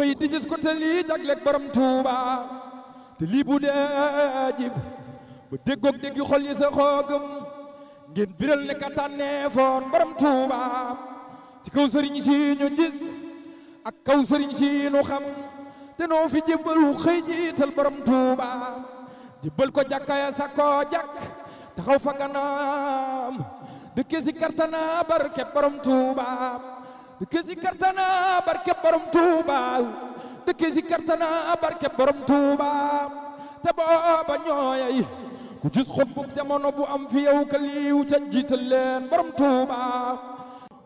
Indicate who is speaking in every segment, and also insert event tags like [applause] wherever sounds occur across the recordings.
Speaker 1: xëy di gis ko te lii jagleeg borom Touba te lii bu dee jib ba déggoog déggi xol yi sa xoogam ngeen biral ne ka borom Touba ci kaw sëriñ si ñu ak kaw sëriñ si xam te noo fi jébbalu xëy jiital borom Touba jébbal ko jàkkaya sa jàkk taxaw fa ganaam dëkke si kartana barke borom Touba dëkk si kartana barke borom Touba dëkk si kartana barke borom Touba te booba ñooyay ku gis xutbu jamono bu am fi yow ca jiital leen borom Touba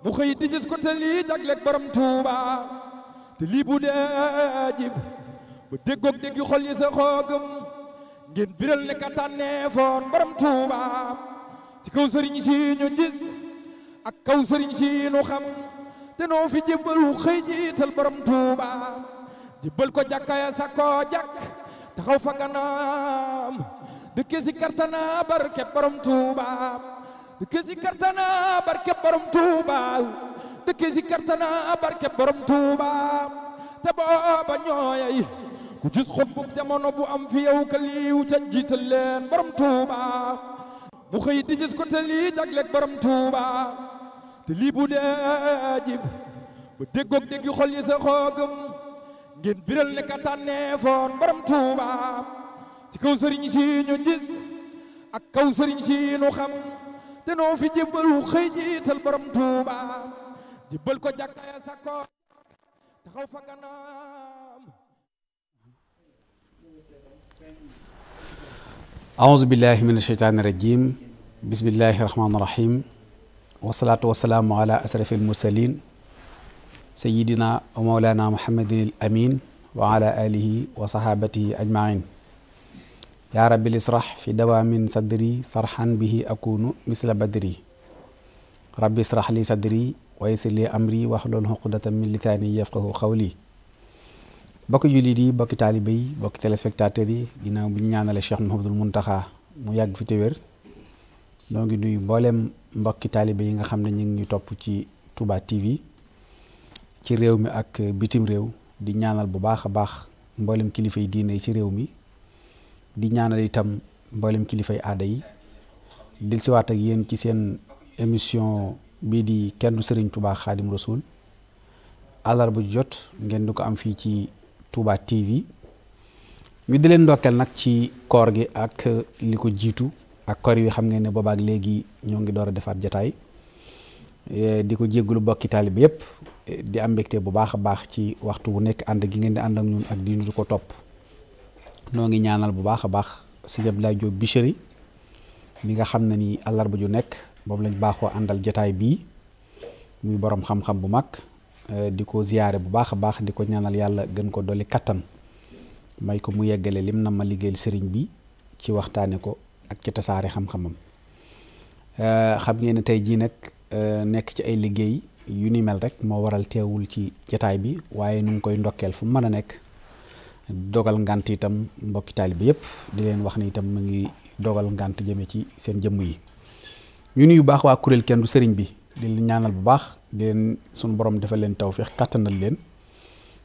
Speaker 1: mu xëy di gis ko te lii jagleeg borom Touba te lii bu dee ba déggoog déggi xol yi sa xoogam ngeen biral ne ka tànnee foon borom ci kaw sëriñ si ñu ak kaw sëriñ si xam te noo fi jébbalu xëy jiital borom Touba jébbal ko jàkka ya sa jàkk taxaw fa ganaam dëkke si kartana barke borom Touba dëkke si kartana barke borom Touba dëkke si kartana ñooyay ku gis xutbub jamono bu am fi yow ka jiital leen borom Touba mu xëy di gis ko te lii jagleeg borom Touba te lii bu dee jib ba déggoog déggi xol yi sa ngeen biral ne ka tànnee foon ci kaw sëriñ si ak kaw sëriñ xam te noo fi jébbalu xëy jiital borom Touba ko jàkkaaya sa koor taxaw fa
Speaker 2: billahi min asheytaani rajim bismillahi rahmaani rahim والصلاة والسلام على أسرف المرسلين سيدنا ومولانا محمد الأمين وعلى آله وصحابته أجمعين يا رب الإصرح في دواء من صدري صرحا به أكون مثل بدري رب إصرح لي صدري ويسر لي أمري وحلل عقدة من لثاني يفقه قولي بك يليدي بك طالبي بك تلسفكتاتري جنا بنيان الشيخ محمد المنتخى مياق في تبير نوغي نوي بولم mbokki taalibe yi nga xam ne ñu ngi ñu topp ci Touba TV ci réew mi ak bitim réew di ñaanal bu baax a baax mboolem kilifa yi diine ci réew mi di ñaanal itam mboolem kilifay yi aada yi dil siwaat ak yéen ci seen émission bii di kenn sëriñ Touba Khadim Rasoul àllarba bu jot ngeen di ko am fii ci Touba TV ñu di leen ndokkeel nag ci koor gi ak li ko jiitu ak kor wi xam ngeen ne boobaak léegi ñoo ngi door a defaat jataay eh, di ko jéggulu bokki taalibe yépp eh, di am mbégte bu baax a baax ci waxtu wu nekk ànd gi ngeen di ànd ak ñun ak di ñu ko topp noo ngi ñaanal bu baax a baax sëñ Abdoulaye Diop mi nga xam ne ni àllarba ju nekk moom lañ baaxoo àndal jataay bii muy borom xam-xam bu mag eh, di ko bu baax a baax di ko ñaanal yàlla gën ko doli kattan may ko mu yeggale lim na ma liggéeyal sëriñ bi ci waxtaane ko ak ca tasaare xam-xamam euh, xam ngeen ne tey jii nag euh, nekk ci ay liggéey yu ni mel rek moo waral teewul ci jataay bi waaye nu ngi koy ndokkeel fu mu mën a nekk dogal ngant itam mbokki taalibe bi yëpp di leen wax ni itam mu ngi dogal ngant jëme ci seen jëmm yi ñu yu baax waa kuréel kenn du sëriñ bi di leen ñaanal bu baax di leen sunu borom defal leen tawfeex kàttanal leen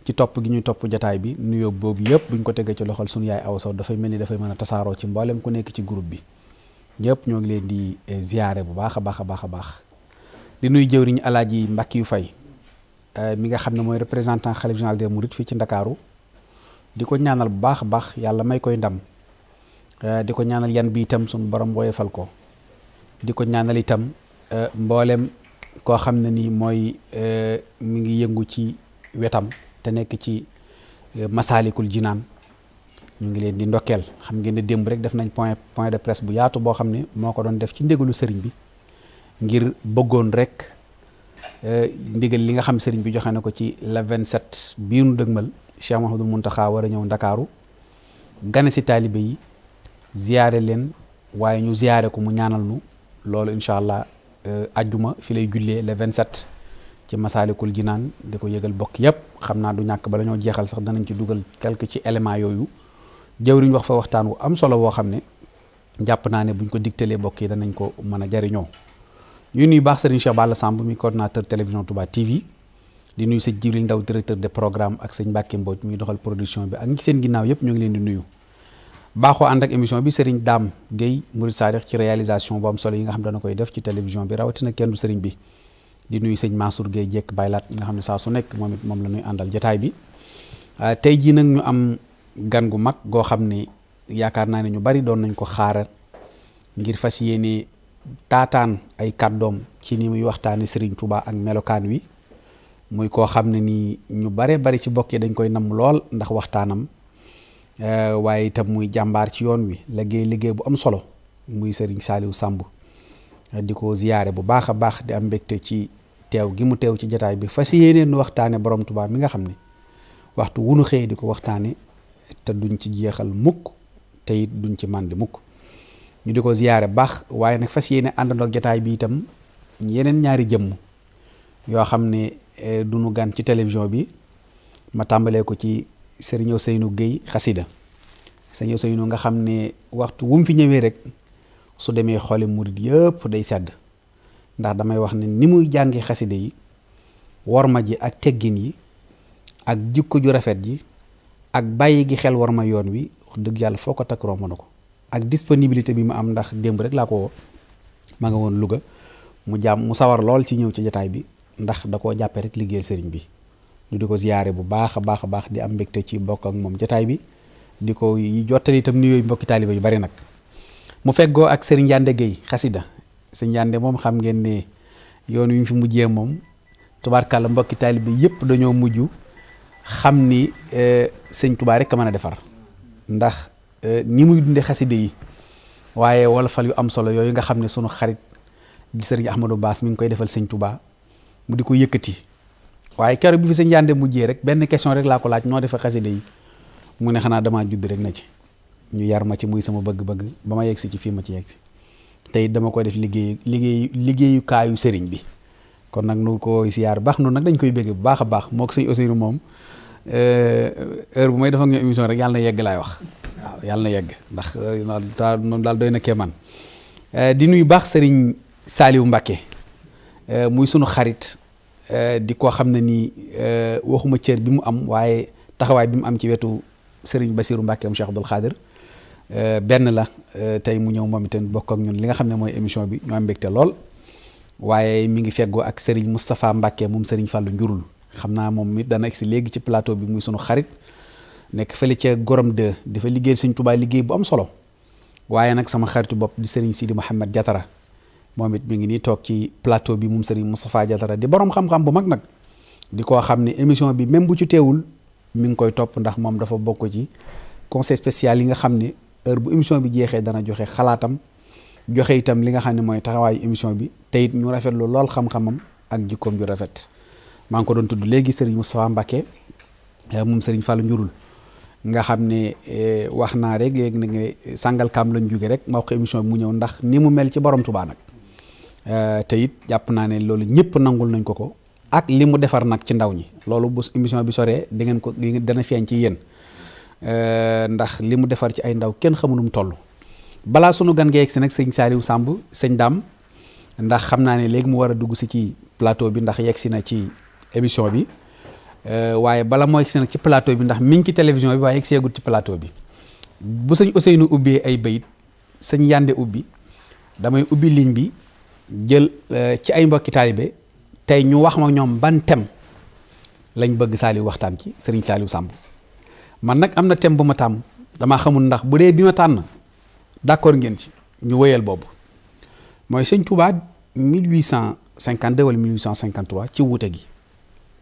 Speaker 2: ci topp gi ñuy topp jataay bi nuyoo boobu yëpp buñ ko tegee ci loxol sunu yaay aw Sow dafay mel ni dafay mën a tasaaroo ci mboolem ku nekk ci groupe bi ñëpp ñoo ngi leen di eh, ziyaare bu baax a baax a baax a baax di nuyu jëwriñ Alaaji Mbàkkiyu Fay eh, mi nga xam ne mooy représentant xalif général des Mourides fii ci Ndakaaru di ko ñaanal bu baax a baax yàlla may koy ndam eh, di ko ñaanal yan bi itam suñu borom woyefal ko di ko ñaanal itam mboolem koo xam ne nii mooy mu ngi yëngu ci wetam te nekk ci euh, masaalikul jinaan ñu ngi leen di ndokkeel xam ngeen ne démb rek def nañ point point de presse bu yaatu boo xam ne moo ko doon def ci ndégalu sëriñ bi ngir bëggoon rek euh, ndigal li nga xam sëriñ bi joxe na ko ci le 27 bii nu dëgmal Cheikh Mouhamadul Mountakha war a ñëw ndakaaru gane si taalibe yi ziyaare leen waaye ñu ziyaare ko mu ñaanal nu loolu incha allah euh, ajjuma fi lay jullee le 27. ci masaalikul jinaan di ko yégal bokk yépp xam naa du ñàkk bala ñoo jeexal sax danañ ci dugal quelque ci élément yooyu jëwriñ wax fa waxtaan wu am solo woo xam ne njàpp naa ne buñ ko digtalee bokk yi danañ ko mën a jariñoo ñuy nuy baax sëriñ Cheikh Balla Samb mi coordinateur télévision Touba TV di nuyu sëñ Jibril Ndaw directeur de programme ak sëñ Mbàkke Mbooj muy doxal production bi ak ñi seen ginnaaw yépp ñu ngi leen di nuyu baaxoo ànd ak émission bi sëriñ Daam Guèye Murid Saadix ci réalisation bu solo yi nga xam dana koy def ci télévision bi rawatina kenn du bi di nuyu sëñ Mansour Guèye jekk baylaat nga xam ne saa su nekk moom it moom la ñuy àndal jataay bi ah, tey jii nag ñu am gan gu mag goo xam ne yaakaar naa ne ñu bari doon nañ ko xaaral ngir fas yéene taataan ay doom ci ni muy waxtaane Serigne Touba ak melokaan wi muy koo xam ne nii ñu bare bari ci bokk yi dañ koy namm lool ndax waxtaanam eh, waaye itam muy jàmbaar ci yoon wi liggéey liggéey bu am solo muy sëriñ Saliou Samb eh, di ko ziyaare bu baax a baax di teew gi mu teew ci jataay bi fas yéeneen nu waxtaane borom tubaab mi nga xam ne waxtu wunu xëye di ko waxtaane te duñ ci jeexal mukk te duñ ci màndi mukk ñu di ko ziyaare baax waaye nag fas yéene àndandoog jataay bi itam yeneen ñaari jëmm yoo xam ne eh, du nu gan ci télévision bi ma tàmbalee ko ci sëriñ Ousseynou Guèye xasida sëriñ Ousseynou nga xam ne waxtu wum fi ñëwee rek su demee xooli murit yëpp day sedd ndax damay wax ne ni muy jàngi xaside yi worma ji ak teggin yi ak jikko ju rafet ji ak bàyyi gi xel worma yoon wi wax dëgg yàlla foo ko takk romb na ko ak disponibilité bi mu am ndax démb rek laa ko woo ma nga woon Louga mu jàmm mu sawar lool ci ñëw ci jataay bi ndax da koo jàppee rek liggéeyal sëriñ bi ñu di ko ziyaare bu baax a baax a baax di am mbégte ci bokk ak moom jataay bi di ko jottali itam nuyooyu mbokki taaliba yu bari nag mu feggoo ak sëriñ Yande Gueye xasida sëñ Yande moom xam ngeen ne yoon wi ñu fi mujjee moom tubaarkàlla mbokki taalibe yëpp dañoo mujj xam ni e, sëñ tubaa rek a mën a defar ndax e, ni muy dunde xaside yi waaye wolofal yu am solo yooyu nga xam ne sunu xarit di sëriñ Ahmadou Baas mi ngi koy defal sëñ tubaa mu di ko yëkkati waaye keroog bi fi sëñ Yande mujjee rek benn question rek laa ko laaj noo defee xaside yi mu ne xanaa damaa judd rek na ci ñu yar ma ci muy sama bëgg-bëgg ba ma yegg si ci fii ma ci yegg si te dama koy def liggéey liggéey liggéeyukaayu sëriñ bi kon nag nu ko siyaar bax noonu nag dañ koy bëgg bu baax a baax moo ko sëñ Ousseynou moom heure bu may def ak ñoom émission rek yàlla na yegg laay wax waaw yàlla na yegg ndax noonu daal doy na keemaan di nuyu baax sëriñ Saliou Mbacké muy sunu xarit di ko xam ne nii waxuma cër bi mu am waaye taxawaay bi mu am ci wetu sëriñ Bassirou Mbacké am Cheikh Abdoul Khadir Euh, benn la euh, tey mu ñëw moom itam bokk ak ñun li nga xam ne mooy émission bi ñu am mbégte lool waaye mi ngi feggoo ak Serigne Moustapha Mbacke moom Serigne Fallou njurul xam naa moom it dana si léegi ci plateau bi muy sunu xarit nekk fële ca Gorom 2 dafa liggéey Serigne Touba liggéey bu am solo waaye nag sama xaritu bopp di Serigne Sidi Mouhamed Diatara moom it mi ngi nii toog ci plateau bi moom Serigne Moustapha Diatara di borom xam-xam bu mag nag di koo xam ne émission bi même bu ci teewul mu ngi koy topp ndax moom dafa bokk ci conseil spécial yi nga xam ne. heure bu émission bi jeexee dana joxe xalaatam joxe itam li nga xam ne mooy taxawaayu émission bi teyit it ñu rafetlu lool xam-xamam ak jikkoom ju rafet maa ngi ko doon tudd léegi sëriñ Moustapha Mbacké eh, moom sëriñ Fallou Njurul nga xam ne eh, wax naa rek léegi na sàngal kaam lañ jóge rek ma wax ko émission bi mu ñëw ndax ni mu mel ci borom tubaa nag eh, te it jàpp naa ne loolu ñëpp nangul nañ ko ko ak li mu defar nag ci ndaw ñi loolu bu émission bi soree di ngeen ko dana feeñ Euh, ndax li mu defar ci ay ndaw kenn xamu mu toll balaa sunu gan gee si nag sëñ Saliou Samb sëñ dàmm ndax xam naa ne léegi mu war a dugg si ci plateau bi ndax yegg si na ci émission bi euh, waaye bala moo yegg nag ci plateau bi ndax mi ngi ci télévision bi waaye yegg seegul ci plateau bi bu sëñ Ousseynou ubbee ay bayit sëñ Yande ubbi damay ubbi ligne bi jël euh, ci ay mbokki taalibe tey ñu wax ma ñoom ban thème lañ bëgg Saliou waxtaan ci sëriñ Saliou Samb man nag am na thème bu ma tàmm damaa xamul ndax bu dee bi ma tànn d'accord ngeen ci ñu wéyal boobu mooy sëñ Touba 1852 wala 1853 ci wuute gi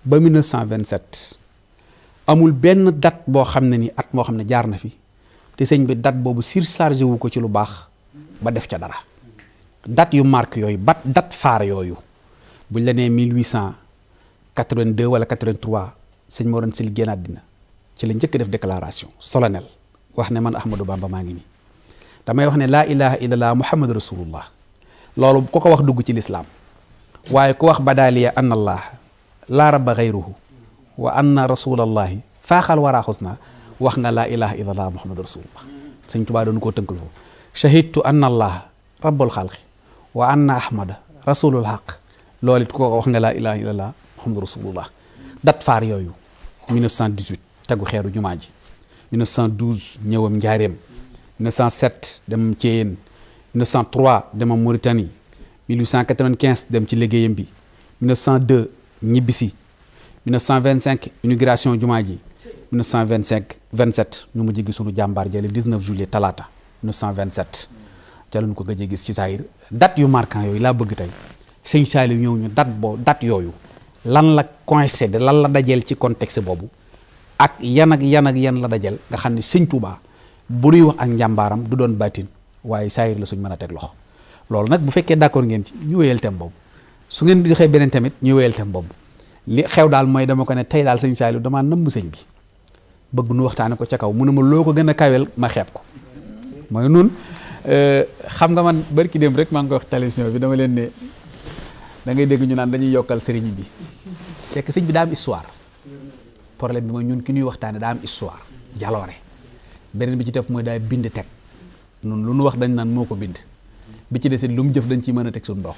Speaker 2: ba 1927 amul benn date boo xam ne ni at moo xam ne jaar na fi te sëñ bi date boobu surchargé wu ko ci lu baax ba def ca dara date yu marque yooyu bat date phare yooyu buñ la nee 1882 wala 83 sëñ moo Anta Saly génn àddina ci la njëkk def déclaration solennel wax ne man Ahmadou Bamba ma ngi ni damay wax ne la ilaha illallah muhammad rasulullah lolu ko ko wax dugg ci l'islam waye ko wax badaliya anna allah la rabba ghayruhu wa anna fa khal wara khusna wax nga la ilaha illallah muhammad rasulullah sëñ touba don ko teunkul fo shahidtu anna allah rabbul khalq wa anna ahmad rasulul xaq lolit ko wax nga la ilaha illallah muhammad rasulullah dat far yoyu 1918 tegu xeeru jumaa ji 1912 ñëwam njaareem 1907 dem Thiéyène 1903 demam Mauritanie 1895 dem ci liggéeyam bi 1902 ñibbisi 1925 inauguration jumaa ji 1925 27 ñu mujj gis sunu jàmbaar jële 19 juillet talaata 1927 ca lañu ko gëj a gis ci saayir date yu marquant yooyu laa bëgg tey sëñ Saliou ñëw ñu date boo date yooyu lan la coincé de lan la dajeel ci contexte boobu ak yan ak yan ak yan la dajal nga xam ne sëñ Touba bu nuy wax ak njàmbaaram du doon baatin waaye saayir la suñ mën a teg loxo loolu nag bu fekkee d'accord ngeen ci ñu wéyal tem boobu su ngeen di xëy beneen tamit ñu wéyal tem boobu li xew daal mooy dama ko ne tey daal sëñ Saliou damaa namm sëñ bi bëgg nu waxtaane ko ca kaw mu ne ma loo ko gën a kawel ma xeeb ko mooy nun euh, xam nga man barki dem rek maa ngi koy wax télévision bi dama leen ne da ngay dégg ñu naan dañuy yokkal sëriñ bi c'est sëñ bi daa am histoire problème bi mooy ñun ki ñuy waxtaane daa am histoire jaloore beneen bi ci topp mooy daa bind teg nun lu nu wax dañ naan moo ko bind bi ci desit lu mu jëf dañ ciy mën a teg suñu dox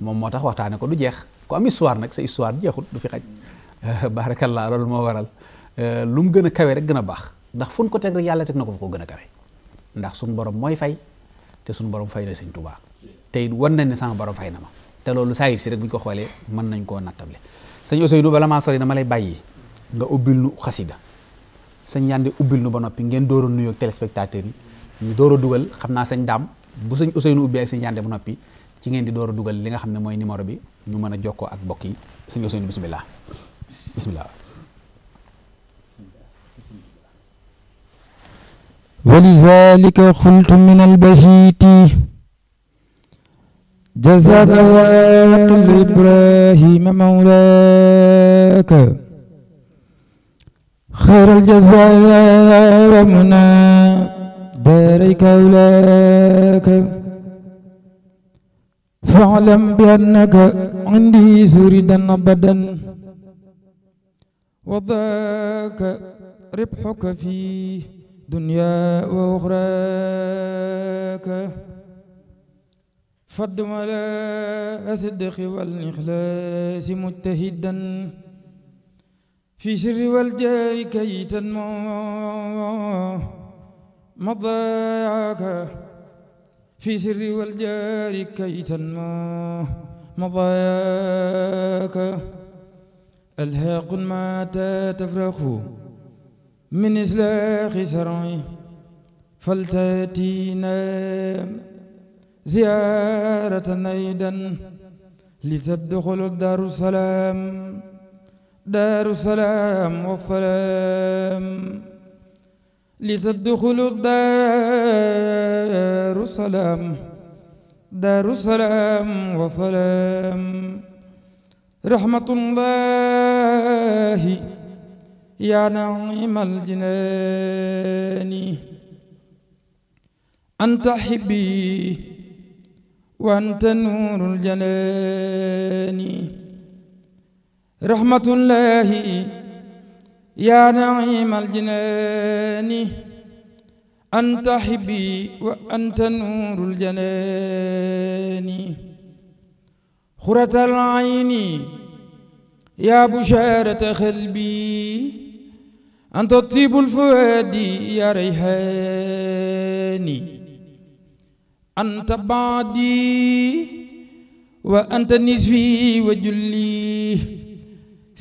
Speaker 2: moom moo tax waxtaane ko du jeex ku am nag sa histoire jeexut du fi xaj [laughs] baarakallaa loolu moo waral eh, lu mu gën a kawe rek gën a baax ndax fu ko teg yàlla teg na ko fa gën a kawe ndax suñu borom mooy fay te suñu borom fay la sëñ Tuubaa tey it wan nañ ne sama borom fay na ma te loolu saa si rek buñ ko xoolee mën nañ koo nattable sëñ Ousseynou bala maa sori dama lay bàyyi nga ubil nu khasida sëñ yande ubil nu ba nopi ngeen dooro nuyo nuyoog téléspectateur yi ñu dooro duggal xamna xam dam bu sëñ Ousseynou ubbi ak sëñ yande ba noppi ci ngeen di dooro duggal li nga xam moy numéro bi ñu mëna joko ak bokk yi sëñ Ousseynou bismillah bisimilah
Speaker 1: ولذلك قلت من البسيط جزاك الله إبراهيم مولاك خير الجزاء ومنا داريك أولاك
Speaker 3: فاعلم بأنك عندي سردا أبدا
Speaker 1: وذاك ربحك في دنيا وأخراك فالدم على أصدق والإخلاص مجتهدا في سر والجار كي تنمو مضاياك في سر والجار كي تنمو مضاياك ألهاق ما تفرخ من إسلاخ سرعي فلتأتينا زيارة أيضا لتدخل الدار السلام دار السلام والسلام لتدخلوا الدار السلام دار السلام والسلام رحمة الله يا نعيم الجنان أنت حبي وأنت نور الجنان رحمة الله يا نعيم الجنان أنت حبي وأنت نور الجنان خرة العين يا بشارة قلبي أنت طيب الفؤاد يا ريحاني أنت بعدي وأنت نسفي وجلي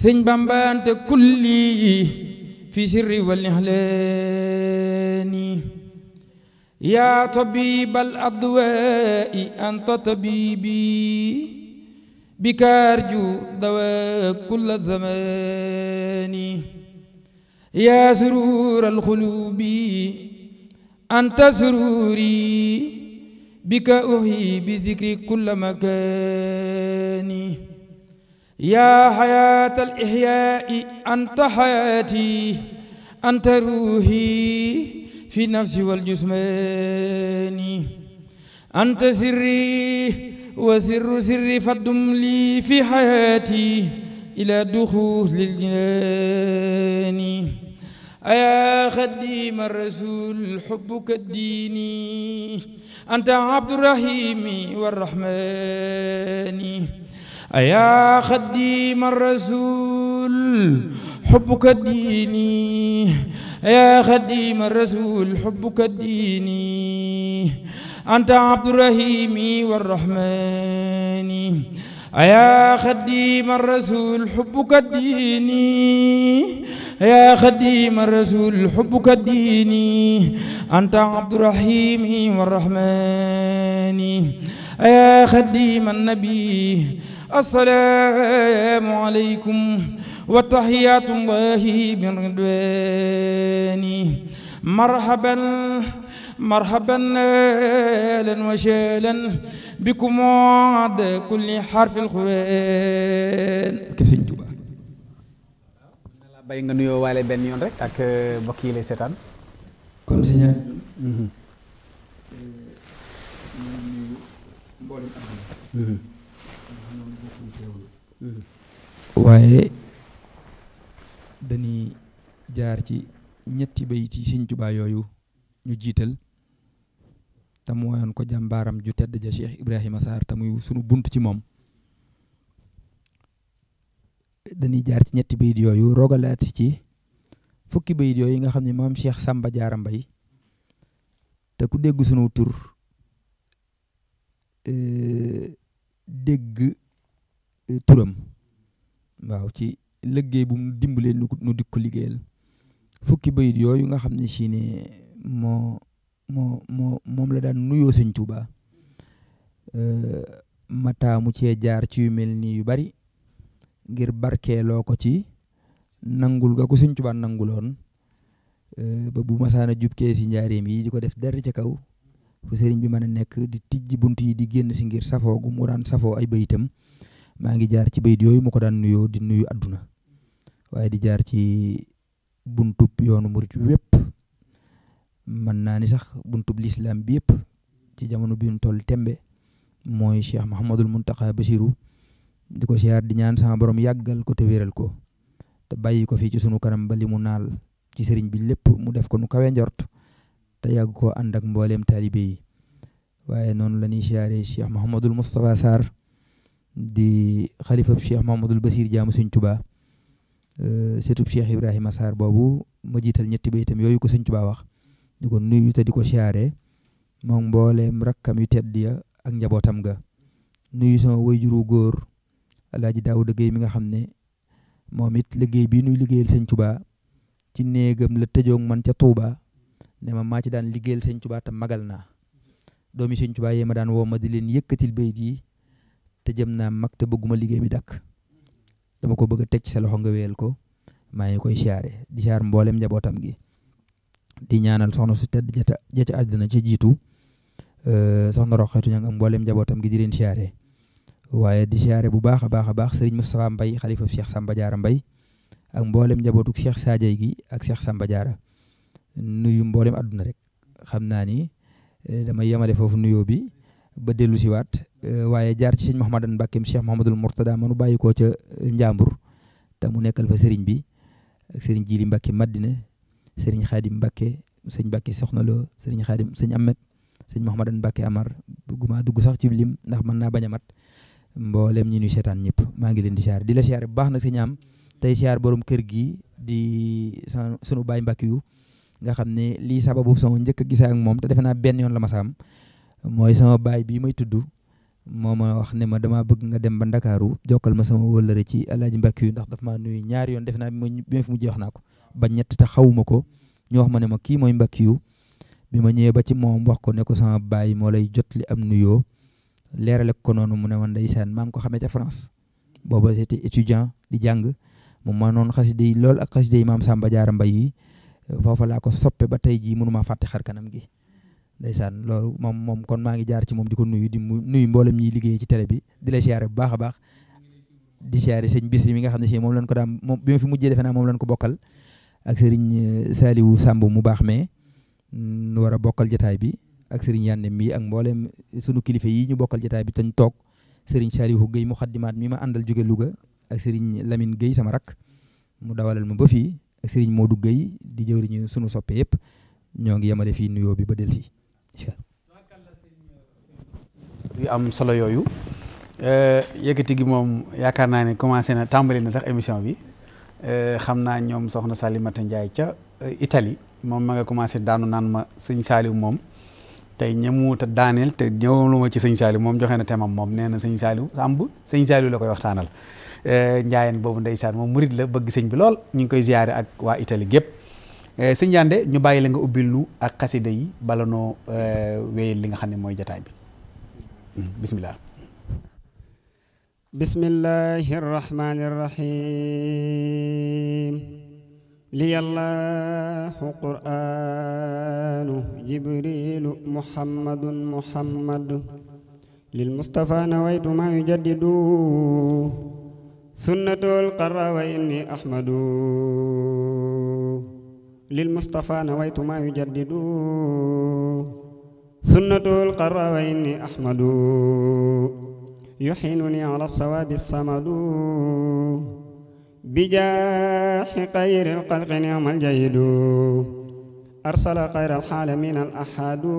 Speaker 1: سين بامبا انت كلي في سر والنهلاني يا طبيب الأدواء أنت طبيبي بكارجو دواء كل زمان يا سرور القلوب أنت سروري بك أهي بذكر كل مكاني يا حياة الإحياء أنت حياتي أنت روحي في نفسي والجسمين أنت سري وسر سري فضم لي في حياتي إلى دخول الجنان أيا خديم الرسول حبك الديني أنت عبد الرحيم والرحمن يا خديم الرسول حبك ديني يا خديم الرسول حبك ديني أنت عبد الرحيم والرحمن يا خديم الرسول حبك ديني يا خديم الرسول حبك ديني أنت عبد الرحيم والرحمن يا خديم النبي السلام عليكم وتحيات الله من رضواني مرحبا مرحبا اهلا وسهلا بكم عند كل حرف القران كسن توبا
Speaker 2: باي nga nuyo walé ben yon rek ak mbokk yi lay sétane
Speaker 1: continue hmm hmm waaye dañuy jaar ci ñetti bay ci Sëñ jubaa yooyu ñu jiital te mooyoon ko jàmbaaram ju tedd ja Cheikh Ibrahima Sarr te muy sunu bunt ci moom dañuy jaar ci ñetti bayit yooyu rogalaat si ci fukki bayit yooyu nga xam ne moom Cheikh Sàmba Jaara Mbay te ku dégg sunu tur euh, dégg euh, turam waaw ci liggéey bu mu dimbalee nu nu di ko fukki bayit yooyu nga xam ne si ne moo moo moom la daan nuyoo sëñ Tuuba mataamu cee jaar ci yu mel nii yu bari ngir barkeeloo ko ci nangul ga ko sëñ Tuuba nanguloon ba bu masaana jub kee si njaareem yi di ko def der ci kaw fu sëriñ bi mën a nekk di tijji bunt yi di génn si ngir safoo gu mu daan safoo ay bayitam ma ngi jaar ci beydi yoy mu ko daan nuyo di nuyu aduna. waye di jaar ci buntu yoonu murit wepp man naa ni sax buntu l'islam bi yëpp ci jamono bi ñu toll tembe moy Cheikh mohammedul Muntaqa Basiru di ko di ñaan sama borom yagal ko te wéral ko te bàyyi ko fi ci sunu karam ba limu naal ci serigne bi lepp mu def ko nu kawé ndort te yag ko ànd ak mbooleem taalibe yi waaye noonu la Cheikh mohammedul mustafa sar di xalifab cheikh Mamadul Basir jaamu sëñ Tuubaa euh, setub cheikh Ibrahima Sarr boobu ma jiital ñetti baytam yooyu ko sëñ Tuubaa wax di ko nuyu te di ko siyaare moom mbooleem rakkam yu tedd ya ak njabootam ga nuyu sama wayjuru góor Alaaji Daawuda Géey mi nga xam ne moom it liggéey bi nuy liggéeyal sëñ Tuubaa ci néegam la tëjoog man ca Tuubaa ne ma maa ci daan liggéeyal sëñ Tuubaa magal naa doomi sëñ Tuubaa yee ma daan woo ma di leen yëkkatil bayit yi te jëm naa mag te bëgguma liggéey bi dakk dama ko bëgg a teg ci sa loxo nga wéyal ko maa ngi koy siyaare di siyaar mboolem njabootam gi di ñaanal soxna su tedd ja àddina ca jiitu soxna Roqeetu ña nga mboolem njabootam gi di leen siyaare waaye di siyaare bu baax a baax a baax sëriñ Moustapha Mbaye xalifa Cheikh Samba Diarra Mbaye ak mboolem njabootu Cheikh Sadio gi ak Cheikh Samba nuyu mboolem àdduna rek xam naa ni dama yemale foofu nuyoo bi ba dellu siwaat Eh, waye jaar ci sëñ Mouhamadan Mbàkkeem Cheikh mohammedul murtada manu bayiko ci eh, njambur ta mu nekkal fa serigne bi ak serigne Jili Mbàkke Madina serigne khadim mbake serigne mbake Soxna Lo serigne khadim serigne ahmed serigne mbake Amar buguma dugg sax ci lim ndax man na baña mat mbollem ñi ñu ñep ma ngi leen di ziar di la ziar bu baax nag sëñ am tay ziar borom kër gi di sunu baay mbake yu nga xamne li sababu sama ñeuk a gisee ak mom ta defena ben yon la ma sam moy sama bi may tuddu moo ma wax ne ma damaa bëgg nga dem ba ndakaaru jokkal ma sama wëllëre ci alaaji mbàkk yu ndax daf maa nuyu ñaari yoon defe naa bi ma fi mujjee wax naa ko ba ñett te xawuma ko ñu wax ma ne ma kii mooy mbàkk yu bi ma ñëwee ba ci moom wax ko ne ko sama baay moo lay jot li am nuyoo leerale ko noonu mu ne man ndeysaan maa ngi ko xamee ca France booba c'était étudiant di jàng mu ma noonu xasida yi lool ak xasida yi maam Samba Jaara Mbay yi foofa laa ko soppe ba tey jii mënumaa fàtte xar kanam gi ndeysaan loolu moom moom kon maa ngi jaar ci moom di ko nuyu di nuyu mboolem ñiy liggéey ci tele bi di la siyaare bu baax a baax di siyaare sëñ Bisri mi nga xam ne si moom lañ ko daan moom bi ma fi mujjee defe naa ko bokkal ak sëriñ euh, Saliou Samb mu baax mais mm, war a bokkal jataay bi ak sëriñ Yande mii ak mboolem sunu kilifa yi ñu bokkal jataay bi tañ toog sëriñ Saliou gëy mu xaddimaat mii ma àndal jóge Louga ak sëriñ lamin Guèye sama rak mu dawalal ma ba fii ak sëriñ Modou gëy di jëw jëwriñu sunu sopp yëpp ñoo ngi yemale fii nuyoo bi ba delsi
Speaker 2: yu am solo yooyu eh, yëkkati gi moom yaakaar naa ne commencé na tàmbali na sax émission bi eh, xam naa ñoom soxna Salimata Ndiaye ca eh, Italie moom ma nga commencé daanu naan ma sëñ Saliou moom te ñëmuwut a daaneel te ñëwalu ma ci sëñ Saliou moom joxe na temam moom nee na sëñ Saliou sàmb sëñ Saliou la koy waxtaanal njaayeen boobu ndeysaan moom murit la bëgg sëñ bi lool ñu ngi koy ziyaare ak waa Italie gépp eh Yandé ñu bàyyi la nga ubbil nu ak xasida yi bala noo eh, wéyal li nga xam ne mooy bi hmm, bismillah
Speaker 4: bismillahi arrahmani arrahim liyallahu qur'anu jibrilu muhammadun muhammad للمصطفى نويت ما sunnatul سنة القرى ahmadu lil mustafa nawaitu ma yujaddidu sunnatul qara wa inni ahmadu yuhinuni ala sawabi samadu bija khayr al qalq amal jayidu arsala khayr al hal al ahadu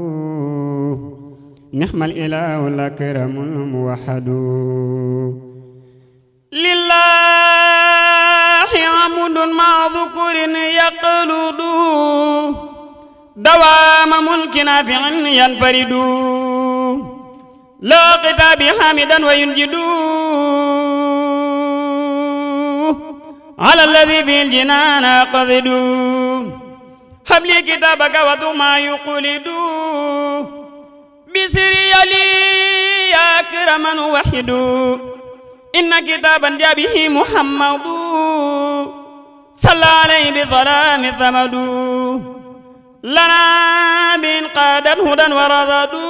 Speaker 4: nahmal ilaha la karamul lillah الله عمود مع ذكر يقلد دوام ملك نافع ينفرد لا قتاب حامدا وينجد على الذي في الجنان أقذد هب لي كتابك وثم يقلد بسر لي يا أكرما وحد inna kitaaban jaabihi muhammadu salla alayhi bi salaami samadu lana bi inqaadat hudan wa razadu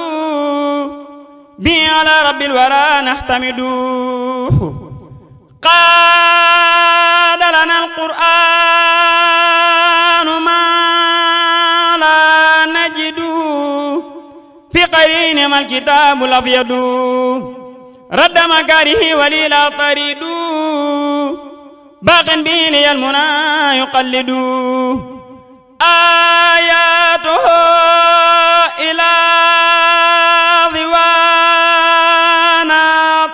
Speaker 4: bi ala rabbil wara nahtamidu qaada lana alqur'aanu ma la najidu fi qarine ma alkitaabu labyadu رد مكاره لا طريد باق به لي المنى يقلد آياته إلى ضوانا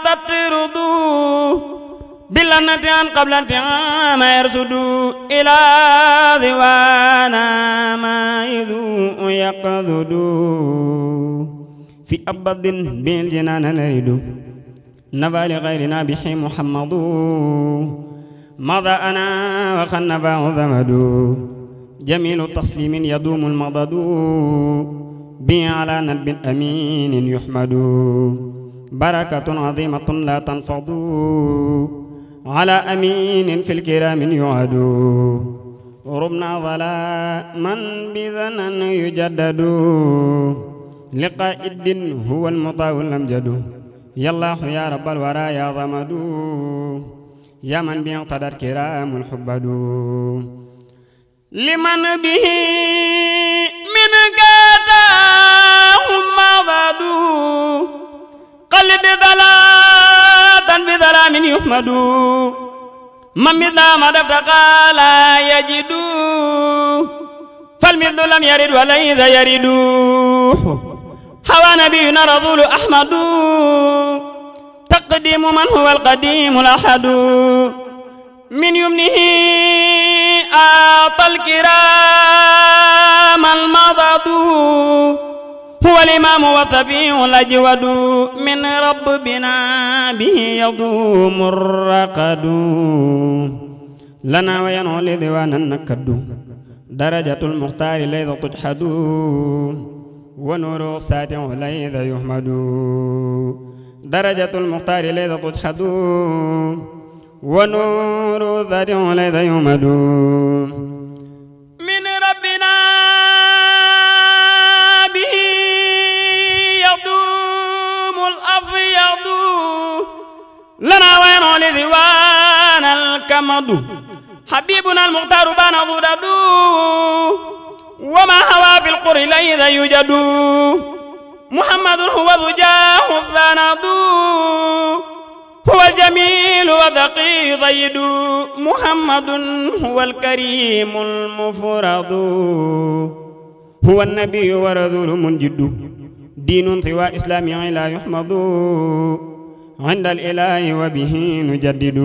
Speaker 4: تطرد بلنة عن قبل انتعام يرسد إلى ضوانا ما يذوء يقذد في أبد بالجنان نرد نبى لغيرنا به محمد مضى أنا وخنبا ذمد جميل التسليم يدوم المضد به على ندب أمين يحمد بركة عظيمة لا تنفض على أمين في الكرام يعد ربنا ظلاما بذنن يجدد لقائد هو المطاول أمجد يا الله يا رب الورى يا ضمد يا من به اقتدت كرام الحبد لمن به من قاداه مضد قلب ظلاتا بظلام يحمد من مثل ما ابتقى لا يجد فالمثل لم يرد وليس يرد هوا نبينا رضول أحمد تقديم من هو القديم الأحد من يمنه أعطى الكرام المضاد هو الإمام والثبي الأجود من ربنا به يضوم الرقد لنا وينعو لذوانا النكد درجة المختار ليذ تجحد ونور ساتع ليذا يحمد درجة المختار ليذا تجحد ونور ذات ليذا يحمد من ربنا به يضوم يضو لنا وين لذوان الكمد حبيبنا المختار بان ضدد وما هوى في القر ليذ يجد محمد هو ذجاه الذناد هو الجميل وذقي ضيد محمد هو الكريم المفرد هو النبي ورذول منجد دين سوى إسلام لا يحمد عند الإله وبه نجدد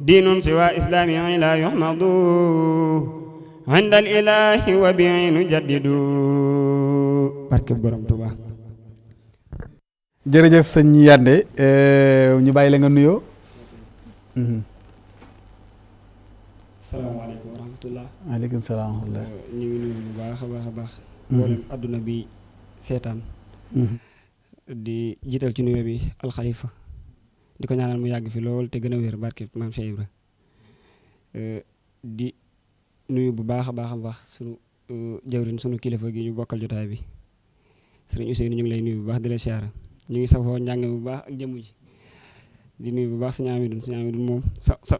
Speaker 4: دين سوى إسلام لا يحمد عند الإله وبعي نجدد بارك بروم توبا
Speaker 2: jërëjëf sëñ Yande e, ñu nga nuyo hmm
Speaker 4: assalamu alaykum wa wa alaykum assalam wa rahmatullah ñu ngi nuyu bu baaxa baaxa baax a mhm. bi mhm. di jital ci nuyo bi al di diko ñaanal mu yàgg fi lool te gëna wër barke mam Cheikh Ibra e, di nuyu bu baax a baax sunu uh, jawrin sunu kilifa gi ñu bokkal jotaay bi serigne Ousseynou ñu ngi lay nuyu bu baax di la siyaara ñu ngi safo njàng bu baax ak jëmuji di nuyu bu baax sëñ Amidou sëñ Amidou mom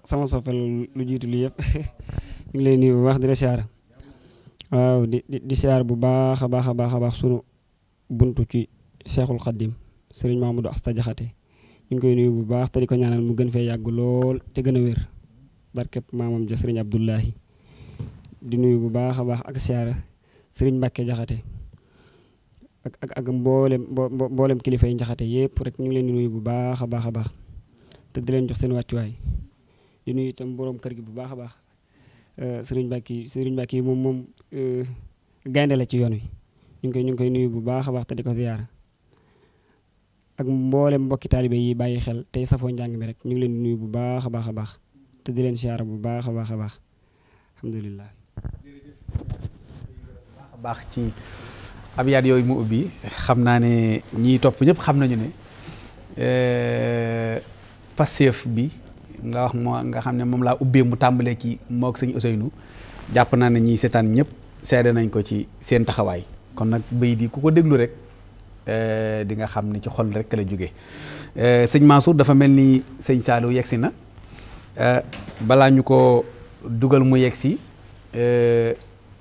Speaker 4: sama sofel lu luji li yëpp [laughs] ñu ngi lay nuyu bu baax di la waaw di di siyaar bu baax a baax baax sunu buntu ci Cheikhul Khadim serigne Mamadou Asta jaxate ñu ngi koy nuyu bu baax te di ko ñaanal mu gën fee yàgg lool te gën a wér ja Abdullahi di nuyu bu baax a baax ak siyaara sëriñ Mbàkke Jaxate ak ak ak mboolem mboolem kilifa yi yëpp rek ñu ngi leen nuyu bu baax a baax a baax te di leen jox seen wàccuwaay di nuyu itam boroom kër gi bu baax a baax euh, sëriñ Mbàkke sëriñ Mbàkke moom moom euh, gaynde la ci yoon wi ñu ngi koy ñu ngi koy nuyu bu baax a baax te di ko siyaara ak mboolem mbokki taalibe yi bàyyi xel tey safoo njàng mi rek ñu ngi leen di nuyu bu baax a baax a baax te di leen siyaara
Speaker 2: bu baax a baax a baax alhamdulilah baax ci ab yaat yooyu mu ubbi xam naa ne ñii topp ñëpp xam nañu ne euh, Pastef bi nga wax moo nga xam ne moom laa ubbee mu tàmbalee ci moog sëñ Ousseynou jàpp naa ne ñii seetaan ñëpp seede nañ ko ci seen taxawaay kon nag bay di ku ko déglu rek euh, di nga xam ne ci xol rek la jóge euh, sëñ Mansour dafa mel ni sëñ Saliou yegsi na balaa ñu ko dugal mu yegsi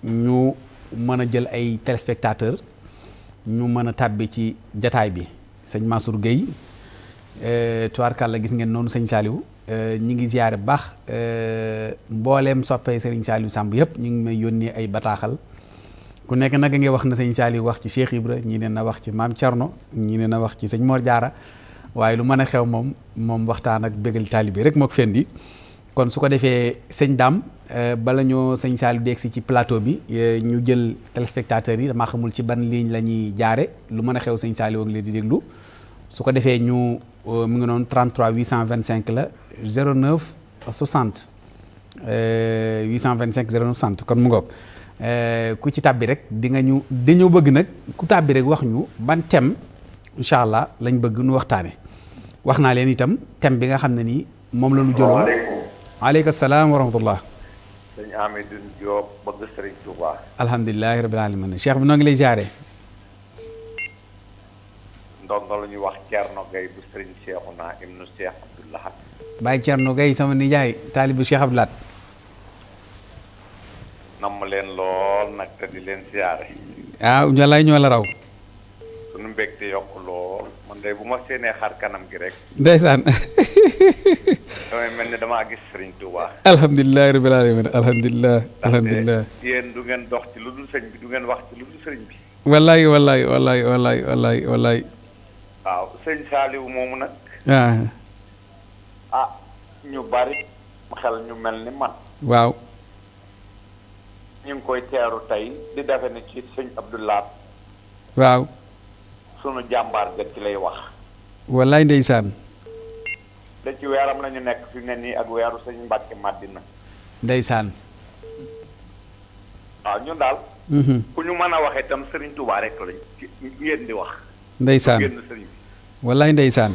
Speaker 2: ñu mën a jël ay téléspectateurs ñu mën a tàbbi ci jataay bi sëñ Mansour Guèye euh, tubaarkàlla gis ngeen noonu sëñ saaliw euh, ñu ngi ziyaare bu baax euh, mbooleem soppee sëriñ Saliou Samb yëpp ñu ngi may yónnee ay bataaxal ku nekk nag nga wax na sëñ Saliou wax ci Cheikh Ibra ñii ne na wax ci maam Thierno ñi ne na wax ci sëñ Mor jaara waaye lu mën a xew moom moom waxtaan ak bégal taalibe rek moo ko fendi kon su ko defee sëñ daam euh, bala ñoo sëñ Saliou di egsi ci plateau bi euh, ñu jël téléspectateurs yi damaa xamul ci ban liiñ la ñuy jaare lu mën a xew sëñ Saliou ngi leen di déglu su ko defee ñu euh, mu ngi noonu 33 825 la 09 vingt cinq 09 60 kon mu ngoog ku ci tàbbi rek di nga ñu dañoo bëgg nag ku tàbbi rek wax ñu ban thème incha allah lañ bëgg nu waxtaane wax naa leen itam thème bi nga xam ne nii moom la ñu jëloon aleyka salaam wa rahmatullah
Speaker 5: sëñ Amidou Diop bëgg sëriñ Touba.
Speaker 2: alhamdulilah rabil aalamiina cheikh bi noo ngi lay jaaree.
Speaker 5: ndongo la ñuy wax Thierno Gueye bu sëriñ Cheikhouna ibnu Cheikh Abdoul Ahad.
Speaker 2: Baye Thierno Gueye sama nijaay taalibu bu Abdoul Ahad.
Speaker 5: namm leen lool nag te leen siyaare.
Speaker 2: ah ñoo lay ñoo la raw.
Speaker 5: sunu mbégte yokku tey bu ma séenee xar kanam gi rek. ndeysaan. damay mel ni damaa gis Serigne Touba.
Speaker 2: alhamdulilah rabbil alamin alhamdulilah. alhamdulilah
Speaker 5: ndaxte yéen du ngeen dox ci lu dul sëñ bi du ngeen wax ci lu dul sëriñ bi.
Speaker 2: wallaay wallaay wallaay wallaay
Speaker 5: waaw sëñ Saliou moomu nag. Ah. ah ñu bari xel ñu mel ni man. ngi koy teeru tey di defe ni waaw. sunu jàmbaar ga ci lay wax.
Speaker 2: wallaay ndeysaan.
Speaker 5: da ci weeram la ñu nekk fi ne nii ak weeru sëñ Mbàkke Madina. ndeysaan. waaw ñun daal. Mhm. ku ñu mën a waxee itam Serigne Touba rek lañ ci ngeen di wax. ndeysaan
Speaker 2: wallaay ndeysaan.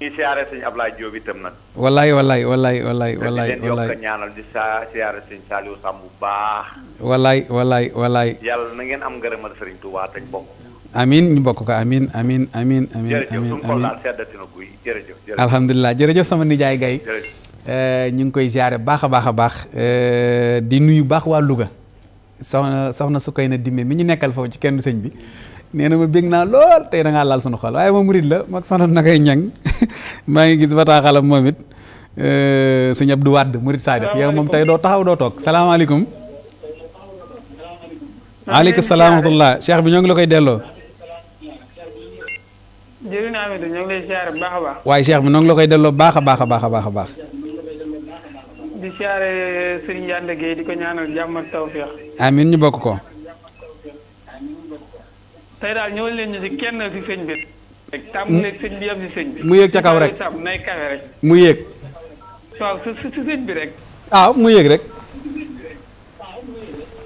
Speaker 5: ni siyaare señ ablay Diop itam nag.
Speaker 2: wallaay wallaay wallaay wallaay wallaay wallaay di
Speaker 5: ñaanal di sa siyaare señ Saliou Samb bu baax.
Speaker 2: wallaay wallaay wallaay.
Speaker 5: yàlla na ngeen am ngërëmal señ Touba tañ bokk.
Speaker 2: amin ñu bokk ko amin amin amin amin amin amin alhamdulilah sama nijaay gay euh, ñu ngi koy ziare baax a baax a baax euh, di nuyu baax waa Louga soxna soxna su koy na dimme mi ñu nekkal foofu ci kenn sëñ bi nee na ma bég naa lool tey da ngaa laal sunu xol waaye moom murid la mag soxna na koy ñang [laughs] maa ngi gis bataaxalam moom it euh, sëñ du Wade murid Saadix yow moom tey doo taxaw doo toog salaamaaleykum.
Speaker 6: waaleykum salaam
Speaker 2: wa rahmatulah bi ñoo ngi la koy delloo.
Speaker 6: jërëjëf Amady
Speaker 2: waaye Cheikh bi noo la koy delloo baax a baax a baax a baax a baax.
Speaker 4: di siyaare Serigne Ndianda Gueye di ko ñaanal jàmm ak tawféex.
Speaker 2: amiin ñu bokk ko.
Speaker 6: te daal ñëwal leen ñu si kenn si sëñ bi. rek tàmbaleeg sëñ sëñ bi. mu kaw rek nay kawe mu yéeg. si sëñ bi rek.
Speaker 2: ah mu yéeg rek.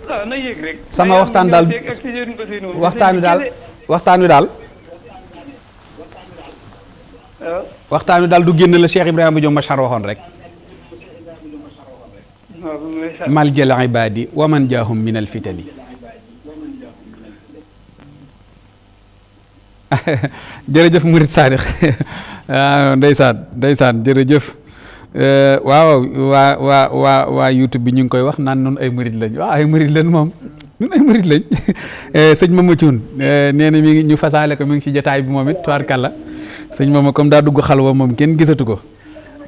Speaker 3: waaw sama waxtaan daal waxtaan wi daal
Speaker 2: waxtaan wi daal. waxtaan wi daal du génn la Cheikh Ibrahima Diop Machar waxoon rek. mal jël ibaadi wa man jaahum min al fitani [laughs] jërëjëf Murid Saadix [laughs] ah, ndeysaan ndeysaan jërëjëf eh, waaw waa waa waa waa YouTube bi ñu ngi koy wax naan noonu ay murid lañ waaw ay murid lañ moom ñun ay murid lañ [laughs] eh, sëñ ma Thioune eh, nee na mi ngi ñu fasaale ko mi ngi ci jataay bi moom it tubaarkàlla sëñ moom comme daa dugg xalwa moom kenn gisatu ko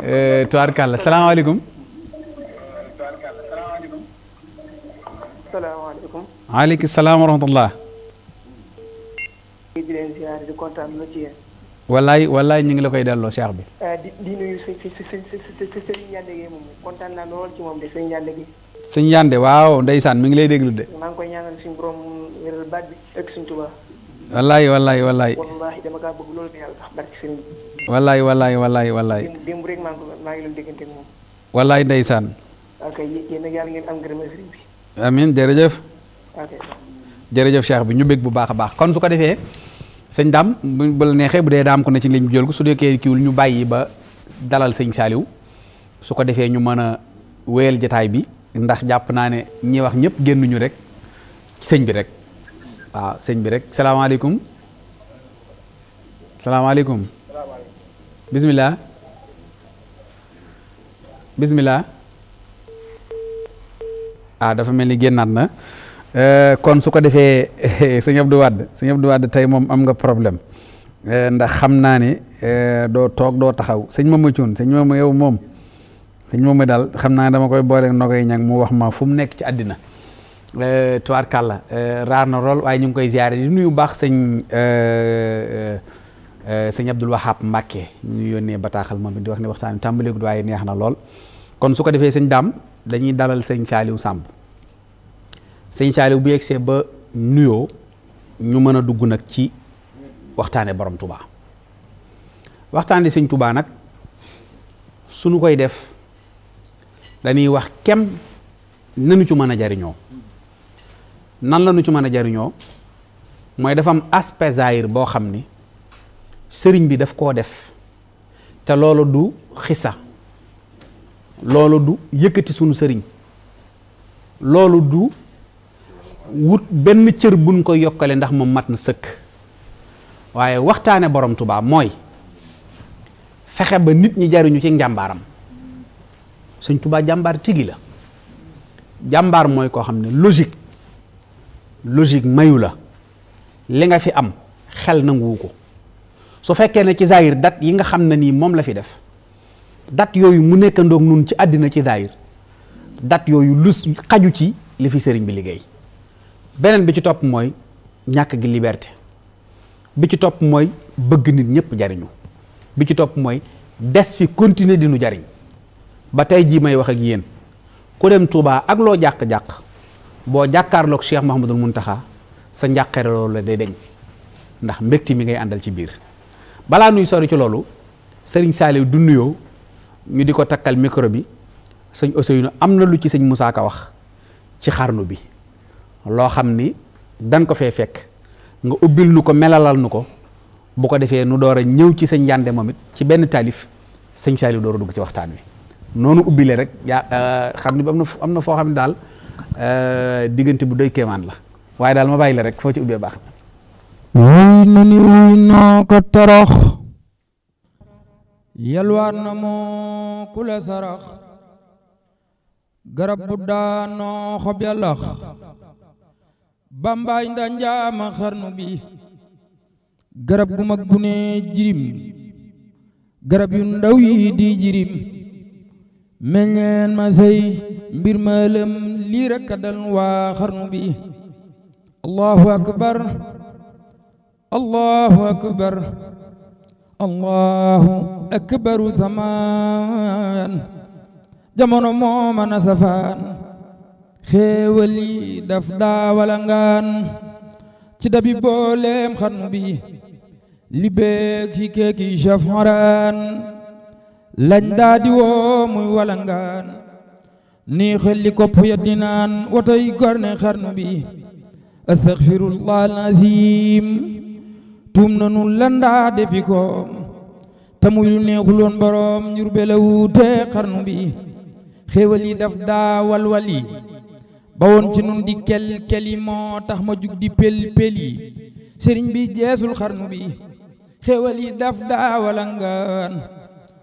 Speaker 2: eh, tubaarkàlla salaamaaleykum. salaamaaleykum. maaleykum salaam wa rahmatullah.
Speaker 4: ñu ngi leen ziar la
Speaker 2: koy delloo cheikh bi.
Speaker 4: Eh, di di nuyu
Speaker 2: sëñ de waaw ndeysaan mi ngi lay déglu de.
Speaker 4: maa koy ñaanal suñu borom wéral baat bi ak suñu tubaab.
Speaker 2: wallaay wallaay wallaay.
Speaker 4: wallaay dama kaa bëgg loolu yàlla
Speaker 2: sax ndeysaan.
Speaker 4: ok yéen nag yàlla
Speaker 2: bi. jërëjëf. ok. jërëjëf ñu bëgg bu baax a baax kon su ko defee sëñ daam bu la neexee bu dee daam ko na ci liñ bi jël ko su dee kii kiwul ñu bàyyi ba dalal sëñ Saliou su ko defee ñu mën a wéyal jataay bi ndax jàpp naa ne ñi wax ñëpp génnuñu rek sëñ bi rek. waaw ah, sëñ bi rek salaamaaleykum salaamaaleykum bisimilah bisimilah ah dafa mel ni génnaat na eh, kon su ko defee eh, sëñ Abdou Wade sëñ Abdou wàdd tey moom am nga problème eh, ndax xam naa ni doo toog doo taxaw sëñ ma muccoon sëñ ma yow moom sëñ ma daal xam naa dama koy boole nogay ñag mu wax ma fu mu nekk ci àddina Euh, tubaarkàlla euh, raar na lool waaye ñu ngi koy ziare di nuyu baax sëñ euh, sëñ Abdul Wahab Mbàkke ñu yónnee bataaxal moom it di wax ne waxtaan tàmbaleegul waaye neex na lool kon su ko defee sëñ daam dañuy dalal sëñ Saaliw Sàmb sëñ Saaliw bu yegsee ba nuyoo ñu mën a dugg nag ci waxtaane borom tubaa waxtaane sëñ tubaa nag suñu koy def dañuy wax kem nanu ci mën a jariñoo nan la ci mën a jariñoo mooy dafa am aspect boo xam ni sëriñ bi daf koo def te loolu du xisa loolu du yëkkati sunu sëriñ loolu du wut benn cër buñ ko yokkalee ndax moom mat na sëkk waaye waxtaane borom tubaab mooy fexe ba nit ñi jariñu ci njàmbaaram sëñ tubaa jàmbaar tigi la jàmbaar mooy koo xam ne logique logique mayu la li nga fi am xel nanguwu ko su fekkee ne ci zaahir dat yi nga xam ne nii moom la fi def dat yooyu mu nekkandoog nun ci àddina ci zaahir dat yooyu lu xaju ci li fi sëriñ bi liggéey beneen bi ci topp mooy ñàkk gi liberté bi ci topp mooy bëgg nit ñëpp jariñu bi ci topp mooy des fi continuer dinu jariñ ba tey jii may wax ak yéen ku dem tuuba ak loo jàq-jàq boo jàkkaarloog Cheikh Mouhamadul taxa sa njàqare loolu la day deñ ndax mbégte mi ngay àndal ci biir balaa nuy sori ci loolu sëriñ Saliou du nuyoo ñu di ko takkal micro bi sëñ na am na lu ci sëñ musaa ko wax ci xarnu bi loo xam ni dan ko fee fekk nga ubbil nu ko melalal nu ko bu ko defee nu door a ñëw ci sañ Yande moom it ci benn taalif sëñ Saliou door a dugg ci waxtaan wi noonu ubbile rek euh, xam ni am na am na foo xam ne daal Euh, diggante bu doy kéemaan la waaye daal ma bàyyi la rek foo ci ubbee baax
Speaker 3: wuy nu wuy noo ko torox
Speaker 1: yalwaar na moo ku sarax garab bu daanoo xob ya lax bambaay nda njaama xarnu bi garab gu mag bu jirim garab yu ndaw yi di jirim meññeen ma sey mbir ma lëm lii rekk a dal waa bi allahu akbar allahu akbar allahu akbaru zamaan jamono moo mën a daf daa walangaan ci dabi booleem xarnu bi li beeg ci keeki jafaraan لن دادي ومي ولنغان ني خلي كوب يدنان وتاي غرن خرن بي استغفر الله العظيم توم نونو لن دادي فيكم تمول نيخلون بروم نيربلو تي خرن بي خيولي داف باون تي دي كل كلمه تخ جوك دي بل بلي سيرن بي جيسول خرن بي خيولي داف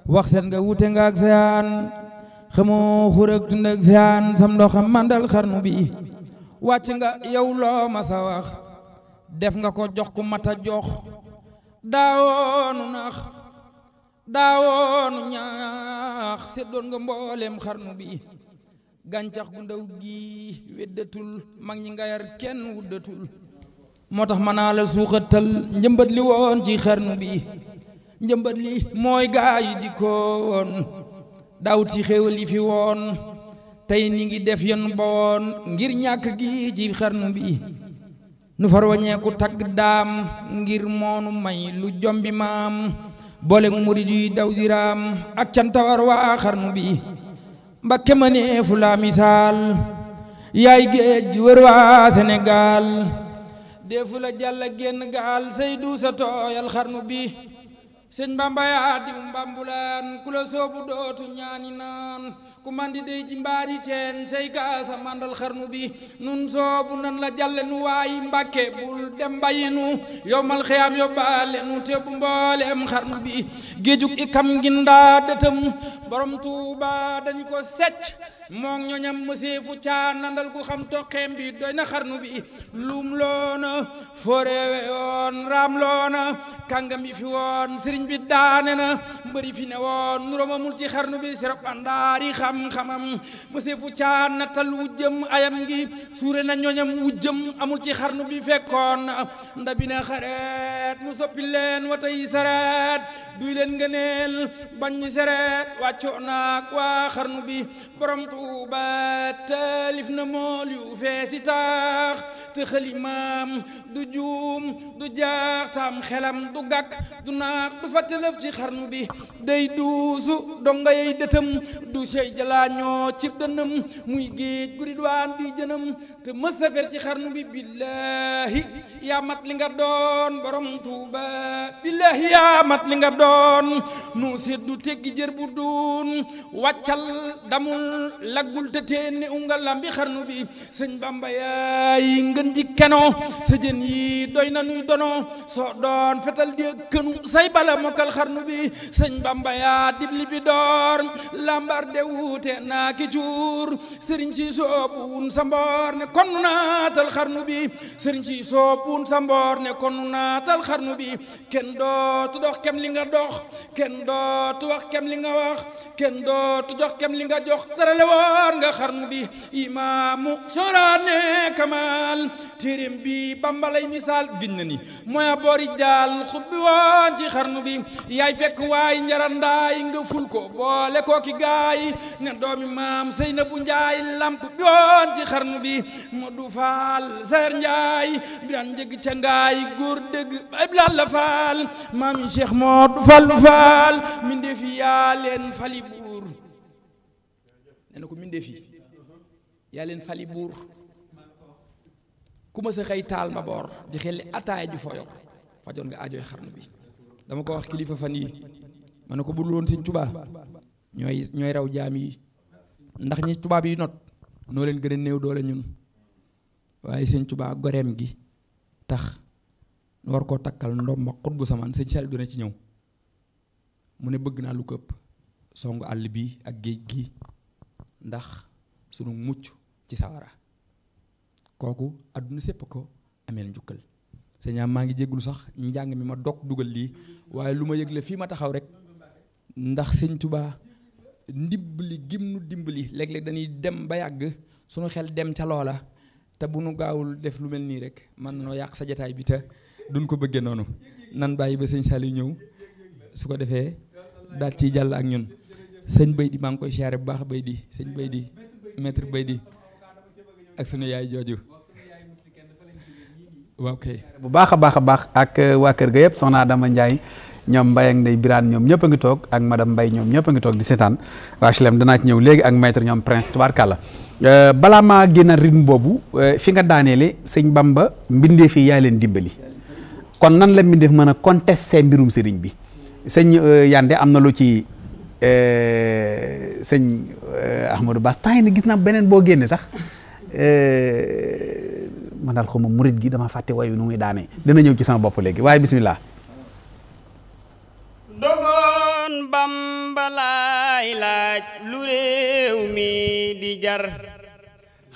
Speaker 1: wax seet nga wute nga ak seyaan xamoo xurag dund ak seyaan sam ndox am mandal xarnu bi wàcc nga yow loo ma sa wax def nga ko jox ku mata jox daawoonu nax daawoonu ñaax seddoon nga mboolem xarnu bi gàncax gu ndaw gi weddatul mag ñi nga yar kenn wuddatul moo tax ma naa la suuxatal njëmbat li woon ci xarnu bi njëmbat li mooy gaa di ko woon daw ci xéwal yi fi woon tey ni ngi def yoon ba woon ngir ñàkk gi ci xarnu bi nu far wañeeku tagg daam ngir moonu may lu jombi maam boole murid yi daw diraam ak cantawar waa xarnu bi mbakke ma ne misaal yaay géej gi wër waa Sénégal defu la jàll génn gaal say du xarnu bi sëñ Bamba yaa diw mbambulaan ku la soobu dootu ñaani naan ku mandi dey mbaari teen say gaasa mandal xarnu bi nun soobu nan la jàlle nu waayi mbàkke bul dem bàyyi nu yowmal xiyaam yóbbaale nu te bu mbooleem xarnu bi géejug ikam ngindaa dëtëm borom Tuuba dañu ko secc moom ñoñam mësee fu caa nandal gu xam toqeem bi doy na xarnu bi luum loona forewe woon raam loona kàngam yi fi woon sëriñ bi daane na mbëri fi ne woon nuróom amul ci xarnu bi sirop andaari xam-xamam mësee fu caa natal wujjëm ayam gi suure na ñoñam wujjëm amul ci xarnu bi fekkoon ndabi na xareet mu soppi leen watay sareet duy leen ngëneel bañ ñu sareet wàccoo naag xarnu bi borom Tuuba taalif na mool yu feesi taax te xalimaam du juum du jaax taam xelam du gàkk du naax du fàttalëf ci xarnu bi day duusu donga yey dëtam du sey jalaañoo cib dënam muy géej gu ridwaan di jënam te mës a fer ci xarnu bi billaahi yaa mat li nga doon borom Tuuba billaahi yaa mat li nga doon nu seddu teggi jër bu duun wàccal damul lagul te teenni ungal lambi karnubi xarnu bi señ bamba yaay ngeen di keno sa yi doyna nuy dono so don fetal di keñu say bala mokal xarnu bi señ bamba ya dibli bi dor lambar de wute na ki jur señ ci soobuun sambor ne kon na tal xarnu bi señ ci soobuun sambor ne kon na tal xarnu bi do tu dox kem li nga dox do tu wax kem li nga wax do tu dox kem li nga jox dara wo woon nga xarnu bi imaamu soraane kamal téeréem bi bambalay misaal giñ na ni mooy a boori jaal xubbi woon ci xarnu bi yaay fekk waay njarandaay nga ful ko boole kooki gaay ne doomi maam sëy na bu njaay lamp bi woon xarnu bi Modu Faal Seer Njaay biran njëg ca ngaay góor dëgg ab la faal maami Cheikh Modou Fall Fall mi ndefi yaa leen fali bu mbindeef yi yaa leen fali buur ku ma sa xëy taal ma boor di xelli ataaya ju foo fajoon nga ajooy xarnu bi dama ko wax kilifa fan yi ma ko bu dul woon sëñ Tuubaa ñooy raw jaam yi ndax ñi tubaab yi not noo leen gën a néew doole ñun waaye sëñ Tuubaa goreem gi tax nu war koo takkal ndomba xut bu samaan sëñ Saliou dina ci ñëw mu ne bëgg naa lu këpp songu àll bi ak géej gi ndax sunu mucc ci sawara kooku àdduna sépp ko ameel njukkal sëñ maa ngi jégglu sax njàng mi ma dog dugal lii waaye lu ma yëgle fii ma taxaw rek ndax sëñ tubaa ndimbali gim nu dimbali léeg-léeg dañuy dem ba yàgg sunu xel dem ca loola te bu nu gaawul def lu mel nii rek man noo yàq sa jataay bi te duñ ko bëggee noonu nan bàyyi ba sëñ Saliou ñëw su ko defee daal ciy jàll ak ñun sëñ bay di maa ngi koy siyaare bu baax bay di sëñ bay di maître bay di ak sunu yaay jooju waaw
Speaker 2: bu baax a baax a baax ak euh, waa kër ga yëpp soxna Adama Ndiaye ñoom mbay ak Ndeye Birane ñoom ñëpp a toog ak madame Mbaye ñoom ñëpp toog di seetaan waa HLM danaa ci ñëw léegi ak maître ñoom prince tubaarkàlla euh, balaa maa génn rythme boobu euh, fi nga daaneele sëñ Bamba mbindee fii yaa leen dimbali kon nan la mbindee mën a contester mbirum sëriñ bi sëñ Yande am na lu ci Eh, sëñ eh, Ahmadou Bass temps yi gis naa beneen boo génne sax eh, man daal murit gi dama fàtte wayu nu muy daanee dina ñëw ci sama bopp léegi waaye bismillah
Speaker 4: dogoon bambalaay laaj lu réew mi di jar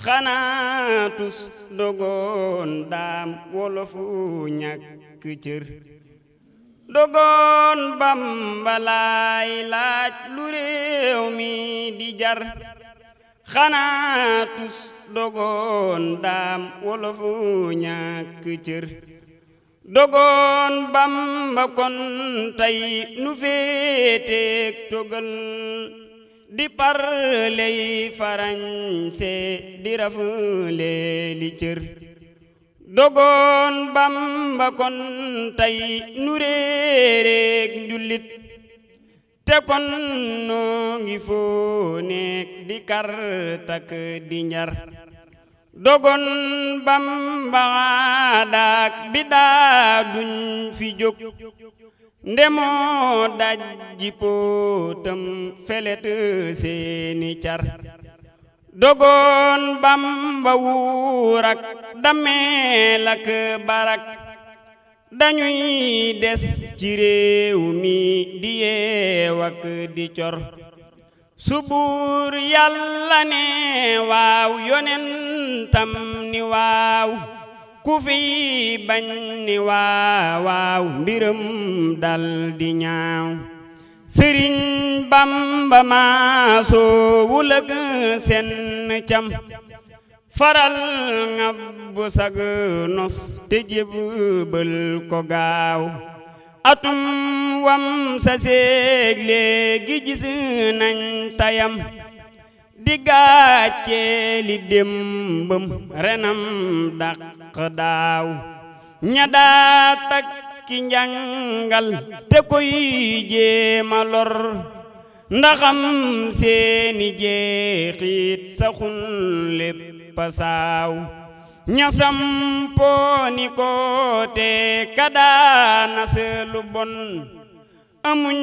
Speaker 4: xanaatus dogoon daam wolofu ñàkk cër dogoon Bamba laay lu réew mi di jar xanaa tus dogoon daam wolofu ñàkk cër dogoon Bamba kon tey nu féeteek togal di parley farañse di rafle li cër dogoon bamba kon tey nu réeréeg njullit te kon noo ngi foo di kar tak di njar dogon bamba daak bi daa fi jóg ndemoo daj ji pootam felet seeni car dogoon Bamba wuur ak dameel ak barak dañuy des ci réew mi di yeew ak di cor subuur yàlla ne waaw yonentam ni waaw ku fi bañ ni waaw waaw mbiram dal ñaaw sëriñ bamba maa soowu lëg seen cam faral nga sag nos te jébbal ko gaaw atum wam sa seeg léegi gis nañ tayam di gàcceeli démbam renam dàq daaw ña daa takk ki njàngal te koy jéema lor ndaxam seeni jeexit saxun lépp a saaw ñasam pooni koote kadaana seelu bon amuñ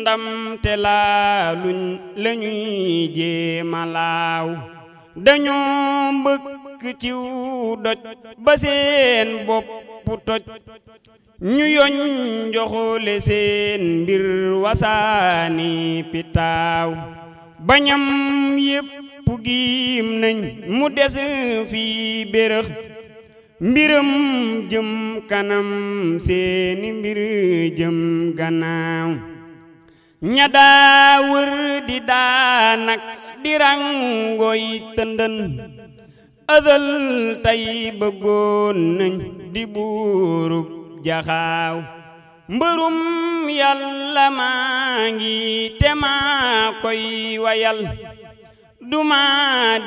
Speaker 4: ndam te laaluñ lañuy jéema laaw dañoo mbëkk ciw doj ba seen bopp toj ñu yoñ joxule seen mbir wasaani pitaaw bañam yépp giim nañ mu des fii bérëx mbiram jëm kanam seeni mbir jëm gannaaw ña daa wër di daanak di rangooy tëndën ësal tey bëggoon nañ di buurub jaxaaw mbërum yàlla maa ngi tema maa koy wayal duma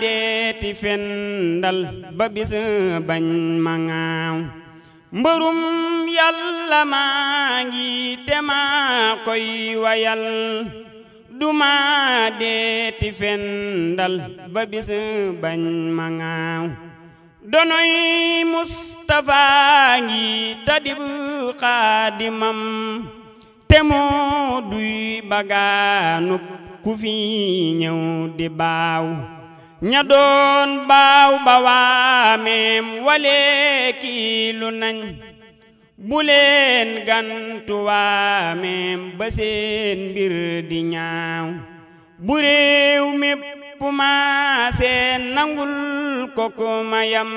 Speaker 4: deeti fendal ba bis bañ ma ŋaaw mbërum yàlla maa ngi te maa koy wayal duma deeti fendal ba bis bañ ma ŋaaw donoy Mustapha ngi tadib xaadimam te duy bagaanu ku fi ñëw di baaw ña doon baaw ba waameem walee kiilu nañ bu gantu waameem ba seen mbir di ñaaw ñépp maase nangul ko ko mayam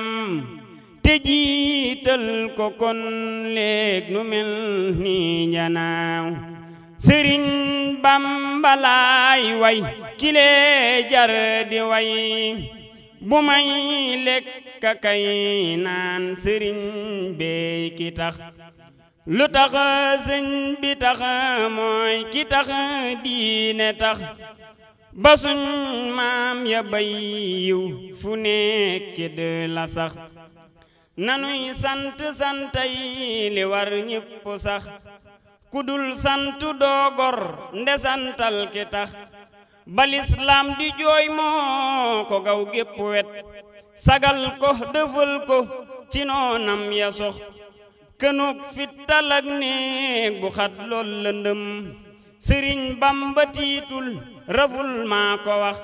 Speaker 4: te jiital ko kon léeg nu mel ni sëriñ bambalaay way kile jar di way bu may lekk kay naan sëriñ bey ki tax lu tax sëñ bi tax mooy ki tax diine tax ba suñ maam ya bay yiw fu nekki de la sax nanuy sant santay li war ñépp sax ku dul sant doo gor nde santal ki tax ba di jooy moo ko gaw gépp wet sagal ko dëfal ko ci noonam ya sox kënug fit talag néeg bu xat lool lëndëm sëriñ Bamba raful maa ko wax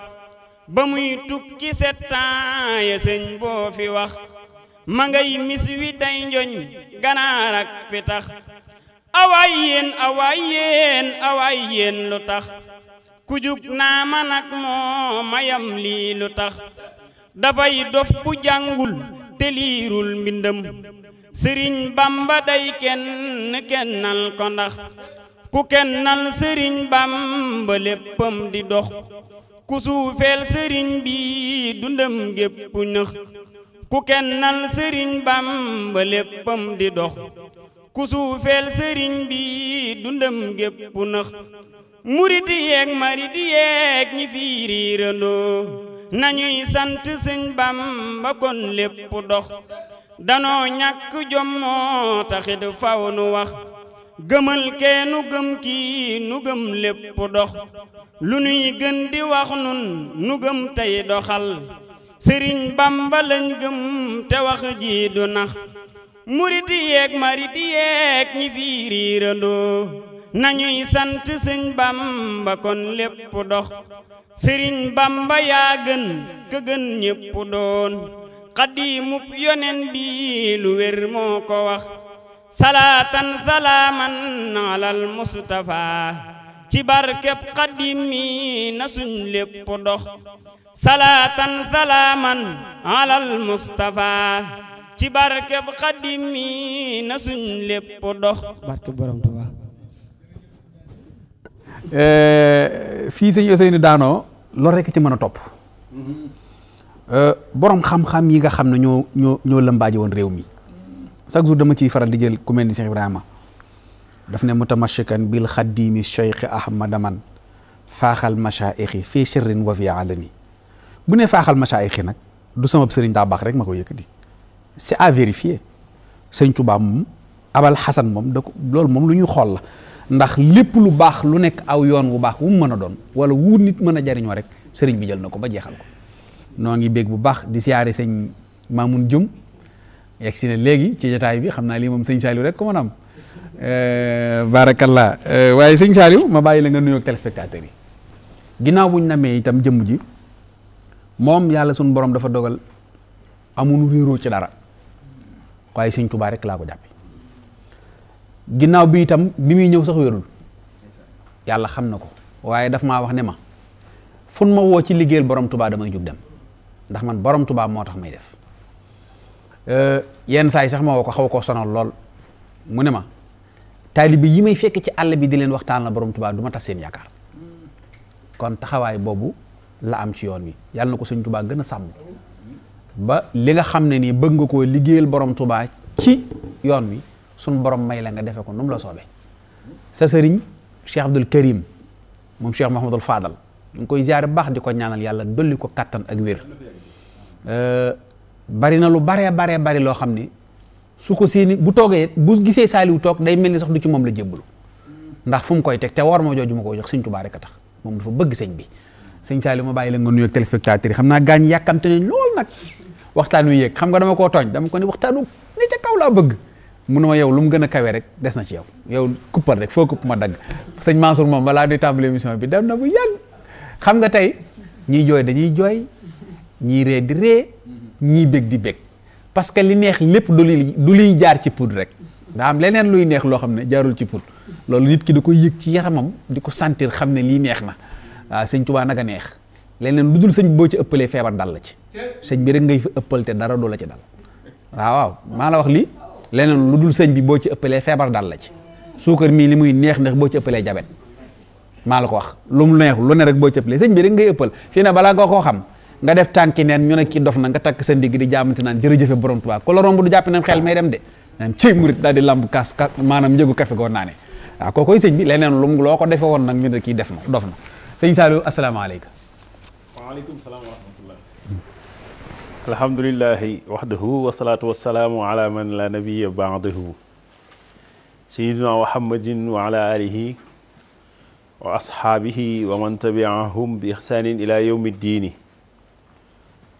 Speaker 4: ba muy tukki settaan ya sëñ boo fi wax ma ngay mis tey njoñ ganaar ak pitax awaay yéen awaay yéen awaay yéen lu tax ku naa man ak moo mayam lii lu tax dafay dof bu jàngul te liirul mbindam sëriñ bamba day kenn kennal ko ndax ku kennal sëriñ bàmba léppam di dox ku suufeel sëriñ bi dundam gépp nëx ku kennal sëriñ bàmba léppam di dox ku suufeel sëriñ bi dundam gépp nëx murit yeeg marit yeeg ñi fi riirandoo nañuy sant sëñ bàmba kon lépp dox danoo ñàkk jom taxit faw nu wax gëmal kee gëm kii nu gëm lépp dox lu nuy gën di wax nun nu gëm tey doxal sëriñ bamba lañ gëm te wax ji du nax murit yeeg marit yeeg ñi fi riirandoo nañuy sant sëñ bamba kon lépp dox sëriñ bamba yaa gën ka gën ñépp doon xadiimub yonen bi lu wér moo ko wax salaatan salaaman alal mustafa ci na suñ lépp dox salaatan ci barkeb xadim na suñ lépp dox
Speaker 2: barkeb borom Tuuba eh, fii sëñ daanoo loolu rekk ci mën a topp mhm. eh, boroom xam-xam yi nga xam ne ñoo ñoo ñoo lëmbaaje woon réew mi chaque jour dama ciy faral di jël ku mel ni Cheikh Ibrahima daf ne mutamashikan bil xaddiimi cheikh ahmada man faaxal machaayixi fii sirrin wa fi alani bu ne faaxal machaayixi nag du sama seriñ daa baax rek ma ko yëkkati c'est à vérifier sëñ Tuubaa moom abal xasan moom da ko loolu moom lu ñuy xool la ndax lépp lu baax lu nekk aw yoon wu baax wu mu mën a doon wala wu nit mën a jariñoo rek sëriñ bi jël na ko ba jeexal ko noo ngi bég bu baax di siyaare sëñ yegg si léegi ci jataay bi xam naa lii moom sëñ Saliou rek ko mën am euh, barakallah euh, waaye sëñ Saliou ma bàyyi la nga nuyoog téléspectateurs yi ginnaaw buñ namee itam jëmm ji moom yàlla suñu borom dafa dogal amuñu réeroo ci dara waaye sëñ Tuubaa rek laa ko jàppe ginnaaw bi itam bi muy ñëw sax wérul yàlla xam na ko waaye dafa maa wax ne ma fun ma woo ci liggéeyal borom tubaa damay jóg dem ndax man borom Tuubaa moo tax may def yenn saa yi sax ma woo ko xaw koo sonal lool mu ne ma taalibe yi may fekk ci àll bi di leen waxtaan la borom Tuubaa du ma tas seen yaakaar kon taxawaay boobu la am ci yoon wi yàlla na ko sëñ Tuubaa gën a sàmm ba li nga xam ne nii bëgg nga koo liggéeyal borom Tuubaa ci yoon wi suñ borom may la nga defe ko nu mu la soobee sa sëriñ Cheikh Abdul Karim moom Cheikh Mahamadul Fadal ñu ngi koy ziare baax di ko ñaanal yàlla dolli ko kattan ak wér bari na lu baree baree bari loo xam ni su ko seeni bu toogee bu gisee saaliwu toog day mel ni sax du ci moom la jébbalu ndax fu mu koy teg te war ma jooju ma koo jox sëñ Tuubaa rek a tax moom dafa bëgg sëñ bi sëñ Saaliw ma bàyyi leen nga nuyu ak téléspectateur xam naa gaañ yàkkamte nañ lool nag waxtaan wi yéeg xam nga dama koo tooñ dama ko ni waxtaanu ne ca kaw laa bëgg mu ne yow lu mu gën a kawe rek des na ci yow yow kuppal rek foo kupp ma dagg sëñ Mansour moom balaa ñuy tàmbali émission bi dem na bu yàgg xam nga tey ñiy jooy dañuy jooy ñii ree di ree ñii bég di bég parce que li neex lépp du li du liy jaar ci poudre rek daa am leneen luy neex loo xam ne jaarul ci poudre loolu nit ki di koy yëg ci yaramam di ko santir xam ne lii neex na waaw sëñ Tuubaa nag a neex leneen lu dul sëñ boo ci ëppalee feebar dal la ci sëñ bi rek fi ëppal dara du la ci dal waaw maa la wax lii leneen lu dul sëñ bi boo ci ëppalee feebar dal la ci suukar mii li muy neex neex boo ci ëppalee jabet maa la ko wax lu mu neex lu ne rek boo ci ëppalee sëñ bi rek ngay ëppal fii ne balaa nga koo xam nga def tànki neen ñu ne kii dof na nga takk sa ndigg di jaamante naan jërëjëfe borom Tuubaa ku romb du jàpp ne xel may dem de naan cey murit daal di lamb kaas maanaam njëgu kafe goo naa ne waaw kookoy sëñ bi leneen lu loo ko defe woon
Speaker 7: nag ñu ne kii def na dof na sëñ Saliou asalaamaaleykum waaleykum salaam wa rahmatullah alhamdulilahi waxdahu wasalaatu wasalaamu ala man la nabiya baadahu sayidina muhammadin wa ala bi ihsanin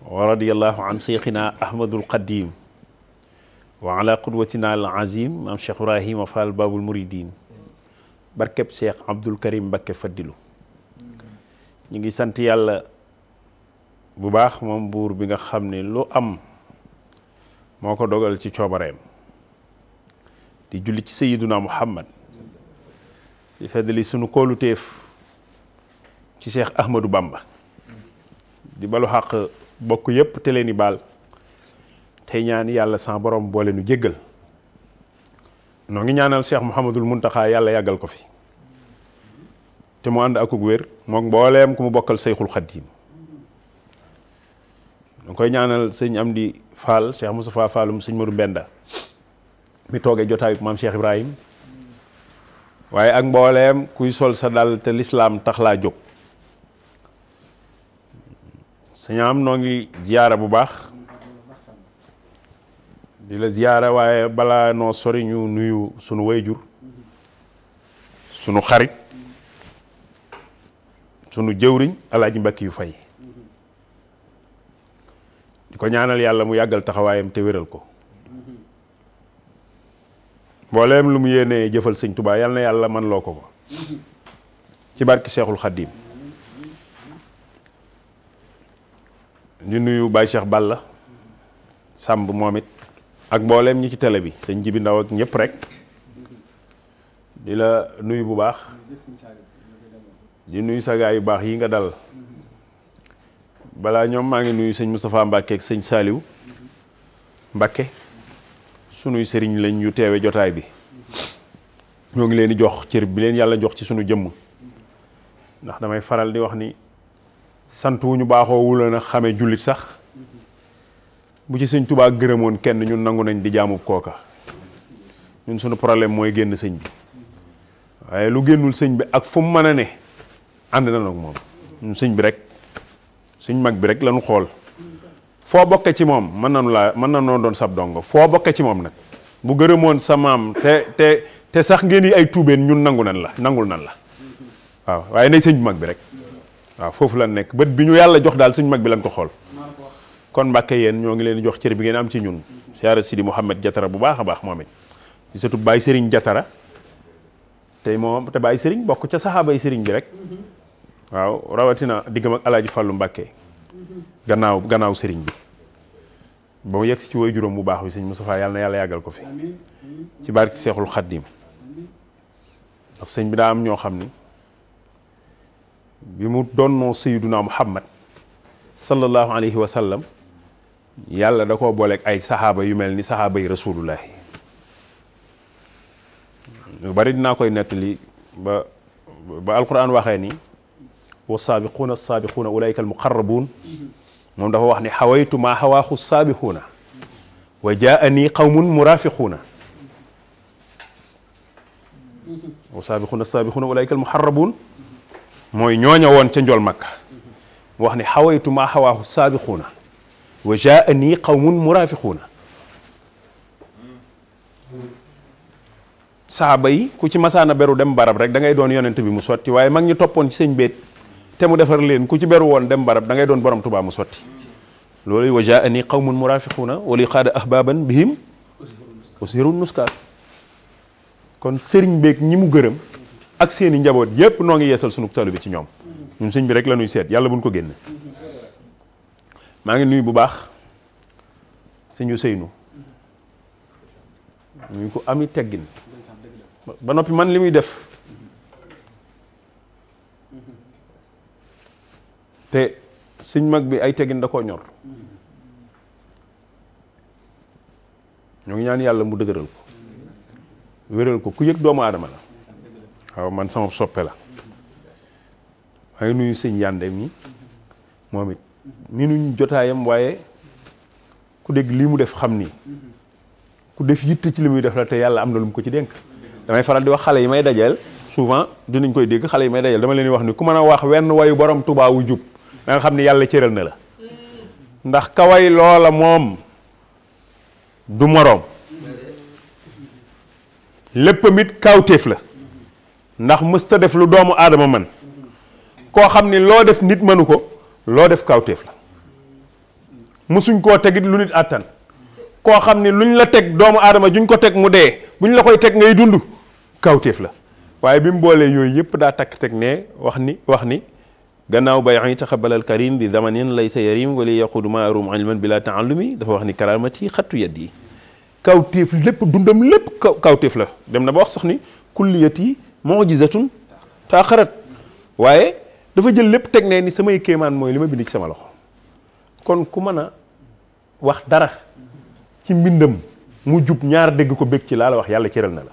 Speaker 7: ورضي الله عن شيخنا أحمد القديم وعلى قدوتنا العظيم الشيخ إبراهيم فال باب المريدين بركب شيخ عبد الكريم بك فدلو نيجي سانت يالا بو باخ موم بور بيغا خامني لو ام مكو دوغال سي تشوبريم دي جولي سي سيدنا محمد في فدلي سونو كولوتيف سي شيخ احمد بامبا دي بالو حق bokk yépp te leen i baal tey ñaan yàlla sans borom boole nu jéggal noo ngi ñaanal Cheikh Mouhamadul Muntaxa yàlla yàggal ko fi te mu ànd akuk wér moom mbooleem ku mu bokkal Seyxul Xadiim da koy ñaanal sëñ Amdi Fall Cheikh Moustapha Fallum sëñ Maru Mbenda mi toogee jotaayu maam Cheikh Ibrahim waaye ak mbooleem kuy sol sa dal te lislaam tax laa jóg sëñ am noo ngi ziyaara bu baax di la ziyaara waaye balaa noo sori ñu nuyu sunu wayjur sunu xarit sunu jëwriñ alaaji mbakki yu fay di ko ñaanal yàlla mu yàggal taxawaayam te wéral ko mbooleem lu mu yéenee jëfal sëñ Tuubaa yàlla yàlla man loo ko ko ci barki seexul xaddiim ñu nuyu bay Cheikh Balla Samb momit ak mbollem ñi ci télé bi señ Jibi Ndaw ak ñëpp rek dila nuyu bu baax di nuyu sa gaay yu baax yi nga dal bala ñom ma ngi nuyu señ mustapha Mbacke ak señ saliw Mbacke suñu señ lañ ñu téwé jotaay bi ñoo ngi leen di jox cër bi leen yalla jox ci sunu jëm ndax damay faral di wax ni sant wu ñu baaxoo wuloon a xamee jullit sax bu ci sëñ Tuubaa gërëmoon kenn ñun nangu nañ di jaamub kooka ñun sunu problème mooy génn sëñ bi waaye lu génnul sëñ bi ak fu mu mën a ne ànd na nag moom sëñ bi rek suñ mag bi rek lañu xool foo bokke ci moom mën nañu laa mën nañoo doon sab dongo foo bokke ci moom nag bu gërëmoon sa maam te te sax ngeen yi ay tuubeen ñun nangu nañ la nangul nañ la waaw waaye nay sëñ bi mag bi rek waaw foofu lan nekk bët bi ñu yàlla jox daal suñu mag bi lañ ko xool kon mbàkke yéen ñoo ngi leen jox cere bi ngeen am ci ñun siyaara Sidi Mouhamed Jatara bu baax a baax moom it di surtout Baye Serigne Jatara tey moom te Baye bokk ca saxaabay Serigne bi rek waaw rawatina diggam ak Alaaji Fàllu Mbàkke gannaaw gannaaw Serigne bi ba mu yegg si ci woy juróom bu baax bi sëñ Moustapha yàlla na yàlla yàggal ko fi ci barke Seexul Xaddim ndax sëñ bi daa am ñoo xam ni bi mu donnoo sayyiduna muhammad sallallahu alayhi wa sallam yàlla da koo booleeg ay saxaaba yu mel ni saxaaba yi rasulullahi yu bari dinaa koy nettali ba ba alquran waxee ni wa saabiquuna saabiquuna ulaika almuqarrabuun moom dafa wax ni xawaytu maa xawaaxu saabiquuna wa jaani qawmun murafiquuna wa saabiquuna saabiquuna ulaika almuqarrabuun moy ñoña won ci ndol makka wax ni xawaytu ma xawaahu sabiquna wa jaani qawmun murafiquna sahaba yi ku ci masana beru dem barab rek da ngay doon yonent bi mu soti waye mag ñi topon ci señ beet te mu defar leen ku ci beru won dem barab da ngay doon borom tuba mu soti loolu wa jaani qawmun murafiquna wa li qaada bihim usirun kon señ beek ñi mu ak seen i njaboot yépp noo ngi yeesal sunu taalibe bi ci ñoom ñun sëñ bi rek la ñuy seet yàlla buñ ko génne maa ngi nuyu bu baax sëñu sëynu ñu ko ami teggin ba noppi man li muy def te mag bi ay teggin da koo ñor ñoo ngi ñaan yàlla mu dëgëral ko wéral ko ku yëg doomu aadama la waaw man sama soppe la maa ngi nuyu sëñ Yande mi moom it mi nuñ jotaayam waaye ku dégg lii mu def xam ni ku def yitte ci li def la te yàlla am na ko ci dénk damay faral di wax xale yi may dajeel souvent dinañ koy dégg xale yi may dajeel dama leen wax ni ku mën wax wenn wayu borom Tuubaa wu jub nga xam ni cëral na la ndax kaway du la ndax musta def lu doomu adama man ko xamni lo def nit manuko lo def kawtef la musuñ ko tegit lu nit àttan ko xamni luñ la tek doomu adama juñ ko tek mu de buñ la koy tek ngay dundu kawtef la waye bimu bolé yoy yep da tak tek ne wax ni wax ni gannaaw bay takhabbal al karim bi zamanin laysa yarim wa li yaqud ma arum ilman bila taallumi dafa wax ni karamati xattu yad yi kawteef lépp dundam lépp kawtef la dem na ba wax sax ni kulliyati mu'jizatun taaxarat waaye dafa jël lépp teg ne ni samay kéemaan mooy li ma bind ci sama loxo kon ku mën a wax dara ci mbindam mu jub ñaar dégg ko bég ci laa la wax yàlla cëral na la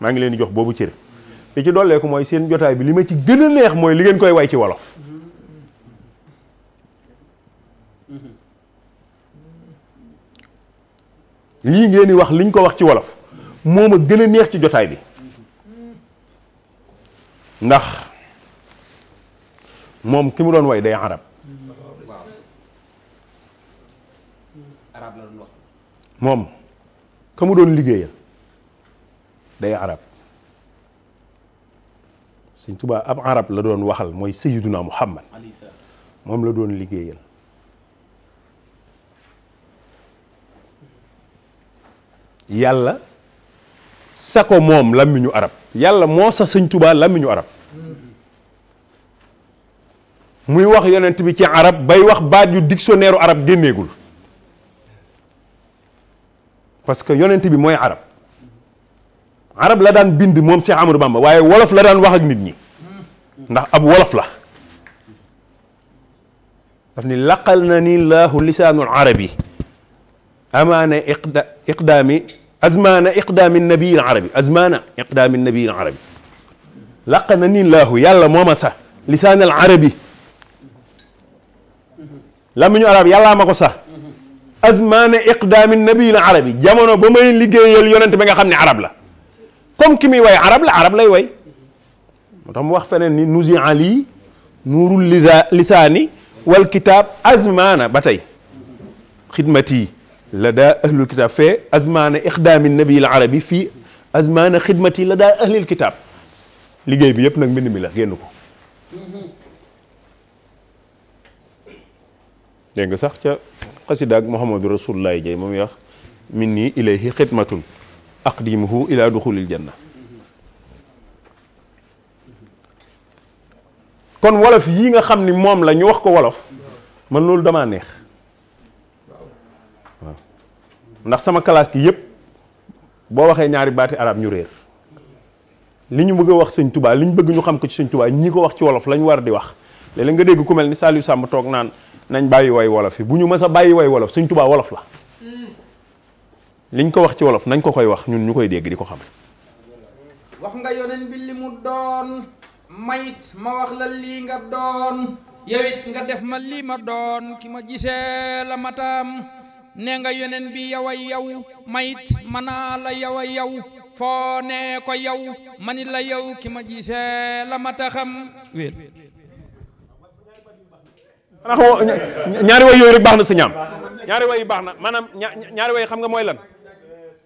Speaker 7: maa ngi leen di jox boobu cër li ci dollee mooy seen jotaay bi li ma ci gën a neex mooy li ngeen koy way ci wolof lii ngeen di wax liñ ko wax ci wolof moo ma gën a neex ci jotaay bi ndax moom ki mu doon way day arab moom ka mu doon liggéeyal day arab Sëñ Tuubaa ab arab la doon waxal mooy Sayyiduna Muhammad moom la doon liggéeyal yàlla sa ko moom làmmiñu arab yàlla moo sax sëñ tubaa làmmiñu arab muy wax yonent bi ci arab bay wax baat yu dictionnaire arab génneegul parce que yonent bi mooy arab arab la daan bind moom Cheikh Amadou Bamba waaye wolof la daan wax ak nit ñi ndax ab wolof la daf ni laqal na ni laahu lisaanul arabi amaana iqda iqdaami أزمان إقدام النبي العربي أزمان إقدام النبي العربي لقنني الله يلا مومسا لسان العربي لم العربي يلا مقصة أزمان إقدام النبي العربي جمعنا بمين لجي أنت تبقى خمني عرب لا كم كمي وي عرب لا عرب لا وي مطم وقفنا نوزي علي نور لثاني والكتاب أزمان بتاي خدمتي لدى أهل الكتاب في أزمان إخدام النبي العربي في أزمان خدمتي لدى أهل الكتاب اللي جايب نك من ملا غينو دينغ ساخ قصيدة محمد رسول الله جاي مومي مني إليه خدمة أقدمه إلى دخول الجنة كون ولف ييغا خامني موم لا يوخك ولف من lolou دمانيخ ndax sama classe ki yépp boo waxee ñaari baati arab ñu réer li ñu bëgg wax sëñ tuba li ñu bëgg ñu xam ko ci sëñ ñi ko wax ci wolof lañ war di wax léeg-léeg nga dégg ku mel ni Saliou Samb toog naan nañ bàyyi way wolof yi bu ñu mës bàyyi way wolof sëñ tuba wolof la liñ ko wax ci wolof nañ ko koy wax ñun ñu koy dégg di ko xam
Speaker 1: wax nga yonen bi li doon mayit ma wax la li nga doon nga def ma li ma doon ki ma gisee la matam nee nga yeneen bi yow a yow mayit manaa la yow a yow foo ne ko yow manit la yow ki ma gisee la ma taxam
Speaker 7: wéet xanaa xamoo
Speaker 3: ñaari way yooyu rek baax na sa ñaam
Speaker 7: ñaari way baax na maanaam ñaari way xam nga mooy lan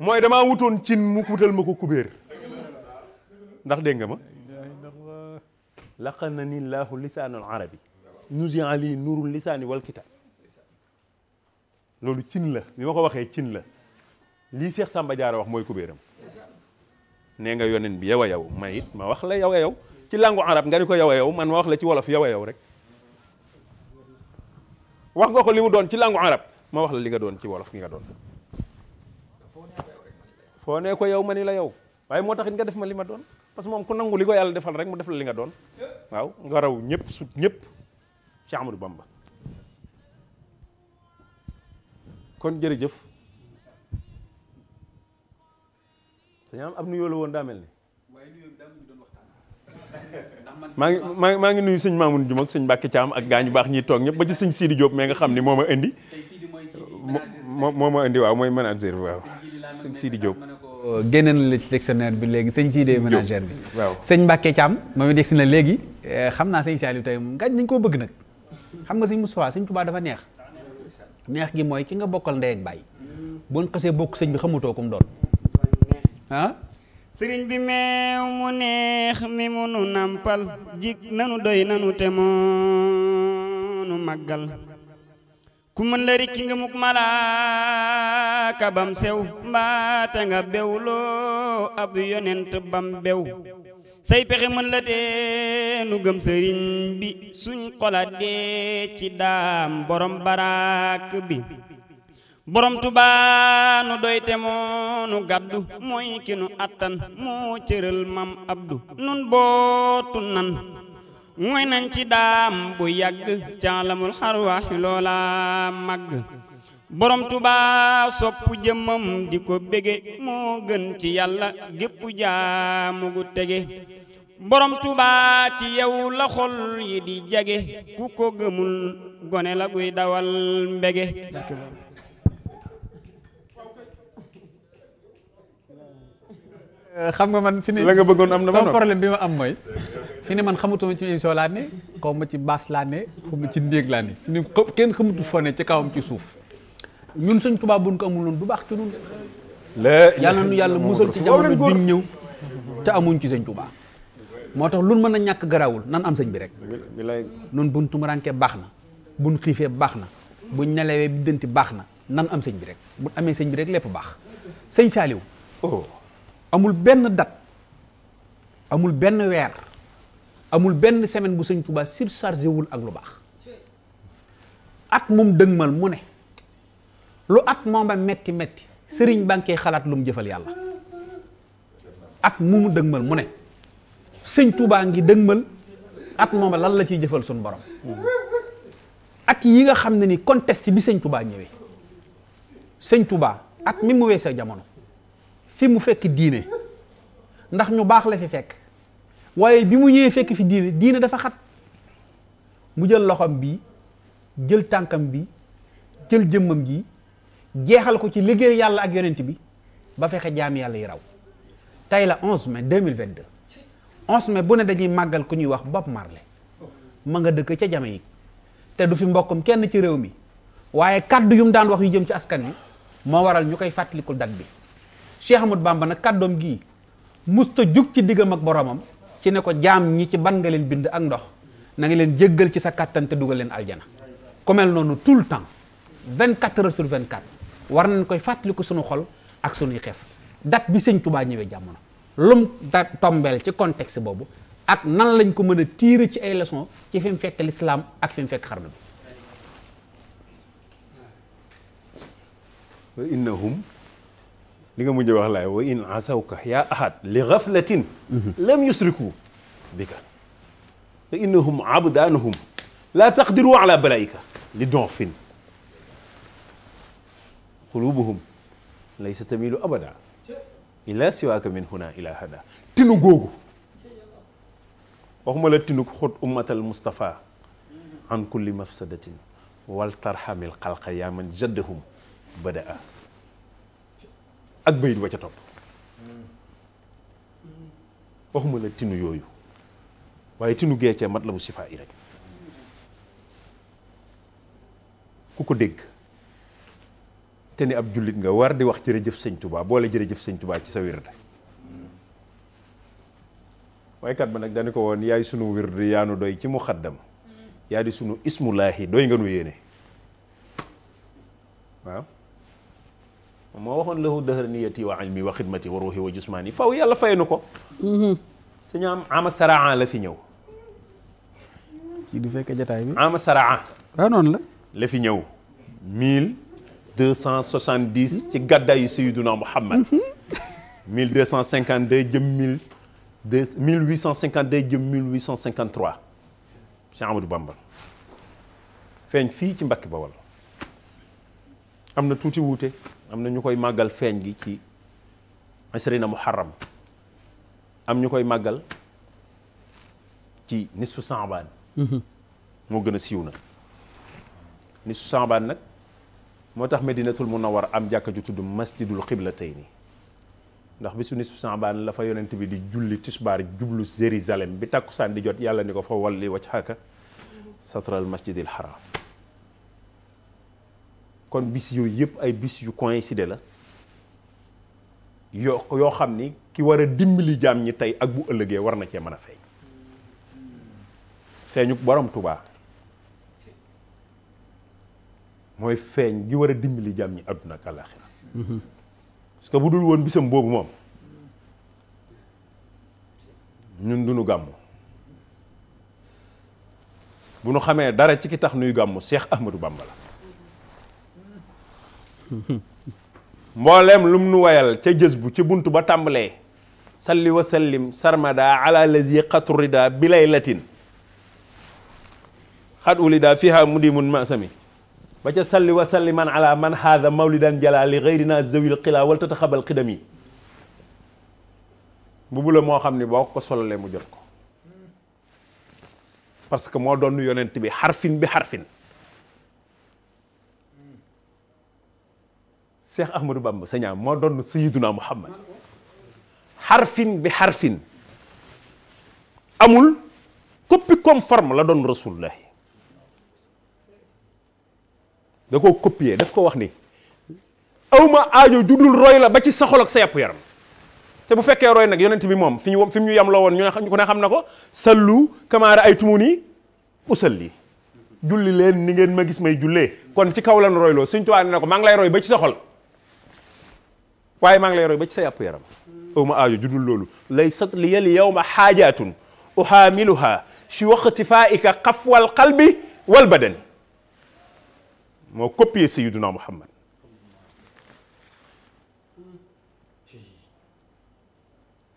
Speaker 7: mooy dama wutoon cin mu wutal ma ko kubéer ndax dégg nga ma laqana ni laahu lisaanul arabi nusi ali nurul lisaani wal loolu cin la bi ma ko waxee cin la li Cheikh Samba Diarra wax moy kubéeram ne nga yonen bi yow a yow ma ma wax la yow a yow ci langue arab nga ni ko yow a yow man wax la ci wolof yow yow rek wax nga ko limu don ci langue arab ma wax la li nga don ci wolof gi nga don fo ne ko yow manila yow nga def ma lima don parce que ku nangu li ko defal rek mu def la li nga don waw nga raw ñep sut ñep Cheikh Amadou Bamba kon jërëjëf sañ am ab nuyoo la woon daa mel ni maa ngi maa maa ngi nuyu sëñ Mamoun Dioum ak sëñ Mbacke Thiam ak gaa ñu baax ñiy toog ñëpp ba ci sëñ Sidi Diop mais nga xam ne moo ma indi moo moo ma indi mooy manager bi Sidi Diop
Speaker 2: génne na la ci dictionnaire bi léegi sëñ Sidi manager bi waaw sëñ caam Thiam moom it si na léegi eh, xam naa sëñ Saliou tey nga gaañ nañ koo bëgg nag xam nga sëñ Moustapha sëñ Touba dafa neex neex gi mooy ki nga bokkal ndey ak baay mm. bu ñu bokk sëñ bi xamutoo kum doon sëriñ bi meew mu neex mi mu nu nampal
Speaker 4: nanu doy nanu te moonu màggal ku mën la rikki nga muk malaaka bam sew mbaate nga bewloo ab yonent bam bew say pexe mën la tee nu gëm sëriñ bi suñ xolaat dee ci daam borom baraak bi borom tuba nu doyte moo nu gàddu mooy ki attan moo cëral mam abdu nun bootu nan mooy nañ ci daam bu yàgg caalamul xarwaaxi loola màgg borom tuba soppu jëmmam di ko mo gën ci yalla gépp jaamu gu tege borom tuba ci yow la xol yi di jage ku ko gëmul gone la guy dawal mbege
Speaker 2: xam nga man fini la nga bëggoon am na man problème bi ma am moy fini man xamutuma ci émission la né ko ma ci bass la né ko ma ci ndéeg la né ni kenn xamutu fone ci kawam ci souf ñun sëñ bu buñ ko amul woon du baax ci ñun.
Speaker 3: yàlla nu yàlla musal ci jamono duñ ñëw te amuñ
Speaker 2: ci sëñ Tuubaa moo tax lu mën a ñàkk garaawul nan am sañ bi rek nun buñ tumurankee baax na buñ xiifee baax na buñ nelawee biddanti baax na nan am sañ bi rek buñ amee sañ bi rek lépp baax sëñ Saaliw oh. amul benn date amul benn weer amul benn semaine bu sëñ Tuubaa surchargé wul ak lu baax at moom dëgmal mu ne lu at mooma metti metti sëriñ bànkee xalaat lu mu jëfal yàlla at mu mu dëgmal mu ne sëñ Tuubaa ngi dëgmal at mooma lan la ciy jëfal suñu borom at yi nga xam ne ni conteste bi sëñ Tuubaa ñëwee sëñ tubaa at mi mu weesee jamono fi mu fekk diine ndax ñu baax la fi fekk waaye bi mu ñëwee fekk fi diine diine dafa xat mu jël loxoom bi jël tànkam bi jël jëmmam ji jeexal ko ci liggéey yàlla ak yonent bi ba fexe jaam yàlla yi raw tey la 11 mai 2022 11 mai bu ne dañuy màggal ku ñuy wax Bob Marley ma nga dëkk ca Jamaïque te du fi mbokkum kenn ci réew mi waaye kaddu yu mu daan wax yu jëm ci askan wi moo waral ñu koy fàttalikul dat bi Cheikh Amadou Bamba nag kaddoom gii musta jug ci diggam ak boromam ci ne ko jaam ñi ci ban nga leen bind ak ndox na nga leen jéggal ci sa kàttan te dugal leen aljana ku mel noonu tout le temps 24 heures sur 24 war nañ koy fàttaliku sunu xol ak sunuy xef date bi sëñ Touba ñëwee jamono lum da tombeel ci contexte boobu ak nan lañ ko mën a tiire ci ay leçon ci fi mu fekk lislaam ak fi mu fekk xarnu bi
Speaker 7: wa innahum li nga mujj wax laay wa in asawka yaa ahad li gaflatin lam yusriku bika fa innahum abdaanahum laa taqdiru ala balaika li donfin قلوبهم ليس تميل أبدا إلا سواك من هنا إلى هذا جوجو وهم لا تنو خد أمة المصطفى عن كل مفسدة والترحم القلق يا من جدهم بدأ أكبر وجهتهم وهم لا تنو يويو la tinu yooyu waaye tinu geecee mat la bu sifaa yi rek ku ko dégg te ni ab jullit nga war di wax jërëjëf sëñ Touba boole jërëjëf sëñ Touba ci sa wird waykat ba nag dañu ko woon yaay sunu wird yaa nu doy ci mu xaddam yaa di sunu ismulaahi doy nga nu yéene waaw moo waxoon lahu dëhër niyati wa ilmi wa xidmati wa ruuxi jusmaani faw yàlla fay nu ko mhm. suñu am ama saraa la fi ñëw kii du fekkee jataay bi ama saraa waaw ah, noonu la la fi ñëw mille 270 ci gàddaayu Sayyiduna Muhammad 1252 djem 1000 1852 djem 1853 ci Amadou Bamba feñ fi ci Mbàkke Bawol amna touti wouté amna ñukoy magal feñ gi ci asrina muharram am ñukoy magal ci nisfu Saabaan hmm mo gëna siwna na nisfu nak motax tax medinatul munawar am jàkka ju tuddu masjidul xiblatayni ndax bisu su nisfu sambaan la fa yonent bi di julli tisbar jublu jérusalem bi takusan di jot yàlla niko fa walli wa wajhaka satral masjidil haram kon bis yo yep ay bis yu coïncidé la yo yo xamni ki wara dimbali jam ñi tay ak bu ëllëgee war na cee mën a feeñ borom tubaa mooy feeñ gi war a dimbali jàmm ñi àdduna ak àllaaxira parce que bu dul woon bisam boobu moom ñun duñu gàmmu bu nu xamee dara ci ki tax nuy gàmmu Seex Ahmadou Bamba la mbooleem lum nu wayal ca jës bu ci bunt ba tàmbalee salli wa sallim sarmada ala lazi xaturida bi laylatin mu ulida fiha mudimun masami ba ca salli wa salli man ala man haada mawlidan jala li gayrina zawil xila wal tataxabal xidam mbubu la moo xam ni boo ko solalee mu jot ko parce que moo doon yonent bi xarfin bi xarfin Cheikh Ahmadou moo doon sayiduna Muhammad xarfin bi xarfin amul copie conforme la doon rasulullahi da koo copier daf ko wax ni awma aajo judul roy la ba ci sa ak sa yàpp yaram te bu fekkee roy nag yonent bi moom fi ñu fi mu ñu ñu ko ne xam na sallu kamaara ay usalli julli leen ni ngeen ma gis may jullee kon ci kaw lan royloo suñ tuwaa ne na ko maa lay roy ba ci sa xol waaye maa lay roy ba ci sa yàpp yaram awma aajo judul loolu lay li yal yawma xaajaatun uhaamiluha si waqtifaaika qafwal qalbi wal badani moo copier Sayyiduna Muhammad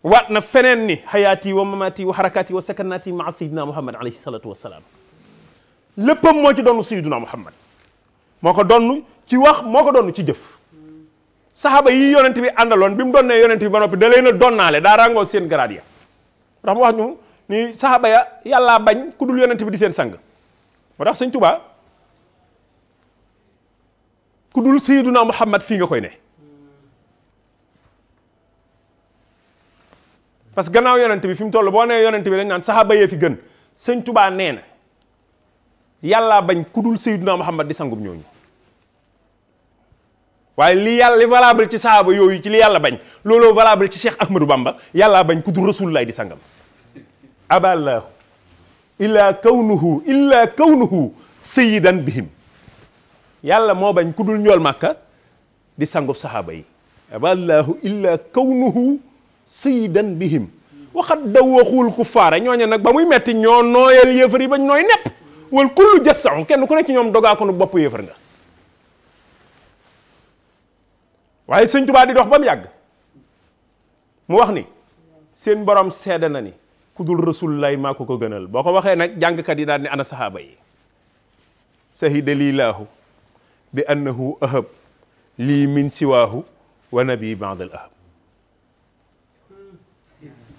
Speaker 7: waat na feneen ni xayaati wa mamaati wa xarakaati wa sakanaati maa Sayyidina Muhammad alayhi salaatu wa salaam léppam moo ci doon Sayyiduna Muhammad moo ko doon ci wax moo ko doon ci jëf saxaaba yi yonent bi àndaloon bi mu doon ne yonent bi ba noppi da leen a donnaale daa ràngoo seen garaad ya ndax mu wax ñu ni saxaaba ya yàllaa bañ ku dul yonent bi di seen sang moo tax sëñ Tuubaa ku dul sayyiduna muhammad fii nga koy ne parce que gannaaw yonent bi fi mu toll boo nee yonent bi dañ naan saxaaba yee fi gën sëñ tubaa nee na yàllaa bañ ku dul sayyiduna muhammad di sangum ñooñu waaye li yàlla li ci saxaaba yooyu ci li yàlla bañ looloo valable ci Cheikh Ahmadou Bamba yàllaa bañ ku dul rasulullah di sangam aballahu illaa kawnuhu illaa kawnuhu sayyidan bihim yàlla moo bañ ku dul njool màkka di sangub saxaaba yi aballaahu illa kawnuhu sayyidan bihim waxat dawaxuul ku faare ñooñu nag ba muy metti ñoo nooyal yëfar yi bañ nooy nepp wal kullu jassaxu kenn ku nekk ñoom dogaa ko nu bopp yëfar nga waaye sëñ tubaa di dox ba mu yàgg mu wax ni seen borom seede na ni ku dul rasulullah maa ko ko gënal boo ko waxee nag jàngkat yi daal ni ana saxaaba yi sahida lilaahu بأنه أهب لي من سواه ونبي بعض الأهب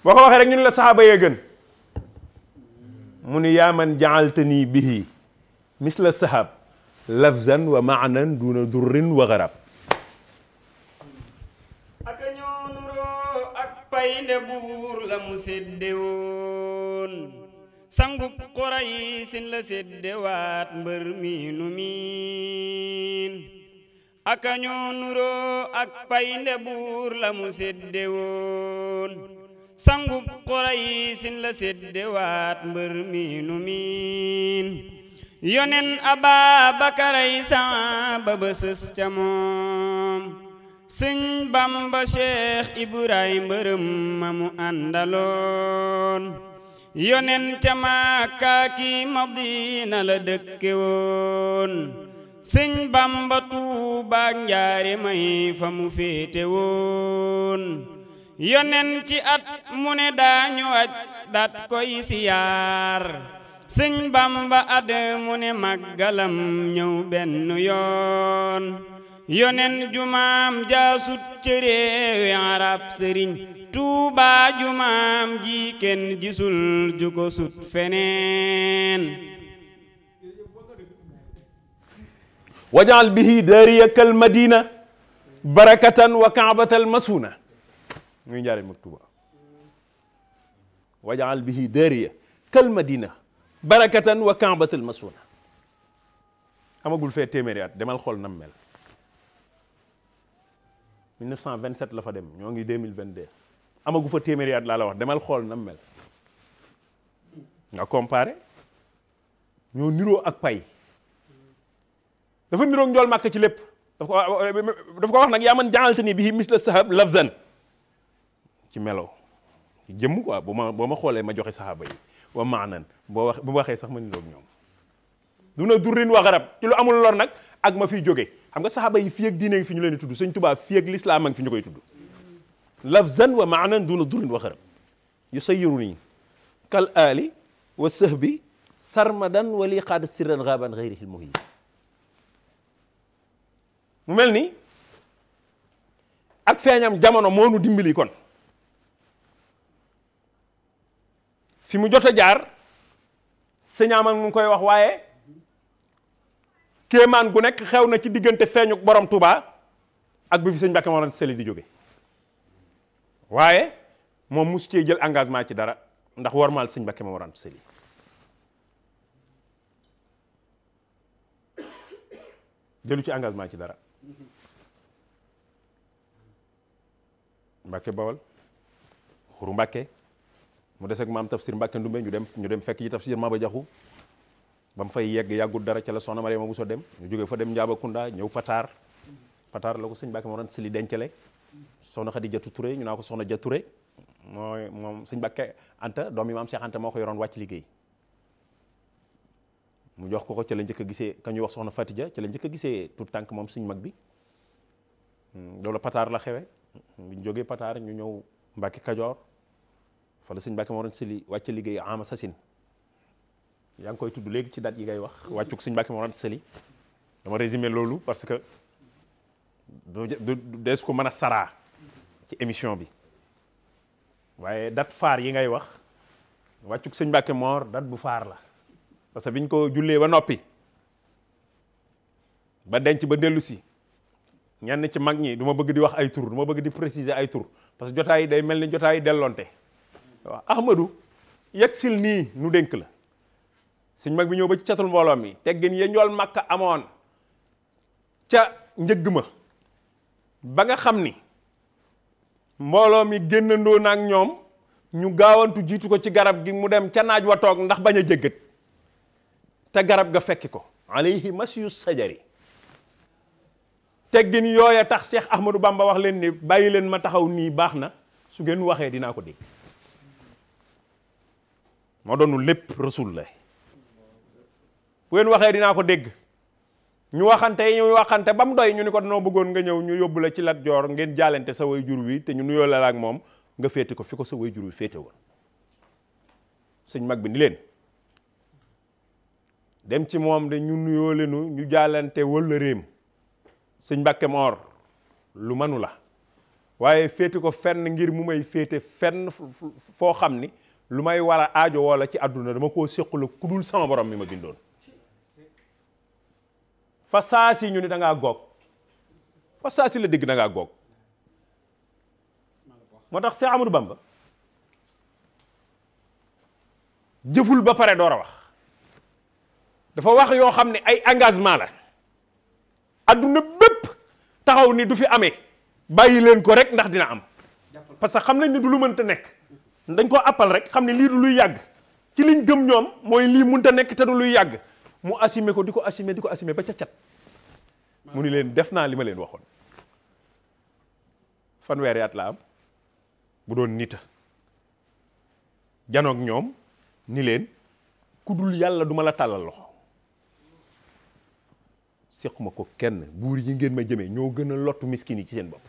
Speaker 7: وخو واخ رك لا صحابه يا گن من يا من جعلتني به مثل الصحاب لفظا ومعنى دون در وغرب
Speaker 4: اك نورو اك بين بور لا مسدون sangu Quraysh sin la séddewaat mbër mi nu miin aka ñoo nuroo ak paynde buur la mu séddewoon sangu Quraysh sin la séddewaat mbër mi nu miin yonen Ababakaray san ba ba ca moom sëñ Bamba Cheikh Ibrahim mbërëm ma mu àndaloon yonen ca ki Madina la dëkke woon sëñ Bamba Tuuba ak Njaare may fa mu féete woon yonen ci at mu ne daañu aj dat koy siyaar sëñ Bamba at mu ne ñëw benn yoon yonen jumaam jaasut ca réewi arab sëriñ توبا جمام جي كن جسول جوكو سوت فنين
Speaker 7: وجعل به داريا كالمدينة بركة وكعبة المسونة من جاري مكتوبة وجعل به داريا كالمدينة بركة وكعبة المسونة أما أقول في تيميريات دمال الخول نمال 1927 لا فا دم ñoo 2022 amagu fa téeméeri at laa la wax demal xool nam mel nga comparé ñoo niroo ak pay dafa niroo njool màkk ci lépp daf ko daf ko wax nag yaa man jàngalte bi bii mis la sahab lafzan ci melo jëm jëmm quoi bu ma boo ma xoolee ma joxe sahaaba yi wa maanan boo wax bu waxee sax ma niroog ñoom a durrin wa garab ci lu amul lor nag ak ma fiy jóge xam nga sahaaba yi fii ak diine ngi fi ñu leen di tudd sëñ Tuubaa fii ak lislaam a ngi fi ñu koy tudd لفظا ومعنى دون الضر وغرب يسيرني كالآلي والسهبي سرمدا ولي قاد سرا غابا غيره المهيب مملني اك فيا نيام جامونو مونو ديمبلي كون في مو جوتو جار سيناما نكوي واخ وايي كيمان غو نيك خيونا سي ديغنت فيغنوك بروم توبا اك بي في سيغن باكي مولان سيلي دي جوغي waaye moom mus cee jël engagement ci dara ndax warmaal sëñ Mbakke Mame Mor Anta Saly jëlu ci engagement ci dara Mbakke Bawal xuru Mbakke mu des ak maam tafsir Mbakke Ndumbe ñu dem ñu dem fekk ji tafsir Maba Jaxu ba mu fay yegg yàggul dara ca la soxna Mariama Bousso dem ñu jógee fa dem Njaaba Kunda ñëw Pataar Pataar la ko sëñ Mbakke Mame Mor Anta Saly soxna Khady Dia Touré ñu naa ko soxna Dia Touré mooy moom sëñ Mbacké Anta doom yi maam Cheikh Anta moo ko yoroon wàcc liggéey mu jox ko ko ca la njëkk a gisee ka ñuy wax soxna Fatidia ca la njëkk a gisee tout tànk moom suñ mag bi hmm, loolu Pataar la xewe hmm, bu jógee Pataar ñu ñëw Mbacké Kajoor fa la sëñ Mbacké moo doon sili wàcc liggéey ama sasin yaa ngi koy tudd léegi ci date yi ngay wax wàccug sëñ Mbacké moo doon sili dama résumé loolu des ko meuna sara ci émission bi waye dat far yi ngay wax wàccuk seigne Mbàkke mor dat bu far la parce biñ ko jullee ba nopi ba denc ba delusi si ci mag ñi duma bëgg di wax ay tur duma bëgg di préciser ay tur parce jotay day melni jotay delonté wa Ahmadou yegsil ni nu denk la seigne mag bi ñëw ba ci catul mbooloo mi teggin ya ñol makka amoon ca njëgg ma ba nga xam ni mbooloo mi génnandoo na ak ñoom ñu gaawantu jiitu ko ci garab gi mu dem ca naaj wa toog ndax bañ a jéggat te garab ga fekki ko alayhi masiyu sajari teggin yooya tax Cheikh Ahmadou Bamba wax leen ni bàyyi leen ma taxaw nii baax na su ngeen waxee dinaa ko dégg moo doonu lépp rasul la bu ngeen waxee dinaa ko dégg ñu waxante ñu waxante ba mu doy ñu ni ko danoo bëggoon nga ñëw ñu yóbbu la ci Lat Joor ngeen jaalante sa way jur wi te ñu nuyoo la ak moom nga féete ko fi ko sa way jur wi féete mag bi leen dem ci moom de ñu nuyoo leenu ñu jaalante walla réem sëñ Mbàkke Moor lu manu la waaye féete ko fenn ngir mu may féete fenn foo xam ni lu may war a ajo woo la ci àdduna dama koo séqula ku dul sama borom mi ma bindoon fa saa saasi ñu ni da ngaa goog fa saasi la dégg da ngaa goog moo tax Cheikh Amadou Bamba jëful ba pare door a wax dafa wax yoo xam ne ay engagement la adduna bëpp taxaw ni du fi amee bàyyi leen ko rek ndax dina am parce que xam nañ ne du lu mënta nekk dañ ko appal rek xam ne lii du luy yàgg ci liñ gëm ñoom mooy lii mënta nekk te du luy yàgg mu assumé ko di ko assumé di ko assumé ba ca cat mu ni leen def naa li ma leen waxoon fanweeri at la am bu doon nita janoog ñoom ni leen ku dul yàlla duma la tàllal loxo séquma ko kenn buur yi ngeen ma jëmee ñoo gën a lottu miskin yi ci seen bopp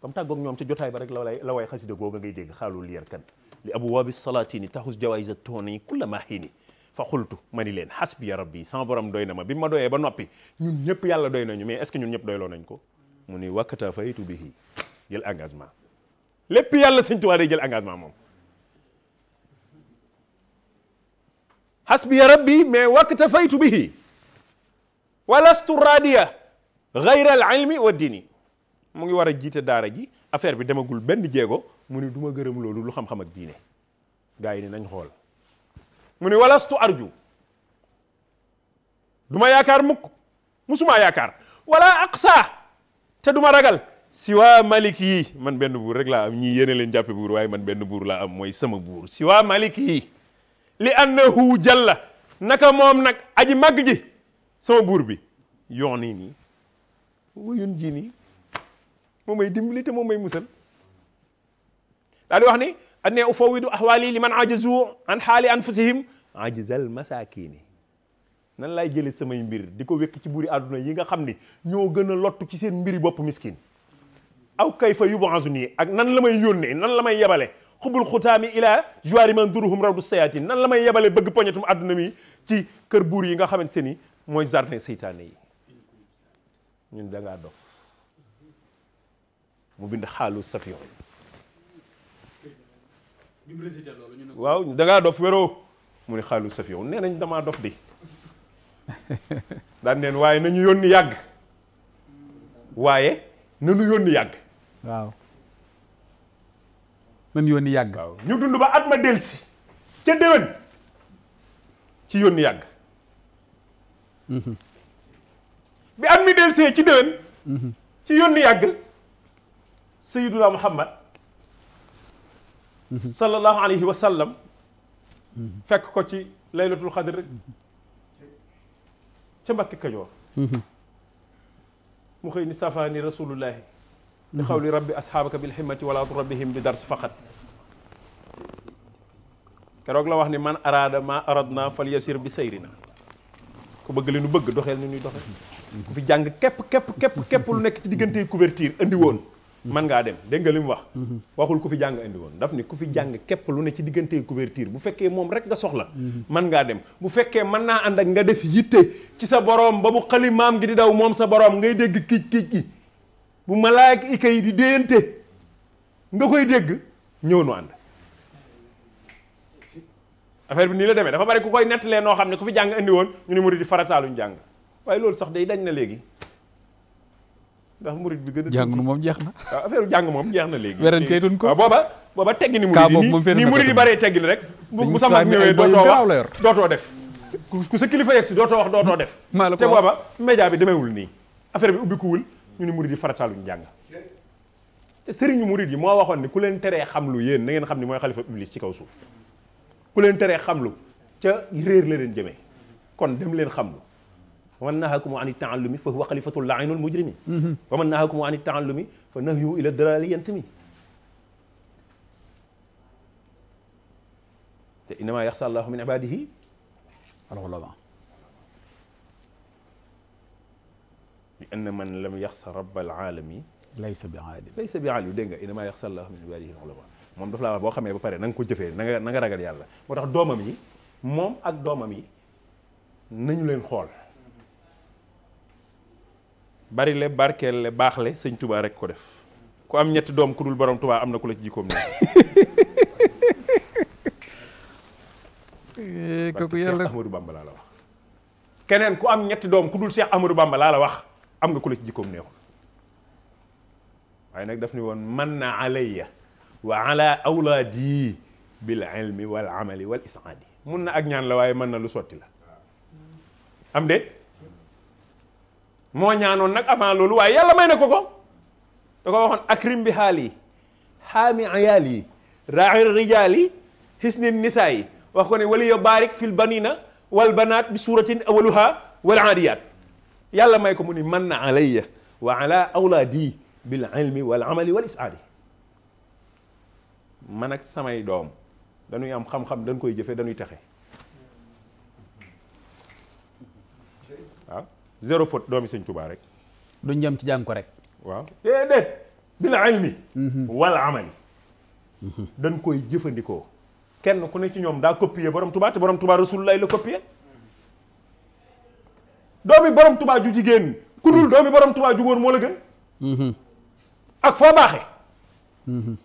Speaker 7: comme tàggoog ñoom ca jotaay ba rek la way la way xasida googa ngay dégg xaalul yar kan li abu waabi salaatini taxus jawaay sa tooni kulla maaxiini fa xultu ma ni leen hasbiya bi sama borom doy na ma bi ma doyee ba noppi ñun ñëpp yàlla doy nañu mais est ce que ñun ñëpp nañ ko mu ni wakkata faytu bihi jël engagement lépp yàlla sëñ Tuubaa day jël engagement moom hasbiya rabbi mais wakkata faytu bihi walastu raadiya gayra al ilmi wa dini mu ngi war a jiite daara ji affaire bi demagul benn jéego mu ni duma gërëm loolu lu xam-xam ak diine gars yi ni nañ xool mune ne walastu arju duma yakar muk musuma yakar wala aqsa te duma ragal siwa maliki man benn bur rek la am ñi yene len jappé bur man benn bur la am moy sama bur siwa maliki li annahu jalla naka mom nak, aji màgg sama bur bi yoni ni wuyun wayun ji dimbali te momay musal dal wax ni أني أفوض أحوالي لمن عجزوا عن حال أنفسهم عجز المساكين نان لاي جيلي سماي مبير ديكو ويك سي بوري ادونا ييغا خامني ньо گنا لوتو سي سين مبيري بوب مسكين او كيف يبعثني اك نان لاماي يوني نان لاماي يبالي خبل الختام الى جوار من درهم رد السياتين نان لاماي يبالي بڭ پونيتوم ادونا مي سي كير بور ييغا خامن سيني موي زارني سيطاني نين داغا دو مو بند خالو صفيون waaw da ngaa dof wéroo mu ni xaalu saf yow nee nañ damaa dof di daan neen waaye nañu yónni yàgg waaye nañu yónni yàgg waaw nañu yónni yàgg waaw ñu dund ba at ma delsi ca déwén ci yónni yàgg mm-hmm. bi at mi delsee ci déwén mm-hmm. ci yónni yàgg Sayyiduna Muhammad صلى الله عليه وسلم فك كوتي ليلة القدر كم كجور مخي نسافاني رسول الله لقول ربي أصحابك بالحمة ولا تربهم بدرس فقط كروك لا واخني من اراد ما اردنا فليسير بسيرنا كو بغل نو بغ دوخيل ني نوي في جانغ كيب كيب كيب كيب لو نيك تي كوفرتير اندي man nga dem deng nga wax waxul ku fi jang indi won daf ni ku fi jang kep lu ne ci digeunte couverture bu fekke mom rek nga soxla man nga dem bu fekke man na and ak nga def yitte ci sa borom ba bu khalimam gi di daw mom sa borom ngay deg kiic kiic gi bu malaak ika yi di déyante nga koy deg ñew nu and affaire bi ni la dafa bari ku koy no xamni ku fi jang indi won ñu ni mouride di farataaluñ jang way lool sax day dañ na legi ndax murid bi gën a jàng moom jeex na waaw ah, affaire jàng moom jeex na léegi weranteytuñ ko ah, booba booba teggi ni murid ni murid yi bëree teggil rek bu sama ñëwee dootoo wax dootoo def ku sa kilifa yegg si dootoo wax dootoo def te booba média bi demeewul nii affaire bi ubbikuwul ñu ni murid yi farataaluñ jàng te sëriñu murid yi moo waxoon ni ku leen teree xam lu yéen na ngeen xam ni mooy xalifa iblis ci kaw suuf ku leen teree xam lu ca réer la leen jëmee kon dem leen xam lu ومن نهاكم عن التعلم فهو خليفة اللعين المجرم ومن نهاكم عن التعلم فنهيه إلى الدلال ينتمي إنما يخسى الله من عباده رغم الله لأن من لم يخسى رب العالمين ليس بعالم ليس بعالم دينغا انما يخسر الله من عباده العلماء موم دافلا بو خامي با بار نانغ كو جيفه نانغ نانغ راغال يالا موتاخ دومامي موم اك دومامي نانيو لين خول bari le barkel le bax le seigne Touba rek ko def ku am ñet doom ku dul borom Touba amna ku la ci jikom ni ko ko yàlla amadou Bamba la la wax keneen ku am ñet doom ku dul Cheikh amadou Bamba la la wax am nga ku la ci jikom neexul waye nak daf ni won manna alayya wa ala awladi bil ilmi wal amali wal is'adi mun na ak ñaan la waye man na lu soti la am de moo ñaanoon nag avant loolu waaye yàlla may na ko ko da ko waxoon akrim bi xaal yi xaami ayaal yi raari rijaal yi xisni nisaa yi wax ko ne wali yo baarik fil banina wal banaat bi suratin awaluha wal aadiyaat yàlla may ko mu ni man na alayya wa ala awlaadi bil ilmi wal amali wal isaadi man ak samay doom dañuy am xam-xam dañ koy jëfe dañuy taxe zéro faute doomi sëñ Tuubaa rek. duñ jëm ci jàng ko rek. waaw déedéet bil ilmi mhm. wal amali dañ koy jëfandikoo. kenn ku ne ci ñoom daa copier borom Tuubaa te borom Tuubaa Rasulullaay la copier. doomi borom Tuubaa ju jigéen ku dul doomi borom Tuubaa ju góor moo la gën. Mhm. ak foo baaxee. Mhm.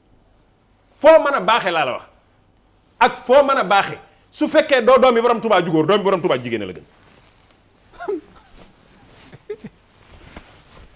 Speaker 7: foo mën a baaxee laa la wax. ak foo mën a baaxee su fekkee doo doomi borom Tuubaa ju góor doomi borom Tuubaa jigéen la gën.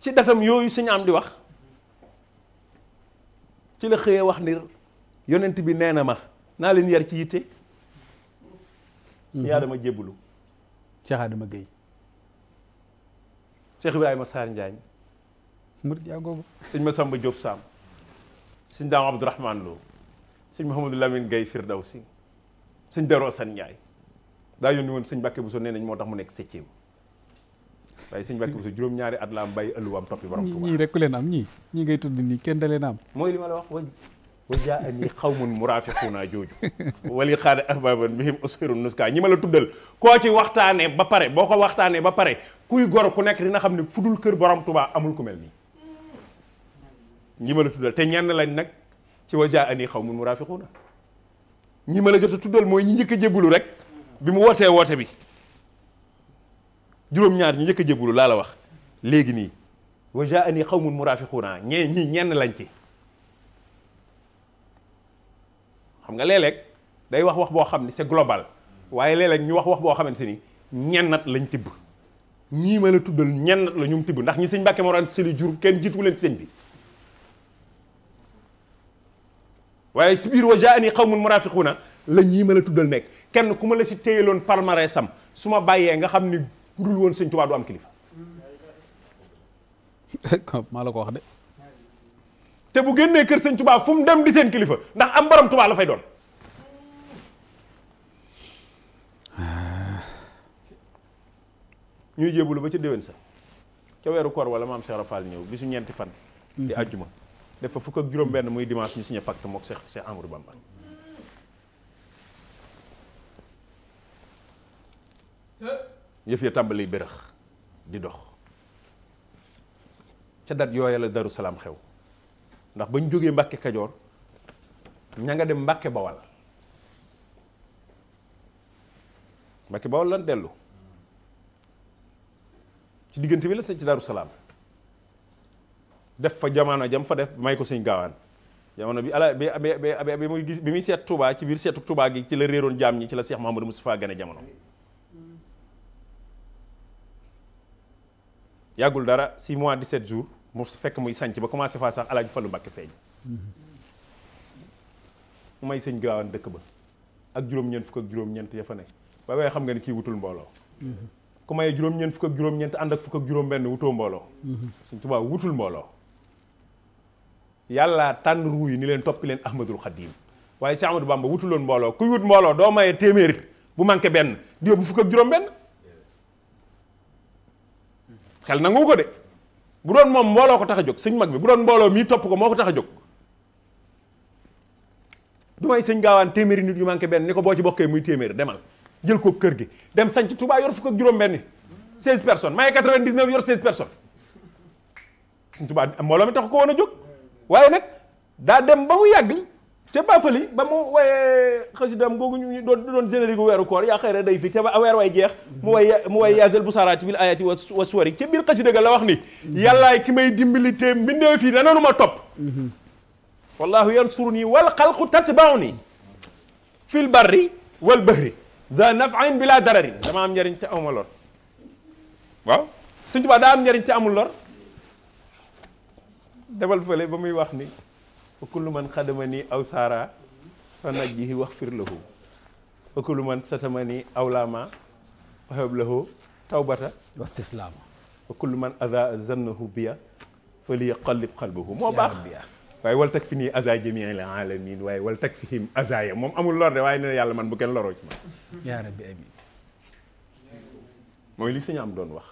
Speaker 7: ci datam yooyu suñu am di wax ci la xëyee wax ni yonent bi nee na ma naa leen yar ci yitte ci Adama jébbalu Cheikh Adama Gueye Cheikh Ibrahima Sarr Njaañ murid yaa googu sëñ Masamba Diop Sam sëñ Daam Abdourahmane Lo sëñ Mouhamadou Lamine Gueye Firdawsi sëñ Daroo San Ndiaye daa yónni woon sëñ Mbàkke bu so nee nañ moo tax mu nekk septième waaye sëñ Mbàkke Buso juróom-ñaari at laa am bàyyi ëlluwaam toppi borom Tuubaa
Speaker 2: rek ku leen am ñii ñii ngay tudd nii kenn da leen am
Speaker 7: mooy li ma la wax wa wa jaa ani xawmun muraafiquuna jooju wali xaada ahbaban mihim usiru nuska ñi ma la tuddal koo ci waxtaanee ba pare boo ko waxtaanee ba pare kuy gor ku nekk dina xam ne fu dul kër borom Tuubaa amul ku mel nii ñi ma la tuddal te ñenn lañ nag ci wa jaa ani xawmun muraafiquuna ñi ma la jot a tuddal mooy ñi njëkk a jébbalu rek bi mu wootee woote bi juróom-ñaar ñu njëkk a jébbalu laa la wax léegi nii wa jaani xawmun muraafiquuna ñee ñii ñenn lañ ci xam nga léeg day wax wax boo xam ni c'est global waaye léeg-léeg wax wax boo xamante ni ñennat lañ tibb ñii ma la tuddal ñennat la ñum tibb ndax ñi sëñ Mbàkke Mor Anta Sali jur kenn jiitu leen bi waaye si biir wa jaani xawmun muraafiquuna la ñii ma la tuddal nekk kenn ku ma la si loon téyeloon sam su ma bàyyee nga xam ni bu dul woon sëñ Tuubaa du am kilifa. [laughs] maa la ko wax de. te bu génnee kër sëñ Tuubaa fu mu dem di seen kilifa ndax am borom Tuubaa la fay doon. ñuy jébbalu ba ca déwén sa ca weeru koor wala maam Cheikh Rafal ñëw bisu ñeenti fan. di mhm. àjjuma def fa fukk ak juróom-benn muy dimanche ñu signé pacte mook Cheikh Cheikh Amadou yëf ya tambali bërëx di dox ca dat yooya la daru salaam xew ndax bañ jógee mbàkke kajoor ña nga dem mbàkke bawal mbàkke bawal lan dellu ci diggante bi la sëñ ci daru salaam def fa jamono jam fa def may ko sëñ gaawaan jamono bi ala bi bi bi muy gis bi muy seet Touba ci biir seetu Touba gi ci la réeroon jam ñi ci la Cheikh Mahamadou Moustapha gane jamono yagul dara 6 mois 17 jours mo fekk muy sànc ba commencé fa sax Alaaji Fallu Mbàkke feeñ may sëñ gawan dëkk ba ak juróom ñen fuk ak juróom ñent ya fa ne ba waaye xam nga ni ki wutul mbooloo ku may juróom ñen fuk ak juróom ñent and ak fuk ak juróom ben wutoo mbooloo Sëñ Tuubaa wutul mbolo yalla tan ruuy ni len topi len Ahmadul khadim waye cheikh Amadou Bamba wutuloon mbolo ku wut mbolo do maye téeméer bu manqué ben di yóbbu fukk ak juróom ben xel nangu ko de bu doon moom mbooloo ko tax a jóg sëñ mag bi bu doon mbooloo mii topp ko moo ko tax a jóg du may sëñ gaawaan téeméeri nit yu manqué benn ni ko boo ci bokkee muy téeméeri demal jël ko kër gi dem sanc tubaa yor fukk ak juróom benn 16 personnes maye 99 yor 16 personnes sëñ Touba mbooloo mi tax ko woon a jóg waaye nag daa dem ba mu yàgg te Bafali ba mu wayee xasidaam googu ñu doon doon générique weeru koor yaa xëy na day fi te ba weer way jeex mu way mu way yaazal bu saaraati bil ayati wa suwari ca biir xasida ga la wax ni yàllaay ki may dimbali te mbindee fii danañu ma topp wallahu yansuruni wal xalqu tatbauni fil barri wal bahri da nafain bila dararin dama am njariñ te amuma lor waaw Sëñ Tuubaa daa am njariñ te amul lor defal fële ba muy wax ni وكل من خدمني أو سارة فنجيه واغفر له وكل من ستمني أو لاما وهب له توبة واستسلام وكل من أذى ظنه بي فليقلب قلبه مو باخ واي ولتك فيني أذى جميع العالمين واي ولتك فيهم أذايا موم أمول لور واي نيا يالا من بوكن لور
Speaker 3: يا ربي أمين
Speaker 7: موي لي سيني دون واخ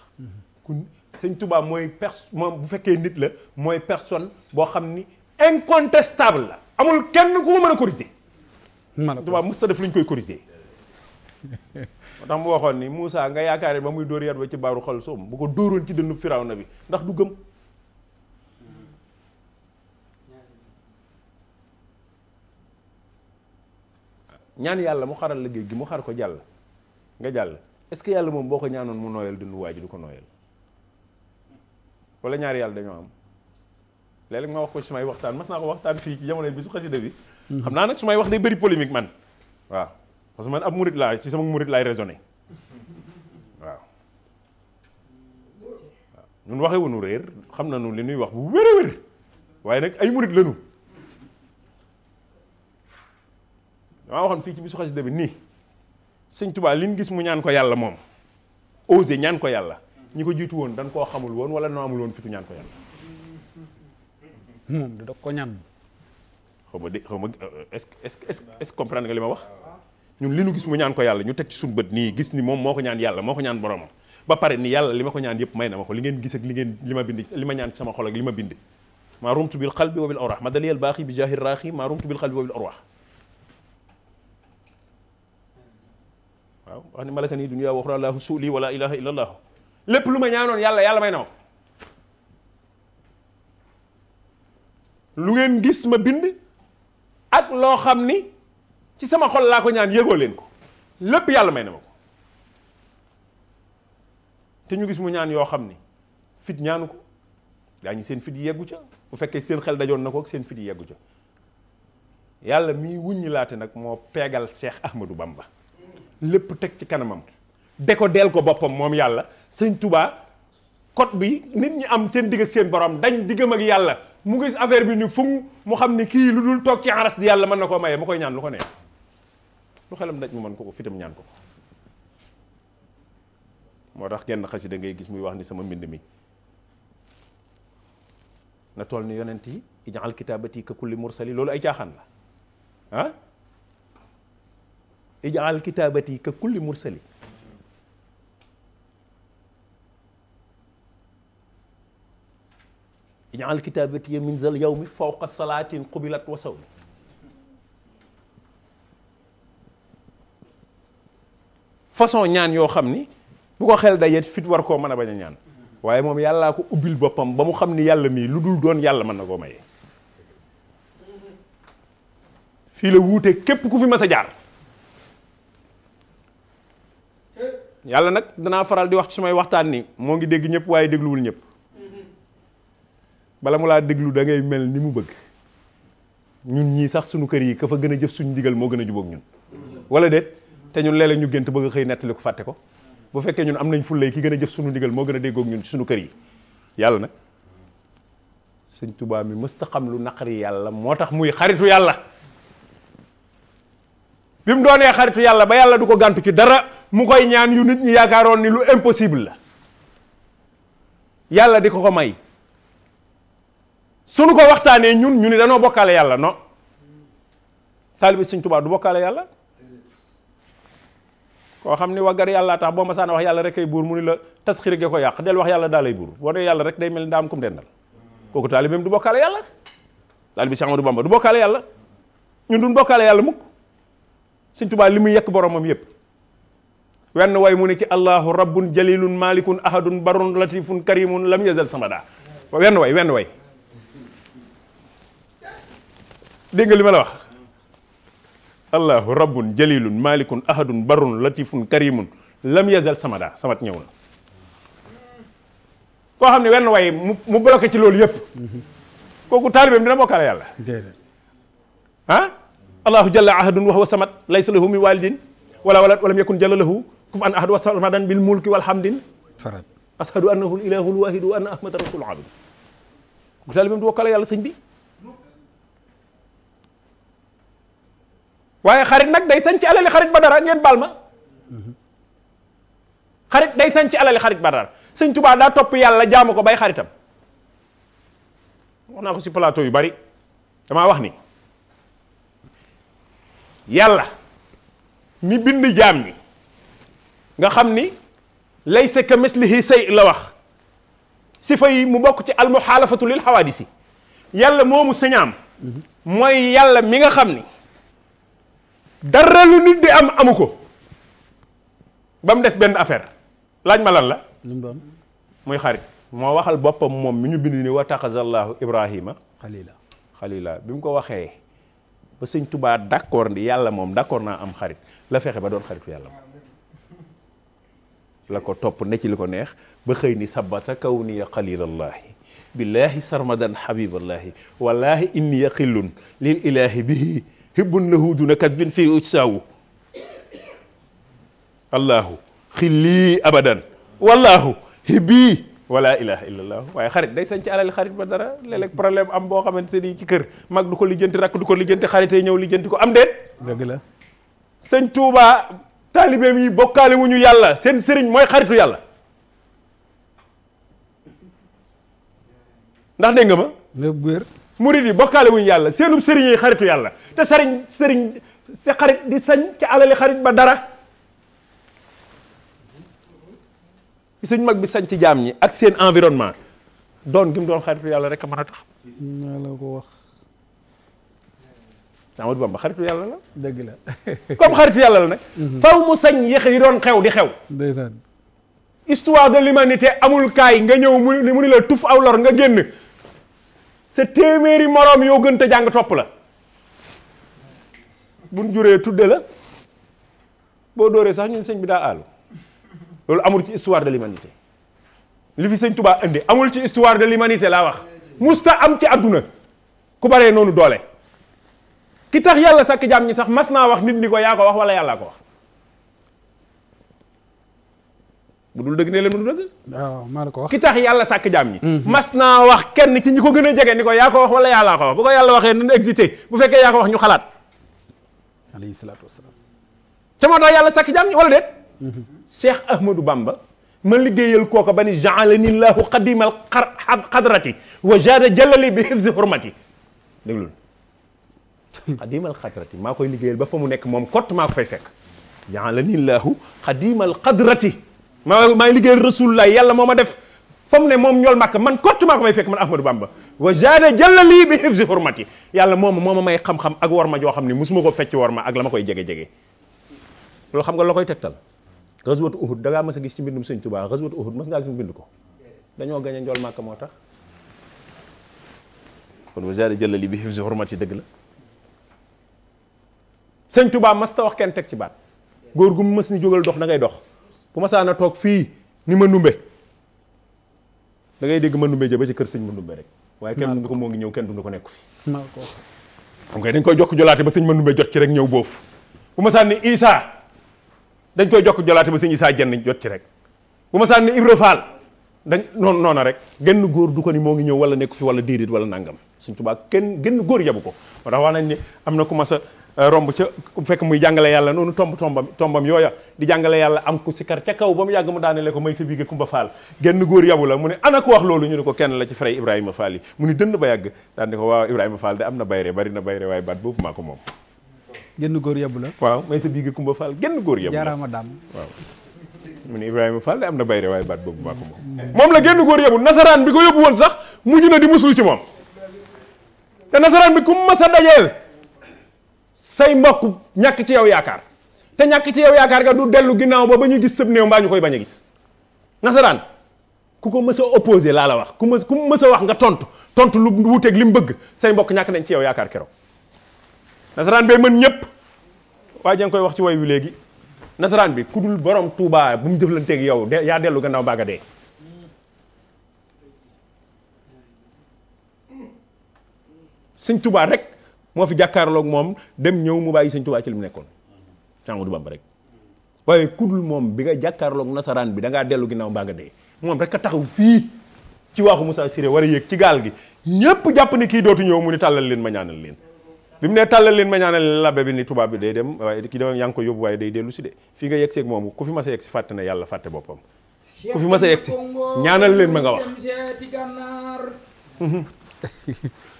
Speaker 7: كون سيني توبا موي بيرس موم بو فكي نيت لا موي بيرسون بو خامني incontestable amul kenn ko meuna corriger. man do musta def luñ koy corriger. motam tax mu ni Moussa nga yaakaar ba muy dóor yar ba ci baru xol soom bu ko dooron ci deñu firawna bi ndax du gem ñaan yalla mu xaral la géej gi mu xar ko jall nga jall est-ce que yalla mom boko ñaanon mu nooyal dund waji du ko nooyal wala ñaar yalla dañu am. léeg-léeg ma wax ko su may waxtaan mas naa ko waxtaan fii ci jamono bi su xasida bi xam naa nag su may wax day bëri polémique man waaw parce que man ab murit laa ci sama murit laay raisonné waaw ñun waxe wunu réer xam nañu li ñuy wax bu wér waaye nag ay murit lañu damaa waxoon fii ci bisu xasida bi nii sëñ Tuubaa liñ gis mu ñaan ko yàlla moom osé ñaan ko yàlla ñi ko jiitu woon dañ koo xamul woon wala noo amul woon fitu ñaan ko yàlla moom da ko ñam. xaw ma de xaw ma est-ce que ce que nga li ma wax ñun li nu gis mu ñaan ko yàlla ñu teg ci suñu bët nii gis ni moom moo ko ñaan yàlla moo ko ñaan boromam ba pare ni yàlla li ma ko ñaan yëpp may na ma ko li ngeen gis ak li ngeen li ma bind li ma ñaan ci sama xol ak li ma bind maa rumtu bil xalbi wa bil ma daliyal baaxi bi jaahir raaxi maa rumtu bil xalbi wa bil awrax waaw wax ni malaka nii dunya wa uxra laahu suuli wala ilaha illa allah lépp lu ma ñaanoon yàlla yàlla may na lu ngeen gis ma bind ak loo xam ni ci sama xol laa ko ñaan yëgoo leen ko lépp yàlla may na ma ko te ñu gis mu ñaan yoo xam ni fit ñaanu ko daañu seen fit yi yeggu ca bu fekkee seen xel dajoon na ko ak seen fit yi yeggu ca yàlla miy wuññi laate nag moo peegal Cheikh Ahmadou Bamba lépp teg ci kanamam de ko del ko boppam moom yàlla sëñ tubaa Kotbi bi nit ñi am seen digg seen borom dañ diggam ak yalla mu gis affaire bi ni fu mu xamni ki lu dul ci aras di yalla man nako maye mu koy ñaan lu ko neex lu xelam daj mu man ko ko fitam ñaan ko tax xasi da ngay gis muy wax ni sama mbind mi na tol ni yonenti ijal kitabati ka kulli mursali lolu ay tiaxan la ah Ijal kitabati ka kulli mursali ijaal kitaabati min zal yawmi fawqa salaatin qubilat wa sawmi façon ñaan yoo xam ni bu ko xel dajet fit war koo mën a bañ a ñaan waaye moom yàllaa ko ubbil boppam ba mu xam ni yàlla mii lu dul doon yàlla mën na koo maye. fii la wuute képp ku fi mas a jaar yàlla nag danaa faral di wax ci sumay waxtaan ni moo ngi dégg ñëpp waaye dégluwul ñëpp bala mu laa déglu da ngay mel ni mu bëgg ñun ñii sax suñu kër yi ka fa gën a jëf suñu ndigal moo gën a jubóog ñun wala déet te ñun léeg ñu gént bëgg a xëy nettali ko fàtte ko bu fekkee ñun am nañ fullay ki gën a jëf suñu ndigal moo gën a déggoog ñun ci suñu kër yi yàlla nag sëñ Tuubaa mi mësta xam lu naqari yàlla moo tax muy xaritu yàlla bi mu doonee xaritu yàlla ba yàlla du ko gàntu ci dara mu koy ñaan yu nit ñi yaakaaroon ni lu impossible la yàlla di ko may sunu ko waxtane ñun ñu ni danoo bokkaale yàlla non taalibe sëñ Tuubaa du bokkaale yàlla koo xam ni waggar yàlla tax boo masaana wax yalla rek ay bur mu ni la tasxiri ga ko yaq del wax yalla dalay bur wone yalla rek day mel ndam kum dendal talib taalibeem du bokkaale yalla talib Cheikh Amadou Bamba du bokkaale yalla ñun duñ bokkaale yalla mukk seigne touba limuy yek boromam yépp wenn way mu ne ci rabbun jalilun malikun ahadun barun latifun karimun lam yazal samada wenn way wenn way dégg nga li ma la wax allahu rabbun jalilun malikun ahadun barun latifun karimun lam yazal samada samat ñëw na koo xam ne wenn waaye mu mu bloqué ci loolu yëpp kooku taalibeem dina bokkaale yàlla ah allahu jalla ahadun wa huwa samat laysa lahu min walidin wala walad walam yakun jalla lahu kufan ahad wa samadan bil mulki wal hamdin ashadu annahu ilahul wahidu wa anna ahmada rasul abid ku taalibeem du bokkaale yàlla sëñ bi waye xarit nak day sañ ci alali xarit badar ngeen balma xarit day sañ ci alali xarit badar señ sëñ da top yalla yàlla jaamu ko bay xaritam wax ko ci plateau yu bari dama wax ni Yalla, mi bind jaam ni nga xamni laysa ka mislihi say la wax sifa yi mu bok ci muhalafatu lil hawadisi yalla momu señam moy mhm. yalla mi nga xamni dara lu nit di am amuko bam dess ben affaire laaj ma lan la. lu doon muy xarit. mo waxal bopam mom mi ñu bind ni wa taqazallahu Ibrahima. khalila khalila bim ko waxe ba seigne touba d'accord ni yàlla mom d'accord na am xarit la fexe ba doon xaritu yàlla moom. la ko top ne ci liko neex ba xëy ni sabata kawni ni ya xalilallahi billahi sarmadan habiballahi wallahi inni yaqillun lil ilahi bihi hibbun lahu duna kasbin fii ujsaawu allahu xillii abadan wallahu hibbii wala ilaha illa allah waaye xarit day sañ ci alal xarit ma dara léeg-léeg problème am boo xamante ni ci kër mag du ko lijjanti rakk du ko lijjanti xaritee ñëw lijjanti ko am déet dëgg Tuubaa taalibeem yi bokkaale yàlla seen sëriñ mooy xaritu yàlla ndax dégg ma murid yi bokkaale wuñu yàlla seenub sëriñ xaritu yàlla te sëriñ sëriñ sa xarit di sañ ci alali xarit ba dara suñ mag bi sañ ci jaam ñi ak seen environnement doon gi doon xaritu yàlla rek a man a tax naa la ko wax Amadou Bamba xaritu yàlla la dëgg la comme xaritu yàlla la nag mhm. faw mu sañ yéex yi doon xew di xew ndeysaan histoire de l'humanité amul kaay nga ñëw mu ni la tuf aw lor nga génn sa téeméeri moroom yoo gën te jàng topp la buñ juree tudde la boo dooree sax ñun sëñ bi daa àllu loolu amul ci histoire de l'humanité li fi sëñ Touba indi amul ci histoire de l'humanité laa wax musta am ci àdduna ku baree noonu doole ki tax yàlla sàkk jaam ñi sax mas naa wax nit ni ko yaa ko wax wala yàllaa ko wax bu dul dëgg ne leen mënu dëgg maa la ko wax ki tax yàlla sàkk jaam ñi mhm. mas naa wax kenn ci ñi ko gën a jege ni ko yaa ko wax wala yàllaa ko wax bu ko yàlla waxee nañ exité bu fekkee yaa ñu xalaat alayhi salaatu wasalaam yàlla sàkk jaam ñi wala déet mhm. Cheikh Ahmadou ma liggéeyal kooka ba ni jaalani llahu qadimal xadrati wa jaada jalali bi hifzi hurmati déglul [laughs] qadimal xadrati maa koy ba fa mu nekk moom kott fay fekk jaalani maa maay liggéey rasulullah yàlla moo ma def fa mu ne moom ñool màkk man kott maa ko may fekk man Ahmadou Bamba wa jaada jalla lii bi hifzi hurmati yàlla moom moo ma may xam-xam ak war ma joo xam ne musuma ko fecc war ma ak la ma koy jege-jege loolu xam nga loo koy tegtal gazwatu uhud da ngaa mas gis ci mbindum sëñ Tuubaa gazwatu uhud mas ngaa gis mu bind ko dañoo gañe njool màkk moo tax kon wa jaada bi hifzi hurmati dëgg la sëñ Tuubaa mas wax kenn teg ci baat góor gu mu mës ni jógal dox da ngay dox bu ma saana toog fii ni ma numbe da dégg ma numbe ja ba ci kër sëñ ma numbe rek waaye kenn du ko moo ngi ñëw kenn du ko nekku fi xam nga dañ koy jokk jolaate ba sëñ ma numbe jot ci rek ñëw boofu bu ma sànni Isaa dañ koy jokk jolaate ba sëñ Isaa jenn jot ci rek bu ma sànni Ibra Faal dañ noonu noona rek genn góor du ko ni moo ngi ñëw wala nekku fi wala déedéet wala nàngam sëñ Tuubaa kenn genn góor yabu ko moo wax nañ ne am na ku ma Euh, romb ca bu fekk muy jàngale yàlla noonu tomb tombam tombam yooya di jàngale yàlla am ku sikar ca kaw ba mu yàgg mu daanele ko may sa biige Kumba Faal genn góor yabu la mu ne ana ko wax loolu ñu ne ko kenn la ci fray Ibrahima Fall yi mu ni dënd ba yàgg daan ne ko waaw Ibrahima Fall de a na bayre bari na bayre waaye baat boobu maa ko genn góor yabu la waaw may sa biige Kumba Faal genn góor yabu la jaaraama daam waaw mu ne Ibrahima Fall de am na bayre waaye baat boobu maa ko moom moom la genn góor yabu nasaraan bi ko yóbbu woon sax mujj na di muslu ci moom te nasaraan bi ku mas a dajeel say mbokk ñàkk ci yow yaakaar te ñàkk ci yow yaakaar nga du dellu ginnaaw ba ba ñu gis sëb néew mbaa ñu koy bañ a gis nasaraan ku ko mës a opposé laa la wax ku mës ku wax nga tontu tontu lu wuuteeg li mu bëgg say mbokk ñàkk dañ ci yow yaakaar keroog nasaraan bee mën ñëpp waa ja nga koy wax ci woy wi léegi nasaraan bi ku dul borom Touba bu mu jëflanteeg yow de yaa dellu gannaaw baa nga dee. sëñ Touba rek mo fi log mom, dem ñew mu bàyyi seigne touba ci lim nekkon nekkoon du rek waye kudul mom, bi nga log nasaran bi da nga delu ginaaw mbaa nga dee moom rek ka taxaw fi ci waxu musa Siré wara yek ci gal gi ñepp japp ni ki dootu ñew mu ni talal leen ma ñaanal leen bim ne talal leen ma ñaanal leen labbe bi ni touba bi day dem waye ki do yang ko yóbbu waye day delu ci de fi nga yegg seeg ku fi mas yek yegg si na yàlla
Speaker 3: ku fi mas a yegg ñaanal leen ma nga wax [laughs]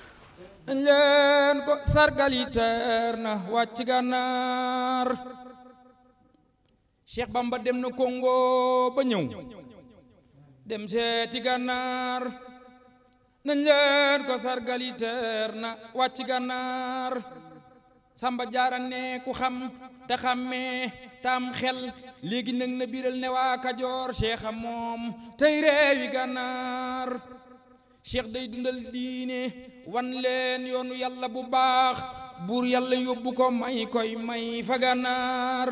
Speaker 1: dañ leen ko sargal yi teer na wàcc gànnaar Cheikh Bamba dem na Congo ba ñëw dem seeti gànnaar nañ leen ko sargal yi teer na wàcc gànnaar Samba Jaara ne ku xam te xàmmee tam xel léegi nag na biral ne waa Kajoor Cheikh moom tey réewi gànnaar Cheikh day dundal diine wan yoonu yàlla bu baax buur yàlla yóbbu ko may koy may faganaar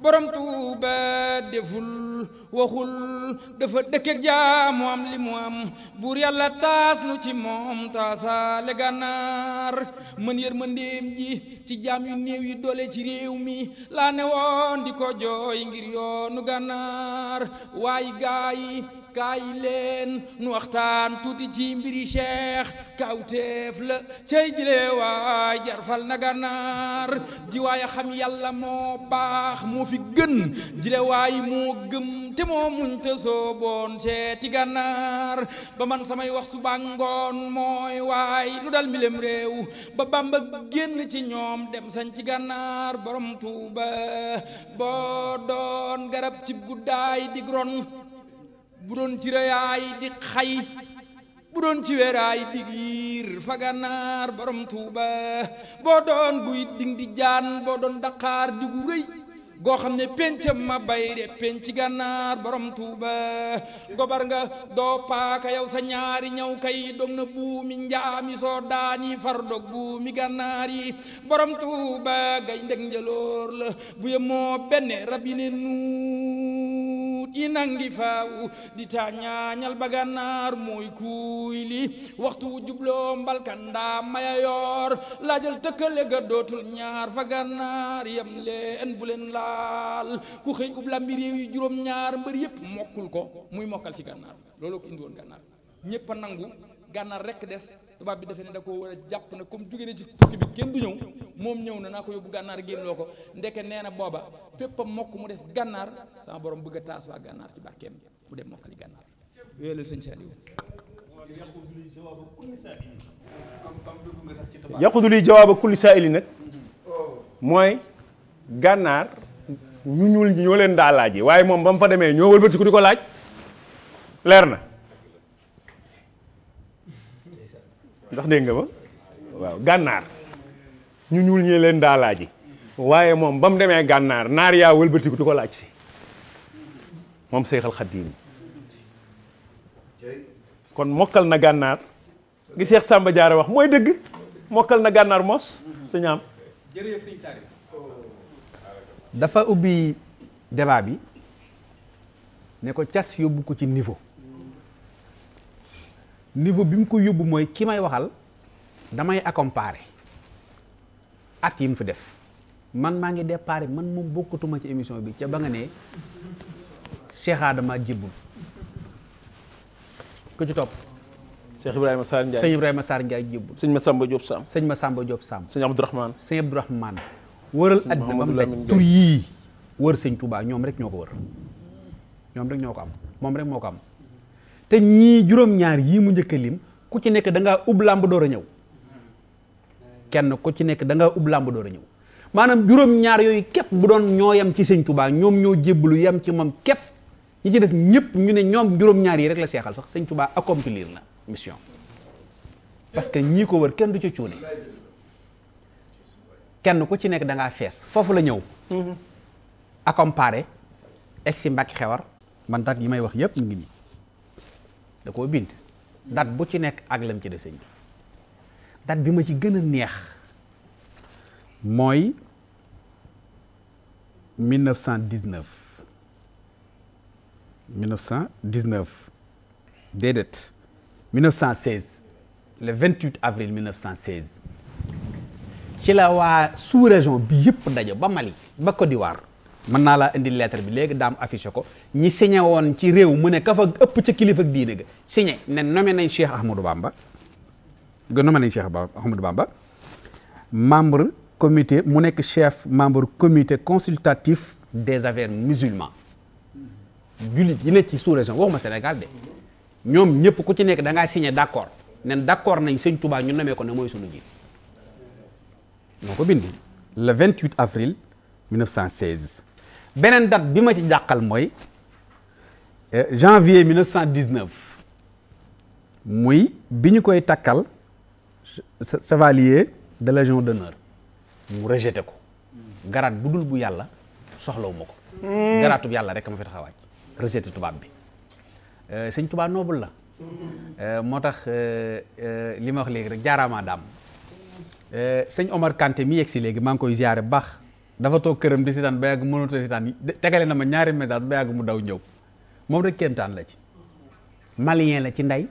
Speaker 1: borom tuuba deful waxul dafa dëkk jaamu am li mu am buur yàlla taas nu ci moom taasaale ganaar mën yërmandeem ji ci jaam yu néew yi doole ci réew mi laa ne woon di ko jooy ngir yoonu ganaar waay gaa yi kaay leen nu waxtaan tuuti ci mbiri cheikh kawteef la cey jile waay jarfal na gànnaar ji waaye xam yàlla moo baax moo fi gën jile waay moo gëm te moo muñ te sooboon seeti gànnaar ba man samay wax suba ngoon mooy waay lu dal milem réew ba bamba génn ci ñoom dem sañ ci gànnaar borom tuuba boo doon garab ci guddaay dig ron bu doon ci reyaay di xay bu doon ci weeraay di giir fa gànnaar borom tuuba boo doon guyit ding di jaan boo doon daqaar di gu rëy goo xam ne pencam ma bay de penc gànnaar borom tuuba gobar nga doo paaka yow sa ñaari ñaw kay dog na buumi njaami soo daani far dog buumi gànnaar yi borom tuuba gay ndeg njaloor la bu yemoo benn rab yi ne nuut yi nangi faaw di taa ñaañal ba gànnaar mooy kuuy li waxtu jubloo mbalkandaa maya yoor laajal tëkkale ga dootul ñaar fa gànnaar yam leen bu leen laa faal ku xëñ ub làmbi réew yi juróom ñaar mbër yépp mokkul ko muy mokkal ci gànnaar looloo ko indi woon gànnaar ñépp a nangu gànnaar rekk des tubaab bi defee na da ko war a jàpp na comme jóge na ci tukki bi kenn du ñëw na naa ko yóbbu ko ndeke nee na booba fépp a mu des gànnaar sama borom bëgg a taas ci barkeem mu dem mokkali gànnaar wéelal sëñ Saliou yaqudu li
Speaker 7: jawaaba kulli saa nag mooy gànnaar ñu ñuul ñi ñoo leen daa laaj yi waaye moom ba mu fa demee ñoo wëlbatiku di ko laaj leer na ndax dégg nga ba waaw gànnaar ñu ñuul ñi leen daa laaj waaye moom ba mu demee gànnaar naar yaa wëlbatiku di ko laaj si moom Seexal Xadiim kon mokkal na gànnaar gi Seex Sàmba Jaara wax mooy dëgg mokkal na gànnaar mos su ñaam dafa ubbi débat
Speaker 2: bi ne ko cas yóbbu ko ci niveau niveau bi mu ko yóbbu mooy ki may waxal damay accompagner at yi mu fi def man maa ngi déparé man moom bokkatuma ci émission bi ca ba nga ne Cheikh Adama jibbul ku ci topp. Cheikh Ibrahima Sarr Ndiaye sëñ Ibrahima Sarr Ndiaye jibbul. sëñ Massamba Diop Samb sëñ Massamba Diop Samb. sëñ Abdourahmane sëñ Abdourahmane waral àddina ba mu daj tur yii wër sëñ Touba ñoom rek ñoo ko wër ñoom rek ñoo ko am moom rek moo ko am te ñii juróom-ñaar yii mu njëkk lim ku ci nekk da ngaa ub làmb door a ñëw kenn ku ci nekk da ngaa ub làmb door a ñëw maanaam juróom-ñaar yooyu képp bu doon ñoo yem ci sëñ Touba ñoom ñoo jébbalu yem ci moom képp ñi ci des ñëpp ñu ne ñoom juróom-ñaar yi rek la seexal sax sëñ Touba accomplir na mission parce que ñii ko war kenn du ca cuune kenn ku ci nekk da ngaa fees foofu la ñëw. à mhm. comparer egg si Mbacke Xewar man date yi may wax yëpp mu ngi nii da koo bind. dat bu ci nekk ak lam ci def sëñ bi bi ma ci gën a neex mooy 1919 1919 déedéet 1916 le 28 avril 1916. ci la waa sous région bi yëpp daje ba Mali ba Côte d'Ivoire mën naa laa indi lettre bi léegi daam affiché ko ñi signé woon ci réew mu ne ka fa ëpp ca kilifa ak diine ga signé ne nommé nañ Cheikh Ahmadou Bamba nga nommé nañ Cheikh membre comité mu nekk chef membre comité consultatif des affaires musulmans jullit yi ne ci sous région waxuma Sénégal de ñoom ñëpp ku ci nekk da ngaa signé d' accord nen accord nañ sëñ Touba ñu nommé ko ne mooy sunu jiit moo ko le 28 avril 1916 beneen date bi ci jàqal mooy euh, janvier 1919 muy bi takal. koy takkal chevalier de légion d'honneur mu rejeté ko budul bu dul bu yàlla soxlawuma ko
Speaker 3: hmm. garaatub
Speaker 2: yàlla rek ma fi taxawaaj rejeté tubaab bi euh, sëñ tubaab noobul la hmm. euh, moo tax li ma wax léegi rek jaaraamaa daam Eh, sëñ Omar Kanté mi yegg si léegi maa ngi koy ziare baax dafa toog këram di sitaan ba yàgg mënut a sitaan tegale na ma ñaari message ba yàgg mu daw ñëw moom rek kéemtaan la ci malien la ci ndey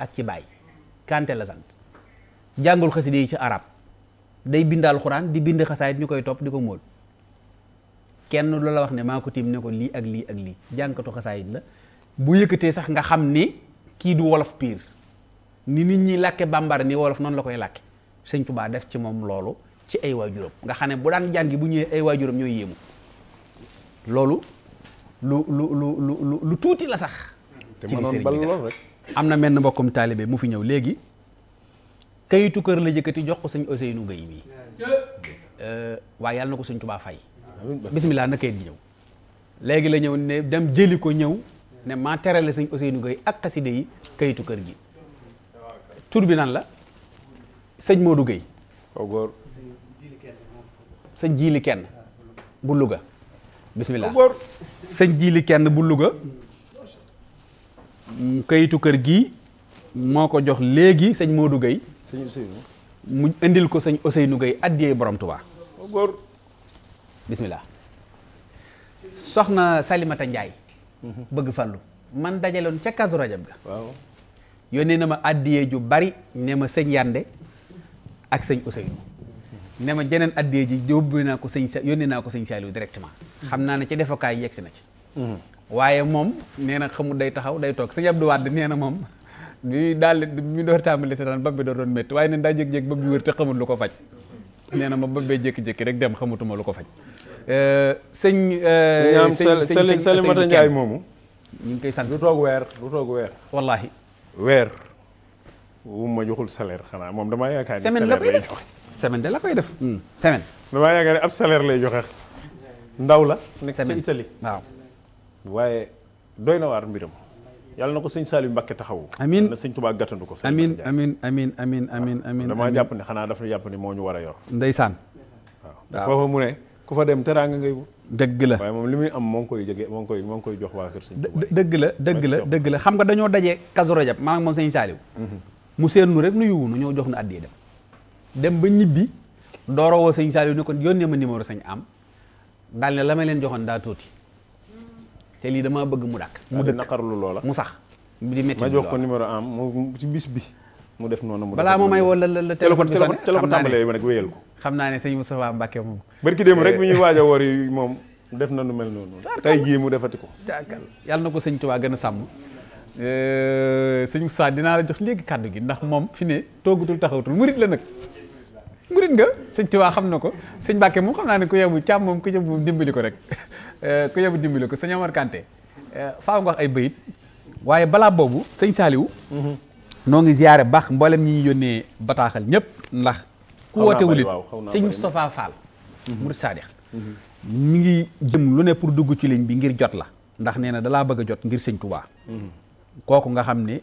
Speaker 2: ak ci baay Kanté la sant jàngul xaside yi ci arab day bind alxuraan di bind xasaayit ñu koy topp di ko móol kenn lu la wax ne maa ko tiim ne ko lii ak lii ak lii jànkatu xasaayit la bu yëkkatee sax nga xam ni kii du wolof piir ni nit ñi làkke bambara ni wolof noonu la koy làkke sëñ Tuubaa def ci moom loolu ci ay waajuram nga xam ne bu daan gi bu ñëwee ay waajuram ñooy yéemu loolu lu lu lu lu tuuti la sax. ci li sëriñ bi def am na mbokkum taalibe mu fi ñëw léegi kayitu kër la jëkkati jox ko sëñ Ousseynou Gueye bi euh, waaye yàlla na ko sëñ Tuubaa fay. bisimilah na kayit gi ñëw. léegi la ñëw ne dem jëli ko ñëw ne maa terale sëñ Ousseynou Gueye ak xaside yi kayitu kër gi tur bi nan la. sëñ Modou Gueye kaw sëñ jiili kenn bu Louga bisimilah sëñ jiili kenn bu Louga kayitu kër gi moo ko jox léegi sëñ Modou Gueye mu indil ko sëñ Ousseynou Gueye addiyee borom Tuubaa góor bisimilah soxna Salimata Ndiaye mhm. bëgg fàllu man dajaloon ca kasu rajab ga waaw na ma addiyee ju bari ne ma sëñ Yande ak sëñ Ousseynou ne ma jeneen addee ji yóbbu naa ko sëñ sa yónnee naa ko sëñ Saliou directement xam naa ne ci defukaay yegsi na ci waaye moom nee na xamul day taxaw day toog sëñ Abdou Wade nee na moom bi daal mi door tàmbali seetaan bab bi door doon métti waaye neen daa jékki-jékki bab bi wër te xamul lu ko faj nee na ma bab bee jékki-jékki rek dem xamutuma lu ko faj euh, euh, sëñ sëñ Salimata Ndiaye moomu ñu ngi koy sant du toog weer du toog weer
Speaker 7: wallahi weer wu ma joxul salaire xanaa moom damaa yaakaar ni semaine la koy def la koy def. Hmm. semaine. damaa ab salaire lay joxe. ndaw la. nekk ca Italie waaw. waaye doy na waar mbiram. yàlla na ko sëñ Saliou Mbacke taxawu. amiin na sëñ Touba gàttandu ko. amiin amiin amiin amiin amiin damaa jàpp ne xanaa dafa jàpp ni moo ñu war a yor. ndeysaan. waaw foofa mu ne ku fa dem teraanga ngay wut. dëgg la waaye moom li muy am moo ngi koy jege moo ngi koy jox waa kër
Speaker 2: dëgg la dëgg la dëgg la xam nga dañoo daje Kazu Rajab maanaam moom sëñ Saliou mhm. mu seen nu rek nu yuwunu ñëw jox nu àddee dem dem ba ñibbi dooro sëñ Saliou ne kon yónnee ma numéro sañ am daal ne la ma leen joxoon daa tuuti
Speaker 7: te lii dama bëgg mu dàkk mu dëkk naqarlu loola mu sax di métti ma ko numéro am mu ci bis bi mu def noonu mu balaa moo may wala la la téléphone bi sonné ca la ko tàmbalee nag wéyal ko
Speaker 2: xam naa ne sëñ Moustapha Mbacke moom barki démb rek mi ñuy eh. waaja a woor
Speaker 7: yi moom def na nu mel noonu tey jii mu defati ko
Speaker 2: yàlla na ko sëñ Tuubaa gën a sàmm Euh, sëñ Moussa dinaa la jox léegi kàddu gi ndax moom fi ne toogutul taxawatul murit la nag murit nga sëñ Tuubaa xam na ko sëñ Mbàkke mu xam naa ne ko yebu càmm moom ko yebu dimbali ko rek euh, ku yebu dimbali ko sëñ Amar Kanté euh, faaw wax ay bayit waaye balaa boobu sëñ saaliw mhm. noo ngi ziyaare baax mboolem ñi ñu yónnee bataaxal ñëpp ndax ku wootewulit sëñ Moustapha Fall murit mhm. saadix mhm. mi ngi jëm lu ne pour dugg ci ligne bi ngir jot la ndax nee na dalaa bëgg a jot ngir sëñ Tuubaa kooku nga xam ni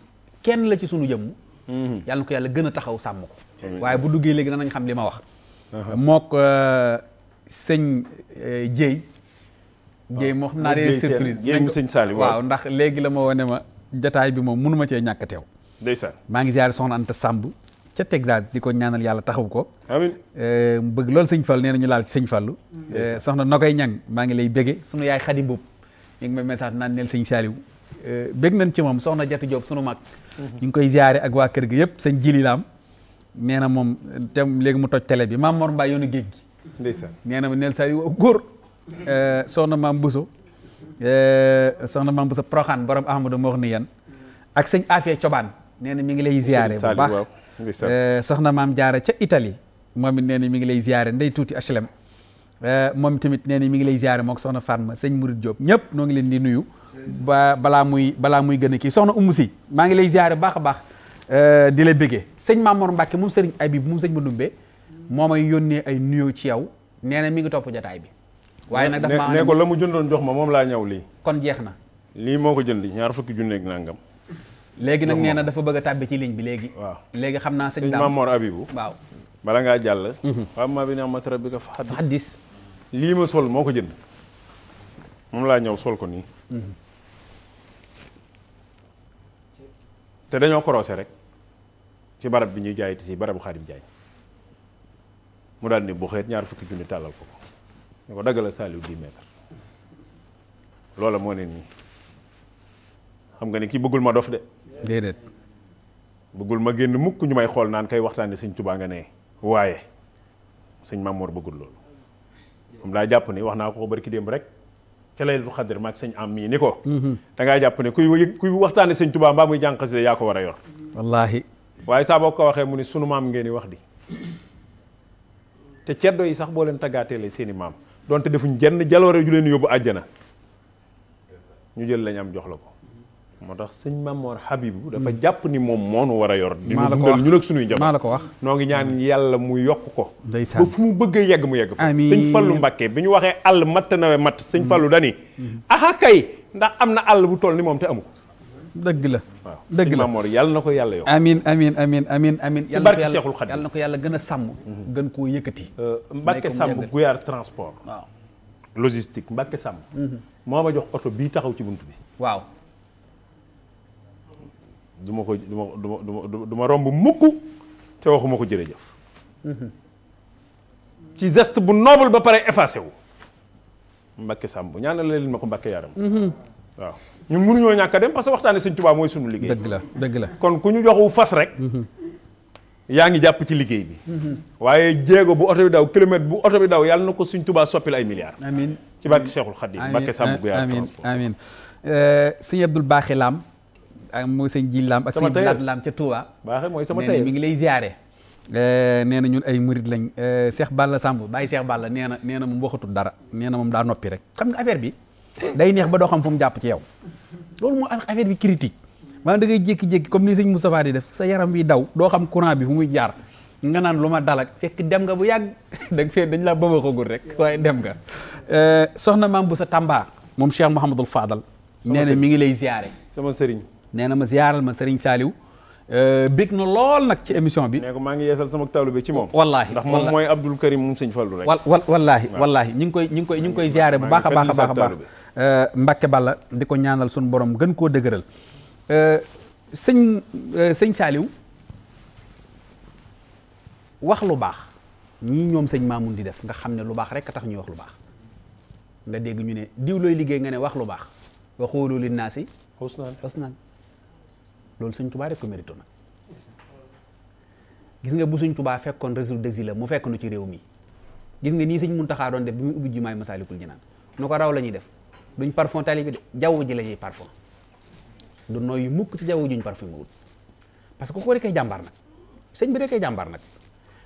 Speaker 2: kenn la ci sunu jëmm mhm. yàlla ko yàlla gën a taxaw sàmm ko waaye bu duggee léegi nañ xam li ma wax mook euh, sëñ Jéy Jéy moo xam naa dee surprise Jéy mu sëñ Saali waaw ndax léegi la ma wone ma jataay bi moom mënuma cee ñàkk teew ndeysaan maa ngi ziare soxna Anta Samb ca Texas di ko ñaanal yàlla taxaw ko amiin euh, bëgg loolu sëñ fal nee na ñu laal sëñ Fallu euh, soxna Nokoy ñan maa ngi lay bége sunu yaay Xadi Mbuub ñu ngi may message naan neel sëñ Saaliw Euh, bég nañ ci moom soxna Jati Diop sunu mag. Mhm. ñu ngi koy ziare ak waa kër gi yëpp sëñ Jili Lam. nee na moom te léegi mu toj télé bi maam Mor Mbaye yoonu géej gi. ndeysaan nee na neel saa yu góor. Euh, soxna maam Bousso. Euh, soxna maam Bousso Proxaan borom Ahmadou Mor ni yan. ak sëñ Afia Cobaan nee na mi ngi lay ziare bu baax soxna maam jaara ca Italie. moom it nee na mi ngi lay ziare ndey tuuti HLM. moom tamit nee na mi ngi lay ziare moog soxna sëñ Mouride Diop ñëpp noo ngi leen di nuyu. ba balaa muy balaa muy gën a kii soxna Umu Si maa ngi lay ziare baax a baax euh, di la bëggee sëñ Mamour mu moom sëriñ Habib mu sëñ ma Madoumbe moom may yónnee ay nuyoo ci yow nee na mi ngi topp jataay bi.
Speaker 7: waaye nag dafa maa ne ko la mu jëndoon jox moom laa ñaw lii. kon jeex na. lii moo ko jënd ñaar fukki junneeg nangam. léegi nag nee na dafa
Speaker 2: bëgg a tàbbi ci bi léegi. waaw
Speaker 7: léegi xam naa sëñ Mamour Habibou waaw. bala ngaa jàll. waaw mhm. maa bi ne ma tara bi ka fa xaddis lii ma sol moo ko jënd moom laa ñaw sol ko nii. Mhm. te dañoo korose rek ci barab bi ñuy jaay tisi barabu Xaadim Jaay mu daal ni bu xeet ñaar fukki junni tàllal ko ko ñu ko daggal saaliw 10 mètres loola moo ne nii xam nga ni kii bëggul ma dof de déedéet bëggul ma génn mukk ñu may xool naan kay waxtaane sëñ Tubaa nga ne waaye sëñ Mamoor bëggul loolu moom daa jàpp ni wax naa ko ko bari ki démb rek ca laylatul xadr maag sëñ am mii ni ko da jàpp ne kuy kuy waxtaane sëñ Tuubaa mbaa muy jàng xasida yaa ko war a yor wallaahi waaye saa boo ko waxee mu ni sunu maam ngeen wax di te ceddo yi sax boo leen taggaatee la seeni maam donte defuñ jenn jaloore ju leen yóbbu àjjana ñu jël lañ am jox la ko moo tax sëñ Mamor Habibou dafa hmm. jàpp ni moom moo moonu war a yor dina dundal ñu ak suñuy njaboot maa la ko wax noo ngi ñaan yàlla mu yokk ko ba fu mu bëggee a yegg mu yegg fa sëñ Fallu Mbàkke bi ñu waxee àll matt nawe matt sëñ hmm. Fallu dani hmm. aha kay ndax am na àll bu toll ni moom te amu dëgg la waaw dëgg la Mamor yàlla
Speaker 2: na ko yàlla yokk amiin amin amiin amiin amiin yàlla barke Seexul Xadiim yàlla na ko yàlla gën a sàmm gën koo yëkkati
Speaker 7: euh, Mbàkke Sàmb Guyaar transport waaw logistique Mbàkke Sàmb ma jox oto bii taxaw ci bunt bi du ma ko du ma du ma ma romb mukk te waxuma ko jërëjëf. ci geste bu noble ba pare effacé wu. Mbacke Samb ñaanal leen ma ko Mbacke yaram. waaw ñun mënuñoo ñàkk a dem parce que waxtaane sëñ Tuubaa mooy sunu liggéey. la dëgg la kon ku ñu joxu fas rek. ngi jàpp ci liggéey bi. waaye jeego bu oto bi daw kilomètre bu oto bi daw yàlla na ko sëñ Tuubaa soppil ay milliards. amiin ci barke Cheikhul Khadim Mbacke Samb gu yaram
Speaker 2: transport amiin amiin euh, sëñ Abdoul Baaxi Lam mooy sëñ ji lam ak sëñ laat lam ca Touba baaxe mooy sama tey mi ngi lay ziare eh, nee na ñun ay murid lañ eh, Cheikh Balla Samb bàyyi Cheikh Balla nee na nee na moom waxatul dara nee na moom daa noppi rek xam nga affaire bi day neex ba doo xam fu mu jàpp ci yow loolu moo affaire bi critique maanaam da ngay jékki-jékki comme ni sëñ Moustapha di def sa yaram bi daw doo xam courant bi fu muy jaar nga naan lu ma dalak fekk dem nga bu yàgg [laughs] dag fee dañ laa bëba xagul rek waaye dem nga eh, soxna maam bu sa Tamba moom Cheikh Mouhamadul Fadal nee mi ngi lay ziare sama sëriñ nee na ma ziyaaral ma Serigne Saliou bég na lool nag ci émission bi. nee ko maa ngi yeesal sama tawlu bi ci moom. wallaahi ndax moom mooy Abdoul Karim moom sëñ Fallou rek. wal wallaahi wallaahi ñu ngi koy ñu ngi koy ñu ngi koy ziyaare bu baax a baax a baax a baax. Mbacke Balla di ko ñaanal suñu borom gën koo dëgëral. sëñ sëñ Saliou wax lu baax ñii ñoom sëñ Mamoun di def nga xam ne lu baax rek tax ñuy wax lu baax nga dégg ñu ne diw looy liggéey nga ne wax lu baax. waxoolu linnaasi. xusnaan xusnaan. loolu suñ tubaa rek ko mérito gis nga bu sëñ tubaa fekkoon résul desi la mu fekk nu ci réew mi gis nga nii mun Muntaxaa doon def bi mu ubbi jumaay Masaalikul Jinaan nu ko raw la ñuy def duñ parfum tali de jaww ji la ñuy parfum du nooy mukk ci jaww juñ parfum wut parce que ko rekee jàmbaar nag sëñ bi rekee jàmbaar nag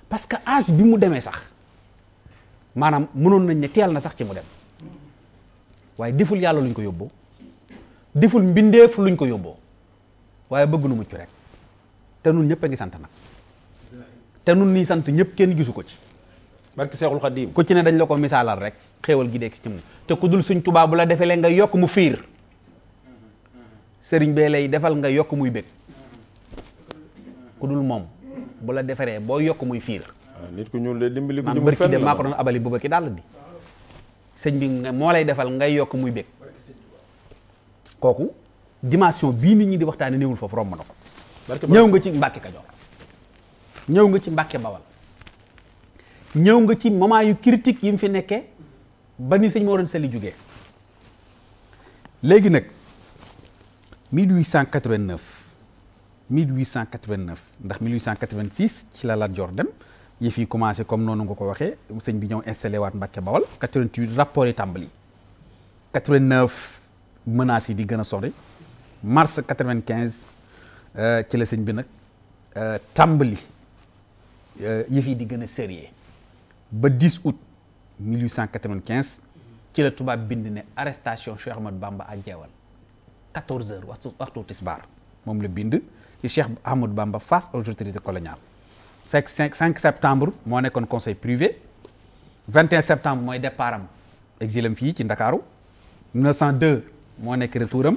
Speaker 2: parce que âge bi mu demee sax maanaam mënoon nañ ne teel na sax ci mu dem waaye deful yàlla luñ ko yóbboo deful mbindeef luñ ko yóbboo waaye bëgg nu mucc rek te nun ñëpp a ngi sant nag te nun nii sant ñëpp kenn gisu ko ci barki Seexul Xadiim ku ci ne dañ la ko misaalal rek xéewal gi deeg si cim te ku dul suñ tubaab bu la defee lee nga yokk mu fiir sëriñ bee lay defal nga yokk muy bég ku dul moom bu la defaree boo yokk muy fiir ah, nit ku ñuul de dimbali man bërki de maa ko doon abali bu ki daal di sëñ bi moo lay defal ngay yokk muy bég kooku dimension bi nit ñi di waxtane neewul fofu romb nako ñew nga ci mbàkke kajoor ñew nga ci mbacke bawal ñew nga ci moment yu critique yi mu fi nekké ba ni sëñ Moroon Sali jugee légui nak 1889 1889 ndax 1886 ci la la Jordan, dem yëf yi commencé comme noonu nga ko waxé sëñ bi ñew installé wat mbacke Bawal 88 rapport yi 89 menace yi di gëna sori mars 1995, euh, ci le sëñ bi euh, euh, di 10 août 1895 ci le tubaab bind ne arrestation Cheikh Ahmad Bamba à Jeewal 14 heures waxtu waxtu tisbaar moom bind Cheikh Ahmad Bamba face aux autorités coloniales. 5 5 septembre moo nekkoon conseil privé 21 septembre mooy départ am exilam fii ci Ndakaaru 1902 moi nekk retouram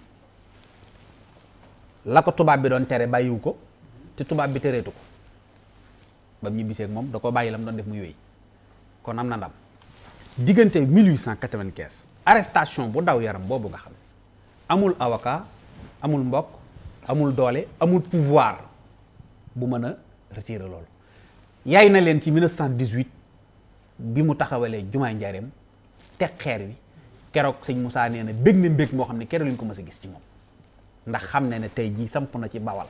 Speaker 2: la ko tubaab bi doon tere bàyyiwu ko te tubaab bi tereetu ko ba mu ñibbisee moom da ko bàyyi la mu doon def mu wéy kon am na ndam diggante 1895 arrestation bu daw yaram boobu nga xam ne amul avocat amul mbokk amul doole amul pouvoir bu mën a retirer loolu yaay na leen ci 1918 bi mu taxawalee jumaay njaareem teg xeer wi keroog sëñ Moussa nee na bég na mbég moo xam ne keroog lañ ko mës a gis ci moom ndax xam ne ne tey jii samp na ci bawal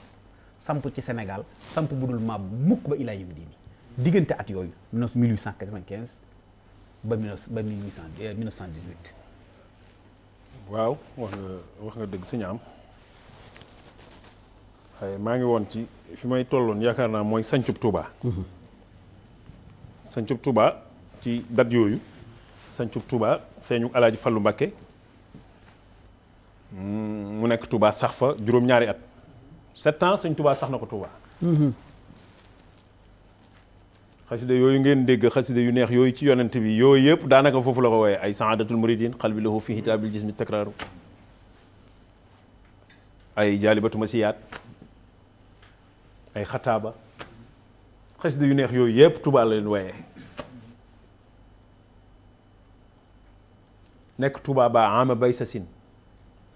Speaker 2: samp ci sénégal samp budul ma mukk ba ilaa yëm diini diggante at yooyu 1895 ba 1918 euh,
Speaker 7: waaw wax nga wax nga dëgg sëñ am xaye maa ngi woon ci fi may tolloon yaakaar naa mooy sancub tuuba mhm. sancub tuuba ci dat yooyu sancub touba feeñu alaaji fallu mbàkke mu nekk Touba sax fa juróom-ñaari at sept ans sëñ Touba sax na ko Touba. xasida yooyu ngeen dégg xasida yu neex yooyu ci yonent bi yooyu yëpp daanaka foofu la ko wooyee ay saadatul muridin xalbi lahu fi hitaabil jismi takraaru ay jaalibatu masiyaat ay xataaba xasida yu neex yooyu yëpp Touba la leen wooyee nekk Touba ba ama bay sa sin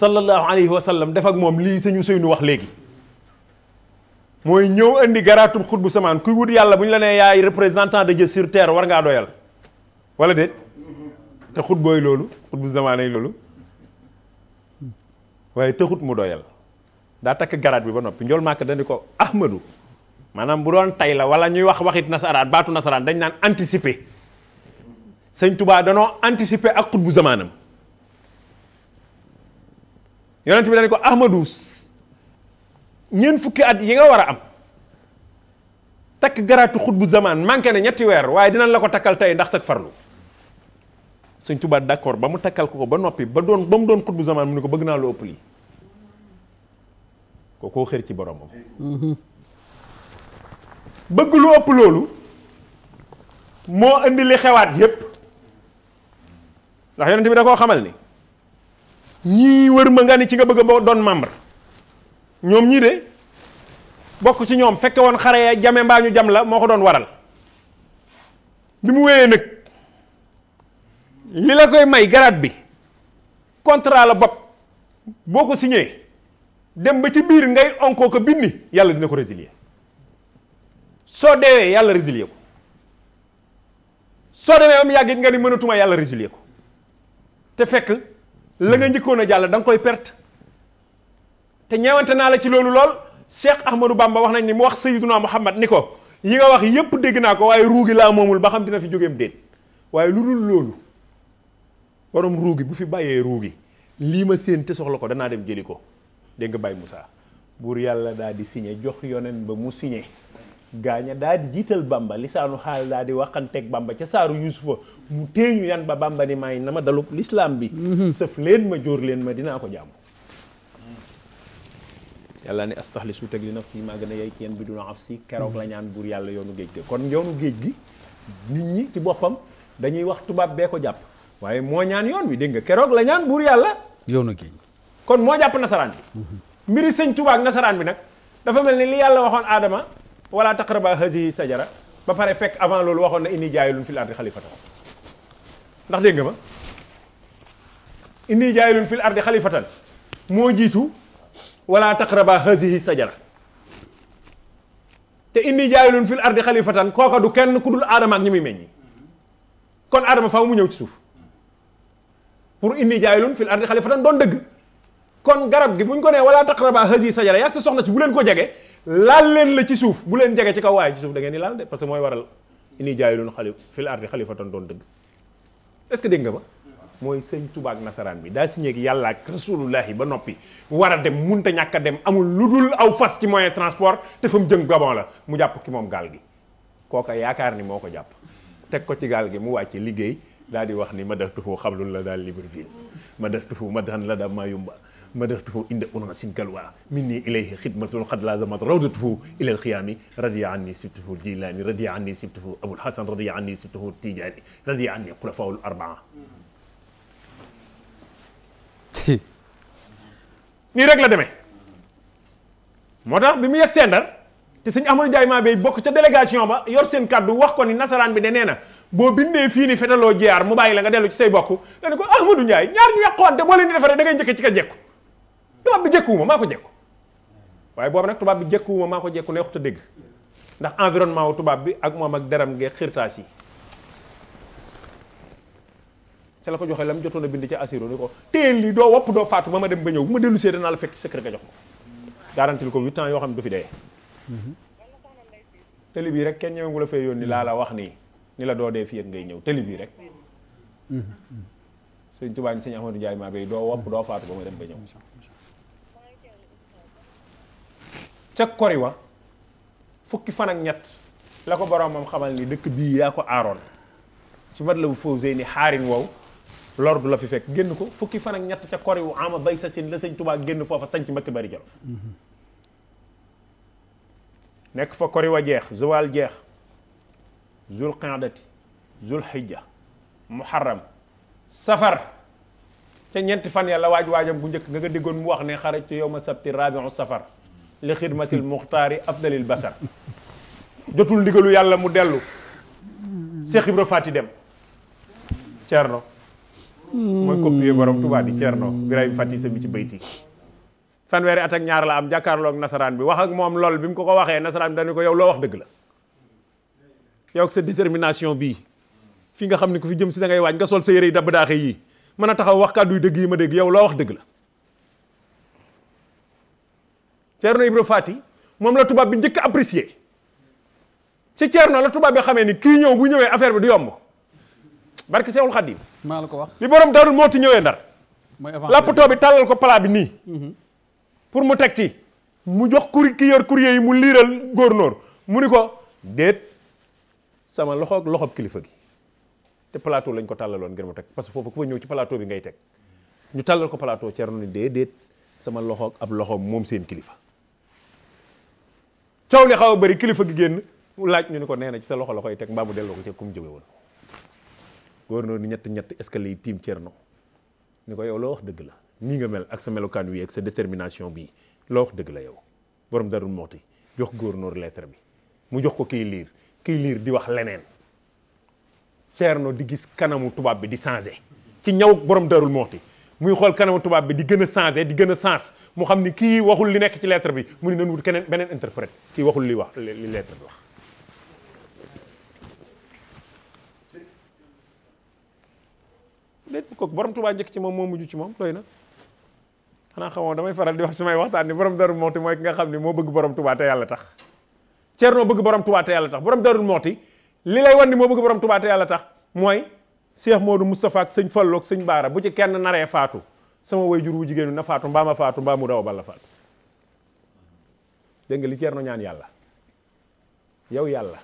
Speaker 7: sallallahu alayhi wa sallam def ak moom lii sëñu sëynu wax léegi mooy ñëw indi garaatum xutbu samaan kuy wut yàlla bu ñu la nee yaay représentant de Dieu sur terre war ngaa doyal wala de te booy loolu xutbu samaan ay loolu waaye te xut mu doyal daa takk garaat bi ba noppi njool màkk dañu ko ahmadu maanaam bu doon tay la wala ñuy wax waxit nasaraan baatu nasaraan dañ naan anticiper sëñ tubaa danoo anticiper ak xutbu zamaanam yonent bi dañ ko ahmadou ñeen fukki at yi nga wara am tak garatu khutbu zaman manke ne ñetti wer waye dinañ la ko takal tay ndax sak farlu seigne touba d'accord ba mu takal ko ko ba nopi ba doon bam mu doon xutbu zaman mu ne ko bëgg naa lu ëpp ko ko xër ci
Speaker 3: mhm. bëgg
Speaker 7: lu ëpp lolu mo andi li xewaat yépp ndax yonent bi da ko xamal ni ñii wër ma nga ni ci nga bëgg a doon membre ñoom ñii de bokk ci ñoom fekke woon xare ya jame mbaa ñu jam la moo ko doon waral bi mu wéyee nag li la koy may garaat bi contrat la bopp boo ko signé dem ba ci biir ngay onkoo ko bindi yàlla dina ko résilier soo deewee yàlla résilier ko soo demee ba yàgg nga ni mënatuma yàlla résilier ko te fekk la nga njëkkoon a jàll da koy perte te ñeewante naa la ci loolu lool Cheikh Ahmadou Bamba wax nañ ni mu wax Sayyiduna Muhammad ni ko yi nga wax yépp dégg naa ko waaye ruugi laa moomul ba xam dina fi jógeem déet waaye lu dul loolu borom ruugi bu fi bàyyee ruugi lii ma séen te soxla ko danaa dem jëli ko dégg nga Baye Moussa buur yàlla daal di signé jox yonen ba mu siñe gaña daal digital bamba lisanu hal daal di waxanteeg bamba ci saaru yusufa mu teñu yan ba bamba ni may nama ma l'islam bi mhm. seuf len ma jor len ma dina ko jamu. yalla ni astahlisu teg li nafsi ma gën yey ci yeen bi duna si la ñaan bur yalla yoonu geej ge kon yoonu geej gi nit ñi ci bopam dañuy wax tubab be ko japp waye mo ñaan yoon wi dégg nga la ñaan bur yalla yoonu geej kon mo japp nasaran bi mhm. mbiri seigne tubaab nasaran bi nak dafa melni li yalla waxon adama wala taqraba hazihi sajara ba pare fekk avant loolu waxoon na inni jaayilun fil ardi xalifata ndax dégg nga ma inni jaayilun fil ardi xalifatan moo jiitu wala taqraba hazihi sajara te inni jaayilun fil ardi xalifatan kooka du kenn ku dul aadama ak ñi muy meññi kon aadama faaw mu ñëw ci suuf pour inni jaayilun fil ardi xalifatan doon dëgg kon garab gi buñ ko nee wala taqraba hazihi sajara yaag sa soxna si bu leen ko jege lal len la ci souf bu len jege ci kaw way ci souf da ngeen ni lal de parce que moy waral ini jayu khalif fil ardi xalifatan don deug est ce que deug nga ba moy seigne touba ak nasaran bi da signé ak yalla ak rasulullahi ba nopi wara dem munta ñaka dem amul ludul aw fas ci moyen transport te fam jeung gabon la mu japp ki mom gal gi koka yaakar ni moko ko tek ko ci gal gi mu wàcce liggey daal di wax ni madatuhu khablun la dal libre fii madatuhu madan la da yumba مدحته عند أناس كالوا مني إليه خدمة قد لازمت روضته إلى الخيام رضي عني سبته الجيلاني رضي عني سبته أبو الحسن رضي عني سبته التيجاني رضي عني خلفاء الأربعة nii rek la demee moo tax bi mu yegg seen Ndar te sëñ Amadou Ndiaye maa bay bokk ca délégation ba yor seen kàddu wax ko ni nasaraan bi de nee na boo bindee fii ni fetaloo jiyaar mu bàyyi la nga dellu ci say bokk nga ne ko Amadou Ndiaye ñaar ñu yàqoon te boo leen di defaree da ngay njëkk ci ka jekku tubaab bi jëkkuwuma maa ko jëkku waaye boobu nag tubaab bi jëkkuwuma maa ko jëkku neexut a dégg ndax environnement tubaab bi ak moom ak deram gee xirtaas yi ca la ko joxee la mu jotoon a bind ci asiro ni ko téyel lii doo wopp doo faatu ba ma dem ba ñëw ma dellu see danaa la fekk secret nga jox ko huit yoo xam ne du fi dee tëli bii rek kenn la fee ni ni la doo dee fii ak ñëw tëli bii rek mm-hmm. sëñ Tuubaa ni sëñ Ahmadou doo wopp doo faatu ba ma dem ba ñëw ca kori wa fukki fan ak ñett la ko boroom moom xamal ni dëkk bii yaa ko aaroon ci mat la bu foofu sey ni wow lor la fi fekk génn ko fukki fan ak ñett ca kori wu ama bay sa sin la sëñ Tuubaa génn foofa sañ ci mbakki bari jolof nekk fa kori wa jeex zuwaal jeex zul qindati zul xijja muharram safar te ñeenti fan ya la waaj waajam bu njëkk nga nga déggoon mu wax ne xarajtu yow ma sabti rabiu safar li xidmatil muxtaari afdalil basar jotul ndigalu yàlla mu dellu Cheikh Ibra Faati dem Cerno mooy copier borom Tuubaa di Cerno Birahim Faati ci bayti fanweeri at ak ñaar la am jàkkaarloog nasaraan bi wax ak moom lool bi mu ko ko waxee nasaraan bi dañu ko yow loo wax dëgg la yow ak sa détermination bii fi nga xam ni ku fi jëm si da ngay waaj nga sol sa yére yi dabb daaxe yii mën a taxaw wax kàddu yu dëgg yi ma dëgg yow loo wax dëgg la Thierno Ibra Fati moom la tubaab bi njëkk apprécié ci Thierno la tubaab bi xamee ni kii ñëw bu ñëwee affaire bi du yomb barki Seexul Xadim maa la ko wax bi borom darul moo ti ñëwee ndar lappatoo bi tàllal ko plat bi nii mm-hmm. pour mu teg ci mu jox kuri ki yor courrier yi mu liiral góor góornóor mu ni ko déet sama loxo loxob kilifa gi te plateau lañ ko tàllaloon ngir mu teg parce que foofu ku fa ñëw ci plateau bi ngay teg ñu tàllal ko plateau Thierno ni déedéet sama loxo ab mumsin mom seen kilifa ciow li xaw bari kilifa gi genn laaj ñu ni ko nee ci sa loxo la koy teg mbaa ko ci kum jëme woon no ni ñett ñett ce yi tiim Cerno ni ko yow lo wax deug la ni nga mel ak sa melokan wi ak sa determination bi lo wax deug la yow borom darul moti jox gouverneur lettre bi mu jox ko kiy lire kiy lire di wax leneen Cerno di gis kanamu tubab bi di changer ci ñaw borom darul moti muy xool kanamu tubaab bi di gën a changé di gën a sens mu xam ni kii waxul li nekk ci lettre bi mu ni nan wut keneen beneen interprète kii waxul li wax li lettre bi wax léegi kooku borom tubaa njëkk ci moom moo mujj ci moom doy na xanaa xamoo damay faral di wax samay waxtaan ni borom darul moxti mooy ki nga xam ni moo bëgg borom tubaa te yàlla tax Ceerno bëgg borom tubaa te yàlla tax borom darul moxti li lay wan ni moo bëgg borom tubaa te yàlla tax mooy Cheikh Modou Moustapha ak sëñ Fallou ak sëñ Baara bu ci kenn naree faatu sama jur wu jigéen na faatu mbaa ma faatu mbaa mu daw bala faatu dégg nga li Ceerno ñaan yàlla yow yàlla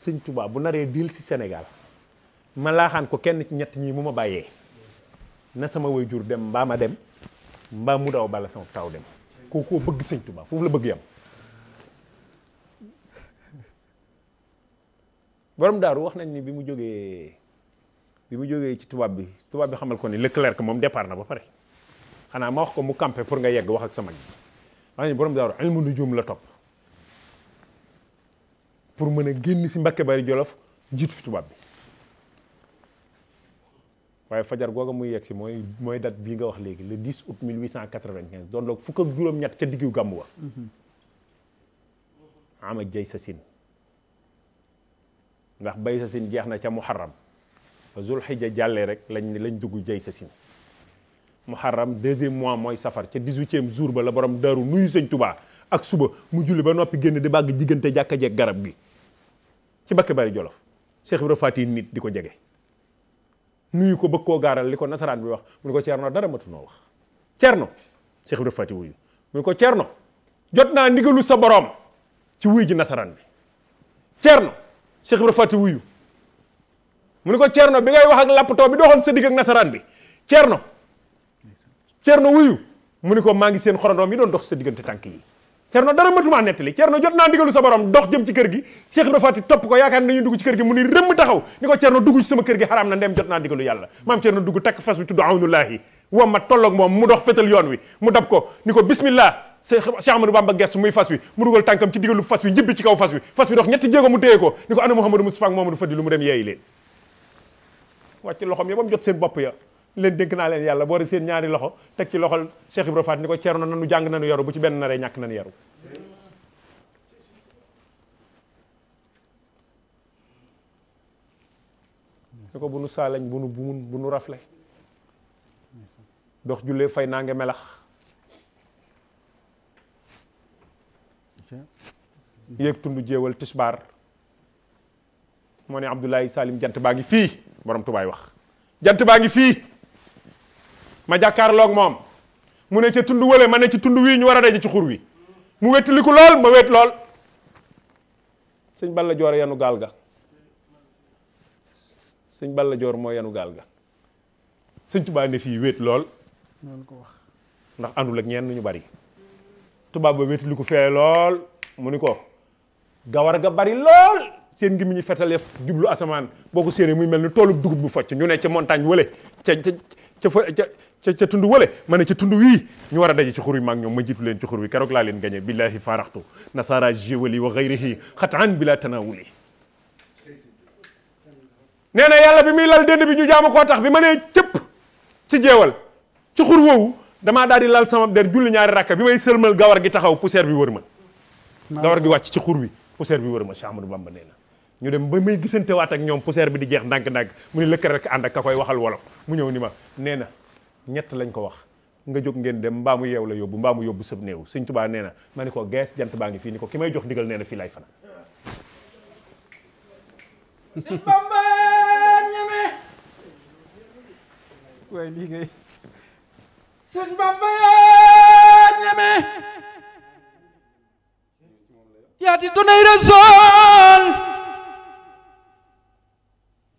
Speaker 7: sëñ Touba bu naree diil ci Sénégal ma laaxaan ko kenn ci ñett ñii mu ma bàyyee na sama way jur dem mbaa ma dem mbaa mu daw bala sama taw dem kooku bëgg sëñ Touba foofu la bëgg yam borom daaru wax nañ ni bi mu jógee bi mu jógee ci tubaab bi tubaab bi xamal ko ni Leclerc moom départ na ba pare xanaa ma wax ko mu campé pour nga yegg wax ak sa mag yi wax ni borom daaru ilmu nujum la topp pour mën a génn si Mbàkke Bari Jolof jiitu fi tubaab bi waaye fajar googa mu yegg si mooy mooy date bii nga wax léegi le 10 août 1895 doon la fukk ak juróom-ñett ca diggu gàmmu wa ama jay sa sin ndax bay sa sin jeex na ca muharram ba zulxija jàllee rek lañ lañ dugg jay sa sin muharram deuxième mois mooy safar ca dix-huitième jour ba la borom daaru nuyu sëñ tubaa ak suba mu julli ba noppi génn di bàgg diggante jàkka jeeg garab gi ci bakke bari jolof Cheikh Ibra Faati nit di ko jege nuyu ko bëgg koo gaaral li ko nasaraan bi wax mu ne ko Cerno dara matunoo wax Cerno Cheikh Ibra Faati wuyu mu ne ko ceer Cerno jot naa ndigalu sa borom ci wuy ji nasaraan bi Cerno Cheikh Ibra Faati wuyu mu ni ko Thierno bi ngay wax ak lappatoo bi doxoon sa digg ak nasaraan bi Thierno Thierno wuyu mu ne ko maa ngi seen xorandoom yi doon dox sa diggante tànk yi Thierno dara matumaa nettali Thierno jot naa ndigalu sa borom dox jëm ci kër gi Cheikh Ibra na ndem jot naa ndigalu yàlla maam Thierno dugg fas wi tudd ma tolloog moom mu dox fetal yoon wi mu dab ko ni ko bismillah Cheikh Ahmadou Bamba gestu muy fas wi mu dugal tànkam ci digalu fas wi njibbi ci kaw fas wi fas wi dox ñetti jéego mu téye ko wacc loxom ya jot seen bop ya leen dénk naa leen yàlla boore seen ñaari loxo tek ci loxol Cheikh ibrahim fat niko cerno ceerno nanu jàng nanu yaru bu ci ben nare ñak nanu yaru ko bu nu saalañ bu nu bumun bu nu dox julé fay na nga melax yek tundu jewal tisbar moni abdullahi Salim jant baangi fi borom tubay wax jant baangi fi ma ma jàkkaarloog mom mu ne ci tundu wële ma ne ci tundu wi ñu wara dajé ci xur wi mu wettiliku lool ma wét lool sëñ Balla jor yanu galga ga Balla jor mo yanu gaal ne lool ndax andul ak ñen ñu bari tuba ba wettiliku fé lool mu ni ko gawar ga bari lool seen ngi mi ñu fetalee jublu asamaan boo ko séenee muy mel ni toolu dugub bu focc ñu ne ci montagne wële ca ca ca fa ca ca tund wële ma ne ca tund wii ñu war a daje ci xur wi maag ñoom ma jiitu leen ci xur wi keroog laa leen gañe billahi faaraxtu nasara jiwali wa gayrihi xataan bila tanawuli nee na yàlla bi muy lal dënd bi ñu jaamu koo tax bi ma nee cëpp ci jeewal ci xur woowu damaa daal di lal sama der julli ñaari rakka bi may sëlmal gawar gi taxaw poussière bi wër ma gawar gi wàcc ci xur wi poussière bi wër ma Cheikh Amadou Bamba nee na ñu dem ba may gisantewaat ak ñoom poussière bi di jeex ndànk-ndànk mu ne lëkk rek ànd ak ka koy waxal wolof mu ñëw ni ma nee na ñett lañ ko wax nga jóg ngeen dem mbaamu yeew la yóbbu mbaamu yóbbu sëb néew sëñ tubaa nee na ma ni ko gees jant baa ngi fii ni ko ki may jox ndigal nee na fii lay fana sëñ bamba
Speaker 3: ñeme
Speaker 4: waaye lii ngay sëñ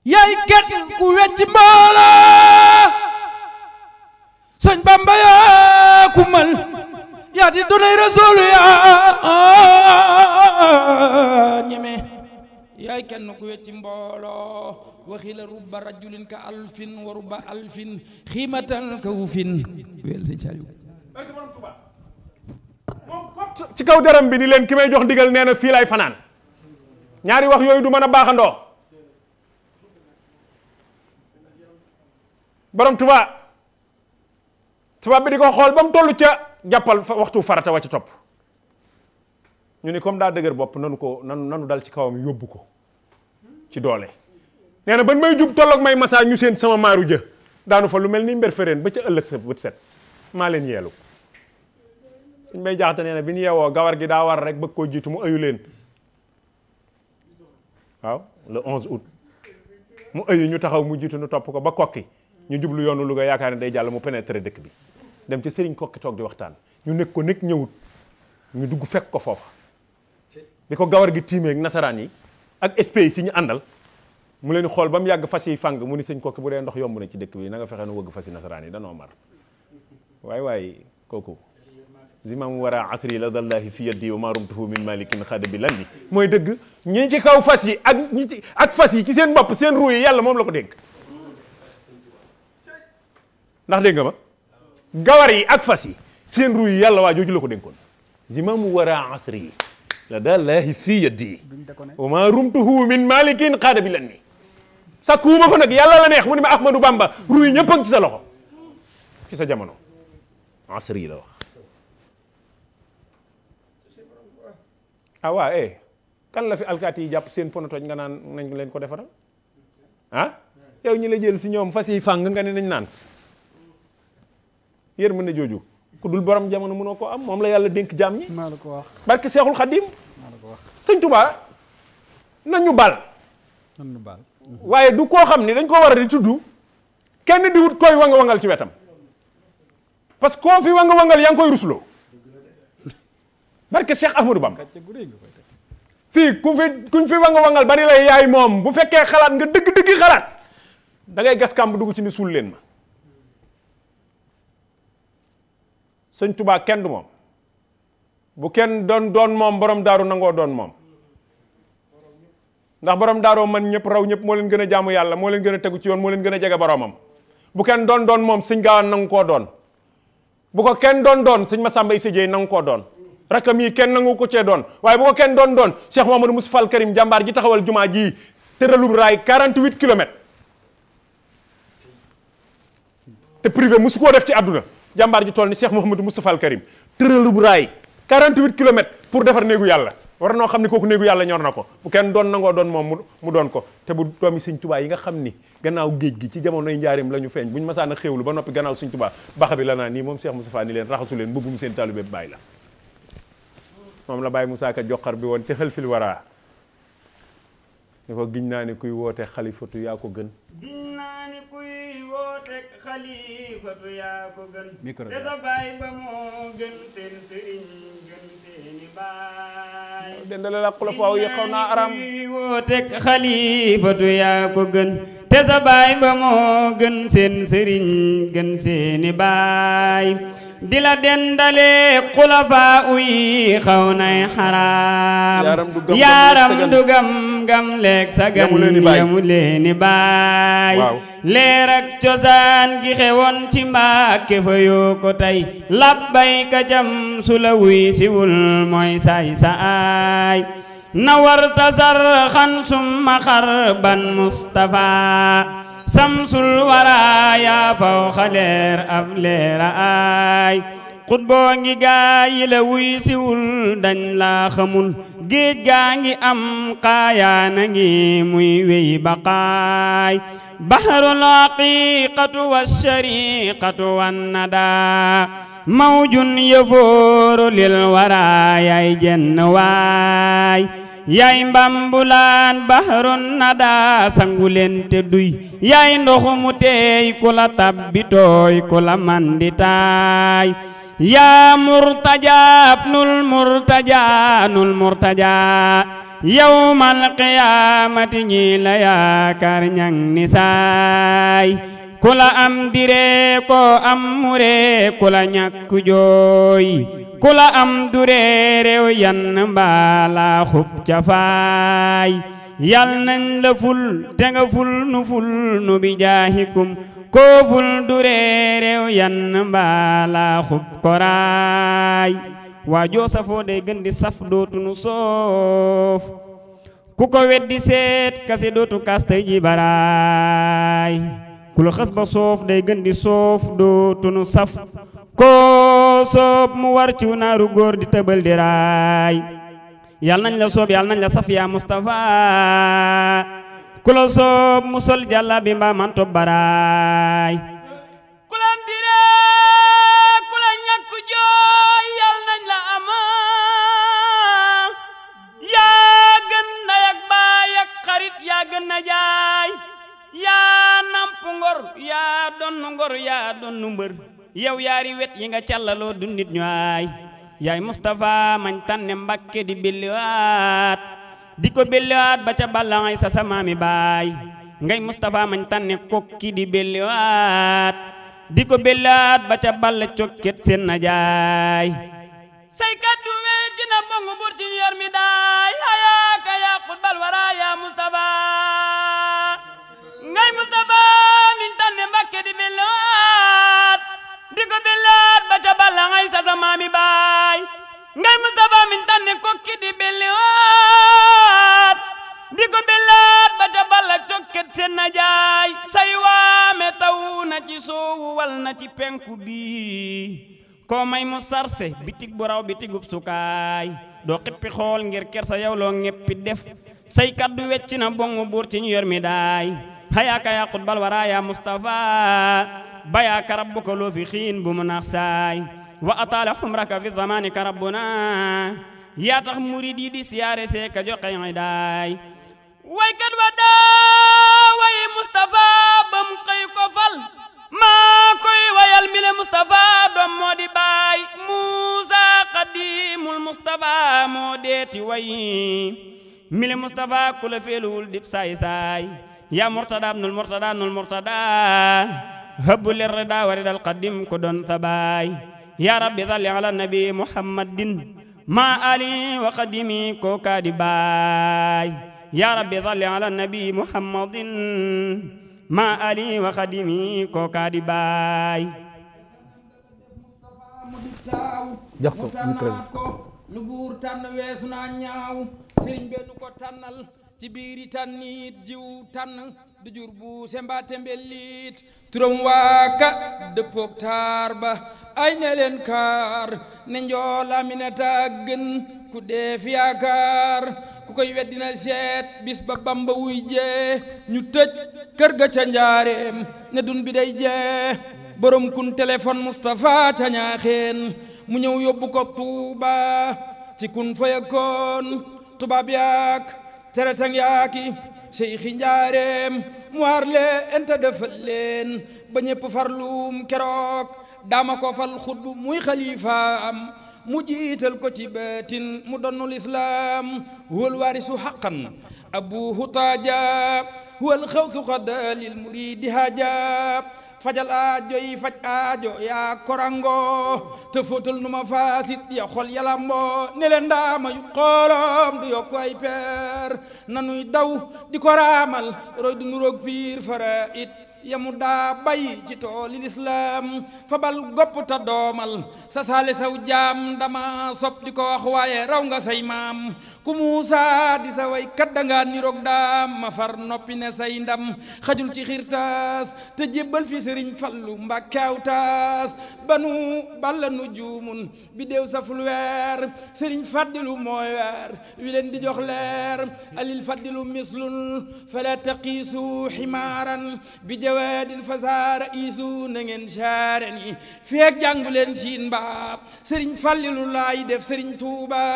Speaker 1: Yai ket kuwe jimbala sen Bamba ya ku mal di donay rasul ya ñeme yaay kenn ku wecc mbooloo rubba rajulin ka alfin wa rubba alfin khimatan ka ufin wel sëñ Saliou
Speaker 7: ci kaw deram bi ni len kimay jox ndigal neena fi lay fanan ñaari wax yooyu du meuna baxando borom tubaa tubaab bi di ko xool ba mu toll ca jàppal waxtu farata wa ci topp ñu ni comme daa dëgër bopp nanu ko nanu nanu dal ci kawam yóbbu ko ci doole nee na ban may jub tolloog may masaa ñu seen sama maaru jë daanu fa lu mel ni mber fereen ba ca ëllëg sa bët set maa leen yeelu suñ may jaaxte nee bi ñu yeewoo gawar gi daa war rek bëgg koo jiitu mu ayu leen waaw le 11 août mu ayu ñu taxaw mu jiitu ñu topp ko ba kokki ñu jublu yoonu Louga yaakaar ne day jàll mu pénétrer dëkk bi dem ci sëriñ kokki toog di waxtaan ñu nekk ko nekk ñëwut ñu dugg fekk ko foofa bi ko gawar gi tiimee nasaraan yi ak espèce yi si ñu àndal mu leen xool ba mu yàgg fas yi fàng mu ni sëñ kokki bu dee ndox yomb na ci dëkk bi nanga nga fexe nu wëgg fas yi nasaraan yi danoo mar waaye waaye kooku zimam wara asri la dallahi fi yaddi wa ma rumtuhu min malikin xada bi lan ni mooy dëgg ñi ci kaw fas yi ak ñ ak fas yi ci seen bopp seen yàlla moom la ko dénk ndax dégg nga ma gawar yi ak fas yi seen ruy yàlla waa jooju la ko dénkoon zimamu wara asri la dallahi fi yaddi wa ma rumtuhu min malikin kada bi lan ni sakkuuma ko nak yalla la neex munima ahmadu bamba ruy ñëpp ci sa loxo ci sa jamono asri la wax awa ah, eh kan la fi alkati japp seen pono toj nga nan nañ leen ko defal ah yow ñi la jël ci ñom fasiy fang nga ne nañ nan yërmande joju ku dul borom jamono mëno ko am mom la yalla denk jam ñi. maa ko wax barke cheikhul khadim maa ko wax seigne touba nañu bal nañu bal waye du ko xamni dañ ko wara di tuddu kenn di wut koy wanga wangal ci wetam parce que koo fi wanga wangal yang koy ruslo barke Cheikh Ahmadou bam fi ku fi kuñ fi wanga wangal bari lay yaay mom bu fekke xalat nga deug deug xalat da ngay gas kàmb dugg ci ni sul len ma sëñ tubaa kenn du moom bu kenn doon doon moom borom daaru nangoo doon moom ndax borom daaroo man ñëpp raw ñëpp moo leen gën a jaamu yàlla moo leen gën a tegu ci yoon moo leen gën a jege boroomam bu kenn doon doon moom suñ gaawaan nangu koo doon bu ko kenn doon doon sëñ Masamba Issa Dieye nangu koo doon rakam mii kenn nangu ko cee doon waaye bu ko kenn doon doon moo Cheikh Mouhamadou Moustapha Al Karim jàmbaar ji taxawal jumaa jii tëralub raay 48 kilomètres te privé mosu koo def ci àdduna jàmbaar ji tool ni Cheikh Mouhamadou Moustapha Al Karim tëral bu raay 48 kilomètres pour defar néegu yàlla war noo xam ni kooku néegu yàlla ñor na ko bu kenn doon nangoo doon moom mu doon ko te bu doomi Sëñ Tuubaa yi nga xam ni gannaaw géej gi ci jamonoy njaarim la ñu feeñ buñ masaan a xéewlu ba noppi gannaaw Sëñ Tuubaa baxa bi la naa nii moom Cheikh Moustapha ni leen raxasu leen mbubbum seen taalibe bàyyi la moom la Baye Moussa joxar bi woon ci xel fil waraa ni naa ne kuy woote xalifatu yaa ko
Speaker 4: di la dendale xulafaaw yi xaw nay xaraam yaaram dugam ngam leeg sagan yamu leeni baay leer ak cosaan gi xewoon ci mbàkke fa tey labbay ka jam su la wuy siwul mooy saay sa aay nawar tasar samsul wara faw xaleer ab leera aay xutboo ngi gaa yi la xamul géej gaa ngi am xaayaana ngi muy wéy baqaay bahrul haqiqatu wa shariqatu wa nada mawjun yëfooru lil wara yay jenn waay yay mbambulaan bahrun nada sangu te duy yay ndoxu ku la tabbitooy ku la manditaay yaa murtajaa bnul murtajaa nul murtajaa yawmal qiyaamati ñii yaakaar ñang nisaay ku la am diree koo am muree ku la jooy ku am duree réew yann mbaa xub ca yal nañ la ful te nga ful nu ful nu bi jaahikum kooful duree reew yan mbaala xub koraay waajoo safoo day gën di saf dootunu soof ku ko weddi seet kase dootu kas tey ji baraay ku la xas ba soof day gën di soof dootunu saf koo soob mu war ciw naaru góor di tëbal di raay yàlla nañ la soob yàlla nañ la saf yaa Mustafa Kuloso soob musol jallabi mbamanto baray
Speaker 3: kulam dire
Speaker 4: kula ñakku jooy yal nañ la ama ya gën na yak ba yak xarit ya gën na jaay ya namp ngor ya don ngor Ya don mbeur yow yaari wet yi nga càllaloo dun nit ñu ay yaay mustafa mañ tànne mbacke di billiwaat di ko belliwaat ba ca ballangay sa sa maami baay ngay Moustapha mañ tànne kokki di belliwaat di ko belliwaat ba ca balla cokket seen jaay say kaddu wey ci na mbongu bur ci yor mi daay hayaa ka yaa xutbal waraa yaa Moustapha ngay Moustapha miñ tànne Mbàkke di belliwaat di ko belliwaat ba ca ballangay sa sa maami baay ngay Mustafa min tanni kokki di belliwaat di ko bellaat ba ca balla cokket seen say waame taw na ci soowu wal na ci penku bi koo may mu sarse bitig bu raw bitigub sukaay doo xippi xool ngir kersa yow loo ngeppi def say kaddu wecc na bongu buur ci ñu yor mi daay hayaaka yaa xutbal waraa yaa Mustafa bayaaka rabbuka fi xiin bu mu nax wa ataala xumraka fi zamanika rabbuna yaa tax murid yi siyaare see ka joxe ngay daay waykat wa daa way Mustafa bam xëy ko fal maa koy wayal mi le Mustafa doom moo di baay Muusa xadimul Mustafa moo deeti way mi Mustafa ku la feeluwul dib saay saay yaa murtada abnul murtada nul murtada hëbbu lir rida waridal xadim ko doon sa baay يا رب ظل على النبي محمد ما آلي وقدمي كوكا دباي يا رب ظل على النبي محمد ما آلي وقدمي كوكا دباي
Speaker 2: joxko
Speaker 1: micro lu buur tànn weesu naa ñaaw sëriñ be nu ko tànnal ci biiri tànniit jiw tànn du jur bu semba tembeliit turam waa ka dëppook taar ba ay ne leen kaar ne njool Aminata gën ku deef yaakaar ku koy weddina seet bis ba Bamba wuy jee ñu tëj kër ga ca njaareem ne dun bi day jee borom kun téléphone Moustapha ca mu ñëw yóbbu ko Tuuba ci kun fa yakkoon tubaab yaak teretang yaaki seyxi njaareem mu waar leen ente defal leen ba ñëpp farluum ko fal xudd muy xalifaam mu jiital ko ci baatin mu donnu lislaam huwal waarisu xaqan abuhu taaja huwal xawsu xadalil muridi haajab fajal aajo yi faj aajo yaa korango te nu ma faasit ya xol yalamboo ne leen daama yu du yokku ay peer nanuy daw di ko roy du nuroog piir fara it yamu daa bay ci tooli lislaam fabal gopp ta doomal sa saale saw jaam dama sob di ko wax waaye raw nga say maam ku muusa di sa way kat dangaa niroog daam ma far noppi ne say ndam xajul ci xiirtaas te jébbal fi sëriñ fallu mbàkkaaw taas banu balla nu juumun bi déew saful weer sëriñ fàddilu mooy weer wi leen di jox leer alil fàddilu mislun fala taqiisu ximaaran bi jawaadin fasaara iisu na ngeen saaren yi feek jàngu siin baab sëriñ fàllilu laay def sëriñ tuuba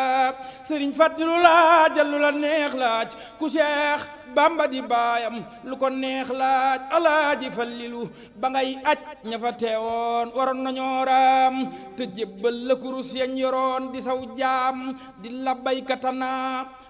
Speaker 1: sëriñ fàddilu laajal lu la neex laaj ku Seex Bàmba di baayam lu ko neex laaj alaaji Fallilu ba ngay aj ña fa teewoon waroon nañoo raam te jébbal la kurus yañ yoroon di saw jaam di labbaykatana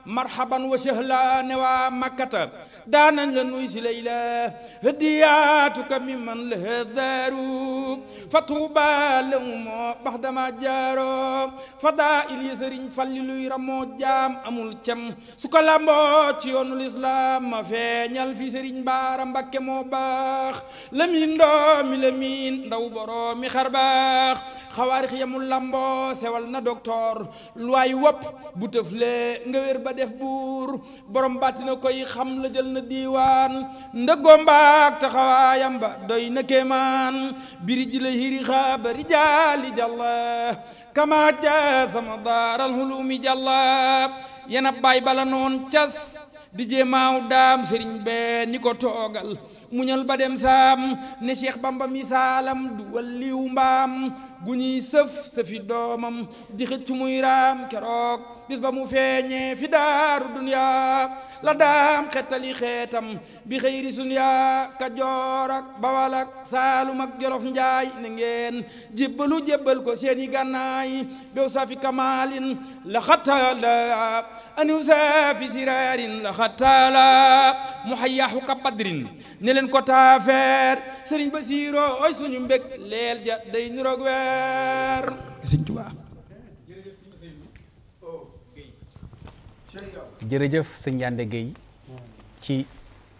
Speaker 1: marhaban wa sahla ne waa makkata daanañ la nuy si lay la hadiyaatuka mimman laha daaru fa tuuba lahumoo bax dama jaaro fa daa il yi sëriñ falli luy ramoo jaam amul cem su ko lamboo ci yoonul islaam ma feeñal fi sëriñ baara mbakke moo baax lamin doomi lamin ndaw boroomi xar baax xawaarix yamul lamboo sewal na docteur luwaay wopp bu tëfle nga wér ba def buur borom bàttina koy xam la jël na diiwaan ndëggoo mbaak taxawaayam ba doy na kéemaan biri ji la hirixa ba rijaali jàlla kama sama daaral hulumi jàlla yana baay bala noon cas di jéemaaw daam sëriñ bee ni ko toogal muñal ba dem sam ne cheikh bamba misaalam du walliw mbaam gu ñuy sëf sëfi domam di xecc muy ram kérok bis ba mu feeñee fi daaru dunya la dam xetali xetam bi xëyri sunyaa kajoor ak bawal ak saalum ak jorof njaay ne ngeen jibbalu jébbal ko seeni gànnaay bew safi kamalin la xattala aniw sirarin la muhayyahu ka badrin ne len ko tafer serigne basiro oy suñu mbek leel ja day niroog weer sëriñ Tuubaa
Speaker 2: jërëjëf serigne Yande Gueye ci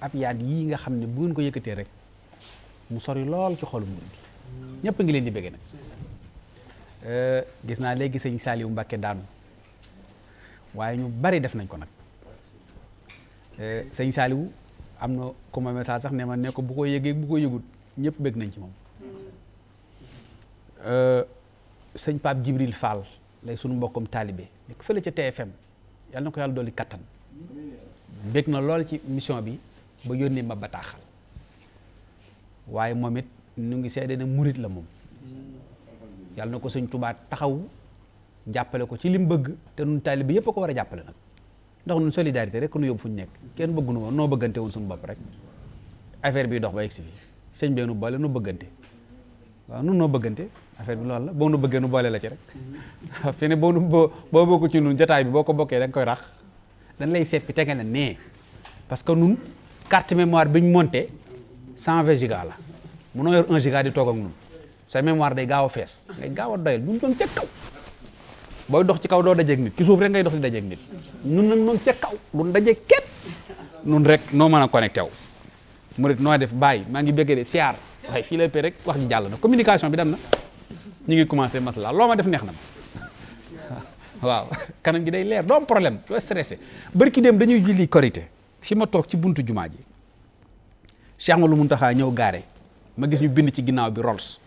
Speaker 2: ab yaat yi nga xamne ne bu ngeen ko yëkkatee rek mu sori lool ci xolu mu bi ñëpp ngi leen di bëgg nak euh gis na léegi serigne Saliou Mbacke daanu waye ñu bari def nañ ko nak euh serigne Saliou am na ku ma message sax ne ma ne ko bu ko yëgee bu ko yëgut ñëpp bëgg nañ ci moom hmm. euh, sëñ Pape Djibril Fall lay sunu mbokkum taalibe nekk fële ci TFM yal na ko yàlla dolli kattan bég na lool ci mission bi ba yónnee ma bataaxal waaye moom it ñu ngi seede ne murit la moom yàlla na ko sëñ Tuubaa taxaw jàppale ko ci li mu bëgg te nun taalibe yëpp a ko war a jàppale nag ndax ñun solidarité rek nu yóbbu fu ñu nekk kenn bëggunu woon noo bëggante woon suñu bopp rek affaire bi dox ba egsi fii sëñ bee nu boole nu bëggante waaw nun noo bëggante affaire bi loolu la boo nu bëggee nu boole la ci rek [laughs] fi ne boo nu boo boo bokk ci nun jotaay bi boo ko bokkee da koy rax dañ lay seppi tege na nee parce que nun carte mémoire bi ñu monté cent vingt giga la mu yor un giga di toog ak nun sa mémoire day gaaw a fees ngay boy dox ci kaw dajé ak nit ci souf rek ngay dox di ak nit nun nag nun ci kaw nun dajé kep nun rek no meuna connecté wu no def bay mangi ngi bëggee de siar waaye fii la rek wax ji jall na communication bi dem na ñi ngi commencé masala loo ma def neex na
Speaker 3: [laughs]
Speaker 2: waaw kanam gi day lèr do am problème do stressé barki dem dañuy julli korité fi ma tok ci buntu jumaa ji Cheikh Amadou Mountakha ñew garé ma gis ñu bind ci bi Rolls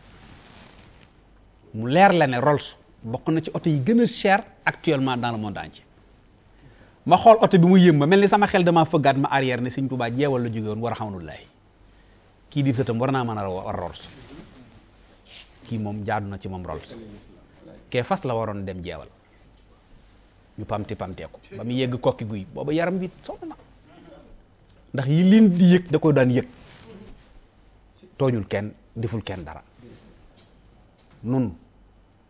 Speaker 2: mu lèr la né Rolls bokk na ci auto yi gëna cher actuellement dans le monde entier ma xol auto bi mu yëmba mel sama xel dama fëggaat ma arrière ne sëñ Touba jeewal la jóge woon war xamnu lay ki di sëtam war naa mën a war rols ki mom jaadu na ci mom rols ke fas la waroon dem jeewal ñu pamti pamteeku ba mu yegg kokki guy booba yaram bi sonn na ndax yi lin di yëg da ko daan yëg toñul kenn deful kenn dara nun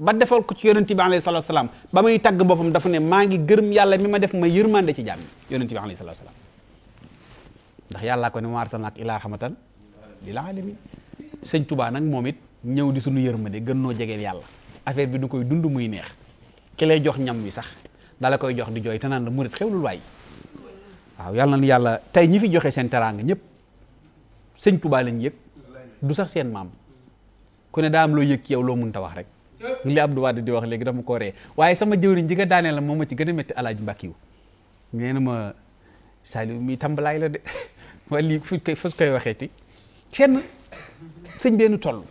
Speaker 2: ba defal ko ci yonente bi alayhi salatu salaam ba muy tàgg boppam dafa ne maa ngi gërëm yàlla mi ma def ma yërmande ci jàmm yonente bi alayhi salatu salaam ndax yàllaa ko ne ma arsalnaak ilaa rahmatan lil alamin sëñ tubaa nag moom it ñëw di suñu yërmande gën noo jegee yàlla affaire bi du koy dund muy neex ki lay jox ñam wi sax dala koy jox di jooy te naan la murit xewlul waay waaw yàlla na yàlla tey ñi fi joxee seen teraanga ñëpp sëñ tubaa lañ yëg du sax seen maam ku ne daa loo yëg loo mënta wax rek li Abdou Wade di wax léegi mu ko ree waaye sama jëwriñ ji nga daaneel la moom ma ci gën a métti alaaji Mbàkkiyu nee ma Saliou mi tambalaay la de [laughs] wala lii fu koy fu koy waxeeti fenn sëñ benn toll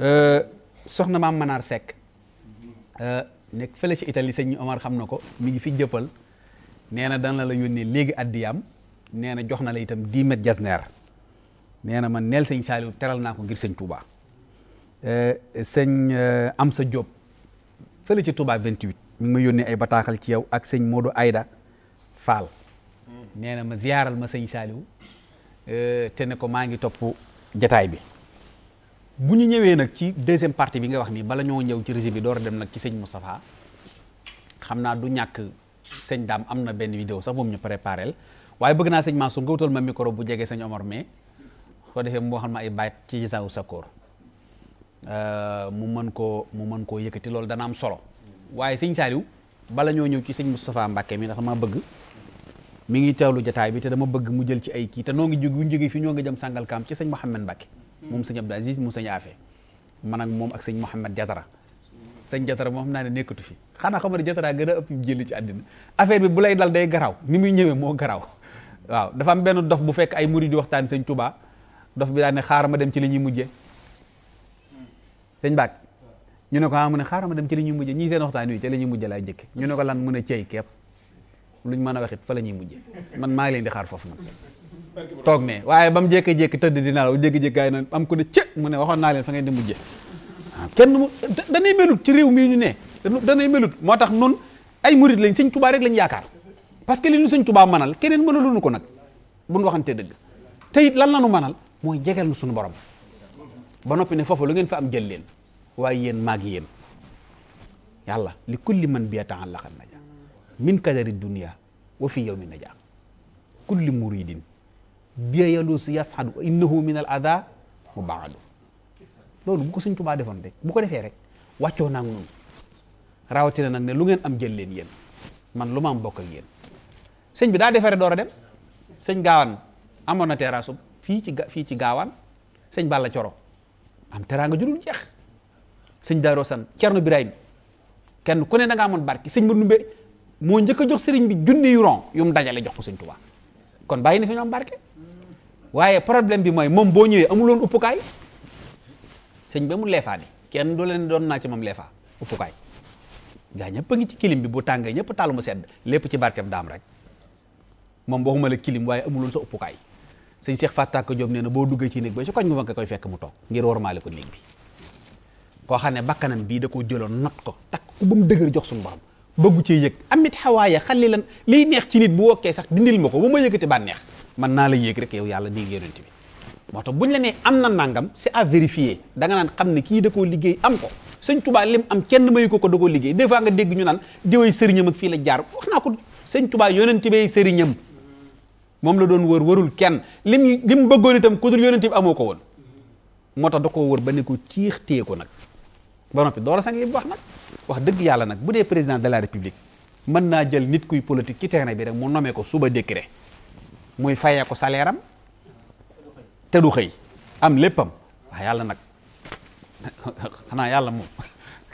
Speaker 2: euh, soxna maam Manar sekk euh, nekk fële ci Italie sëñ Omar xam na ko mi ngi fi jëppal nee na dana la yónnee léegi addiyaam nee na jox na la itam 10 mètres jasneer nee na man neel sëñ Saliou teral naa ko ngir sëñ Touba. Euh, sëñ euh, am sa Diop fële ci Touba 28 mi ngi ma yónnee ay bataaxal ci yow ak sëñ Modou Aida Fall nee na ma ziyaaral ma sëñ Saliou euh, te ne ko maa ngi topp jataay bi bu ñu ñëwee nag ci deuxième partie bi nga wax nii bala ñoo ñëw ci régime bi door dem nag ci sëñ Moustapha xam naa du ñàkk sëñ daam am na benn vidéo sax moom ñu préparel waaye bëgg naa sëñ Mansour nga wutal ma micro bu jege sëñ Omar mais soo defee mu xam ma ay baat ci gisaawu sa koor Euh, mu mën koo mu mën koo yëkkati loolu dana am solo waaye sëñ Saliou bala ñoo ñëw ci sëñ Moustapha Mbacke mi ndax dama bëgg mi ngi teewlu jataay bi te dama bëgg mu jël ci ay kii te noo ngi jóg bu ñu fi ñoo ngi jëm sàngal kaam ci sëñ Mouhamed Mbacke moom sëñ Abdou Aziz mu sëñ Afe man ak moom ak sëñ Mouhamed Jatara sëñ Jatara moom xam naa ne nekkatu fi xanaa xam ne Jatara gën a ëpp jëli ci àddina affaire bi bu lay dal day garaaw ni muy ñëwee moo garaaw waaw dafa am benn dof bu fekk ay murid di waxtaan sëñ Touba dof bi daal ne ma dem ci li ñuy mujjee sëñ Mbàkke ñu ne ko ah mu ne xaaral ma dem ci li ñuy mujj ñii seen waxtaan wi ci la ñuy mujj laay ñu ne ko lan mën a cey kepp luñ mën a waxit fa la ñuy mujje man maa ngi leen di xaar foofu man toog ne waaye ba mu jékki-jékki tëdd dinaa la jékki-jékki gaay naan am ku ne cë mu waxoon naa leen fa ngeen di mujje ah, kenn danay melut ci réew mii ñu ne danay melut moo tax nun ay murit lañ sëñ tubaa rek lañ yaakaar parce que li ñu sëñ tubaa manal keneen mënaluñu ko nag buñ waxante dëgg te it lan lañu manal mooy jegal nu suñu borom ba noppi ne fofu lu ngeen fa am jël leen waaye yéen maag yéen yàlla li kulli man bi naja min kadari dunia wa fi yawmi naja kulli muridin biya yaluusu yasxadu innahu min al ada mubaadu loolu bu ko Sëñ Tuubaa defoon de bu ko defee rek wàccoo naa noonu rawatina nag ne lu ngeen am jël leen yéen man lu ma am bokk ak yéen sëñ bi daa defaree door a dem sëñ gaawaan amoon na terrasse fii ci fii ci sëñ Balla Coro am teraanga ju dul jeex sëñ Darou San Thierno Birahim kenn ku ne da ngaa amoon barki sëñ Mandoumbe moo njëkk jox sëriñ bi junni yu ron dajale jox ko sëñ Touba kon bàyyi na fi ñu barke waaye problème bi mooy moom boo ñëwee amuloon uppukaay sëñ bi amul leefaa di kenn du leen doon naa ci moom leefaa uppukaay gaa ñëpp a ngi ci kilim bi bu tàngee ñëpp taalu mu sedd lépp ci barkeb daam rek moom waxuma la kilim waaye amuloon sa uppukaay. sëñ Cheikh Fataka Diop nee na boo duggee ci néeg ba ci koñ bu mag nga koy fekk mu toog ngir warmaale ko néeg bi koo xam ne bakkanam bii da ko jëloon not ko takk ku ba mu dëgër jox suñu borom bëggu cee yëg amit xawaaya xali lan liy neex ci nit bu wokkee sax dindil ma ko ba ma yëkkati bànneex man naa la yéeg rek yow yàlla nii yonent bi moo tax buñ la nee am na nangam c'est à vérifier da nga naan xam ne kii da koo liggéey am ko sëñ Touba lim am kenn mayu ko ko da liggéey des fois nga dégg ñu naan diwey sëriñam ak fii la jaar wax naa ko sëñ Touba yonent bee sëriñam moom la doon wër warul kenn lim lim bëggoon itam ku dul yonent bi amoo ko woon moo tax da koo wër ba ne ko ciix téye ko nag ba noppi door a sañ wax nag wax dëgg yàlla nag bu dee président de la république mën naa jël nit kuy politique ci terrain bi rek mu nomee ko suba décret muy fayee ko salaire te du xëy am léppam wax yàlla nag [laughs] xanaa yàlla moom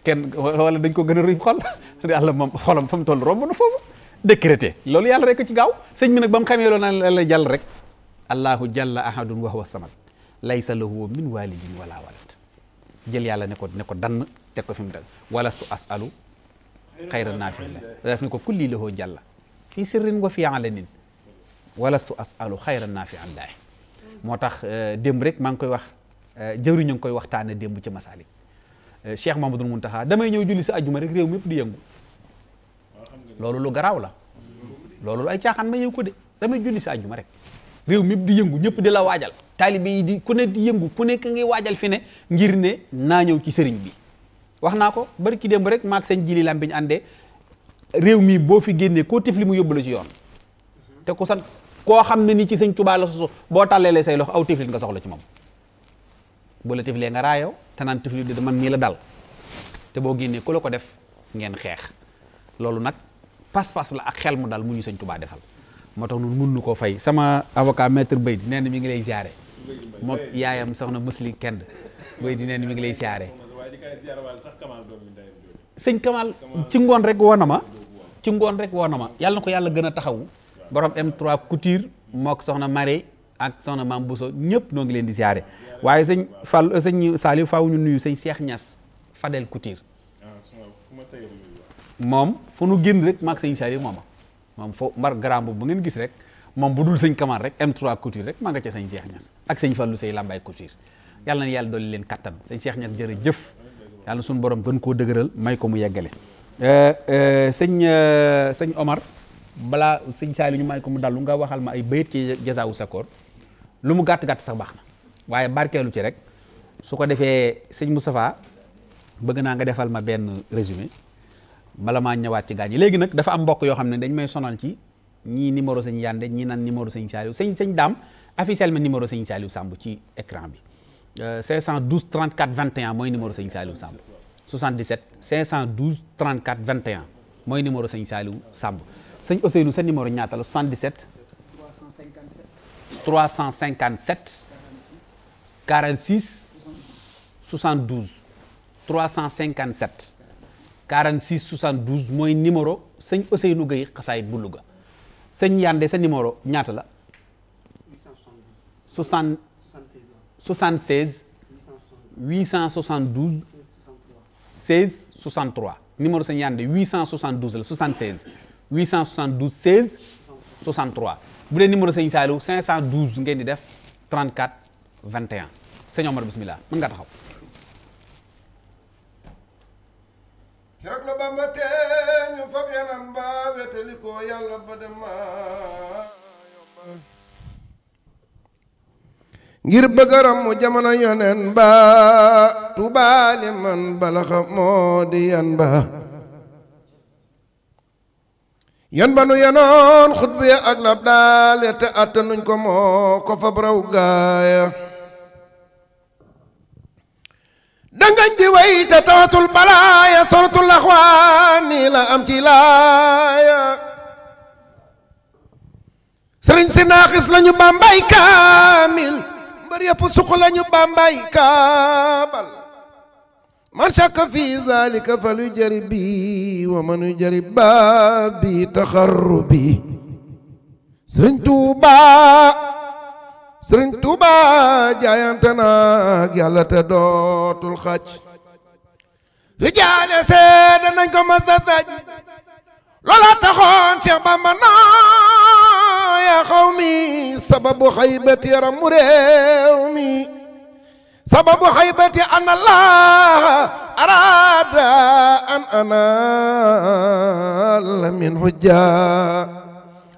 Speaker 2: kenn wala dañ ko gën a ruy xol [laughs] yàlla moom xolom fa mu toll romb na foofu decrété loolu yàlla rek ci gaaw sëñ bi nag ba mu xamee loolu naan la jàll rek allahu jalla ahadun wa huwa samad laysa lahu min walidin wala walad jël yàlla ne ko ne dann teg ko fi mu dal walastu asalu xayra naafila daf ne ko kulli lahu jàlla fii sirrin wa fii alanin walastu asalu xayra naafilallahi moo tax euh, démb rek maa ngi koy wax euh, jëwriñu ngi koy waxtaane démb ci mu euh, Cheikh Mamadou Muntaha damay ñëw julli sa ajuma rek réew mi du di yëngu loolu lu garaaw la loolu ay caaxaan ma yew ko de dama julli sa àjjuma rek réew mi di yëngu ñëpp di la waajal taalibe yi di ku ne di yëngu ku nekk ngi waajal fi ne ngir ne naa ñëw ci sëriñ bi wax ko bari ki démb rek maag seen jili lambiñ àndee réew mi boo fi génnee koo tifli mu yóbbu la ci yoon te ku san koo xam ne ni ci sëñ Tuubaa la soso boo tàlleelee say lox aw tifli nga soxla ci moom bu la tiflee nga raayoo te naan tifli di man mii la dal te boo génnee ku la ko def ngeen xeex loolu nag pas-pas la ak xel mu dal mu ñu sëñ Tuubaa defal moo tax ñun mun nu koo fay sama avocat maître bay di nee na mi ngi lay ziare moo yaayam soxna musli kenn bay di nee na mi ngi lay ziare sëñ Kamal ci ngoon rek woon na ma ci ngoon rek woon na ma yàlla na ko yàlla gën a taxaw borom M3 couture mook soxna Maré ak soxna Maam Bousso ñëpp noo ngi leen di ziare waaye sañ Fall sëñ Saliou faw ñu nuyu sañ Cheikh ñas Fadel Couture moom fu nu génn rek maag sëñ Saliou mooma moom fo mar grand bu ba ngeen gis rek moom bu dul sëñ Kamar rek M3 couture rek maa nga ca sëñ Cheikh Niass ak sëñ Fallou Sey Lambaye couture yàlla na yàlla dolli leen kattan sëñ Cheikh Niass jëf yàlla na suñu borom gën koo dëgëral may ko mu yeggale eh, eh, sëñ eh, sëñ Omar balaa sëñ Saliou ñu may ko mu dallu nga waxal ma ay bayit ci jasaawu sakoor lu mu gàtt gàtt sax baax na waaye barkeelu ci rek su ko defee sëñ Moustapha bëgg naa nga defal ma benn résumé bala maa ñëwaat ci gaañ yi léegi nag dafa am mbokk yoo xam ne dañ may sonal ci ñii numéro sëñ Yande ñii naan numéro sëñ Saliou sëñ sëñ daam officiellement numéro sëñ Saliou sambu ci écran bi 512 euh, 34 mooy numéro sëñ Saliou Samb 77 512 34 21 mooy numéro sëñ Saliou Samb sëñ Ousseynou sa numéro ñaata la 77 357 357 46 76 72 357 46 72 mooy numéro sëñ Ousseynou Gueye xasaayit bu Louga sëñ Yande sa numéro ñaata la. 60 76 872 16 63 numéro sëñ Yande 872 la 76 872 16 63 bu dee numéro sëñ Saliou 512 ngeen di def 34 21 sëñ Omar bismillah mën nga taxaw.
Speaker 8: keroog la ngir bëggaram mu jamono yonen ba tubaali man balaxa moo di yan ba yan ba nu yenoon xutbu ya ak lab daale te attanuñ ko moo ko fab raw gaaya dangañ di way te tawatul balaaya soratul axwaani la am ci laaya si naaxis lañu bàmbaay kaamil mbër yëpp suq lañu man shakka fi zalika fal yujarib bi wa man yujarib baabi taxarrubi sëriñ Tuubaa سرين توبا جاينتنا يالا تدوت الخج رجال سيد ننكو مزدد لولا تخون شيخ بامبنا يا قومي سبب خيبتي رموري سبب خيبتي أن الله أراد أن أنال من حجا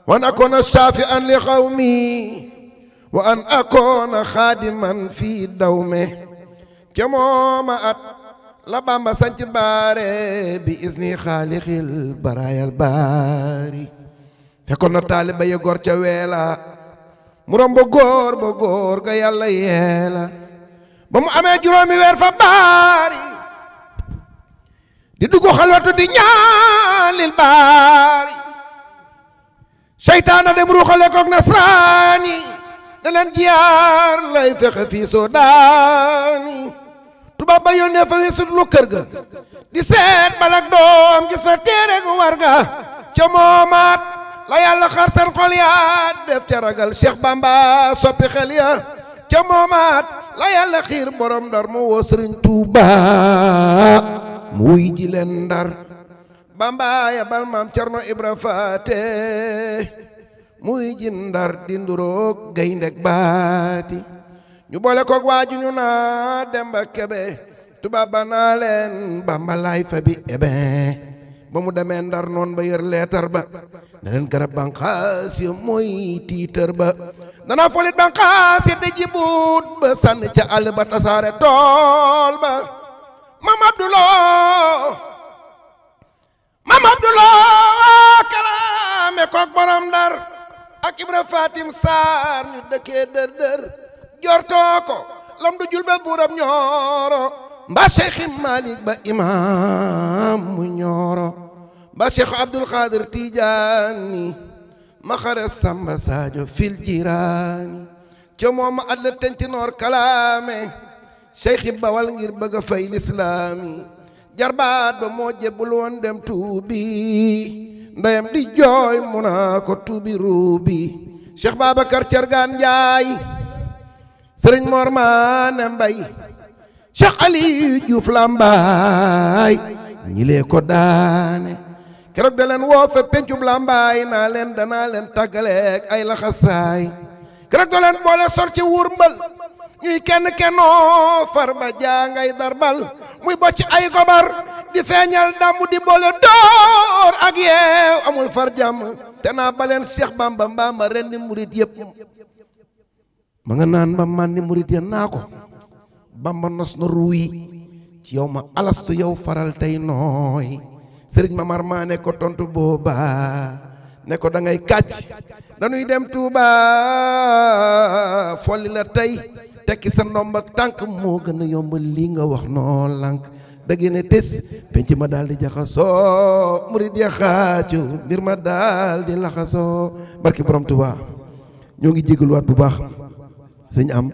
Speaker 8: ونكون الشافئا لقومي wa an akoona xaadiman fii dawme ca mooma at la bamba sanc baare bi isni xaalixil baraayal baari fekkoon na taaliba gor ca weela mu romb góor ba góor ga yàlla yeela ba mu amee juróomi weer fa baari di dugg xalwatu di ñaalil baari seytaana dem ruuxale koog nasraani daleen jiyaar lay fexe fii soodaani tubaab ba yónnee fa wesut ga di seet balak doom gis fa téere gu war ga ca moomaat la yàlla xar seen def ca ragal Cheikh Bamba soppi xel ca moomaat la yàlla xiir borom ndar mu woo Tuuba mu wuy ji leen ndar Bamba ya bal maam Cerno Ibra Faate muy jin ndar di nduroog gayndeg baati ñu boole koog waaju ñu na demba kebe tubaab ba naa leen bambalaay ebe ba mu demee ndar noon ba yër leetar ba ne leen garab banqaas ya mooy tiitar ba danaa folit banqaas di jibuut ba sànni ca àll ba tasaare tool ba mam abdulo mam abdulo kalaame koog borom ndar ak ibra fatim saar ñu dëkkee dër dër jortoo lam du jul ba buuram ñooro mba cheikh malik ba imam mu ñooro mba cheikh abdul qadir tijaani ma xare samba sadio fil jiraani ca moom ma tentinoor kalaame cheikh bawal ngir bëgg a fay lislaami jarbaat ba moo jébbul woon dem tuubi ndeyam di jooy mu naa ko tuubi ruubi Cheikh Babacar Thiergane Ndiaye sëriñ Mor Maane Mbay Cheikh Ali Diouf Lambaay ñi ko daane keroog da leen woo fa naa leen danaa leen tàggaleeg ay laxasaay keroog da boole sor ci wuur mbal ñuy kenn kennoo ba jaa ngay darbal muy bocc ay gobar di feeñal dàmbu di boole door ak yeew amul far jàmm te naa baleen Cheikh Bamba Bamba ren ni murit yëpp ma nga naan ba man murit ya naa ko Bamba nos na ruuy ci yow ma alastu yow faral tey nooy sëriñ Mamar maa ne ko tontu booba ne ko da ngay kàcc dañuy dem Touba folli la tey tekki sa ndomb ak tànk moo gën a yomb lii nga wax noo lànk da ngeen ne tis penc ma daal di jaxasoo murid ya xaacu mbir ma daal di laxasoo barki borom Tuubaa ñoo ngi jégaluwaat bu baax sëñ am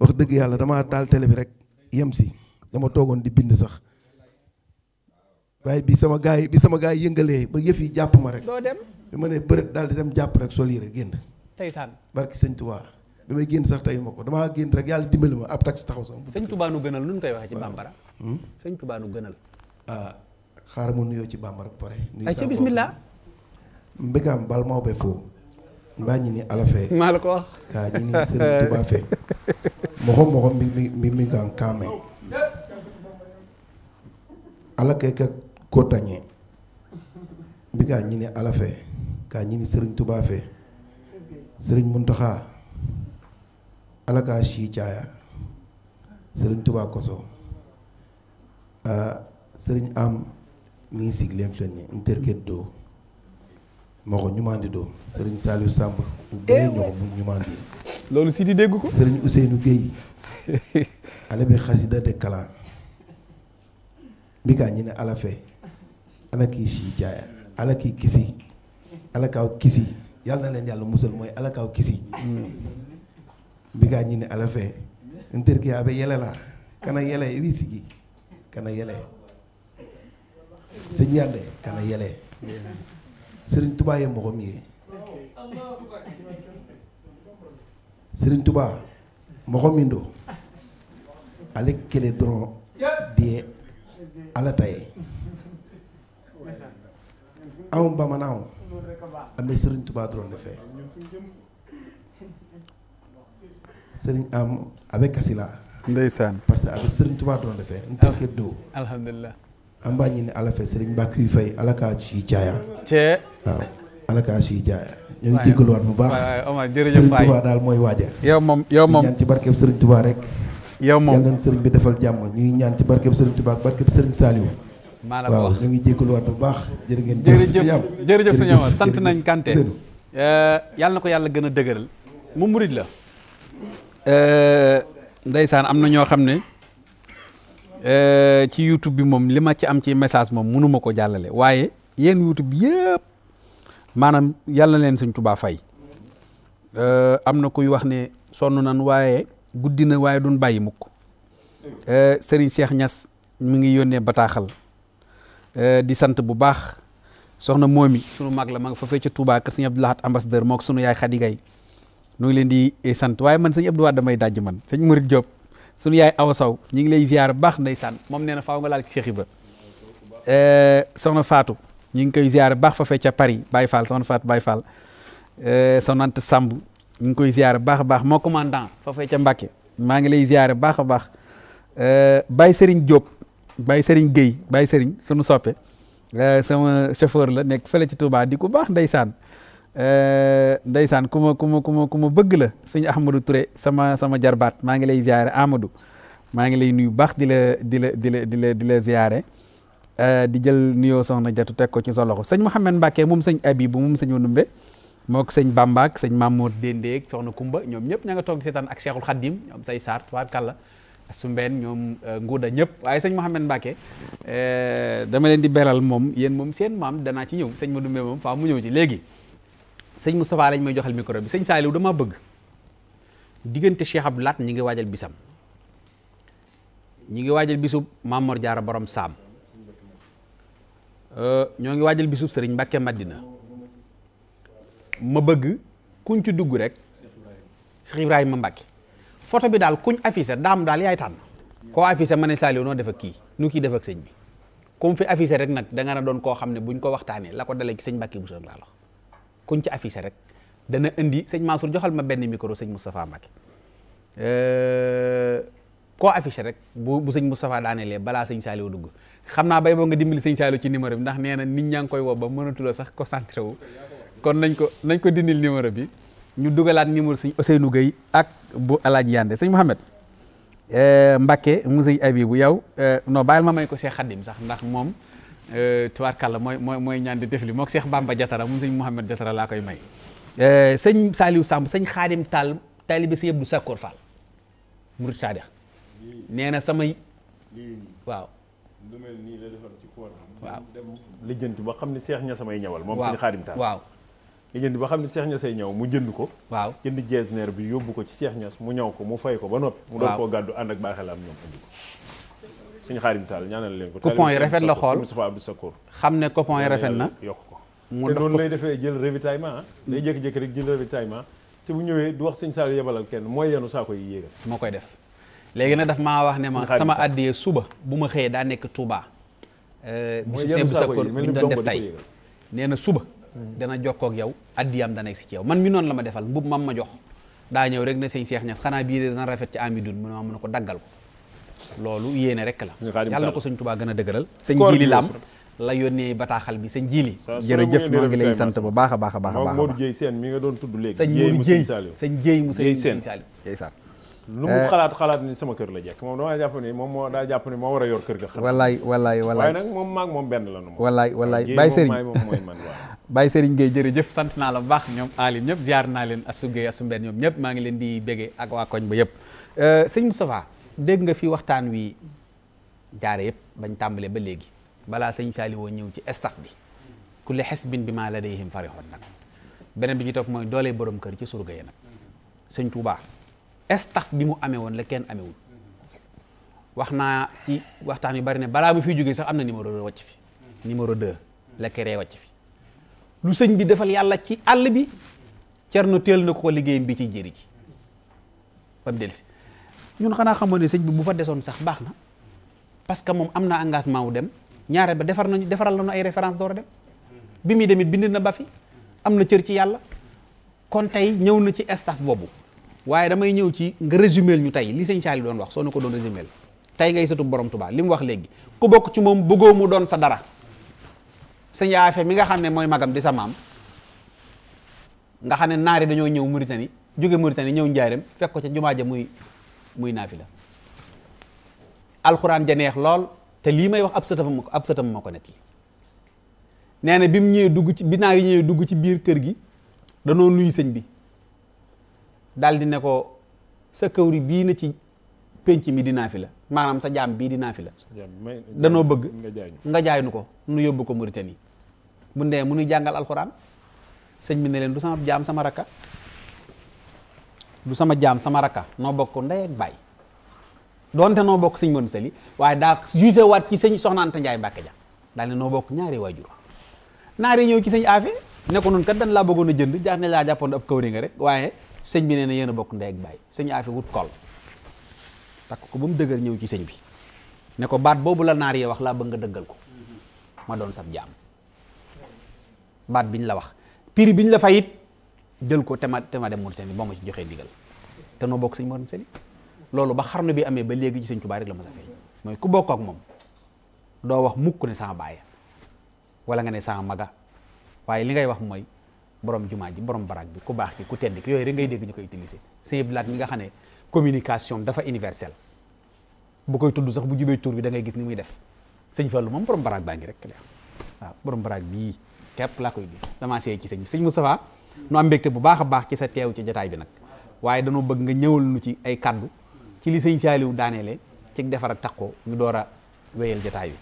Speaker 8: wax dëgg yàlla damaa taal télé bi rek yem si dama toogoon di bind sax waaye bi sama gaay yi bi sama gaay yëngalee ba yëf yi jàpp ma rek. doo dem bi ma ne bërët daal di dem jàpp rek sol yére génn. tey saan barki damay génn sax tey ma ko damaa génn rek yàlla dimbali ma ab taxi taxaw sax.
Speaker 2: sëñ Tuubaa nu gënal nu koy waxee ci bambara. Hmm? sëñ Tuubaa nu gënal. ah
Speaker 8: xaaral ma nuyoo ci bambara ba pare. ay ci bismillah. mbégaam bal moo be foo. mbaa ñi ni ala fee. maa la ko wax. kaa ñi ni sëriñ Tuubaa fee. moxom moxom mi mi mi mi kan kaame. ala kee ka ko tañee. mbigaa ñi ni ala fee. kaa ñi ni sëriñ Tuubaa fee. sëriñ Muntaxaa. alaka shi caaya sëriñ Touba Koso ah, sëriñ am musique l'influence intercetto moo ko ñumandi doo sëriñ Saliou Samb bu bee ñoo ko mu ñumandi loolu si di dégg ko sëriñ Ousseynou Gueye ale bi xasida de kalan mbikaa ñi ne ala fe ala kii shi caaya ala kisi alakaaw kisi yàlla na leen yàlla musal mooy alakaaw kisi hmm. mbiga ñini ala fe n terki aɓe yelela kana yele e kana yele sëñ yàlla kana yele sëriñ tubaa ye moxom ye sëriñ tubaa moxom indo ale kele dɔrɔn diye ala ta
Speaker 5: ye
Speaker 3: anw bamananw
Speaker 8: an tubaa dɔrɔn de fɛ sëriñ am avec Kasila. ndeysaan parce que avec sëriñ Tuubaa doon defee. en tant que doo.
Speaker 2: alhamdulilah.
Speaker 8: an b'a ɲini ala fɛ sëriñ Mbackiou Faye ala k'a si jaaya. cee waaw ala k'a si jaaya. ñu ngi jégaluwaat bu baax waaw waaw jërëjëf Baye sëriñ mooy waaja. yow moom yow moom ñaan ci barkeeb sëriñ Tuubaa rek. yow moom yàlla na bi defal jàmm ñu ngi ñaan ci barkeeb sëriñ Tuubaa ak barkeeb sëriñ Saliou. maa la ko wax bu baax. jërë ngeen jëf jërëjëf sant nañ Kanté
Speaker 2: euh, yàlla na ko yàlla gën a dëgëral mu murid la Euh, ndeysaan am na ñoo xam ne euh, ci YouTube bi moom li ma ci am ci message moom mënuma ko jàllale waaye yéen YouTube bi yëpp maanaam yàlla leen suñ Tuubaa fay euh, am na kuy wax ne sonn nan waaye guddi na waaye duñ bàyyi mukk Serigne Cheikh ñas mu ngi yónnee bataaxal di sant bu baax soxna moomi sunu mag la ma nga fa fee ca Touba kër Sëñ Abdou Lahad ambassadeur moo sunu yaay Khady Gaye nu ngi leen di eh, sant waaye man sëñ Abdou Wade damay dajj man sëñ Murid Diop suñu yaay Awa Sow ñu ngi lay ziar baax saan moom nee na faaw nga laal ci Cheikh Ibra eh, soxna Fatou ñu ngi koy ziar baax fa fee ca Paris Baye Fall soxna Fatou Baye Fall eh, soxna Anta Samb ñu ngi koy ziar baax a baax moo commandant fa fee ca maa ngi lay ziar baax a baax Baye Serigne Diop Baye Serigne Gueye Baye Serigne sunu soppe sama chauffeur la nekk fële ci Touba di ku baax ndeysaan Eh, ndeysaan ku ma ku ma ku ma ku ma bëgg la sëñ Ahmadou Touré sama sama jarbaat maa ngi lay ziare Amadou maa ngi lay nuyu baax di la di la di la di la di la eh, di jël nuyoo soxna Jatu teg ko ci sa loxo sëñ Mouhamed Mbacke moom sëñ Abibou moom sëñ Onumbe mook sëñ Bamba ak sëñ Mamour Dendé soxna Kumba ñoom ñëpp ña nga toog seetaan ak Cheikhul Khadim ñoom say Sarr tubaab kàlla sumbeen ñoom eh, nguuda ñëpp waaye sëñ Mouhamed Mbacke dama leen di beral moom yéen moom seen maam danaa ci ñëw sëñ Madumbe moom faa mu ñëw ci léegi seigne Moustapha lañ may joxal micro bi seigne Saliou dama bëgg digënté Cheikh Abdou lat ñi ngi waajal bisam ñi ngi waajal bisub Mamor Jaara borom euh ñoo ngi bisub serigne Mbàkke Madina ma bëgg kuñ ci dugg rek Cheikh ibrahim Mbàkke photo bi dal kuñ affiché dam dal yay tan ko affiché mané ne Saliou noo def ak ki nu ki def ak bi kum fi affiché rek nak da nga na doon ko xamné buñ ko waxtané la ko dalé ci sëñ Mbàkke bu laa kuñ ci affiché rek dana indi sëñ Mansour joxal ma benn micro sëñ Moustapha Mbacke euh, ko affiché rek bu bu sëñ Moustapha daanelee balaa sëñ Saliou dugg xam naa bay boo nga dimbali sëñ Saliou ci numéro bi ndax nee na nit ñaa ngi koy woo ba mënatula sax concentré wu kon nañ ko nañ ko dindil numéro bi ñu dugalaat numéro sëñ Ousseynou Gueye ak bu Alaaji Yande sëñ Mouhamed Mbacke mu sëñ bu yow euh, non bàyyil ma may ko see Khadim sax ndax moom Euh, tubaarkàlla mooy mooy mooy ñaan def li seex Cheikh Bamba Jatara moom sëñ Mouhamed Jatara laa koy may. Euh, sëñ Saliou sàmm sëñ Xaadim Tall taalibe sëñ Abdou Sakkoor
Speaker 7: Fall Murid Saadix nee na samay waaw. lu nii la defal waaw lijjanti ba xam ne Cheikh ña samay ñawal. moom sëñ Xaadim Tall waaw. jënd ba xam ne seex Niass ay ñaw mu jënd ko waaw jënd jeesneer bi yóbbu ko ci seex Niass mu ñaw ko mu fay ko ba noppi mu doon koo gàddu ànd ak baaxelaam ñoom andi ko suñu xaarim taal ñaanal
Speaker 3: leen ko. coupon yi rafet la xool Moustapha Abdou Sakour xam ne coupon yi rafet na yokk ko mu dox noonu lay
Speaker 7: defee jël ravitaillement ah. hmm. day jékki-jékki rek jël ravitaillement te bu ñëwee du wax sëñ Sall yebalal kenn mooy yenu saa koy yéegal moo koy def
Speaker 2: léegi nag daf maa wax ne ma sama àddiyee suba bu ma xëyee daa nekk Touba euh, bisu sëñ Abdou Sakour bi ñu doon def nee na suba hmm. dana jokkoo ak yow addiyaam da nekk si ci yow man mi noonu la ma defal mbub mam ma jox daa ñëw rek ne sëñ Cheikh Niass xanaa bii de dana rafet ci Amidun mu ne ma ko daggal ko loolu yéene rek la yàlla na ko sëñ Tuubaa gën a dëgëral sëñ Jili Lam la yónnee bataaxal bi sëñ Jili jërëjëf maa ngi lay sant bu baax a baax a baax a baax Modou
Speaker 7: nga doon tudd léegi sëñ Modou Dieye sëñ Dieye mu sëñ eh. xalaat xalaat sama kër la jekk moom damaa jàpp ni moom moo a yor kër ga xam wallaay wallaay wallaay waaye nag moom maag moom benn la nu wallaay wallaay Baye Serigne moom mooy
Speaker 2: man waaw [laughs] Baye Serigne Gueye jërëjëf naa la bu baax ñoom Aline ñëpp ziar naa leen Assou Gueye Assou ñoom ñëpp maa ngi leen di bége ak waa koñ ba yëpp eh, sëñ Moustapha dégg nga fi waxtaan wi jaare yëpp bañ tàmbalee ba léegi balaa sëñ Saaliwoo ñëw ci staff bi kulli xesbin bi maa ladayhim farihun nag beneen bi ci topp mooy doolee boroom kër ci surga yi nag sëñ Tuubaa staff bi mu amee woon la kenn amewul wax naa ci waxtaan wi bari ne balaa mu fiy jógee sax am na numéro deux wàcc fi numéro deux la keree wàcc fi lu sëñ bi defal yàlla ci àll bi cerno teel na ko liggéeyam bi ci jëri ji ba mu delsi ñun xanaa xamoon ne sëñ bi bu fa desoon sax baax na parce que moom am na engagement wu dem ñaare ba defar nañu defaral nañu ay référence door a dem bi muy demit bind na ba fi am na cër ci yàlla kon tey ñëw na ci staff boobu waaye damay ñëw ci nga résumél ñu tey li sëñ Saali doon wax soo na ko doon résumél tey ngay sëtu borom Tuubaa li mu wax léegi ku bokk ci moom bëggoo mu doon sa dara sëñ Yaafe mi nga xam ne mooy magam di sa maam nga xam ne naari dañoo ñëw Mauritanie jóge Mauritanie ñëw Njaaréem fekk ko ca jumaa ja muy muy naafila alxuraan ja neex lool te lii may wax ab sëtam ab sëtam moo ko nekk nee na bi mu ñëwee dugg ci bi yi ñëwee dugg ci biir kër gi danoo nuyu sëñ bi daldi ne ko sa këwri bii na ci penc mi di naafila maanaam sa jaam bii di naafila danoo bëgg nga jaay nu ko nu yóbbu ko Mauritanie bu ne mu nuy jàngal alxuraan sëñ bi ne leen du sama jaam sama rakka du sama jaam sama rakka noo bokk ndey ak baay donte noo bokk sëñ mën sali waaye daa juse waat ci sëñ soxna Anta Njaay Mbàkke ja daal ne noo bokk ñaari waajur naari ñëw ci sëñ aafe ne ko noonu kat dañ laa bëggoon a jënd jaax ne laa jàppoon ab kawri nga rek waaye sëñ bi nee yéen a bokk ndey baay sëñ aafe wut kol takk ko ba mu dëgër ñëw ci sëñ bi ne ko baat boobu la naar yi wax laa bëgg nga dëggal ko ma doon sab jaam baat biñ la wax prix biñ la fayit jël ko te ma te ma dem Mauritanie moo ma ci joxee ndigal te noo bokk sëñ Mauritanie loolu ba xarnu bi amee ba léegi ci sëñ Tuubaa rek la mos a mooy ku bokk ak moom doo wax mukk ne sama baay wala nga ne sama maga waaye li ngay wax mooy borom jumaa ji borom baraag bi ku baax ku tedd ki yooyu rek ngay dégg ñu koy utiliser sëñ Abdou Lahat nga xam ne communication dafa universelle bu koy tudd sax bu jubee tur bi da ngay gis ni muy def sëñ Fallou moom borom baraag baa ngi rek waaw borom baraag bii képp laa koy di dama seey ci sëñ bi sëñ Moustapha nu am mbégte bu baax a baax ci sa teew ci jataay bi nag waaye dañoo bëgg nga ñëwal nu ci ay kaddu ci li sëñ Saaliw daaneele ci defar ak takkoo ñu door a wéyal jataay bi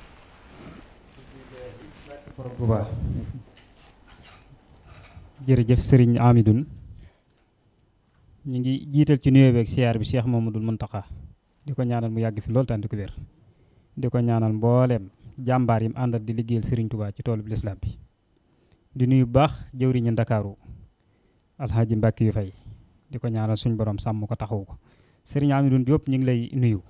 Speaker 9: jërëjëf sëriñ Amidoun ñu ngi jiital ci nuyoo beeg siyaar bi mu Cheikh Mamadou Mountakha di ko ñaanal mu yàgg fi loolu tànn di ko di ko ñaanal mbooleem jàmbaar yi mu àndal di liggéeyal sëriñ Touba ci toolu bi lislaam bi di nuyu bu baax jëwriñu Ndakaaru alxaaji Mbàkke yu fay di ko ñaanal suñ boroom sàmm ko taxaw ko sëriñaa sëriñ Amidoune Diop ñu ngi lay nuyu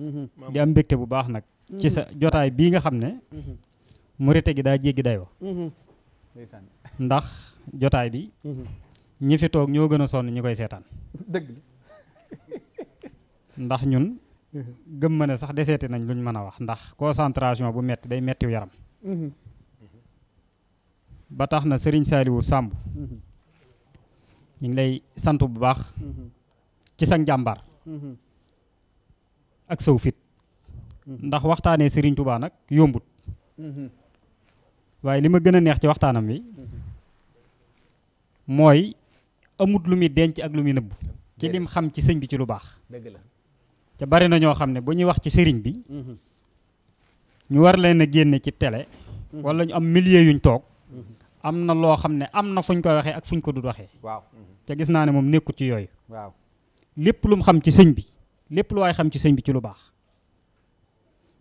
Speaker 3: mm-hmm. di am
Speaker 9: mbégte bu baax nag mm-hmm. ci sa jotaay bii nga xam ne mm-hmm. murite gi daa jéggi dayoo ndax jotaay bi ñi fi toog ñoo gën a sonn ñi koy seetaan dëgg ndax ñun gëm ma ne sax deseeti nañ luñ mën a wax ndax concentration bu metti day mettiw yaram ba tax na sëriñ Saaliwu Sàmb ñu ngi lay sant bu baax mm-hmm. ci sa njàmbaar mm-hmm. ak saw fit mm-hmm. ndax waxtaanee Serigne Touba nag yombut waaye li ma gën a neex ci waxtaanam wi mooy amut lu muy denc ak lu muy nëbbu ci lim xam ci sëñ bi ci lu baax dëgg la te bari na ñoo xam ne bu ñuy wax ci sëriñ bi ñu war leen a génne ci télé wala ñu am milliers yuñ toog am na loo xam ne am na fuñ koy waxee ak fuñ ko dul waxee te gis naa ne moom nekkut ci yooyu. waaw lépp lu xam ci sëñ bi lépp lu waay xam ci sëñ bi ci lu baax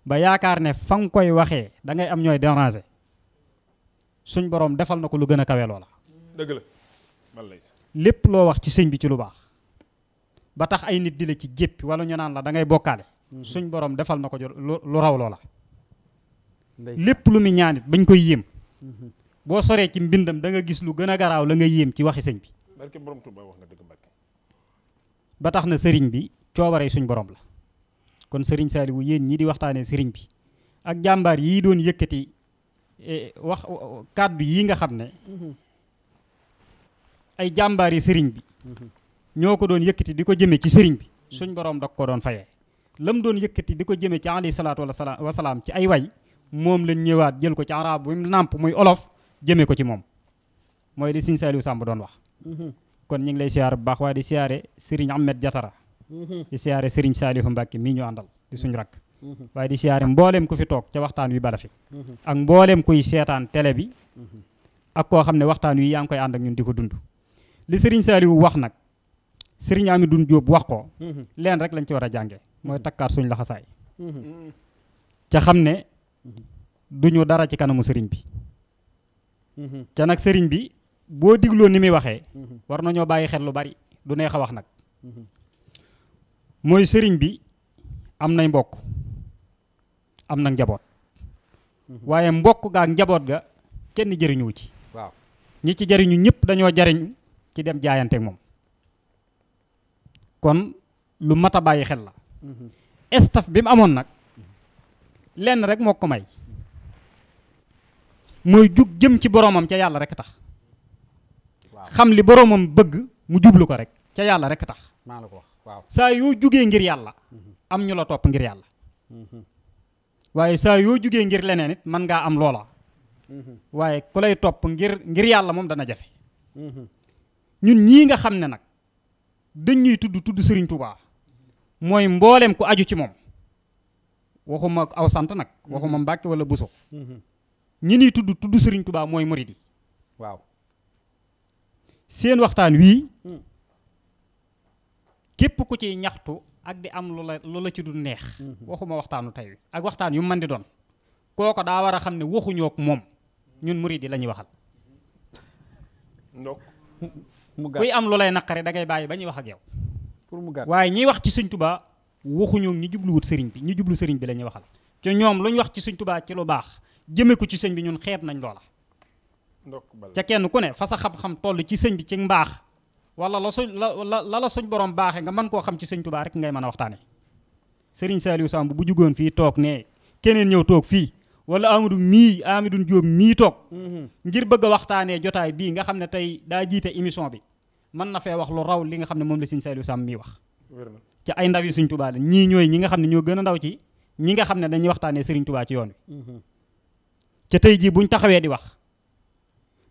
Speaker 9: ba yaakaar ne fa koy waxee da ngay am ñooy déranger suñ boroom defal na ko lu gën a kawe loola. dëgg lépp loo wax ci sëñ bi ci lu baax ba tax ay nit di la ci jéppi wala ñu naan la mhm. suñ borom defal na ko lu raw loola. lépp lu mu ñaanit bañ koy yéem. Mhm. boo soree ci mbindam da nga gis lu gën a garaaw la nga yéem ci waxi sëñ bi.
Speaker 7: barke borom wax nga dëgg Mbàkke
Speaker 9: ba tax na sëriñ bi coobare suñ borom la kon sëriñ Saliou yéen ñi di waxtaanee sëriñ bi ak jàmbaar yii doon yëkkati eh, wax kàddu yii nga xam ne ay jàmbaar yi sëriñ bi ñoo ko doon yëkkati di ko jëme ci sëriñ bi suñ borom da ko doon fayee lam doon yëkkati di ko jëme ci alayhi salaatu wasalaam ci ay way moom lañ ñëwaat jël ko ci arab bu mu nàmp muy olof jëme ko ci moom mooy li sëriñ Saliou Samb doon wax Mm-hmm. kon ñing lay siar bax baax di siaré Serigne Ahmed jatara, mm-hmm. di siaré Serigne salihu Mbacke mi ñu andal di suñu rak mm-hmm. di siaré mbollem ku fi tok ci waxtaan wi bala fi ak mbollem kuy sétane télé bi ak ko xamné waxtaan wi koy and ak ñun di dund li Serigne salihu wax nak Serigne Amidoune Diop wax ko leen rek lañ ci wara a moy takkar suñu la ci xamné duñu dara ci kanamu Serigne bi ci nak Serigne bi boo digloo ni muy waxee mhm. war nañoo bàyyi xel lu bari du neex a wax nag mhm. mooy sëriñ bi am nay mbokk am na njaboot mhm. waaye mbokk ga njaboot ga kenn jëriñu ci waaw ñi ci jariñu ñëpp dañoo jariñ ci dem jaayanteek moom kon lu mat a bàyyi xel la estaf bi mu amoon nag lenn rek moo ko may mooy jug jëm ci boromam ca yàlla rek tax xam li boroomam bëgg mu jublu ko rek ca yàlla rek tax
Speaker 2: maa la ko wax
Speaker 3: waaw
Speaker 9: saa yoo jugee ngir yàlla am ñu la topp ngir yàlla waaye saa yoo jugee ngir leneen it mën ngaa am loola waaye ku lay topp ngir ngir yàlla moom dana jafe
Speaker 3: ñun
Speaker 9: ñii nga xam ne nag ñuy tudd tudd sëriñ Touba mooy mboolem ku aju ci moom waxuma aw sant nag waxuma Mbàkke wala Buso ñi ñuy tudd tudd Serigne Touba mooy murid yi seen waxtaan wii hmm. képp ku ciy ñaxtu ak di am lu la la ci du neex hmm. waxuma waxtaanu tey wi ak waxtaan yu mën di doon kooko daa war a xam ne waxuñook moom ñun murid yi la ñuy waxal kuy am lu lay naqari da bàyyi ba ñuy wax ak yow waaye ñiy wax ci sëñ tubaa waxuñook ñi jubluwut sëriñ bi ñi jublu sëriñ bi lañuy ñuy waxal te ñoom lu ñu wax ci suñ tubaa ci lu baax jëme ko ci sëñ bi ñun xeet nañ loola ca kenn ku ne fa sa xam-xam toll ci sëñ bi ci mbaax wala la suñ la la la suñ borom baaxee nga man koo xam ci sëñ Tuubaa rek ngay mën a waxtaane sëriñ Saliou Samb bu jugoon fii toog ne keneen ñëw toog fii wala Amadou mii Amadou Diop mii toog mhm. ngir bëgg waxtaanee jotaay bii nga xam ne tey daa jiite émission bi mën na fee wax lu raw li nga xam ne moom la sëriñ Saliou Samb mii wax ci ay ndaw yi sëriñ Tuubaa la ñii ñooy ñi nga xam ne ñoo gën a ndaw ci ñi nga xam ne dañuy waxtaanee sëriñ Tuubaa ci yoon wi mhm. ca tey jii buñ taxawee di wax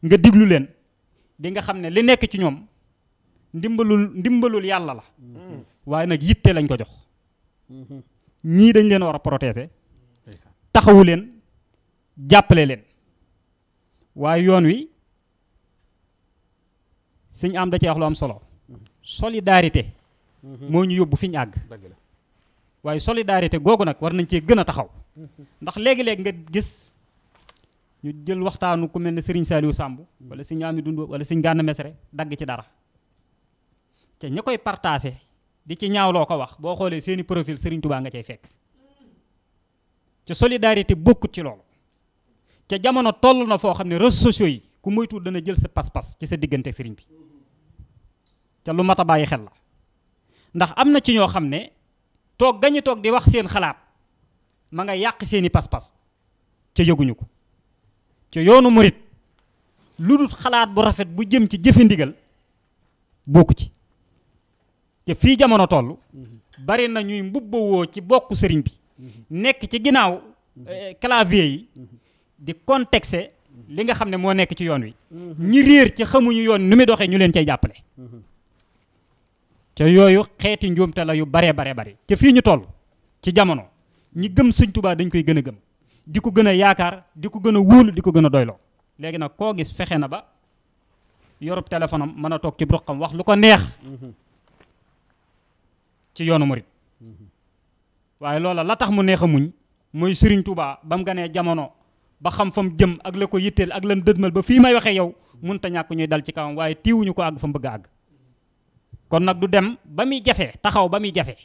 Speaker 9: nga diglu leen di nga xam ne li nekk ci ñoom ndimbalul ndimbalul yàlla la waaye nag yitte lañ ko jox ñii dañ leen war a protéger taxawu leen jàppale leen waaye yoon wi suñ am da ci wax lu am solo solidarité moo ñu yóbbu fi ñu àgg waaye solidarité googu nag war nañ cee gën a taxaw ndax léegi-léegi nga gis ñu jël waxtaanu ku mel ne Serigne Saliou Samb wala Serigne Amy Dundoo wala Serigne Gana Messere dagg ci dara te ña koy partagé di ci ñaawloo ko wax boo xoolee seeni profil Serigne Touba nga cay fekk ca solidarité bokkut ci loolu ca jamono toll na foo xam ne réseaux sociaux yi ku moytuwul dana jël sa pas-pas ci sa diggante Serigne bi ca lu mat a bàyyi xel la ndax am na ci ñoo xam ne toog gañu toog di wax seen xalaat ma nga yàq seeni pas-pas ca yëguñu ko ca yoonu murit lu dul xalaat bu rafet bu jëm ci jëfe ndigal bokku ci te fii jamono toll bari na ñuy mbubbawoo ci bokk sëriñ bi nekk ci ginnaaw eh, clavier yi di contexte li nga xam ne moo nekk ci yoon wi ñi réer ci xamuñu yoon ni muy doxee ñu leen cay jàppale te yooyu xeeti njuumte la yu baree bare bare te fii ñu toll ci jamono ñi gëm sëñ tubaa dañ koy gën a gëm di ko gën a yaakaar di ko gën a wóolu di ko gën a doyloo léegi nag koo gis fexe na ba yorub téléphone mën a toog ci ruqam wax lu ko neex ci yoonu murit waaye loola la tax mu neex a muñ mooy Serigne Touba ba mu ganee jamono ba xam fa mu jëm ak la ko yitteel ak lan dëdmal ba fii may waxee yow munta ñàkk ñuy dal ci kawam waaye tiiwuñu ko ak fa mu bëgg a kon nag du dem ba muy jafe taxaw ba muy jafe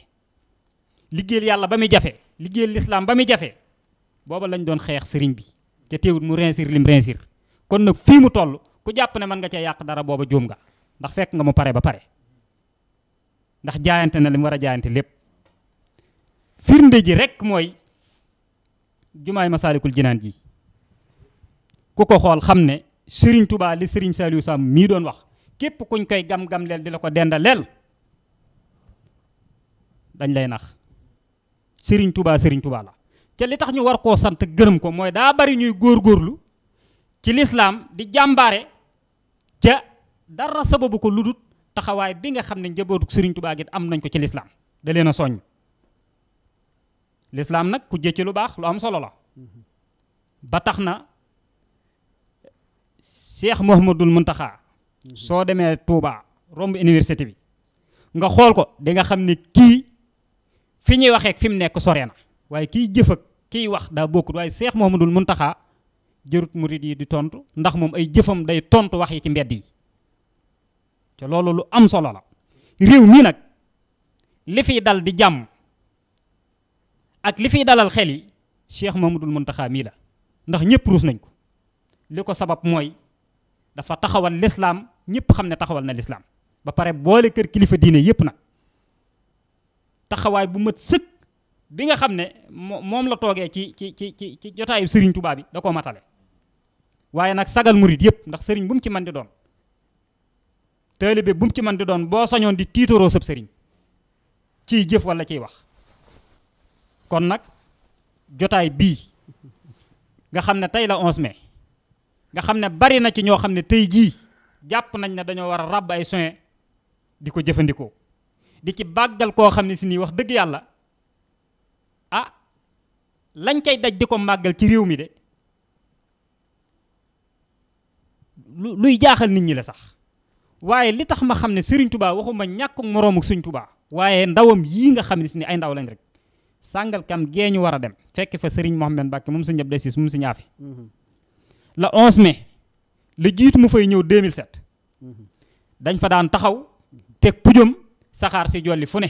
Speaker 9: liggéey yàlla ba muy jafe liggéeyal lislaam ba muy jafe booba lañ doon xeex sëriñ bi te teewut mu rinsir lim rinsir kon nag fii mu toll ku jàpp ne man nga cee yàq dara booba juum nga ndax fekk nga mu pare ba pare ndax jaayante na lim war a jaayante lépp firnde ji rek mooy jumaay masaalikul jinaan ji ku ko xool xam ne sëriñ tubaa li sëriñ Saliou Sam mii doon wax képp kuñ koy gam-gam leel di la ko leel dañ lay nax sëriñ tubaa sëriñ tubaa la ci li tax ñu war ko sant gërëm ko moy da bari ñuy gorlu ci l'islam di jambaré ca dara sababu ko ludut taxaway bi nga xam ne njabootu sëriñ tubaa gi am nañ ko ci l'islam da leena soñ l'islam nak ku jëcc lu bax lu am solo la ba taxna cheikh mohamadul muntaxa so démé touba romb université bi nga xol ko di nga xam ne kii fi ñuy waxeek kiy wax daa bokkut waaye seex Muhammadul Muntaxa jërut murit yi di tontu ndax moom ay jëfam day tontu wax yi ci mbedd yi te loolu lu am solo la réew mii nag li fiy dal di jàmm ak li fiy dalal xel yi seex Muhammadul Muntaxa mii la ndax ñëpp ruus nañ ko li ko sabab mooy dafa taxawal lislaam ñëpp xam ne taxawal na lislaam ba pare boole kër kilifa diine yépp nag taxawaay bu mat sëkk bi nga xam ne moom la toogee ci ci ci ci ci jotaayu sëriñ tubaab bi da koo matale waaye nag sagal murit yëpp ndax sëriñ bu mu ci mën di doon taalibe bu mu ci mën di doon boo sañoon di tiitaroo sëb sëriñ ciy jëf wala ciy wax kon nag jotaay bii nga xam ne tey la 11 mai nga xam ne bari na ci ñoo xam ne tey jii jàpp nañ ne dañoo war a ràbb ay soin di ko jëfandikoo di ci bàggal koo xam ne si nii wax dëgg yàlla lañ cay daj di ko màggal ci réew mi de lu luy jaaxal nit ñi la sax waaye li tax ma xam ne Serigne Touba waxuma ñàkk moroomu suñ tubaa waaye ndawam yii nga xam ne si ni ay ndaw lañ rek sàngal kam gee ñu war a dem fekk fa Serigne Mohamed Mbacke moom Serigne Abdou Ciss moom Serigne Afi la 11 mais li jiitu mu fay ñëw 2007 mm-hmm. dañ fa daan taxaw teg pujum saxaar si jolli fu ne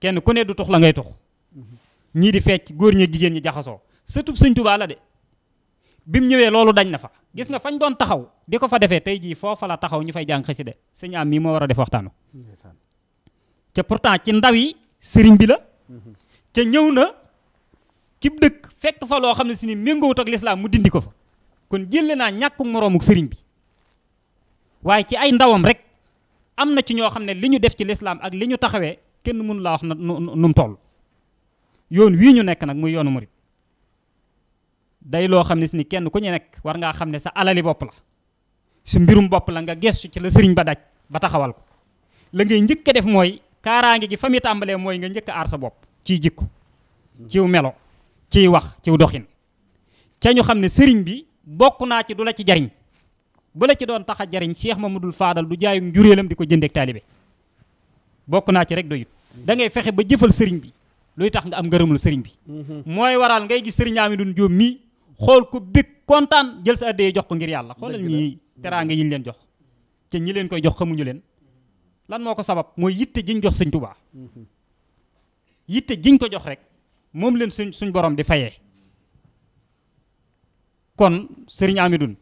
Speaker 9: kenn ku ne du tux la ngay tux mm-hmm. ñii di fecc góor ñi jigéen ñi jaxasoo sëtub sëñ tubaa la de bi mu ñëwee loolu dañ na fa gis nga fañ doon taxaw di ko fa defee tey jii foofa la taxaw ñu fay jàng xasida sëñ am mii moo war a def waxtaanu te pourtant ci ndaw yi sëriñ bi la te ñëw na ci dëkk fekk fa loo xam ne si ni méngoowut ak lislaam mu dindi ko fa kon jëlle naa ñàkku moroomuk sëriñ bi waaye ci ay ndawam rek am na ci ñoo xam ne li ñu def ci lislaam ak li ñu taxawee kenn mënu laa wax na nu mu toll yoon wii ñu nekk nag muy yoonu murit day loo xam ne si ni kenn ku ñu nekk war ngaa xam ne sa alali bopp la su mbirum bopp la nga gestu ci la sëriñ ba daj ba taxawal ko la ngay njëkk def mooy kaaraange gi fa tàmbalee mooy nga njëkk aar sa bopp ciy jikko ciw melo ciy wax ciw doxin ca ñu xam ne sëriñ bi bokk naa ci du la ci jariñ bu la ci doon tax a jariñ Cheikh Mamadou faadal du jaayu njuréelam di ko jënde jëndeek taalibe bokk naa ci rek doyut dangay fexe ba jëfal sëriñ bi luy tax nga am lu sëriñ bi moy mhm. waral ngay gis sëriñ Amidou Diop mi xol ku bik kontaan jël sa adé jox ko ngir yalla xolal ñi teranga ñi leen jox ci ñi leen koy jox xamuñu leen lan moko ko sabab moy yitte jiñ jox sëñ Tuubaa mhm. yitte jiñ ko jox rek mom leen suñ suñ borom di fayé kon sëriñ Amidou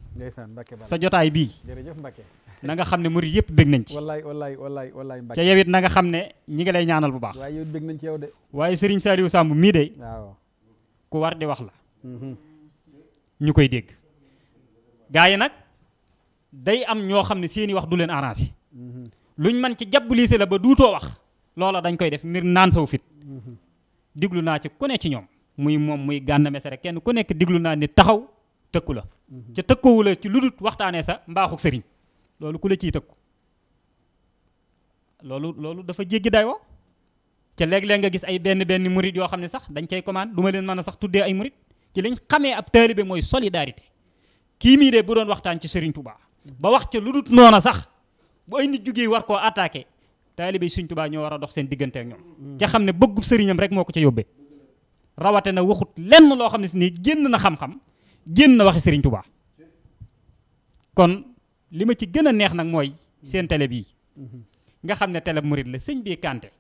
Speaker 4: sa bi jere jërëjëf Mbacke nanga xam ne murid yëpp bég nañ ci wallaay
Speaker 2: wallaay wallaay wallaay
Speaker 4: Mbacke ca yow na nga xam ne
Speaker 9: ñi ngi lay ñaanal bu baax
Speaker 2: waaye yow bég nañ ci yow de
Speaker 9: waaye Serigne Saliou mii de waaw ku war
Speaker 2: di wax la mm-hmm.
Speaker 9: ñu koy dégg gaa yi nag day am ñoo xam ne seeni wax du leen arrangé mm-hmm. luñ man ci jàpp liise la ba duutoo wax loola dañ koy def ngir naan saw fit mm-hmm. diglu naa ci ku ne ci ñoom muy moom muy Gana Messere kenn ku nekk diglu naa ni taxaw tëkku la ca tëkkowu la ci ludut waxtaanee sa mbaaxuk sëriñ loolu ku la ciy ko loolu loolu dafa jéggi dayoo ca léeg-léeg nga gis ay benn benn murit yoo xam ne sax dañ cay commande duma leen mën a sax tuddee ay murit ci lañ xamee ab taalibe mooy solidarité kii mii de bu doon waxtaan ci Serigne Touba ba wax ca lu dut noona sax bu ay nit jugee war koo attaqué taalibe Serigne Touba ñoo war a dox seen diggante ñoom. Mm. ca xam ne bëggub sëriñam rek moo ko ca yóbbee rawate na waxut lenn loo xam ne si nii génn na xam-xam génn na waxi sëriñ Touba kon. li ma ci gën a neex nag mooy seen télé bii mm-hmm. nga xam ne tele murit la sëñ bi Kanté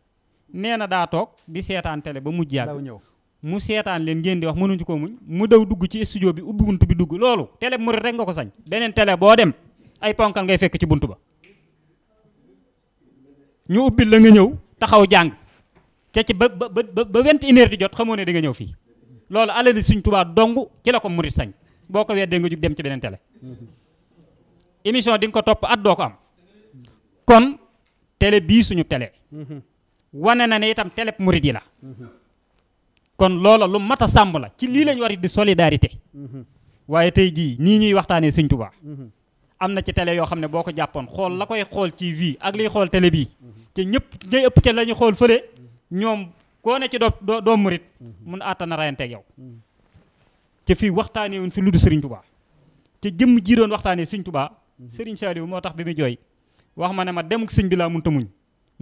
Speaker 9: nee na daa toog di seetaan télé ba mujj yàgg mu seetaan leen ngeen di wax mënuñu ko muñ mu daw dugg ci studio bi ubbi bunt bi dugg loolu télé murit rek nga ko sañ beneen tele boo dem ay ponkal ngay fekk ci bunt ba ñu ubbi la nga ñëw taxaw jàng ca ci ba ba ba vingt une heure di jot xamoo ne di nga ñëw fii loolu alali suñ tubaa dong ci la ko murit sañ boo ko weddee nga jug dem ci beneen émission di nga ko topp at doo ko am kon télé bii suñu télé wane na ne itam télép murid yi la kon loola lu mat a sàmb la ci lii lañu war di solidarité waaye tey jii nii ñuy waxtaanee Sëñ Tuubaa am na ci télé yoo xam ne boo ko jàppoon xool la koy xool ci vie ak liy xool télé bii te ñëpp ñay ëpp ca la ñu xool fële ñoom koo ne ci doo doo murit mun àttana rayanteeg yow te fii waxtaanee wuñ fi lu du Sëriñ Tuubaa te jëmm jii doon waxtaanee Sëñ Tuubaa Mhm. Serigne Saliou moo tax bi mu jooy wax ma ne ma demuk sëñ bi laa mënta muñ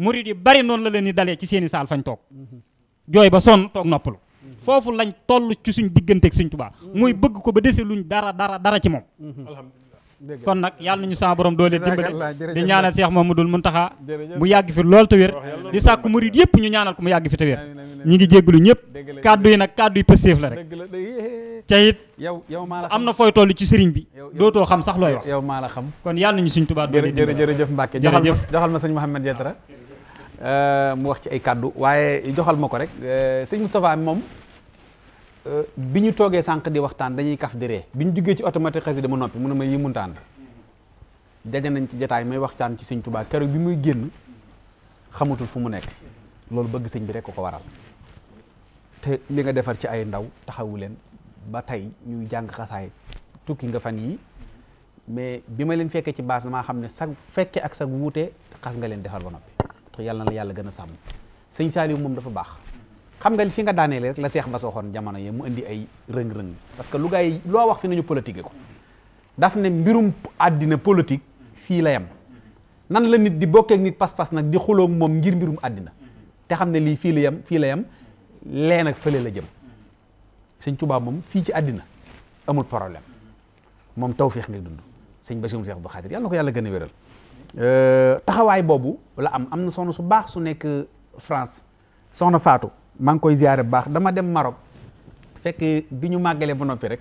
Speaker 9: murit yi bari noonu la leen di dalee ci seeni saal fañ toog mhm. jooy ba sonn toog noppalu mhm. foofu lañ toll ci suñ digganteeg Sëñ Tuubaa muy bëgg ko ba dese luñ dara dara dara ci moom kon nag yàlla nañu sama borom doole dimbale di ñaanal Cheikh Mamadou Mountakha mu yàgg fi lool te wér di sàkku murid yëpp ñu ñaanal ko mu yàgg fi te wér ñi ngi jégglu ñëpp kàddu yi nag kàddu yi pëstéef la rek ca it
Speaker 2: am na fooy toll ci sëriñ bi dootoo xam sax looy wax yow maa la xam kon yàlla nañu suñ tubaab doole dimbale jërëjëf Mbacke jërëjëf joxal ma sëñ Mouhamed Diatara euh, mu wax ci ay kàddu waaye joxal ma ko rek euh, sëñ Moustapha moom Euh, bi ñu toogee sànq di waxtaan dañuy kaf di ree bi ñu duggee ci automatique xasi dama noppi mun ne ma yi muntaan daje nañ ci jataay may waxtaan ci sëñ Tuubaa keroog bi muy génn xamatul fu mu nekk loolu bëgg sëñ bi rek ko ko waral te li nga defar ci ay ndaw taxawu leen ba tey ñuy jàng xasaay tukki nga fan yi mais bi ma leen fekkee ci baas maa xam ne sag fekke ak sag wuute xas nga leen defar ba noppi te yàlla na yàlla gën a sàmm sëñ Saliou moom dafa baax xam nga fi nga daaneele rek la Seex Bass waxoon jamono yi mu indi ay rëng-rëng parce que lu gaa yi loo wax fi nañu politique ko daf ne mbirum àddina politique fii la yem nan la nit di bokkeek nit pas-pas nag di xuloo moom ngir mbirum àddina te xam ne lii fii la yem fii la yem lee nag fële la jëm sëñ Tuubaa moom fii ci àddina amul problème moom tawféex ngay dund sëñ Bassirou Seex Abdou Khadre yàlla na ko yàlla gën a wéral euh, taxawaay boobu la am am na soxna su baax su nekk France soxna Faatu maa ngi koy ziare bu baax dama dem Maroc fekk bi ñu màggalee ba noppi rek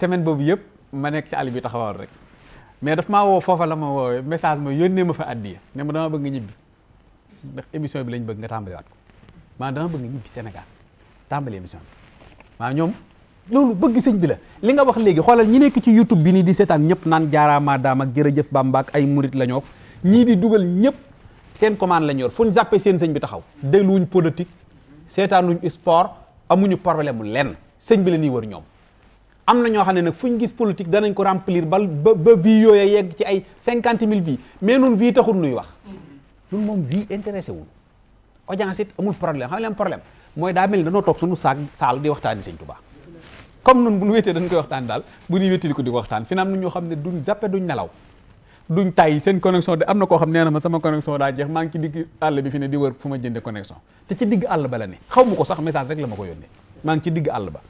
Speaker 2: semaine boobu yëpp ma nekk ci àll bi taxawal rek mais daf maa woo foofa la ma woowee message mooy yónnee ma fa addiya ne ma dama bëgg nga ñibbi ndax bi lañ bëgg nga tàmbaliwaat ko maa dama bëgg nga ñibbi Sénégal tàmbali émission bi maa ñoom loolu bëgg sëñ bi la li nga wax léegi xoolal ñi nekk ci YouTube bi nii di seetaan ñëpp naan jaaraama daam ak jërëjëf Bamba ak ay murit la ñoo ñii di dugal ñëpp seen commande lañ yor fu ñu zappee seen sëñ bi taxaw dégluwuñ politique seetaanuñ sport amuñu problème mu lenn sëñ bi la ñuy war ñoom am na ñoo xam ne nag fu ñu gis politique danañ ko remplir bal ba ba vie yooya yegg ci ay cinquante mille vie mais nun vie taxul nuy wax nun mm-hmm. moom vie intéressé wul audience it amul problème xam leen problème mooy daa mel ni danoo toog suñu saag saal di waxtaani sëñ Tuubaa comme nun bu ñu wéetee dañ koy waxtaan daal bu ñuy wéttali ko di waxtaan fi na am ñoo xam ne duñ zappe duñ nelaw duñ tàyyi seen connexion de am na koo xam nee na ma sama connexion daa jeex maa ngi ci digg àll bi fi ne di wër fu ma jënde connexion te ci digg àll ba la ne xaw ma ko sax message rek la ma ko yónnee maa ngi ci àll ba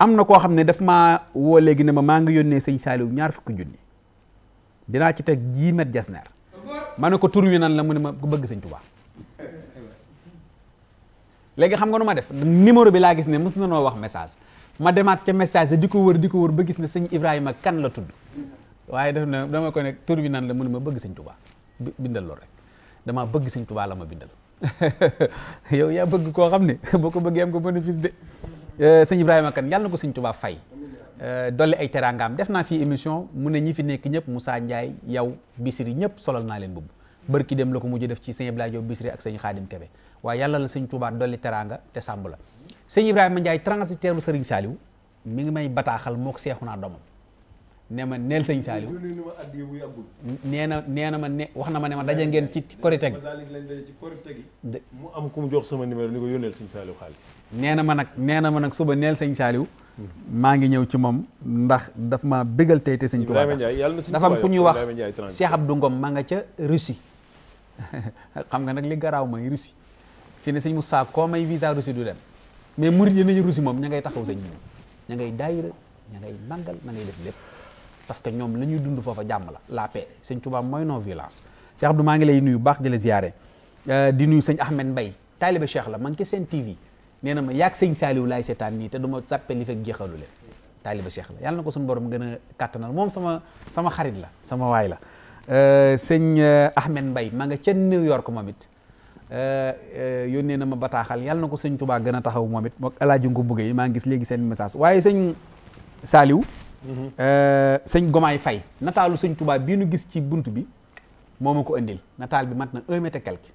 Speaker 2: am na koo xam ne daf maa woo léegi ne ma maa ngi yónnee sëñ Saaliw ñaar fukk junni dinaa ci teg jii met jasneer ma ne ko tur wi nan la mu ne ma ko bëgg sëñ Tuubaa léegi xam nga nu ma def numéro bi laa gis ne mus na noo wax message ma demaat ca message di ko wër di ko wër ba gis ne sëñ Ibrahima kan la tudd waaye def na dama ko ne tur bi nan la mu ne ma bëgg sëñ Tuubaa bindal lool rek damaa bëgg sëñ Tuubaa la ma bindal [laughs] yow yaa bëgg koo xam ne [laughs] boo ko bëggee am ko bénéfice de euh, sëñ Ibrahima kan yàlla na ko sëñ tubaa fay euh, dolli ay teraangaam def naa fii émission mu ne ñi fi nekk ñëpp Moussa Ndiaye yow Bisiri ñëpp solal naa leen mbubb bërki dem la ko mujj def ci sëñ Abdoulaye Diop Bisiri ak sëñ Xaadim Kebe waaye yàlla la sëñ Tuubaa dolli teraanga te sàmb la sëñ Ibrahima Ndiaye transitaire lu Sëriñ Saaliw mi ngi may bataaxal moo ko naa doomam ne ma neel sëñ Saliou nee na nee na ma ne wax na ma ne ma daje ngeen ci korite
Speaker 7: gi mu am ku mu jox sama numéro ni ko yónneel sëñ Saliou xaalis
Speaker 2: nee na ma nag nee na ma nag suba neel sëñ Saliou maa ngi ñëw ci moom ndax daf ma bégal tey te sëñ Tuubaa dafa am ku ñuy wax Cheikh Abdou Ngom ma nga ca Russie [laughs] xam nga nag li garaaw mooy Russie fi ne mu Moussa koo may visa Russie du dem mais murid yi nañu Russie moom ña ngay taxaw sëñ ña ngay daayira ña ngay màggal ña ngay def lépp parce que ñoom la ñuy dund foofa jàmm la la paix sëñ Touba mooy non violence Cheikh Abdou maa ngi lay nuyu baax di la ziyaare euh, di nuyu sëñ Ahmed Mbaye taalibe Cheikh la man ci seen TV nee na ma yaag sëñ Saaliw laay seetaan nii te du ma sàppe li fekk jeexalu leen taalibe la yàlla na ko suñu borom gën a kàttanal moom sama sama xarit la sama waay la euh, sëñ euh, Ahmed mbay ma nga ca New York moom it yónnee na ma bataaxal yàlla na ko sëñ Touba gën a taxaw moom it mook El Hadj Ngoumbou Gueye maa ngi gis léegi seen message waaye sëñ Saaliw Euh, sëñ Gomaay fay nataalu sëñ tubaab bii nu gis ci bunt bi moo ma ko indil nataal bi mat na un mètre quelque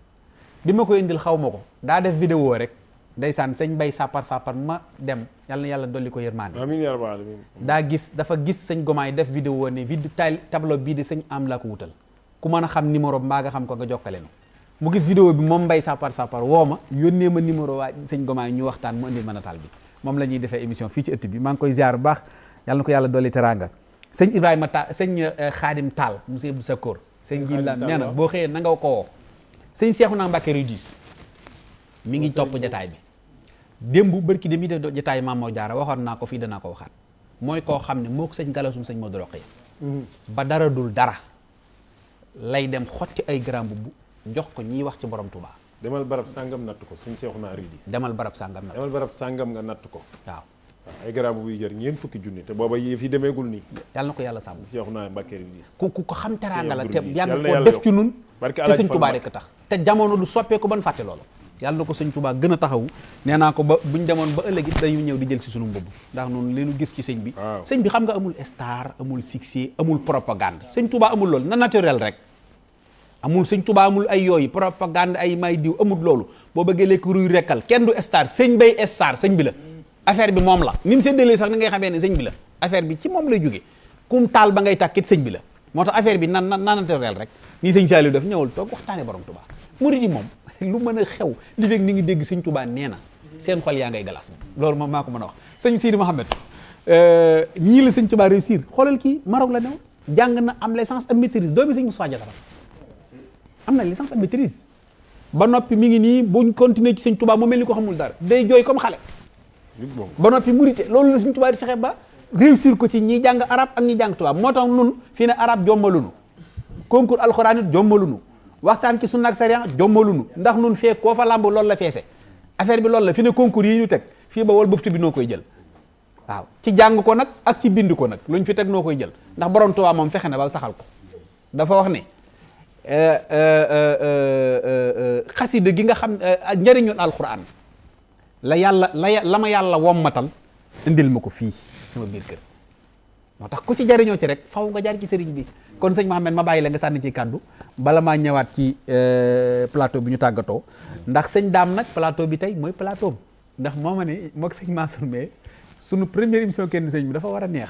Speaker 2: bi ma ko indil xaw ma ko daa def vidéo rek ndeysaan sëñ Bay sàppar sàppar ma dem yal yàlla dolli ko yërmaande amiin daa gis dafa gis sëñ Gomaay def vidéo ne vide tal tableau bii di sëñ am laa ko wutal ku mën a xam numéro mbaa nga xam ko nga jokkale nu mu gis vidéo bi moom Mbay sàppar sàppar woo ma yónnee ma numéro waa sëñ Gomaay ñu waxtaan mu indil nataal bi moom la ñuy defee émission fii ci bi maa koy ziar bu baax yàlla na ko yàlla dolli teraanga sëñ Ibrahima Taal sëñ eh, Xaadim Taal monsieur bu Sakkoor sëñ ji la nee boo xëyee na nga ko woo sëñ Seexu naa Mbàkke Rudis mu ngi topp jataay bi démb bërki dem yi de jataay Maam Mor Jaara waxoon naa ko fii danaa ko waxaat mooy koo xam ne moo sëñ galasum sëñ Modou Rokhaya mm-hmm. ba dara dul dara lay dem xotti ay grand bu jox ko ñiy wax ci borom Touba. demal barab
Speaker 7: sàngam natt ko sëñ Seexu naa Rudis demal barab sàngam natt sàngam nga natt ko waaw ay garaabu buy jar ñeent fukki junni te booba yëf yi demeegul nii yàlla na ko yàlla sàmm si naa mbàkkeeri niis
Speaker 2: ku ku ko xam teraanga la te yàgg koo def ci nun te sëñ tubaa rek tax te jamono du soppeeku ban fàtte loolu yàlla na ko sëñ tubaa gën a taxawu nee naa ko ba buñ demoon ba ëllëg dañu ñëw di jël si sunu mbubb ndax noonu li gis ci sëñ bi sëñ bi xam nga amul star amul succès amul propagande sëñ tubaa amul loolu na naturel rek amul sëñ tubaa amul ay yooyu propagande ay may diw amul loolu boo bëggee lekk ruy rekkal kenn du star sëñ bay star sëñ bi la affaire bi mom la nim sen séddalee sax ni ngay xamee ne sëñ bi la affaire bi ci mom lay kum tal ba ngay tàkkit sëñ bi la motax affaire bi nan nan rek ni sëñ Saliou def ñewul tok waxtaane borom Touba mouride mom lu mëna xew li fek ni ngi dégg sëñ Touba néna na xol ya ngay galas lool mom mako mëna wax sëñ Sidi euh ñi la sëñ Touba réussir xolal ki Maroc la néw jang na am licence am maîtrise doomi sëñ moussa Diatara am na licence am maîtrise ba nopi mi ngi ni buñ continuer ci sëñ Touba mo melni ko xamul dara day joy comme xalé ba noppi murite loolu la suñu tubaab di fexe ba réussir ko ci ñi jàng arab ak ñi jàng tubaab moo tax nun fii ne araab jommalunu concours alxuraan it jommalunu waxtaan ci sunna ak sariya jommalunu ndax nun fee koo fa làmb loolu la feese affaire bi loolu la fi ne konkuur yi ñu teg fii ba wal buftu bi noo koy jël waaw ci jàng ko nag ak ci bind ko nag lu ñu fi teg noo koy jël ndax borom tubaab moom fexe na ba saxal ko dafa wax ne eh, eh, eh, xasida gi nga xam njëriñul alxuraan la yàlla la la ma yàlla wommatal indil ma ko fii sama biir kër moo tax ku ci jariñoo ci rek faw nga jaar ci sëriñ bi kon sëñ Mouhamed ma bàyyi la nga sànni ci kàddu bala maa ñëwaat ci euh, plateau bi ñu tàggatoo ndax sëñ daam nag palaato bi tey mooy plateau ndax moo ma ne moog sëñ Mansour mais sunu première émission kenn sëñ bi dafa war a neex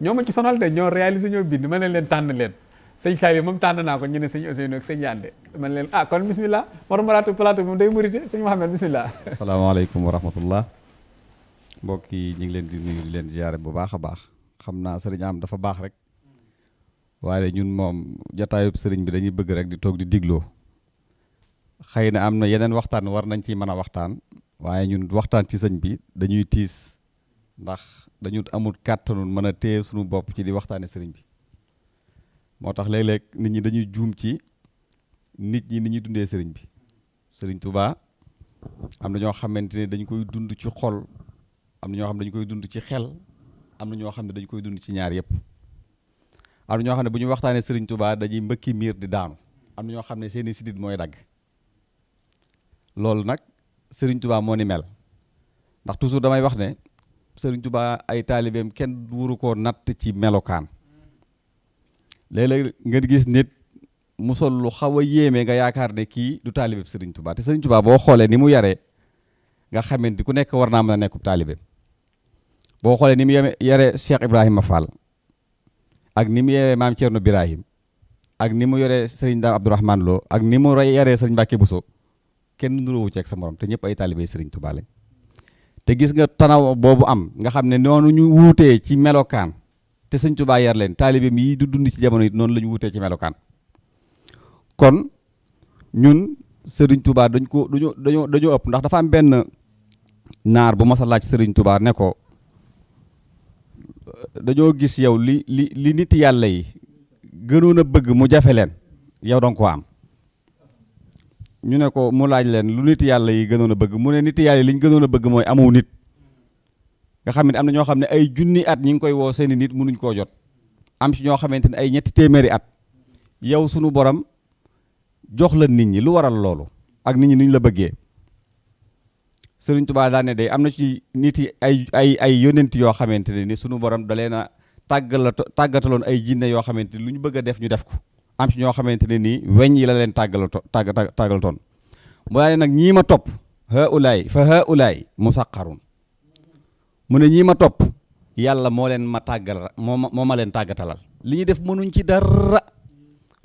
Speaker 2: ñoo ma ci sonal de ñoo réalisé ñoo bind ma ne leen tànn leen sëñ saay bi moom tànn naa ko ñu ne sëñ Ousseynou ak sëñ Yande man leen ah kon bismillah moro maraatu plateau moom day murite sëñ Mouhamed bismillah
Speaker 6: asalaamaaleykum wa rahmatullah mbokk yi ñu ngi leen di nuyu leen ziare bu baax a baax xam naa sëriñ am dafa baax rek waaye ñun moom jataayub sëriñ bi dañuy bëgg rek di toog di digloo xëy na am na yeneen waxtaan war nañ ci mën a waxtaan waaye ñun waxtaan ci sëñ bi dañuy tiis ndax dañu amul kàttanul mën a téye suñu bopp ci di waxtaane sëriñ bi moo tax léeg-léeg nit ñi dañuy juum ci nit ñi ni ñuy dundee sëriñ bi sëriñ Touba am na ñoo xamante ne dañ koy dund ci xol am na ñoo xam ne dañ koy dund ci xel am na ñoo xam ne dañ koy dund ci ñaar yëpp am na ñoo xam ne bu ñu waxtaanee sëriñ Touba dañuy mbëkki miir di daanu am na ñoo xam ne seeni sidit mooy dagg loolu nag sëriñ tubaa moo ni mel ndax toujours damay wax ne sëriñ Touba ay taalibeem kenn wuru ko natt ci melokaan léeg-léeg nga gis nit mu sol lu xaw a yéeme nga yaakaar ne kii du taalibe sëriñ Touba te Serigne Touba boo xoolee ni mu yaree nga xamante ku nekk war naa mën a nekk taalibe boo xoolee ni mu yaree Cheikh Ibrahima Fall ak ni mu yaree maam Thierno Birahim ak ni mu yoree Serigne Dame Abdourahmane Lo ak ni mu yaree Serigne Mbacke Bousso kenn nuróowu ci sa morom te ñëpp ay taalibe Serigne Touba te gis nga tanaw boobu am nga xam ne noonu ñu wuutee ci melokaan. te sëñ tubaa yar leen taalibeem yi du dund ci jamono yit noonu la ñu wutee ci melokaan kon ñun sëriñ tubaa dañ ko dañoo dañoo ëpp ndax dafa am benn naar bu mas a laaj sëriñ Tuubaa ne ko dañoo gis yow li li li nit yàlla yi gënoon a bëgg mu jafe leen yow dong ko ñu ne mu laaj leen lu nit yàlla yi gënoon a bëgg mu ne nit yàlla yi liñ gënoon a bëgg mooy amu nit nga xam ne am na ñoo xam ne ay junni at ñi ngi koy woo seeni nit mënuñ koo jot am ci ñoo xamante ne ay ñetti téeméeri at yow sunu borom jox la nit ñi lu waral loolu ak nit ñi ni ñu la bëggee Sëriñ Tuubaa daane day am na ci nit yi ay ay ay yonent yoo xamante ne ni sunu borom da leen a tàggalato tàggataloon ay jinne yoo xamante ni lu ñu bëgg a def ñu def ko am ci ñoo xamante ne nii weñ yi la leen tàggalato tàgg tàggalatoon mu daane nag ñii ma topp haulaay fa haulaay musaqarun mu ne ñii ma topp yàlla moo leen ma tàggal moo ma moo ma leen tàggatalal li ñuy def mënuñ ci dara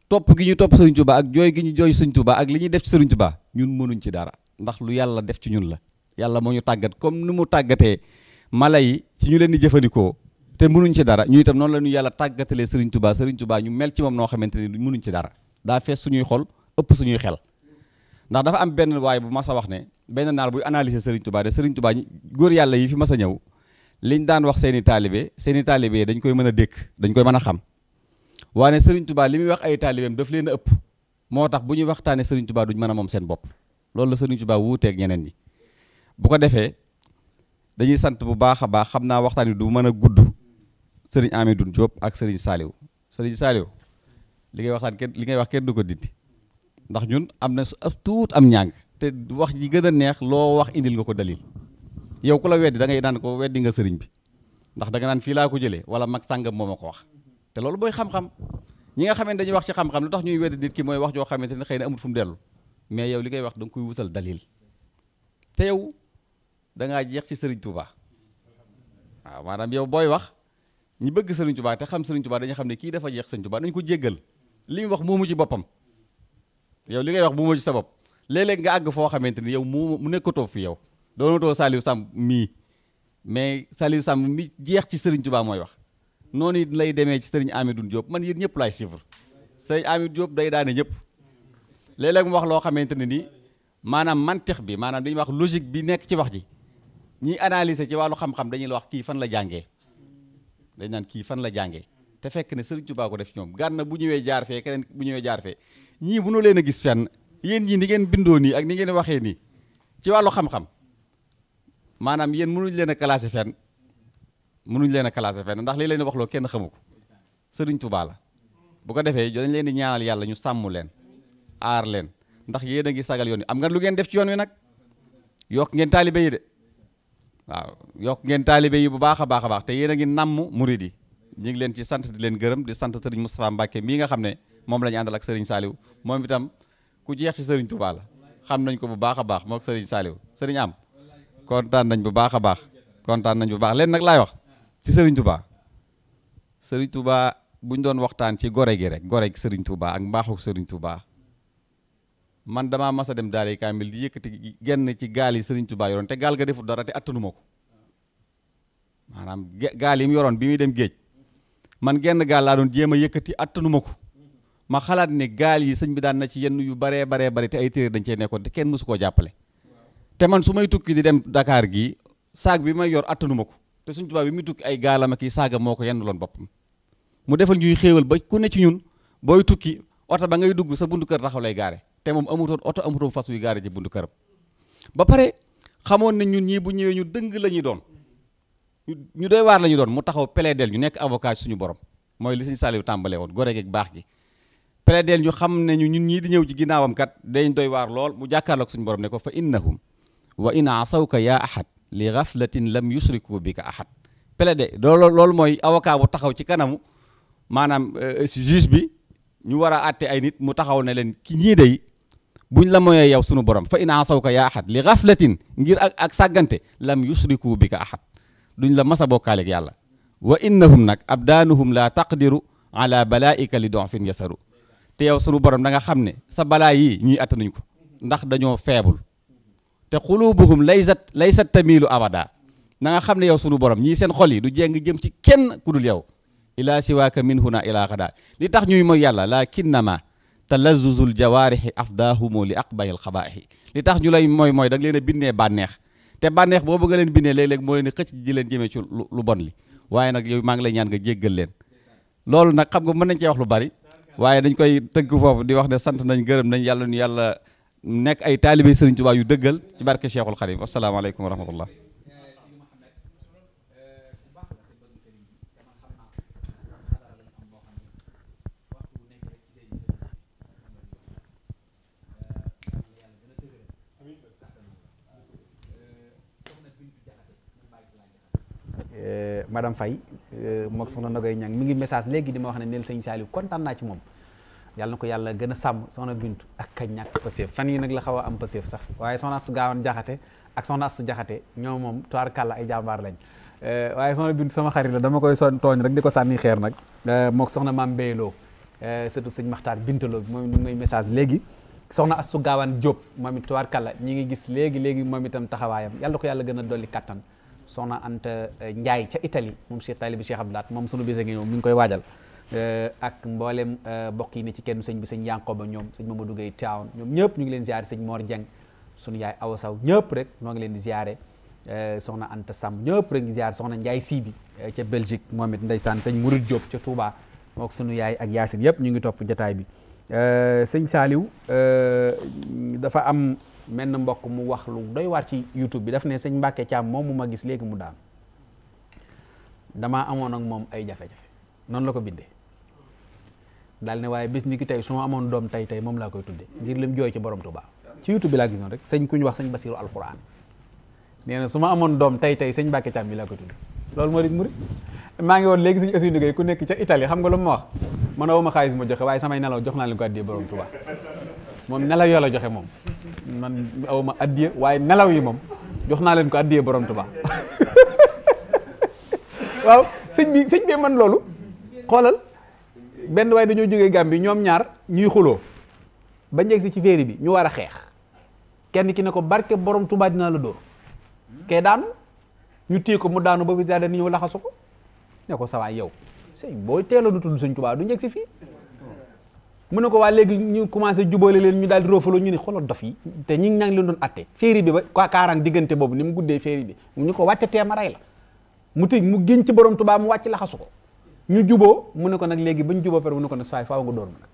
Speaker 6: topp gi ñu topp Sëriñ Tuubaa ak jooy gi ñu jooy Sëriñ tubaa ak li ñuy def ci Sëriñ Tuubaa ñun mënuñ ci dara ndax lu yàlla def ci ñun la yàlla moo ñu tàggat comme ni mu tàggatee mala yi ci leen di jëfandikoo te mënuñ ci dara ñu itam noonu la yàlla tàggatalee Sëriñ Tuubaa Sëriñ Tuubaa ñu mel ci moom noo xamante ni mënuñ ci dara daa fees ñuy xol ëpp ñuy xel ndax dafa am benn waay bu mas a wax ne benn naar buy analyser Sëriñ Tuubaa de Sëriñ Tuubaa góor yàlla yi fi mas a ñëw liñ daan wax seeni taalibe seeni taalibe dañ koy mën a dékk dañ koy mën a xam waane Serigne Touba li muy wax ay taalibeem daf leen a ëpp moo tax bu ñuy waxtaanee Serigne tubaa duñ mën a moom seen bopp loolu la Serigne Touba wuuteeg ñeneen ñi bu ko defee dañuy sant bu baax a baax xam naa waxtaan wi du mën a gudd Serigne Amidou Diop ak Serigne saaliw Serigne Saliou li ngay waxtaan kenn li ngay wax kenn du ko dindi ndax ñun am na su tuut am ñàng te wax ñi gën a neex loo wax indil nga ko dalil. yow ku la weddi da ngay naan ko weddi nga sëriñ bi ndax da naan fii laa ko jëlee wala mag sàngam moo ma ko wax te loolu booy xam-xam ñi nga xamante dañuy wax ci xam-xam lu tax ñuy weddi nit ki mooy wax joo xamante ne xëy na amul fu mu dellu mais yow li koy wax da nga koy wutal dalil te yow da jeex ci sëriñ Touba waaw maanaam yow booy wax ñi bëgg sëriñ tubaa te xam sëriñ tubaa dañu xam ne kii dafa jeex sëriñ Touba dañu ko jéggal li mu wax moomu ci boppam yow li ngay wax moomu ci sa bopp léeg nga àgg foo xamante ni yow mu nekkatoo fi yow doonatoo Saliou Samb mii mais Saliou Samb mi jeex ci Serigne Touba mooy wax noonu it lay demee ci Serigne Amidou Diop man yéen ñëpp laay suivre Serigne Amidou Diop day daane ñëpp léeg-léeg mu wax loo xamante ne ni maanaam mantex bi maanaam dañuy wax logique bi nekk ci wax ji ñii analyser ci wàllu xam-xam dañuy la wax kii fan la jàngee dañ naan kii fan la jàngee te fekk ne Serigne Touba ko def ñoom na bu ñëwee jaar fee keneen bu ñëwee jaar fee ñii mënoo leen a gis fenn yéen ñii ni ngeen bindoo nii ak ni ngeen waxee nii ci wàllu xam maanaam yéen mënuñ leen a fen fenn leen a classé fenn ndax lii leen waxloo kenn xamu ko sëriñ Tuubaa la bu ko defee dañ leen di ñaanal yàlla ñu sàmm leen aar leen ndax yéen a ngi sagal yoon yi am nga lu ngeen def ci yoon wi nag yokk ngeen taalibe yi de waaw yokk ngeen taalibe yi bu baax a baax baax te yéen a ngi namm murid yi ñu ngi leen ci sant di leen gërëm di sant sëriñ Moustapha Mbacke mii nga xam ne moom la ñu àndal ak sëriñ Saliou moom itam ku jeex ci sëriñ Touba la xam nañ ko bu baax a baax mook sëriñ Saliou sëriñ am kontaan nañ bu baax a baax kontaan nañ bu baax leen nag laay wax ci sëriñ Touba Serigne Touba bu ñu doon waxtaan ci gore gi rek gore sëriñ Serigne Touba ak mbaaxu Serigne Touba man damaa mas a dem daaray kaamil di yëkkati genn ci gaal yi sëriñ Touba yoroon te gaal ga defut dara te attanu ko maanaam gaal yi mu yoroon bi muy dem géej man genn gaal laa doon jéem a yëkkati attanu ma ko ma xalaat ni gaal yi sëñ bi daan na ci yenn yu baree baree bari te ay téere dañ cee nekkoon te kenn mësu koo jàppale. te man su may tukki di dem dakaar gii saag bi may yor attanu ma ko te suñ tubaab bi muy tukki ay gaalam ak i saaga moo ko yenn loon boppam mu defal ñuy xéewal ba ku ne ci ñun booy tukki oto ba ngay dugg sa buntu kër taxaw lay gaare te moom amutoon oto amutoon fas yu gaare ci buntu këram ba pare xamoon ne ñun ñii bu ñëwee ñu dëng la ñuy doon ñu doy waar la ñu doon mu taxaw peledeel ñu nekk avocat suñu borom mooy li suñu Saliou tàmbalee woon gore geeg baax gi plaidel ñu xam ne ñun ñii di ñëw ci ginnaawam kat dañ doy waar lool mu jàkkaarloog suñu borom ne ko fa innahum وإن عصوك يا أحد li ghaflatin lam yusriku bika ahad plaidé loolu loolu mooy avocat bu taxaw ci kanamu maanaam juge bi ñu war a àtte ay nit mu taxaw ne leen ki ñii day buñ la moyee yow sunu borom fa in asawka yaa ahad li ghaflatin ngir ak ak sàggante lam yusriku bika ahad duñ la masa bokkaaleeg yàlla wa innahum nag abdaanuhum laa taqdiru ala balaika li don fin yasaru te yow sunu borom da nga xam ne sa balaa yii ñuy attanuñ ko ndax dañoo feebul te xulubuhum laysat laysat tamilu abada na nga xam ne yow sunu borom ñii seen xol yi du jéng jëm ci kenn ku dul yow ilaa siwaaka min huna ilaa xada li tax ñuy mooy yàlla lakinnama talazuzul jawaarixi afdahumu li aqbayil xabaaxi li tax ñu lay mooy mooy da leen a bindee bànneex te bànneex boobu nga leen bindee léeg-léeg moo leen di xëcc ji leen jëmee ci lu bon li waaye nag yow maa ngi lay ñaan nga jéggal leen loolu nag xam nga mën nañ cee wax lu bari waaye dañ koy tënk foofu di wax ne sant nañ gërëm nañ yàlla ñu nekk ay taalibe Sëriñ Tuubaa yu dëggal ci barke Cheikhul Xadim asalaamaaleykum wa rahmatullah
Speaker 2: eh, madame Faye eh, mook soxna Ndogoy Ñang mi ngi message léegi di ma wax ne neel sëñ Saliou kontaan naa ci moom yàlla ko yàlla gën a sàmm soxna bintu ak ka ñàkk pasef fan yi nag la xaw a am pasef sax waaye soxna su gaawan jaxate ak jaxate ñoom moom tuwaar kàlla ay jàmbaar lañ eh, waaye soxna bintu sama xarit dama koy son tooñ rek di ko sànni xeer nag eh, mook soxna maam mbayloo eh, surtout sëñ maxtaar bintaloo bi moom ñu ngi message léegi soxna Astou Gawane Diop moom it tubaarkàlla ñi ngi gis léegi léegi moom itam taxawaayam yàlla ko yàlla gën a dolli kattan soxna Anta Ndiaye ca Italie moom Cheikh Talibi Cheikh Abdoulaat moom sunu bés a ngi ñëw mi ngi koy waajal Euh, ak mboolem mbokk euh, yi ne ci kenn sëñ bi sëñ ba ñoom sëñ ma mu duggee Thiaw ñoom ñëpp ñu ngi leen ziare sëñ Mor Dieng suñu yaay aw Saw ñëpp rek noo ngi leen di ziare euh, soxna Anta Sam ñëpp rek di ziare soxna Ndiaye Sibi ca Belgique moom it ndeysaan sëñ Mouride Diop ca Touba mook sunu yaay ak yëpp ñu ngi topp jotaay bi sëñ Saliou dafa am menn mbokk mu wax lu doy waar ci YouTube bi daf ne sëñ Mbacke Thiam moom mu ma gis léegi mu daan dama amoon ak moom ay jafe-jafe noonu la ko bindee. daal ne waaye bis ni ki tey su ma amoon doom tey tey moom laa koy tudde ngir lim jooy ci borom Touba ci youtube bi laa gisoon rek sëñ ku ñu wax sëñ Basiru alquran nee na su ma amoon doom tey tey sañ Mbàkke Caam bi laa koy tudde loolu moo di maa ngi woon léegi sëñ Ousseynou Gueye ku nekk ca Italie xam nga lu ma wax man awuma xaalis ma joxe waaye samay nelaw jox naa leen ko addiyee borom Touba moom nelaw yoo la joxe moom man awuma addiyee waaye nelaw yi moom jox naa leen ko addiyee borom Touba [laughs] waaw sëñ bi sëñ bi man loolu xoolal benn waaye dañoo jógee Gàmbi ñoom ñaar ñuy xuloo ba njëg si ci féeri bi ñu war a xeex kenn ki ne ko barke borom Tuubaa dinaa la dóor kay daanu ñu téye ko mu daanu ba bi daal di ñëw laxasu ko ne ko sawaay yow sëñ boo teeloon tudd sëñ Tuubaa du njëg si fii mu ne ko waa léegi ñu commencé jubale leen ñu daal di roofaloo ñu ne xoolal dof yi te ñi ngi ñaa leen doon atte féeri bi ba quoi kaaraan diggante boobu ni mu guddee féeri bi ñu ko wàcc teema rey la mu tëj mu génn ci borom Tuubaa mu wàcc laxasu ko ñu jubo mu ne ko nak legi buñ jubo pare mu ne ko na say faaw nga door ma nag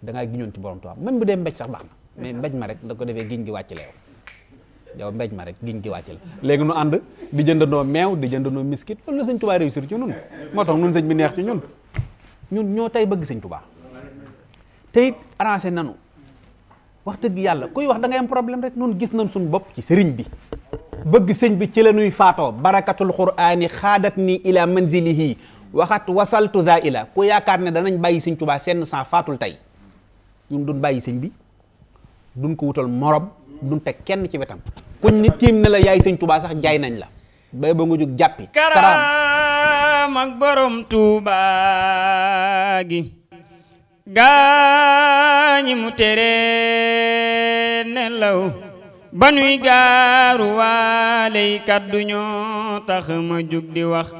Speaker 2: da ngaa giñon ci borom tubaab même bu dee mbéj sax baxna mais mbéj ma rek da ko giñ gi wacc yow ma rek giñ gi wacc la nu and di jëndano meew di jëndano miskit lolu señ sëñ réussir ci ñun mo tax ñun señ bi neex ci ñun ñun ño tay bëgg sëñ tubaa arrangé nanu wax dëgg yalla kuy wax da ngay am problème rek nun gis nañ suñu bop ci sëriñ bi bëgg señ bi ci la nuy barakatul qur'ani khadatni ila manzilihi waxat wasaltu dha'ila ku yaakaar ne danañ bayyi seigne touba sen sa fatul tay ñun duñ bayyi seigne bi duñ ko wutal morom duñ tek kenn ci wetam ku ni tim ne la yaay seigne touba sax jaay nañ la bay ba nga juk jappi karam ak borom touba gi
Speaker 4: gañi mu téré ne law banuy garu walay kaddu ñoo tax ma juk di wax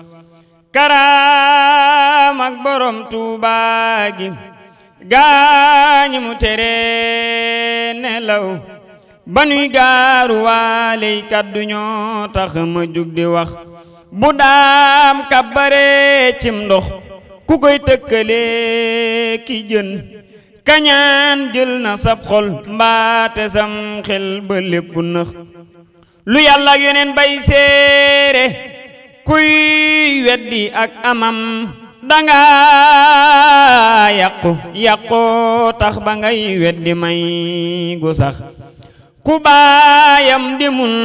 Speaker 4: karaam ak borom tuuba gi gaañi mu tere nelaw ba nuy gaaru waaley kaddu ñoo tax ma jug di wax bu daam kabbare cim ndox ku koy tëkkale ki jën kañaan jël na sab xol mbaate sam xel ba lépp nëx lu yàlla ak bay séere kuy weddi ak amam danga yàqu yàqu tax ba ngay weddi may gu sax ku baayam demul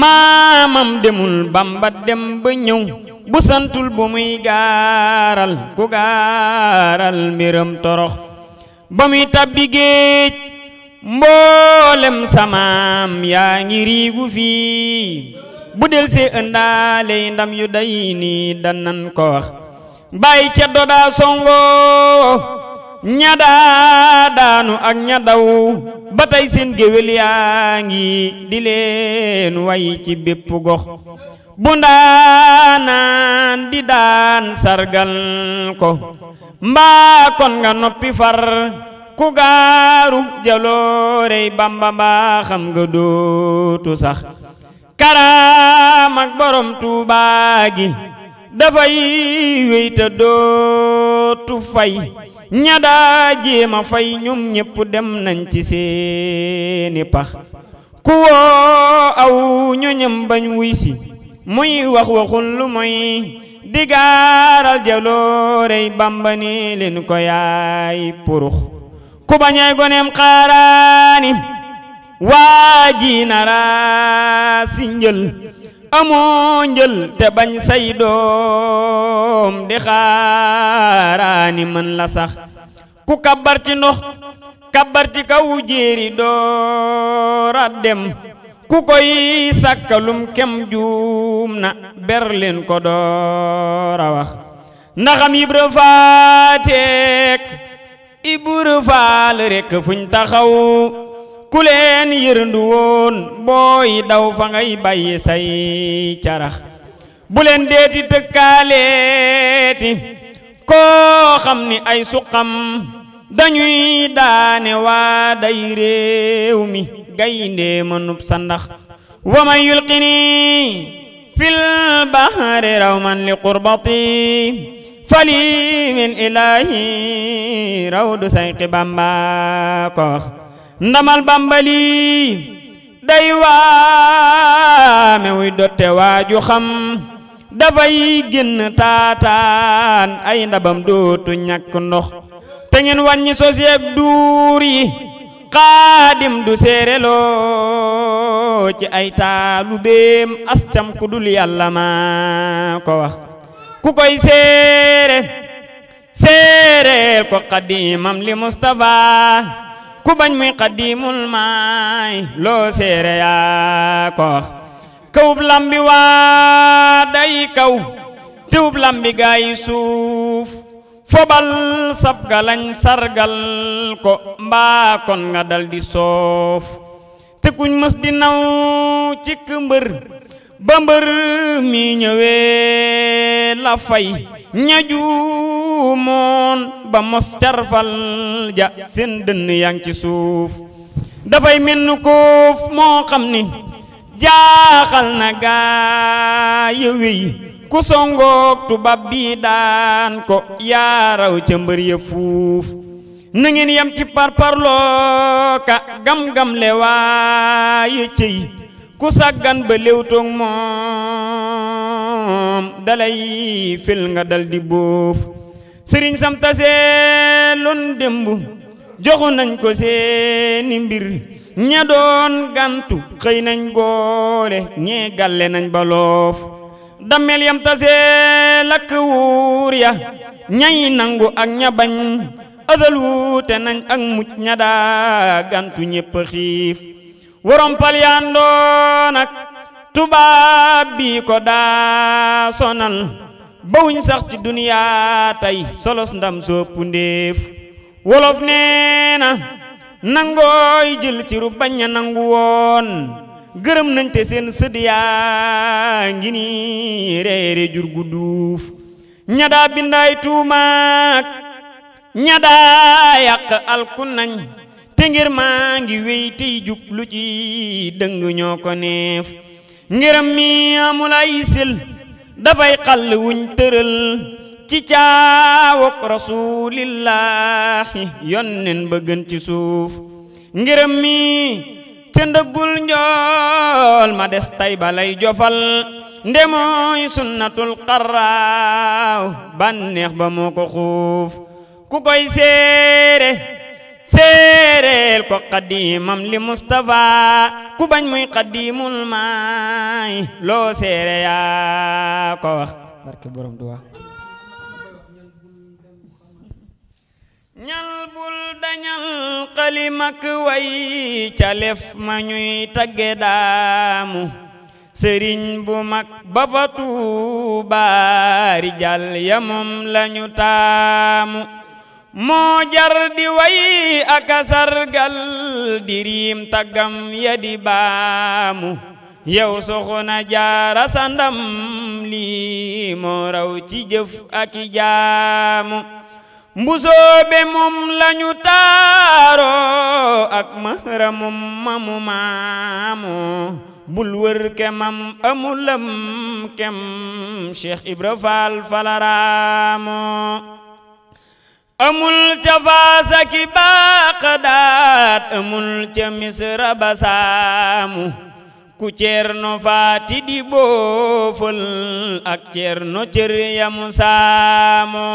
Speaker 4: maamam demul bamba dem ba ñëw bu santul bu muy gaaral ku gaaral mbiram torox ba muy tabbi géej mboolem samaam yaa ngi riigu fii budel se see ndam yu day dan nan ko wax bay ci daa songoo ña daa daanu ak nyadaw batay sen gewel yaangi dilen way ci bepp gox di dan sargal ko mba kon nga nopi far ku Bamba ba xam nga dootu sax karaam ak borom tuubaa gi dafay wéy te dootu fay ñadaa jéema fay ñum ñépp dem nañ ci seeni pax ku woo aw ñoñam bañ wuy si muy wax waxun lu muy digaaral jaloorey Bàmba ko yaay purux ku bañay goneem xaaraani waa ji naraa si njël amoo njël te bañ say doom di xaaraani mën la sax ku kabar ci ndox kabar ci kaw jéeri doora dem ku koy sàkkalum kem juum na berlin ko doora wax ndaxam ibra faateek ibra faal rekk fuñ taxaw ku leen yërëndu booy daw fa ngay bàyyi say carax bu leen deeti tëkkaaleeti koo xam ni ay suqam dañuy daane waa day réew mi gayndee mënub sandax wa man yulqini fil bahri rawman li qurbati fali min ilaahi rawdu sayqi bamba ko ndamal bambali day waame wuy dotte waaju xam dafay génn taataan ay ndabam dootu ñàkk ndox te ngeen wàññi soseeg duur yi xaadim du séereloo ci ay taalubeem astam ku dul yàlla maa ko wax ku koy séere séereel ko xadimam li Mustafa ku bañ muy xaddiimul maay loo seere yaa ko wax kawub lambi waa day kaw tiwub lambi gaay suuf fobal saf ga sargal ko mbaa kon nga dal di soof te kuñ mës di naw cikk mbër ba mbër mi ñëwee la fay ñajuumoon ba mos carfal ja seen dënn yaa ngi ci suuf dafay menn koof moo xam ni jaaxal na gaa yëwey ku songoog tubaab bii daan ko yaaraw ca mbër ya fuuf na yam ci parparloo ka gam-gam le waaye cëy ku sàggan ba léwtoog moom dalay fil nga dal di bóof sëriñ sam démb joxu nañ ko seeni mbir ña doon gantu xëy nañ goole ñee galle nañ ba loof dammel yam tasee lakk wuur ya ñay nangu ak ña bañ ësal wuute nañ ak mucc ña daa gantu ñépp xiif worom palyaandoo nag tubaab bi ko daa sonal bawuñ sax ci duniyaa tey solos ndam soppu ndéef wolof nee na nangooy jël ci ru nangu woon gërëm nañ te seen sëd yaa ngi nii reere jur gu ña daa bindaay tuumaak ña daa yàq alku nañ te ngir maa ngi wéy tey jublu ci dëng ñoo ko neef ngiram mi amul ay sil dafay xàll wuñ tëral ci caawok rasuulillaahi yonnen ba gën ci suuf ngiram mi ca ndëggul njool ma des tay ba lay jofal ndemooy sunnatul xarraaw bànneex ba moo ko xuuf ku koy seere serel ko qadimam li mustafa ku bañ muy qadimul may lo sere ya ko wax barke borom duwa ñal bul dañal qalimak way calef ma ñuy tagge daamu serign bu mak ba fa tuuba rijal ya lañu taamu moo jar di way aka sargal diriim taggam ya baamu yow soxna jaara sa ndam lii moo raw ci jëf aki jaamu mbusoobe moom lañu taaroo ak mahramum mamu maamu bul wër kemam amulam kem Cheikh Ibra Faal amul ca faasa ki baqdaat amul ca misra ba saamu ku ceerno faati di boofal ak ceerno cër yamu saamu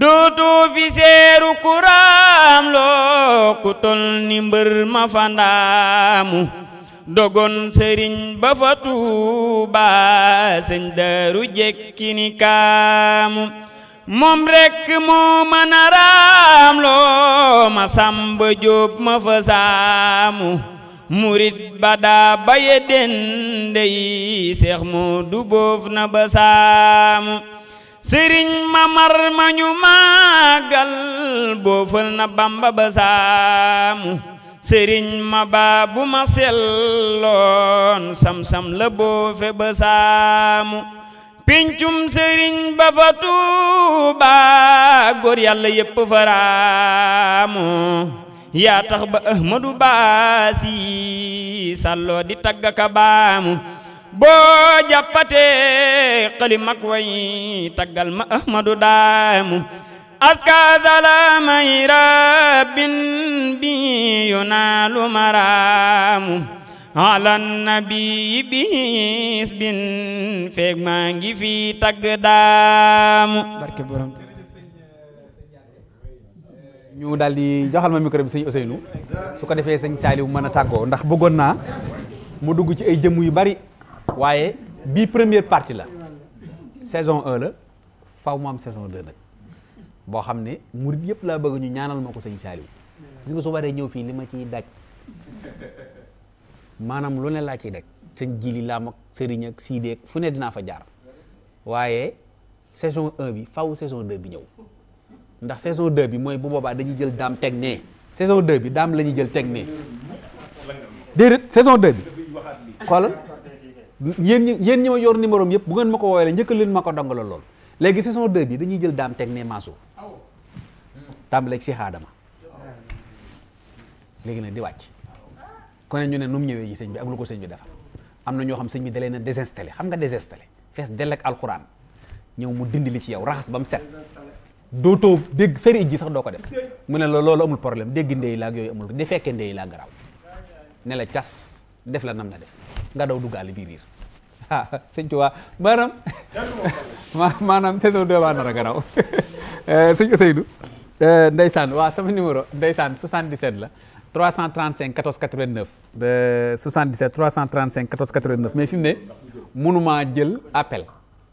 Speaker 4: dootu fi seeru kuraam loo ku tol ni mbër ma fandaamu dogon sëriñ ba fa tuuba sëñ daru jekki ni kaamu moom rekk moo mën a raam loo ma sàmba jóob ma fa saamu murit ba daa baye dende yi seex mu du boof na ba saamu sëriñ mamar ma ñu maagal boofal na bamba ba saamu sëriñ ma baa bu ma selloon sam la boofe ba saamu pincum sëriñ ba fa tuuba góor yàlla yépp faraamu yaa tax ba ahmadu baasi sàlloo di taggaka baamu boo jàppatee xëli mag way taggal ma ahmadu daamu aska salamay rabbin bi yu naalu maraamu ala nabi bis bin feeg maa ngi fi
Speaker 2: tagg daamu barke ñu daal di joxal ma micro bi sëñ Ousseynou su ko defee sëñ Saliou mën a tàggoo ndax bëggoon naa mu dugg ci ay jëmm yu bari waaye bii première partie la saison 1 la faw mu am saison 2 nag boo xam ne murit yëpp laa bëgg ñu ñaanal ma ko sëñ Saliou gis nga su ñëw fii li ma ciy daj maanaam lu ne laa ciy dek sëñ jili laa mag sëriñ ak de fu ne dinaa fa jaar waaye saison 1 bi faw saison 2 bi ñëw ndax saison 2 bi mooy bu boobaa dañuy jël daam teg nee saison 2 bi daam la ñuy jël teg nee déedéet saison 2 bi yéen ñi yéen ma yor numéro yëpp bu ngeen ma ko woowee njëkk leen ma ko dongalal lool léegi saison 2 bi dañuy jël daam teg nee maasu tàmbaleeg si xaadama léegi nag di wàcc ku ñu ne nu mu ñëwee ji sëñ bi ak lu ko sëñ bi defal am na ñoo xam sëñ bi dalee na désinstallé xam nga désinstallé fees dell ak alxuraan ñëw mu dindi li ci yow raxas ba mu set dootoo dégg feri ji sax doo ko def mu ne la loolu amul problème dégg ndey la ak yooyu amul di fekkee ndey la garaw ne la cas def la nam la def nga daw duggaale biir biir [laughs] ah sëñ Tuubaa maanaam [laughs] maanaam saison deux waa nar a garaaw [laughs] eh, sëñ Ousseynou eh, ndeysaan waa sama numéro ndeysaan 77 la 335 14 89 ba 77 335 14 89 mais fi ne mënumaa jël appel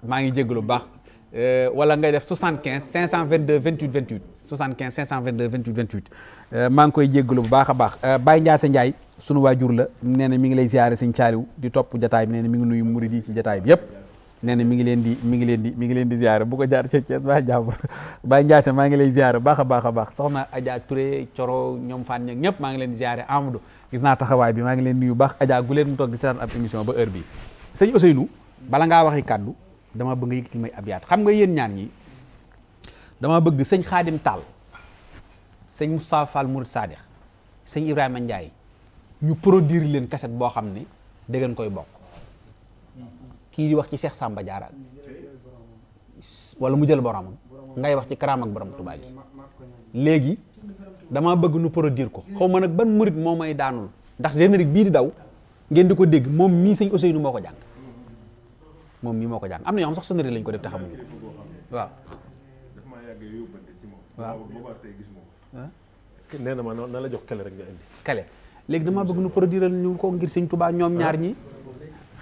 Speaker 2: maa ngi jéggalu bu baax euh, wala ngay def 75 522 28 28 75 522 28 28 maa ngi koy jéggalu bu baax a baax euh, Baye Ndiasse Ndiaye sunu waajur la nee na mi ngi lay ziare sëñ Thialiou di topp jataay bi nee na mi ngi nuyu murid yi ci jataay bi yëpp nena mi ngi len di mi ngi len di mi ngi len di ziar bu ko jaar ci Thiès ba jàmbur ba ndiasse ma ngi lay ziar baxa baxa bax soxna Adja Touré Coro ñom nyom, ñoom ñep ma ngi len di ziaré Amadou gis na taxaway bi ma ngi len nuyu bax Adja gu len mu tok di seetaan ab émission ba heure bi seigne Ousseynou bala nga waxi kaddu dama bëgg yëkkati may abiyat xam nga yeen ñaan ñi dama bëgg seigne khadim Tall seigne Moustapha Fall Mourid Sadikh seigne Ibrahima ndjay
Speaker 7: ñu produire
Speaker 2: len cassette bo xamni degen koy bok ki di wax ci cheikh samba Jaara wala mu jël boromam ngay wax ci karam ak borom tuba gi léegi dama bëgg nu produire ko xawma nak ban mourid momay daanul ndax générique bi di daw ngeen diko deg mom mi seigne Ousseynou moko jang mom mi moko jang amna ñoom sax sonnerie lañ ko def te xamuñu
Speaker 7: ko waaw waaw nee na ma na la jox kale rek nga indi kale
Speaker 2: léegi dama bëgg nu produire ñu ko ngir sëñ Tuubaa ñoom ñaar ñi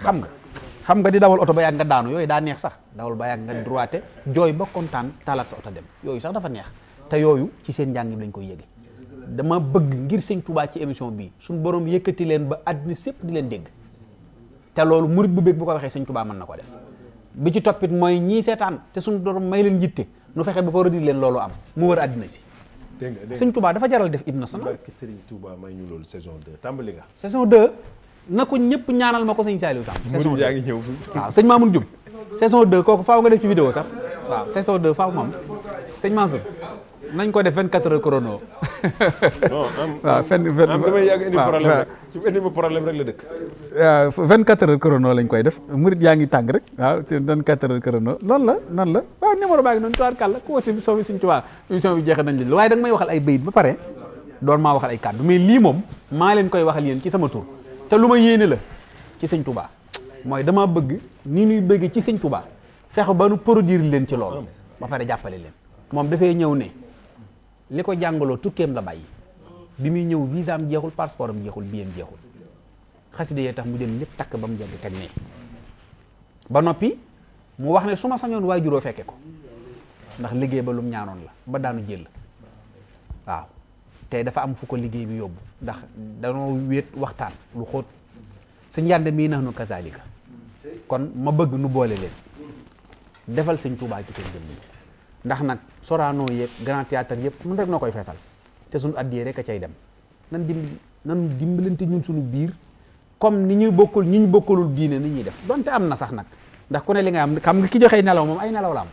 Speaker 2: xam nga xam nga di dawal auto ba yàgg nga daanu yoy da neex sax dawal ba yàgg nga droité joy ba contane talat sa auto dem yoy sax dafa neex te yoyu ci seen jangim lañ koy yegge dama bëgg ngir seigne Touba ci émission bi suñ borom yëkëti leen ba adni sepp di leen dégg te loolu mourid bu bëgg bu ko waxe seigne Touba man nako def bi ci topit moy ñi seetaan te suñ borom may leen yitté nu fexé ba fa rëdd leen loolu am mu wër adina ci seigne Touba dafa jaral def hymne national barki
Speaker 7: seigne Touba may ñu loolu saison 2 tambali nga saison 2 nako ñepp ñaanal mako seigne sëñ Saliou Samb saison yaa ngi ñëw waaw seigne
Speaker 2: Mamoun djum saison 2 koku faaw nga def ci vidéo sax waaw saison 2 faaw moom seigne Mansour nañ ko def 24 heures chrono
Speaker 7: [laughs] non am waaw fenn fenn am dama yag indi problème rek su indi mo problème rek la
Speaker 3: dëkk
Speaker 2: waaw 24 heures chrono lañ koy def mouride ya ngi tang rek waaw ci 24 heures chrono non la non la waaw numéro baa ngi noonu tuwaar kàlla ku woote soo fi suñ tuwaar émission bi jeexal nañ li waaye da may waxal ay beuy ba paré doon ma waxal ay kaddu mais li mom ma leen koy waxal yeen ci sama tour te lu ma yéene la ci sëñ tubaa mooy dama bëgg ni ñuy bëgg ci sëñ Touba fexe ba nu produire leen ci loolu ba pare jàppale leen moom dafay ñëw ne li ko jàngaloo tukkeem la bàyyi bi muy ñëw visaam jeexul passeport am jeexul biyam jeexul xaside yee tax mu jël lépp takk ba mu jàng teg nee ba noppi mu wax ne su ma sañoon waajuroo fekke ko ndax liggéey ba lum ñaanoon la ba daanu jël waaw te dafa am fu ko liggéey bi yóbbu ndax danoo wéet waxtaan lu xóot sëñ yànd mii nax nu ka kon ma bëgg nu boole leen defal sañ Tuubaa ci seen jëmm ndax nag Sorano yëpp Grand Théâtre yëpp nun rek noo koy feesal te suñu addiyee rek a cay dem nan dimbi nan dimbalante ñun suñu biir comme ni ñuy bokkul ñi ñu bokkulul diine ni ñuy def donte am na sax nag ndax ku ne li nga am xam nga ki joxe nelaw moom ay nelaw la am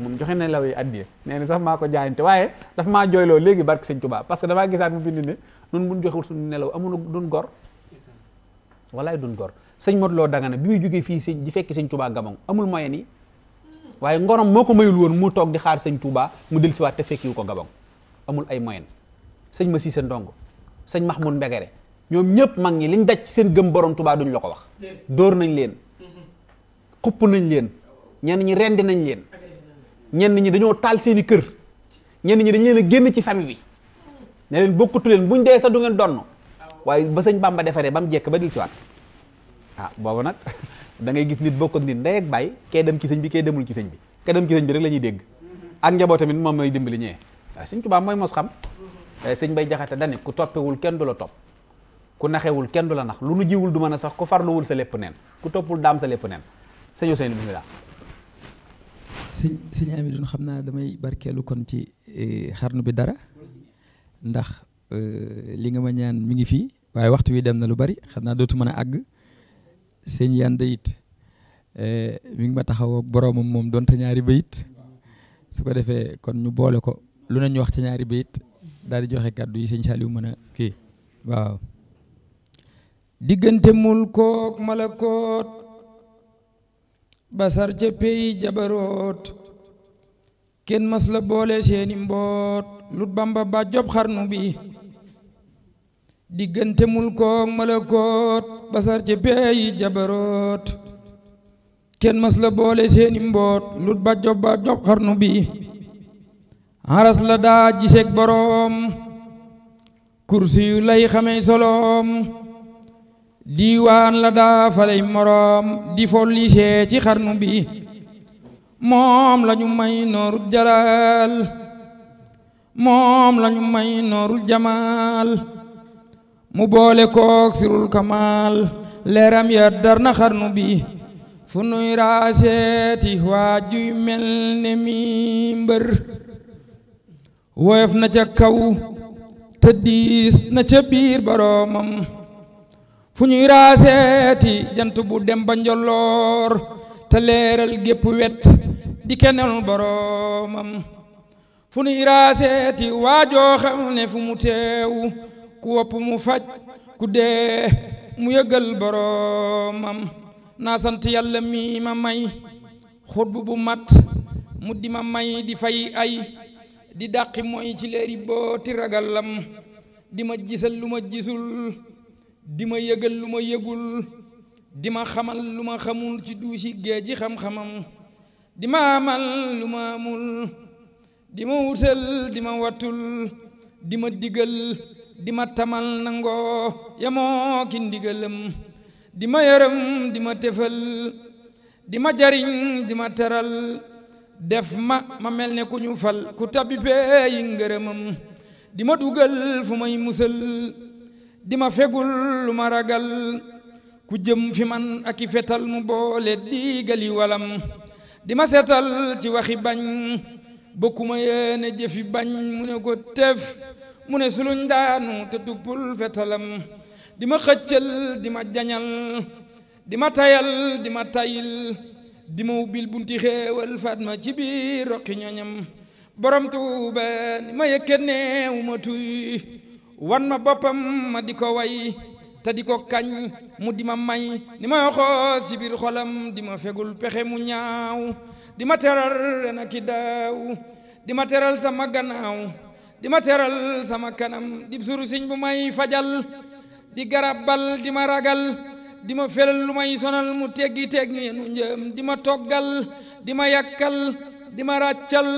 Speaker 2: moom joxe nelaw yi addiyee nee sax maa ko jaayante waaye daf maa jooyloo léegi barke sëñ Tuubaa parce que damaa gisaat nun buñ joxewul suñu nelaw amunu duñ gor wallahi duñ gor señ mod Lo danga bi muy jógee fi señ di fekk señ Touba gamong amul moyen yi waaye ngorom moko mayul won mu tok di xaar señ Touba mu del wat te fekkiwu ko gamong amul ay moyen señ ma sisse ndong señ Mahmoud Mbegere ñom ñepp mag ñi liñ daj seen gëm borom Touba duñ lako wax door nañ leen xupp nañ leen ñen ñi rend nañ leen ñen ñi dañoo taal seeni kër ñen ñi dañ leen genn ci famille bi ne leen bokkatu leen buñ dé sa du ngeen donn waaye ba señ bamba défaré bam jék ba dil ci wat ah bobu nak [laughs] da ngay gis nit bokku nit ndey ak bay ké dem ci señ bi ké demul ci señ bi ké dem ci señ bi rek lañuy dégg ak njabo tamit mom mooy dimbali ñé waaw sëñ tubaab mooy mos xam señ bay jaxata dane ku toppewul kenn du la top ku naxewul kenn du la nax lu nu jiwul du mëna sax ku wul sa lépp neen ku topul daam sa lépp neen señ Ousseynou bismillah
Speaker 1: señ señ amidou xamna damay barkeelu kon ci eh, xarnu bi dara ndax euh, li nga ma ñaan mi ngi fii waaye waxtu wi dem na lu bari xam naa dootu mën a àgg sëñ Yanda it euh, mi ngi ma taxaw boroomam moom doonte ñaari bayit su ko defee kon ñu boole ko lu ne ñu wax ci ñaari bayit daal joxe kàddu yi sëñ Saliou mën a kii waaw diggante mul kook malakoot basar ca pey jabaroot kenn mas la boole seeni mboot lut bamba ba job xarnu bi diggante mulkook malakoot basar ci peeyi jabaroot kenn mas la boole seeni mboot lut ba job ba job xarnu bi haras la daa giseek boroom kursi yu lay xamey soloom diiwaan la daa faley moroom di follisee ci xarnu bi moom lañu may nooru jalaal moom lañu may noorul jamaal mu boole kook sirul kamaal leeram ya dar na xarnu bi fu nuy raaseeti waajuy mel ne mi mbër woyof na ca kaw te na ca biir boroomam fu ñuy raaseeti jant bu dem ba njolloor te leeral gépp wet di kenel boroomam fu nuy raaseeti waajoo xam ne fu mu teewu ku wopp mu faj ku dee mu yëgal boroomam naa sant yàlla mi ma may xutbu bu mat mu di ma may di fay ay di dàqi mooy ci leeri booti ragalam di ma jisal lu ma jisul di ma yëgal lu ma yëgul di ma xamal lu ma xamul ci duusi géej ji xam-xamam di ma amal lu ma amul di ma wutal di ma wattul di ma digal di ma tamal nangoo yamoo ki ndigalam di ma yërëm di ma tëfal di ma jariñ di ma teral def ma ma mel ne ku ñu fal ku tabipee yi ngërëmam di ma dugal fu may musal di ma fegul lu ma ragal ku jëm fi man ak i fetal mu boole digali walam di ma setal ci waxi bañ bokkuma ne jëfi bañ mu ne ko teef mu ne suluñ daanu te tuppul fetalam di ma xëccal di ma jañal di ma tayal di ma tayil di ma ubbil bunti xéewal faat ma ci biir roqi ñoñam borom tuuba ni ma yëkke neewu ma tuy wan ma boppam ma di ko way te di ko kañ mu di ma may ni ma xoos ci biir di ma fegul pexe mu ñaaw di ma teral ren ak i di ma teral sama gannaaw di ma teral sama kanam di suru siñ bu may fajal di garabbal di ma ragal di ma felal lu may sonal mu teggi teggi nu njëm di ma toggal di ma yàkkal di ma ràccal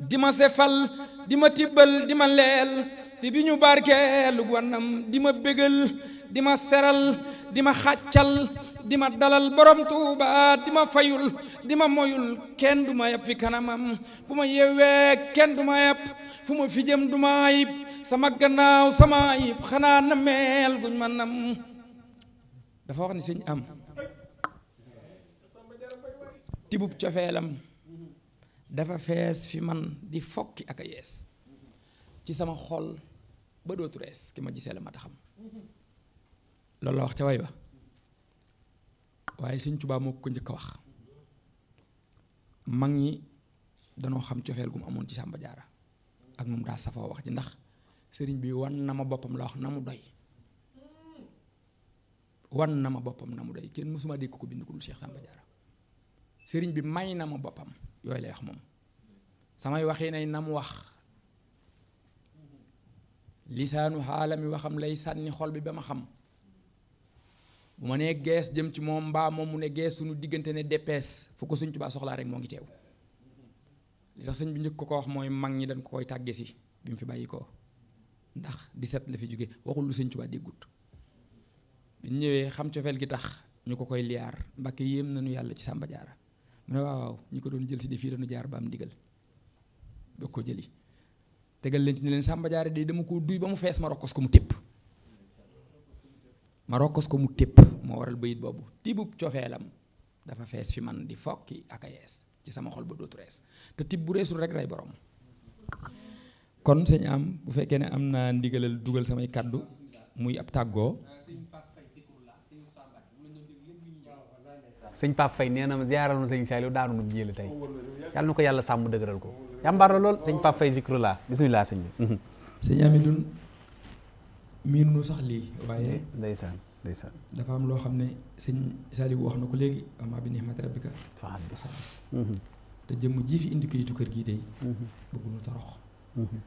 Speaker 1: di ma sefal di ma tibbal di ma leel di bi ñu barkeelu gwanam di ma bégal di ma seral di ma xàccal di ma dalal borom tuuba di ma fayul di ma moyul kenn du ma yab fi kanamam bu ma yeewee kenn du ma yab fu ma fi jëm du ma ayib sama gannaaw sama ayib xanaa na meel guñ ma nam dafa wax ni sëñ am tibub cofeelam dafa fees fi man di fokki ak yees ci sama xol ba dootu rees ki ma gisee la ma taxam loolu la wax ca way ba waaye sëñ Tuubaa moo ko njëkk wax mag ñi danoo xam cofeel gu mu amoon ci Sàmba Jaara ak moom daa safoo wax ji ndax sëriñ bi wan na ma boppam la wax na mu doy wan na ma boppam na mu doy kenn mësuma dégg ko bind ko dul Cheikh sëriñ bi may na ma boppam yooyu lay wax moom samay waxi nay na mu wax lisaanu xaala mi waxam lay sànni xol bi ba ma xam bu ma nee gees jëm ci moom mbaa moom mu ne gees sunu diggante ne DPS fu ko sëñ rek moo ngi teew li tax bi ko wax mag ñi dañ koy bi mu fi la fi jóge waxul lu sëñ déggut bi ñëwee xam cofeel gi tax ñu ko koy liyaar yéem nañu yàlla ci Samba mu waaw ko doon jël si di fii lañu jaar ba am ndigal ko jëli tegal de dama koo ba ma rokkos ko mu tépp moo waral bayit boobu tibub cofeelam dafa fees fi man di fokki ak a yees ci sama xol ba dootu rees te tib bu reesul rek rey borom kon sëñ am bu fekkee ne am naa ndigalal dugal samay kàddu muy ab tàggoo
Speaker 2: sëñ Pape Faye nee na ma ziaral ma sëñ Saliou daanu nu jële tey yàlla na ko yàlla sàmm dëgëral ko yàmbaar la lool sëñ Pape Faye zikrullah bismillah sëñ bi sëñ Amidoune miinu sax lii waaye. ndeysaan ndeysaan.
Speaker 1: dafa am loo xam ne sëñ Saliou wax na ko léegi amaa bi nihmati rabbika fa haddis mhm. te jëmm ji fi indi kayitu kër gii dey mhm. bëgguñu torox. Mhm.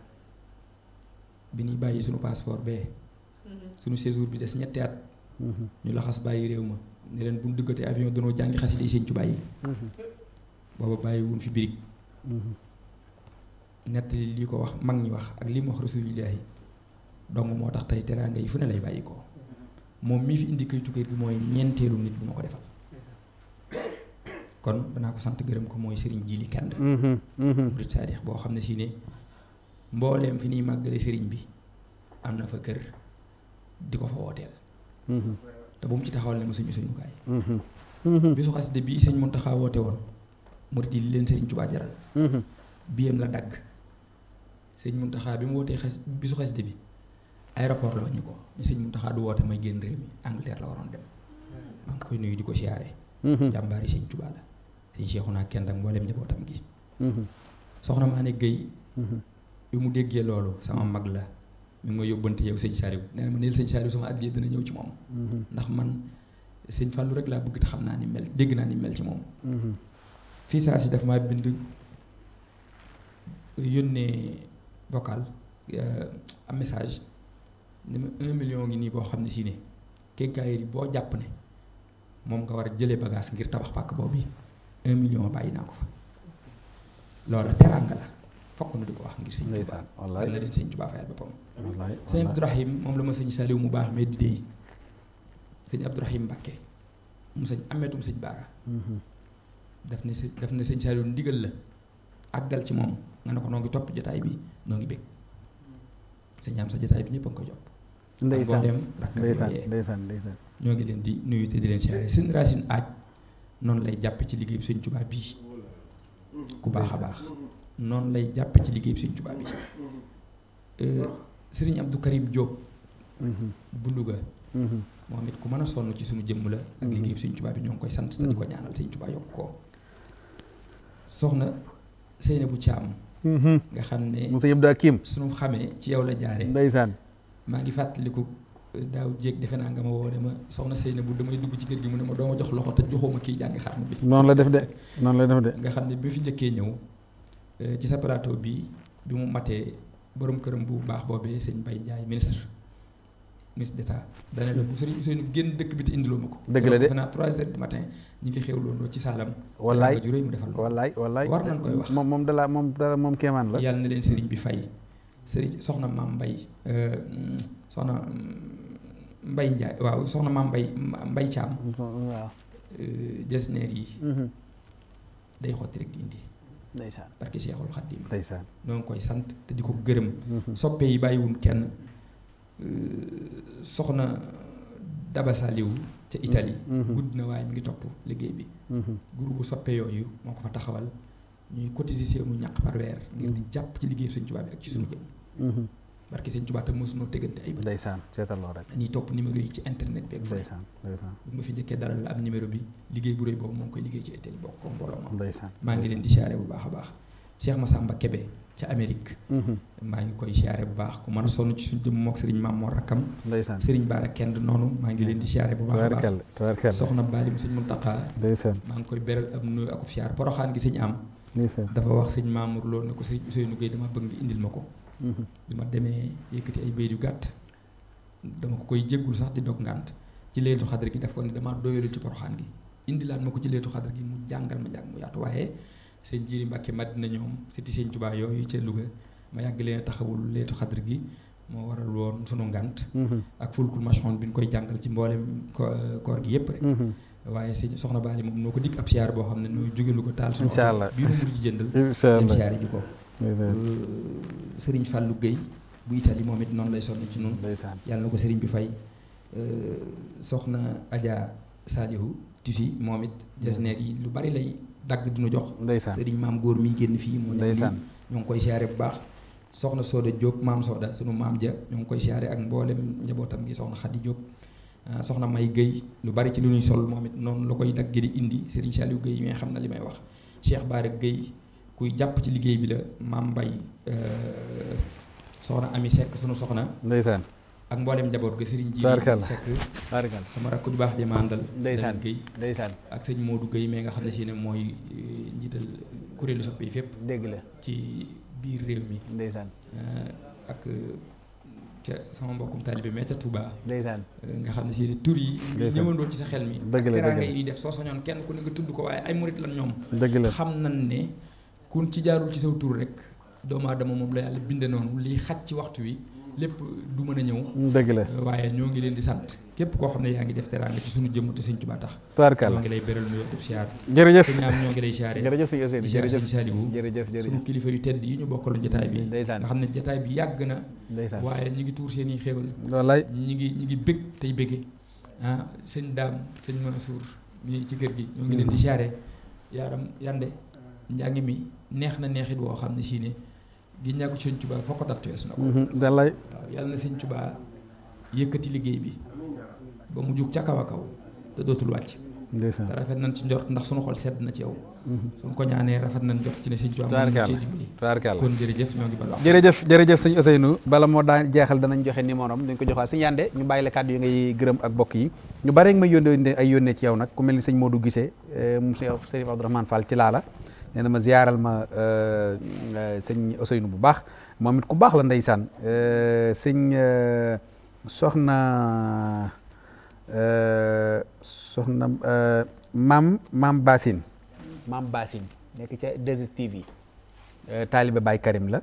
Speaker 1: bi ñuy bàyyi suñu passeport be suñu séjour bi des ñetti at. ñu laxas bàyyi réew ma ne leen bu ñu duggatee avion danoo jàngi xasida yi sëñ Tuubaa yi. booba bàyyi wuñ fi birig nett lii ko wax mag ñi wax ak li mu wax rasulillahi donc moo tax tey teraanga yi fu ne lay bàyyi ko moom mii fi indi kayitu kër gi mooy ñeenteelu nit bu ma ko defal kon danaa ko sant gërëm ko mooy sëriñ Jili Kend mhm, mhm. murid saadix boo xam ne si ne mbooleem fi ñuy màggale sëriñ bi am na fa kër di ko fa wooteel mhm. te bu mu ci taxawal ne ma suñu suñu kaay bi su xasida bii sëñ Muntaxa woote woon murid yi li leen sëriñ Tuubaa jaral biyam la dagg sëñ Muntaxa bi mu wootee xas bi su xasida bi aéroport la ñu ko mais sëñ Mountakha du woote may génn réew mi Angleterre la waroon dem maa ngi koy nuyu di ko siyaare. Mhm. jàmbaari sëñ Tuubaa la sëñ Cheikhouna kenn ak mboolem njabootam gi. Mhm. soxna maa ne Guèye. Mhm. bi mu déggee loolu sama mag la mi ngi yóbbante yow sëñ Saliou nee na ma neel sëñ Saliou sama addiya dina ñëw ci moom. ndax man sëñ Fallou rek laa bëgg te xam naa ni mel dégg naa ni mel ci moom. fii saa si daf maa bind yónnee vocal euh, am message. ne ma un million ngi nii boo xam ne si ne kenkaayir boo jàpp ne mom nga war jele bagage ngir tabax pàkk boobu un million bàyyi ko fa lolu teranga la fokk na diko wax ngir sëñ Tuubaa wallahi la di sëñ Tuubaa fayal bopam wallahi sëñ Abdourahim mom la ma sëñ Saliw mu bax mais didee yi Abdourahim bakke mu sëñ ametum sëñ Baara mm-hmm. daf ne sëñ daf ne sëñ Saliw ndigal la àggal ci mom nga nako ko noo ngi topp jotaay bi noo ngi bég sëñ am sa jotaay bi ñepp ko jopp ndeysaan ndeysaan
Speaker 2: ndeysaan ndeysaan
Speaker 1: ñoo ngi leen di nuyu te di leen siyaare aaj noonu lay jàppe ci liggéey bi sëñ Tuubaa bii ku baax a baax noonu lay jàppe ci liggéey bi sëñ Tuubaa bii mm-hmm. euh, sëriñ Abdou Karim Diop mm-hmm. bu Louga mm-hmm. moom it ku mën a sonn ci suñu jëmm la ak liggéey bi sëñ cubaa bi ñoo ngi koy sant te di ko ñaanal sëñ Tuubaa yokk ko soxna Seyna bu Caam nga xam ne monsieur Abdou Hakim suñu xamee ci yow la jaare ndeysaan maa ngi fàttaliku eh, daaw jéeg defe naa nga ma woo dama soxna Seyna bu damay dugg ci kër gi mu ne ma doo ma jox loxo te joxoo ma kii jàng bi. noonu la def de
Speaker 3: noonu la def de. nga xam
Speaker 1: ne bi fi njëkkee ñëw eh, ci sa plateau bii bi mu matee borom këram bu baax boobee seen bay Ndiaye ministre ministre d'État. dana la bu sëriñ Ousseynou génn dëkk bi te indiloo ma ko. dëgg la de defe naa 3 heures du matin ñu ngi xewloondoo ci saalam. wallaay mu defal wallaay wallaay war nañ koy wax moom moom dala moom dala moom kéemaan la. yàlla na leen sëriñ bi fay soxna maam Mbay euh, soxna Mbay Njaay waaw soxna maam Mbay Mbay Caam waaw euh, desneer yi mhm. day xotti rek di indi ndeysaan barke Seexul Xadiim ndeysaan noo koy sant te di ko gërëm mhm. soppe yi bàyyiwul kenn euh, soxna Daba Saliw ca Italie mhm. gudd na waaye mi ngi topp liggéey bi groupe soppe yooyu moo ko fa taxawal ñuy cotiser seenu ñàq par weer ngir di jàpp ci liggéey Sëñ Tuubaa bi ak ci suñu jëm Mhm. barke sëñ Tuubaa tam mosunoo tëggante ay bët. ndeysaan seetal loolu rek. dañuy topp numéro yi ci internet bi. ndeysaan ndeysaan bu ma fi bi liggéey bu rëy boobu moo ngi koy liggéey ci étel bokk maa ngi leen di siyaare bu baax a baax. Cheikh Massamba Kébé ca Amérique. Mhm. maa ngi koy siyaare bu baax ku mën a sonn ci suñu jëm mook Serigne Maam Mor Rakam. ndeysaan noonu maa ngi leen di siyaare bu baax a baax. maa ngi koy beral am nuyu akub siyaar poroxaan gi am. dafa wax sëñ Mamour Lo ne ko sëñ Ousseynou Gueye dama bëgg nga indil ma ko bi ma demee yëkkati ay bayit yu gàtt dama ko koy jéggul sax di dog ngant ci leetu xadar gi daf ko ne damaa doyalu ci poroxaan gi indilaat ma ko ci leetu xadar gi mu jàngal ma jàng mu yaatu waaye seen jiiri mbàkke Madina ñoom siti seen Tuubaa yooyu ca Louga ma yàgg leen taxawul leetu xadar gi moo waral woon sunu ngànt mhm. ak fulkul machon bi ñu koy jàngal ci mboolem koor gi yépp rek mhm. waaye sëñ soxna Baali moom noo ko dikk ab siyaar boo xam ne noo jóge lu ko taal sunu biir mu di jëndal dem siyaar ji ko sëriñ lu Guèye bu Italie moom it noonu lay sonn ci noonu yàlla na ko sëriñ bi fay euh, soxna Adja Salihu Tusi moom it jasneer yi lu bari lay dagg nu jox sëriñ maam góor mi génn fii moo nekk ñoo ngi koy siyaare bu baax soxna Soda jóg maam Soda sunu maam ja ñoo ngi koy siyaare ak mboolem njabootam gi soxna Xadi jóg euh, soxna May Guèye lu bari ci lu ñuy sol moom it noonu la koy dagg di indi sëriñ Saliou Guèye mi nga xam na li may wax Cheikh Baara Guèye kuy jàpp ci liggéey bi la maam mbay euh, soxna ami sekk sunu soxna ndeysaan ak mboolem njaboot ga sëriñ ji sekk sama rakk ju baax jama àndal ndeysaan Guèye ndeysaan ak sëñ Modou Guèye mais nga xam ne si ne mooy euh, njiital kuréelu soppi fépp dégg ci biir réew mi ndeysaan euh, ak ca sama mbokkum taalibe mais ca Touba. ndeysaan nga xam ne si tur yi. ndeysaan ñëwandoo ci sa xel mi. dëgg la dëgg la def soo soñoon kenn ku ne nga tudd ko waaye ay murit lan ñoom. dëgg la xam nañ ne. kun ci jaarul ci sew tur rek doomu aadama moom la yàlla binde noonu lii xaj ci waxtu wi lépp du mën a ñëw. dëgg la euh, waaye ñoo ngi leen di sant képp koo xam ne yaa ngi def teraanga ci suñu jëmm te sëñ Tuubaa tax. tubaarkàlla maa ngi lay beral nuyoo ak siyaar. jërëjëf te ñaam ñoo ngi lay siyaare. jërëjëf sëñ Ousseynou jërëjëf Saliou jërëjëf jërëjëf suñu kilifa yu tedd yi ñu bokkaloon jotaay bi. ndeysaan nga xam ne jotaay bi yàgg na. ndeysaan waaye ñu ngi tuur seen i xéwal. wallaay ñi ngi ñi bég tey bége ah sëñ Daam sëñ Mansour mi ci kër gi ñoo ngi leen di saare yaaram yande njàngi mi neex na neexit woo xam ne si ne gi ñàkk sëñ Tuubaa foo ko datt wees na ko mhm, waaw yàlla na sëñ Tuubaa yëkkati liggéey bi ba mu jug ca kaw a kaw
Speaker 2: te dootul wàcc ndeysaan rafet
Speaker 1: nañ ci njort ndax suñu xol sedd na ci yow. Mhm. suñ ko ñaanee rafet nañ njort ci ne sëñ Tuubaa moom ñu cee dimbali kon jërëjëf ñoo ngi
Speaker 2: jërëjëf jërëjëf sëñ Ousseynou bala moo daa jeexal danañ joxe ni am dañ ko joxaa sëñ Yande ñu bàyyi la kàddu yi ngay gërëm ak bokk yi ñu bare rek may yónnee ay yónnee ci yow nag ku mel ni sëñ Modou Guissé eh, mu sëñ Abdourahmane Fall ci laa nee na ma ziyaaral ma euh, euh, sëñ Ousseynou bu baax moom it ku baax la ndeysaan euh, sëñ soxna soxna maam maam Bassine maam Bassine nekk ca 2STV. Taalibe Baye Karim la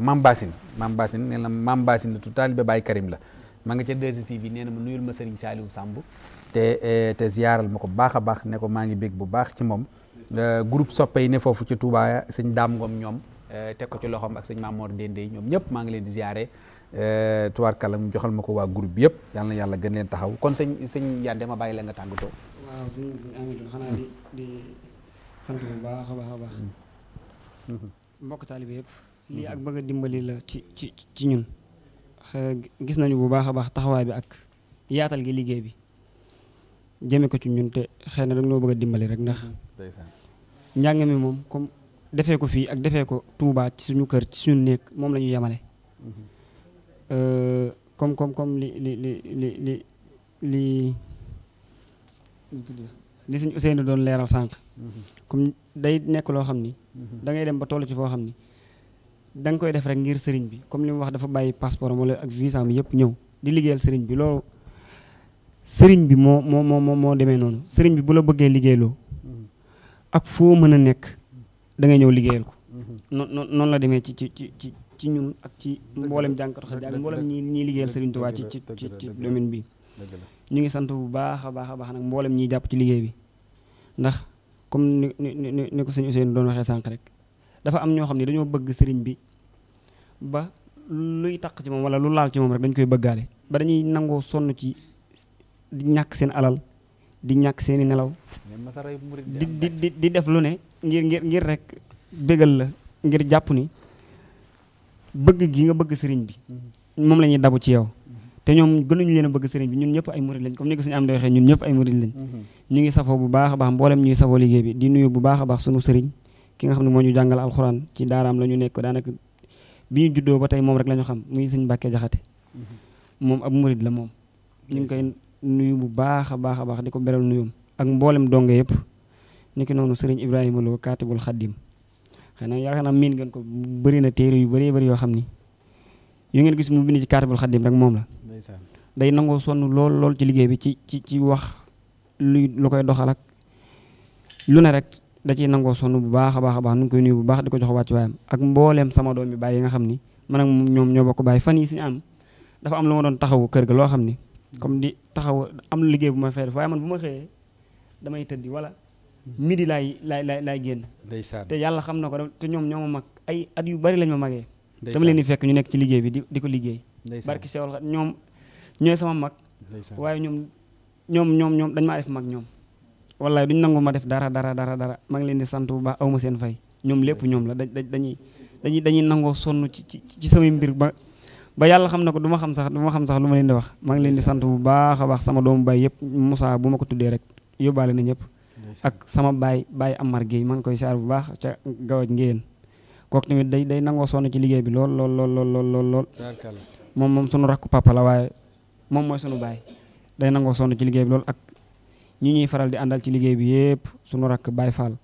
Speaker 2: maam Bassine maam Bassine nee na maam Bassine la tu Taalibe Baye Karim la ma nga ca 2STV nee na ma nuyul ma Serigne Saliou Samb te te ziyaaral ma ko baax a baax ne ko maa ngi bég bu baax ci moom. Euh, groupe sopp yi ne foofu ci Touba sëñ Daam Ngom ñoom euh, teg ko ci loxoom ak sëñ Mamoor Dende yi ñoom ñëpp maa ngi leen di ziare euh, tubaarkàlla mu joxal ma ko waa groupe bi yëpp yal na yàlla gën leen taxaw kon sañ sëñ Yande ma bàyyi la nga tàggatoo.
Speaker 4: waaw sëñ sëñ Amidou xanaa di yëpp. lii ak bëgg dimbali la ci ci ci ñun. gis nañu bu baax a baax taxawaay bi ak yaatal gi liggéey bi jëme ko ci ñun te xëy na dañoo bëgg a dimbali rek ndax. njàng mi moom comme defee ko fii ak defee ko Touba ci suñu kër ci suñu néeg moom la ñu yemale. Mm-hmm. Euh, comme comme comme li li li li doon leeral sànq. Mm-hmm. comme day nekk loo xam ni. Mm-hmm. da ngay dem ba toll ci foo xam ni da nga koy def rek ngir sëriñ bi comme li mu wax dafa bàyyi passeport am wala ak visa mi yëpp ñëw di liggéeyal sëriñ bi loolu sëriñ bi moo moo moo moo demee noonu sëriñ bi bu la bëggee liggéeyloo. ak foo mën a nekk da nga ñëw liggéeyal ko. Mhm. noonu noonu la demee ci ci ci ci ñun ak ci mboolem jànkatu xel daal mboolem ñi ñiy liggéeyal Serigne Touba ci ci ci domaine bi. ñu ngi sant bu baax a baax a baax nag mboolem ñiy jàpp ci liggéey bi ndax comme ni ni ni ko sëñ Ousseynou doon waxee sànq rek dafa am ñoo xam ne dañoo bëgg sëriñ bi ba luy taq ci moom wala lu laal ci moom rek dañ koy bëggaale ba dañuy nangoo sonn ci ñàkk seen alal. di ñàkk seeni nelaw di di di def lu ne ngir ngir ngir rek bégal la ngir jàpp ni bëgg gi nga bëgg sëriñ bi mhm. moom la ñuy dabu ci yow mhm. te ñoom gënuñu leen bëgg sëriñ bi ñun ñëpp ay murid lañ comme ni ko suñu am di waxee ñun ñëpp ay mhm. ñu ngi safoo bu baax a baax mboolem ñuy safoo liggéey bi di nuyu bu baax a baax sunu sëriñ ki nga xam ne moo ñu jàngal alxuraan ci daaraam la ñu nekk daanaka bi ñu juddoo ba tey moom rek la ñu xam muy suñ Mbàkke Jaxate moom ab murid la moom nuyu bu baax a baax a baax di ko beral nuyum ak mboolem donge yëpp ki noonu sëriñ Ibrahima Lo kaatibul xaddim xëy na yaakaar naa miin ngeen ko bëri na téere yu bëree bëri yoo xam ni yu ngeen gis mu ci kaatibul xaddim rek moom la. day nangoo sonn lool lool ci liggéey bi ci ci ci wax lu lu koy doxal ak lu ne rek da ciy nangoo sonn bu baax a baax a baax koy nuyu bu baax di ko jox wàccu waayam ak mbooleem sama doom bi bàyyi nga xam ni man ak ñoom ñoo bokk bàyyi fan yi suñu am dafa am lu ma doon taxawu kër ga loo xam ni comme di taxaw am na liggéey bu ma fay def waaye man bu ma xëyee damay tëddi wala hmm. midi laay laay génn. te yàlla xam na ko te ñoom ñoo ma mag ay at yu bari lañ ma magee. dama leen di fekk ñu nekk ci liggéey bi di di ko liggéey. barki sewal xat ñoom ñooy sama mag. waaye ñoom ñoom ñoom ñoom dañ maa def mag ñoom. wallaay duñ nangu ma def dara dara dara dara maa ngi leen di sant bu baax awma seen fay. ñoom lépp ñoom la dañuy dañuy dañuy nangoo sonn ci ba yàlla xam na ko du ma xam sax du ma lu ma leen wax maa ngi leen di sant bu baax a baax sama doomu baay yëpp Moussa bu ma ko tuddee rek yóbbaale na ñëpp ak sama baay baay Amar Guèye maa ngi koy saar bu baax ca gawaj ngéyéen kooku tamit day day nangoo sonn ci liggéey bi lool moom moom sunu rakku papa waaye moom mooy sunu baay day nangoo sonn ci liggéey bi ak ñi ñuy faral di àndal ci liggéey bi yëpp sunu rakk Baay Fall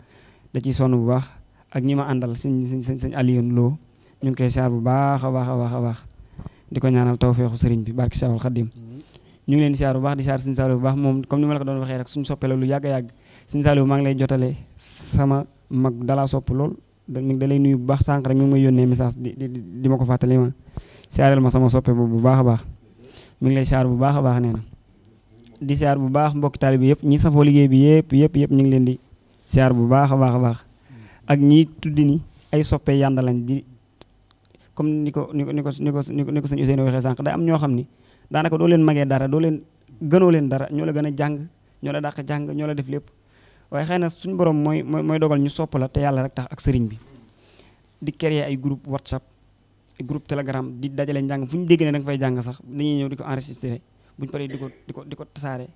Speaker 4: da ciy sonn bu baax ak ñi ma àndal sëñ sëñ sëñ Alioune Lo ñu ngi koy siyaar bu baax a baax a baax a baax di ko ñaanal tawféexu sëriñ bi barki Seexul ngi leen di siyaar bu baax di siyaar Sëriñ Saliou bu baax moom comme ni ma la ko doon waxee rek suñu soppee la lu yàgg yàgg Sëriñ Saliou sama mag dalaa sopp lool da da lay nuyu bu baax sànq rek mi ngi yónnee message di di ma ko fàttali ma siyaareel ma sama soppe boobu bu baax baax mi ngi lay siyaar bu baax a baax nee na di siyaar bu baax mbokki taalibe yëpp ñi safoo liggéey bi yëpp yëpp yëpp ñu ngi leen di siyaar bu baax a baax a baax ak ñi tuddi ni ay soppe yànda lañ di comme ni ko ni ko ni ko ni ko ni ko sëñ Ousseynou waxee sànq day am ñoo xam ni daanaka doo leen magee dara doo leen gënoo leen dara ñoo la gën a jàng ñoo la dàq jàng ñoo la def lépp waaye xëy na suñu borom mooy mooy dogal ñu sopp la te yàlla rek tax ak sëriñ bi di créer ay groupe da nga fay jàng sax dañuy ñëw di ko enregistré bu ñu paree di ko di ko di ko tasaare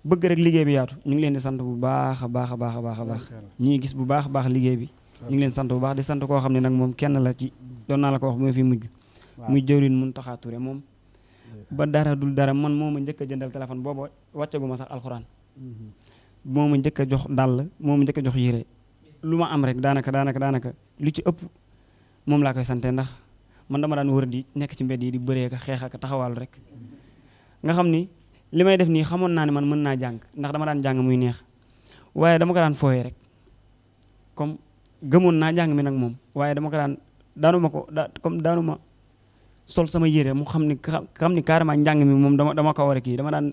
Speaker 4: bëgg rek liggéey bi yaatu ñu ngi leen di sant bu baax a a a a baax a di sant koo xam ne nag moom kenn la don naa la ko wax mo fi mujj muy jëwriñ mun taxature mom ba dara dul dara man moma ma njëkk a jëndal téléphone booba wàccagu sax alxuraan mhm. moo ma njëkk jox dal moma ma jox yire luma am rek danaka danaka danaka lu ci ëpp mom la koy sante ndax man dama daan wër di nekk ci mbedd yi di bëree ak xeex ak taxawal rek nga xamni ni def ni xamoon na ni man mën na jang ndax dama daan jang muy neex waye dama ko daan foye rek comme gëmon na jang mi nak mom waye dama ko daan daanuma ko comme daanuma sol sama yere mu xamni xamni xam njang mi mom dama dama ko wara ki dama dan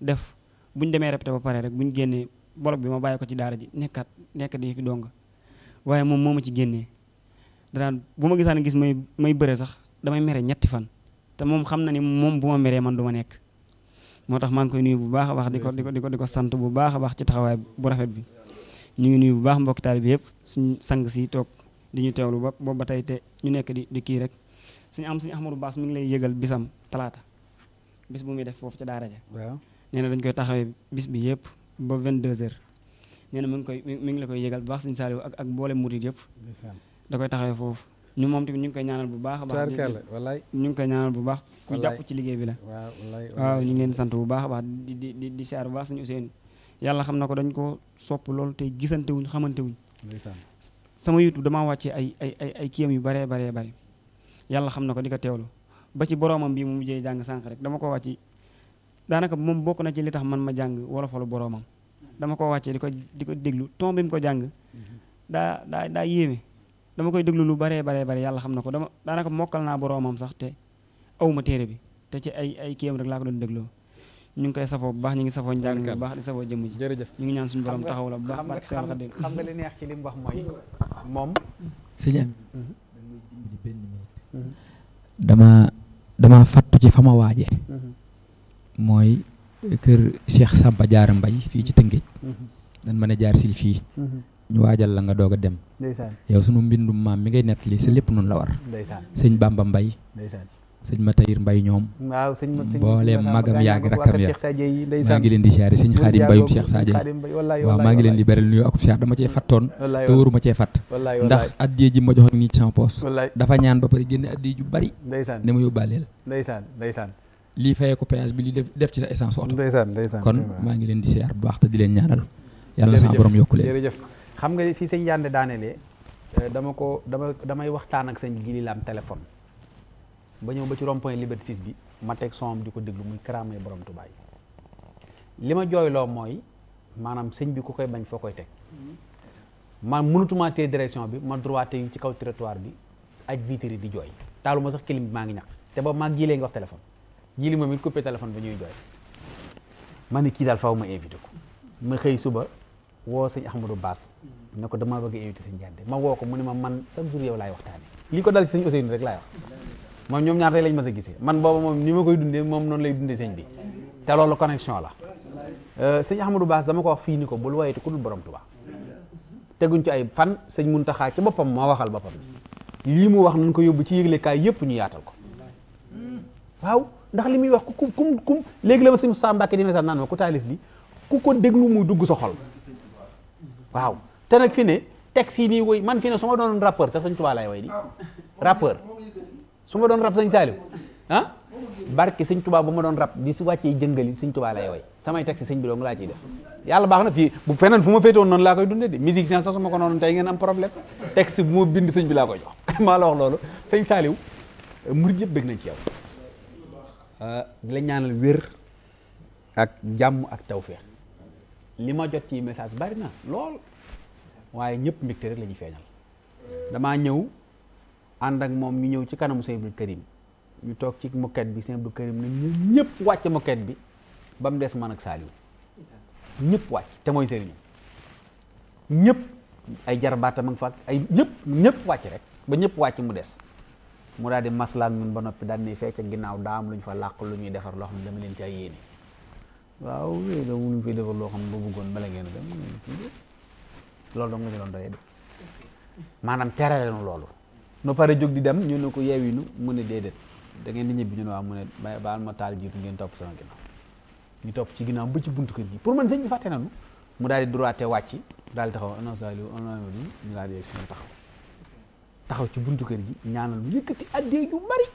Speaker 4: def buñ démé répété ba paré rek buñ génné bolok bi ma bàyyi ko ci daara ji nekkat nekk di fi dong waye mom moma ci génné danaan bu ma gisaan gis may may béré sax damay méré ñetti fan té mom xamna ni mom buma méré man duma nekk motax man koy nuyu bu baax a diko diko diko diko sant bu baax a ci taxaway bu rafet bi ñu ngi nuyu bu baax mbokk taal yépp sang si tok di ñu teewlu ba ba tey te ñu nekk di di kii rek suñu am suñu Ahmadou Bass mu ngi lay yëgal bisam talaata bis bu muy def foofu ca daara ja waaw nee na dañu koy taxawee bis bi yëpp ba 22h nee na mu ngi koy mu ngi la koy yëgal bu baax suñu Saliou ak ak boole murid yëpp. da koy taxawee foofu ñu moom tamit ñu ngi koy ñaanal bu baax. baax ñu ngi koy ñaanal bu baax. ku jàpp ci liggéey bi la. waaw ñu ngi leen bu baax a baax di di di di siyaar bu baax suñu Ousseynou yàlla xam na ko dañ koo sopp loolu tey gisante xamantewuñ xamante wuñ sama youtube damaa wàcce ay ay ay ay yu baree baree bëri yàlla xam na ko di ko teewlu ba ci boroomam bii mu mujjee jàng sànq rek dama ko wàcc daanaka moom bokk na ci li tax man ma jàng wolofalu boroomam dama ko wàccee di ko di ko déglu ton bi mu ko jàng daa daa daa yéeme dama koy déglu lu baree baree bare yàlla xam na ko dama daanaka mokkal naa boroomam sax te awma téere bi te ci ay ay kiyam rek laa ko doon dégloo ñu ngi koy safoo bu baax ñu ngi safoo njàng bu baax di safoo jëm ji jërëjëf ñu ngi ñaan suñu borom taxaw la bu baax barke Seex xadim xam
Speaker 2: nga li neex ci lim wax mooy
Speaker 4: moom
Speaker 1: sëñ mhm. Mhm. dama dama fàttu ci fa ma waaje mhm. mooy kër Cheikh Samba jaar mbay fii ci Tëngéej dañ mën a jaar sil fii ñu waajal la nga doog a dem yow sunu mbindum maam mi ngay nettali sa lépp noonu la war sëñ Bamba sëñ Matahir Mbaye ñoom. waaw sëñ sëñ mboolem magam yaa ngi rakkam ya maa ngi leen di siyaare sëñ Xaadim Mbayum Cheikh Sadio waaw maa ngi leen di beral nuyu ak siyaar dama cee fattoon te wóoruma cee fatt ndax ci sama poos ba pare génne addiye ju bari ne ma yóbbaaleel
Speaker 2: ko péage bi lii def ci sa essence oto kon maa ngi leen di siyaar bu
Speaker 1: baax te di leen ñaanal yàlla na sama borom yokku leen
Speaker 2: jërëjëf xam nga fii sëñ eh, dama ko dama damay waxtaan ak sëñ Jili Lam téléphone ba ñëw ba ci rond point liberté bi ma teg son di ko déglu muy karaamay borom tubaay li ma jooyloo mooy maanaam sëñ bi ku koy bañ foo koy teg man mënutuma tee direction bi ma droite ci kaw territoire bi aj vitres yi di jooy taaluma sax kilim bi maa ngi ñaq te ba maa ngi leen wax téléphone ji li moom it coupé téléphone ba ñuy jooy ma ne kii daal faaw ma invité ko ma xëy suba woo sëñ Ahmadou Bass ne ko damaa bëgg a invité sëñ Diagne ma woo ko mu ne ma man chaque jour yow laay waxtaane ko dal ci moom ñoom ñaar tey lañ mas a gisee man booba moom ni ma koy dundee moom noonu lay dundee sëñ bi te loolu connexion la euh, sëñ Ahmadou Bass dama ko wax fii ni ko bul wayati ku dul borom Tuubaa teguñ ci ay fan sëñ Muntaxa ci boppam moo waxal boppam lii mu wax nañ ko yóbbu ci yëglekaay yëpp ñu yaatal ko waaw ndax li muy wax ku ku kum kum léegi la ma sëñ Moussa Mbacke di message naan ma ku taalif li ku ko déglu muy dugg sa xol waaw te nag fi ne texte yi nii woy man fi ne ma doon rappeur sax sëñ Tuubaa lay di rappeur su ma doon rab sëñ Saaliw ah barke sëñ Tuubaa bu ma doon rab di si wàccee jëngali sëñ Tuubaa lay way samay teg si sëñ bi dong laa ciy def yàlla baax na fii bu feneen fu ma féetewoon noonu laa koy dundee de musique science su ma ko noonu tey ngeen am problème texte bind sëñ bi laa jox [laughs] maa la wax loolu sëñ Saaliw murid yëpp bëgg nañ ci yow ah, di la ñaanal wér ak jàmm ak tawféex li ma jot ci message bari na lool waaye ñëpp mbégte rek la ñuy feeñal damaa ñëw ànd ak moom ñu ñew ci kanamu sëñ Abdou Karim ñu tok ci moquette bi sëñ Abdou Karim ne ñepp wacc moquette bi bam dess des man ak saliw ñepp wacc te mooy sëriñam ñepp ay jarbaatam ak fa ay ñepp ñepp wacc rek ba ñepp wacc mu dess mu daal di maslaat ñun ba noppi daal fe ci ginaaw daam lu fa laq lu defar lo xam dama leen caa yene waaw yooyu da ñu fi defar lo xam ne ba bëggoon bala ngeen dem loolu da nga ñu doon doyee manam terale nu no pare jóg di dem ñu ne ko yeewi nu mu ne déedéet da ngeen di ñibbi ñu ne waaw mu ne baal ma taal jiitu ngeen topp sama ginnaaw ñu topp ci ginnaaw ba ci buntu kër gi pour man sëñ bi fàtte nanu mu daal di droité wàcc daal di taxaw sa anonlu ñu daal di yegg seen taxaw taxaw ci buntu kër gi ñaanal mu yëkkati addee yu bari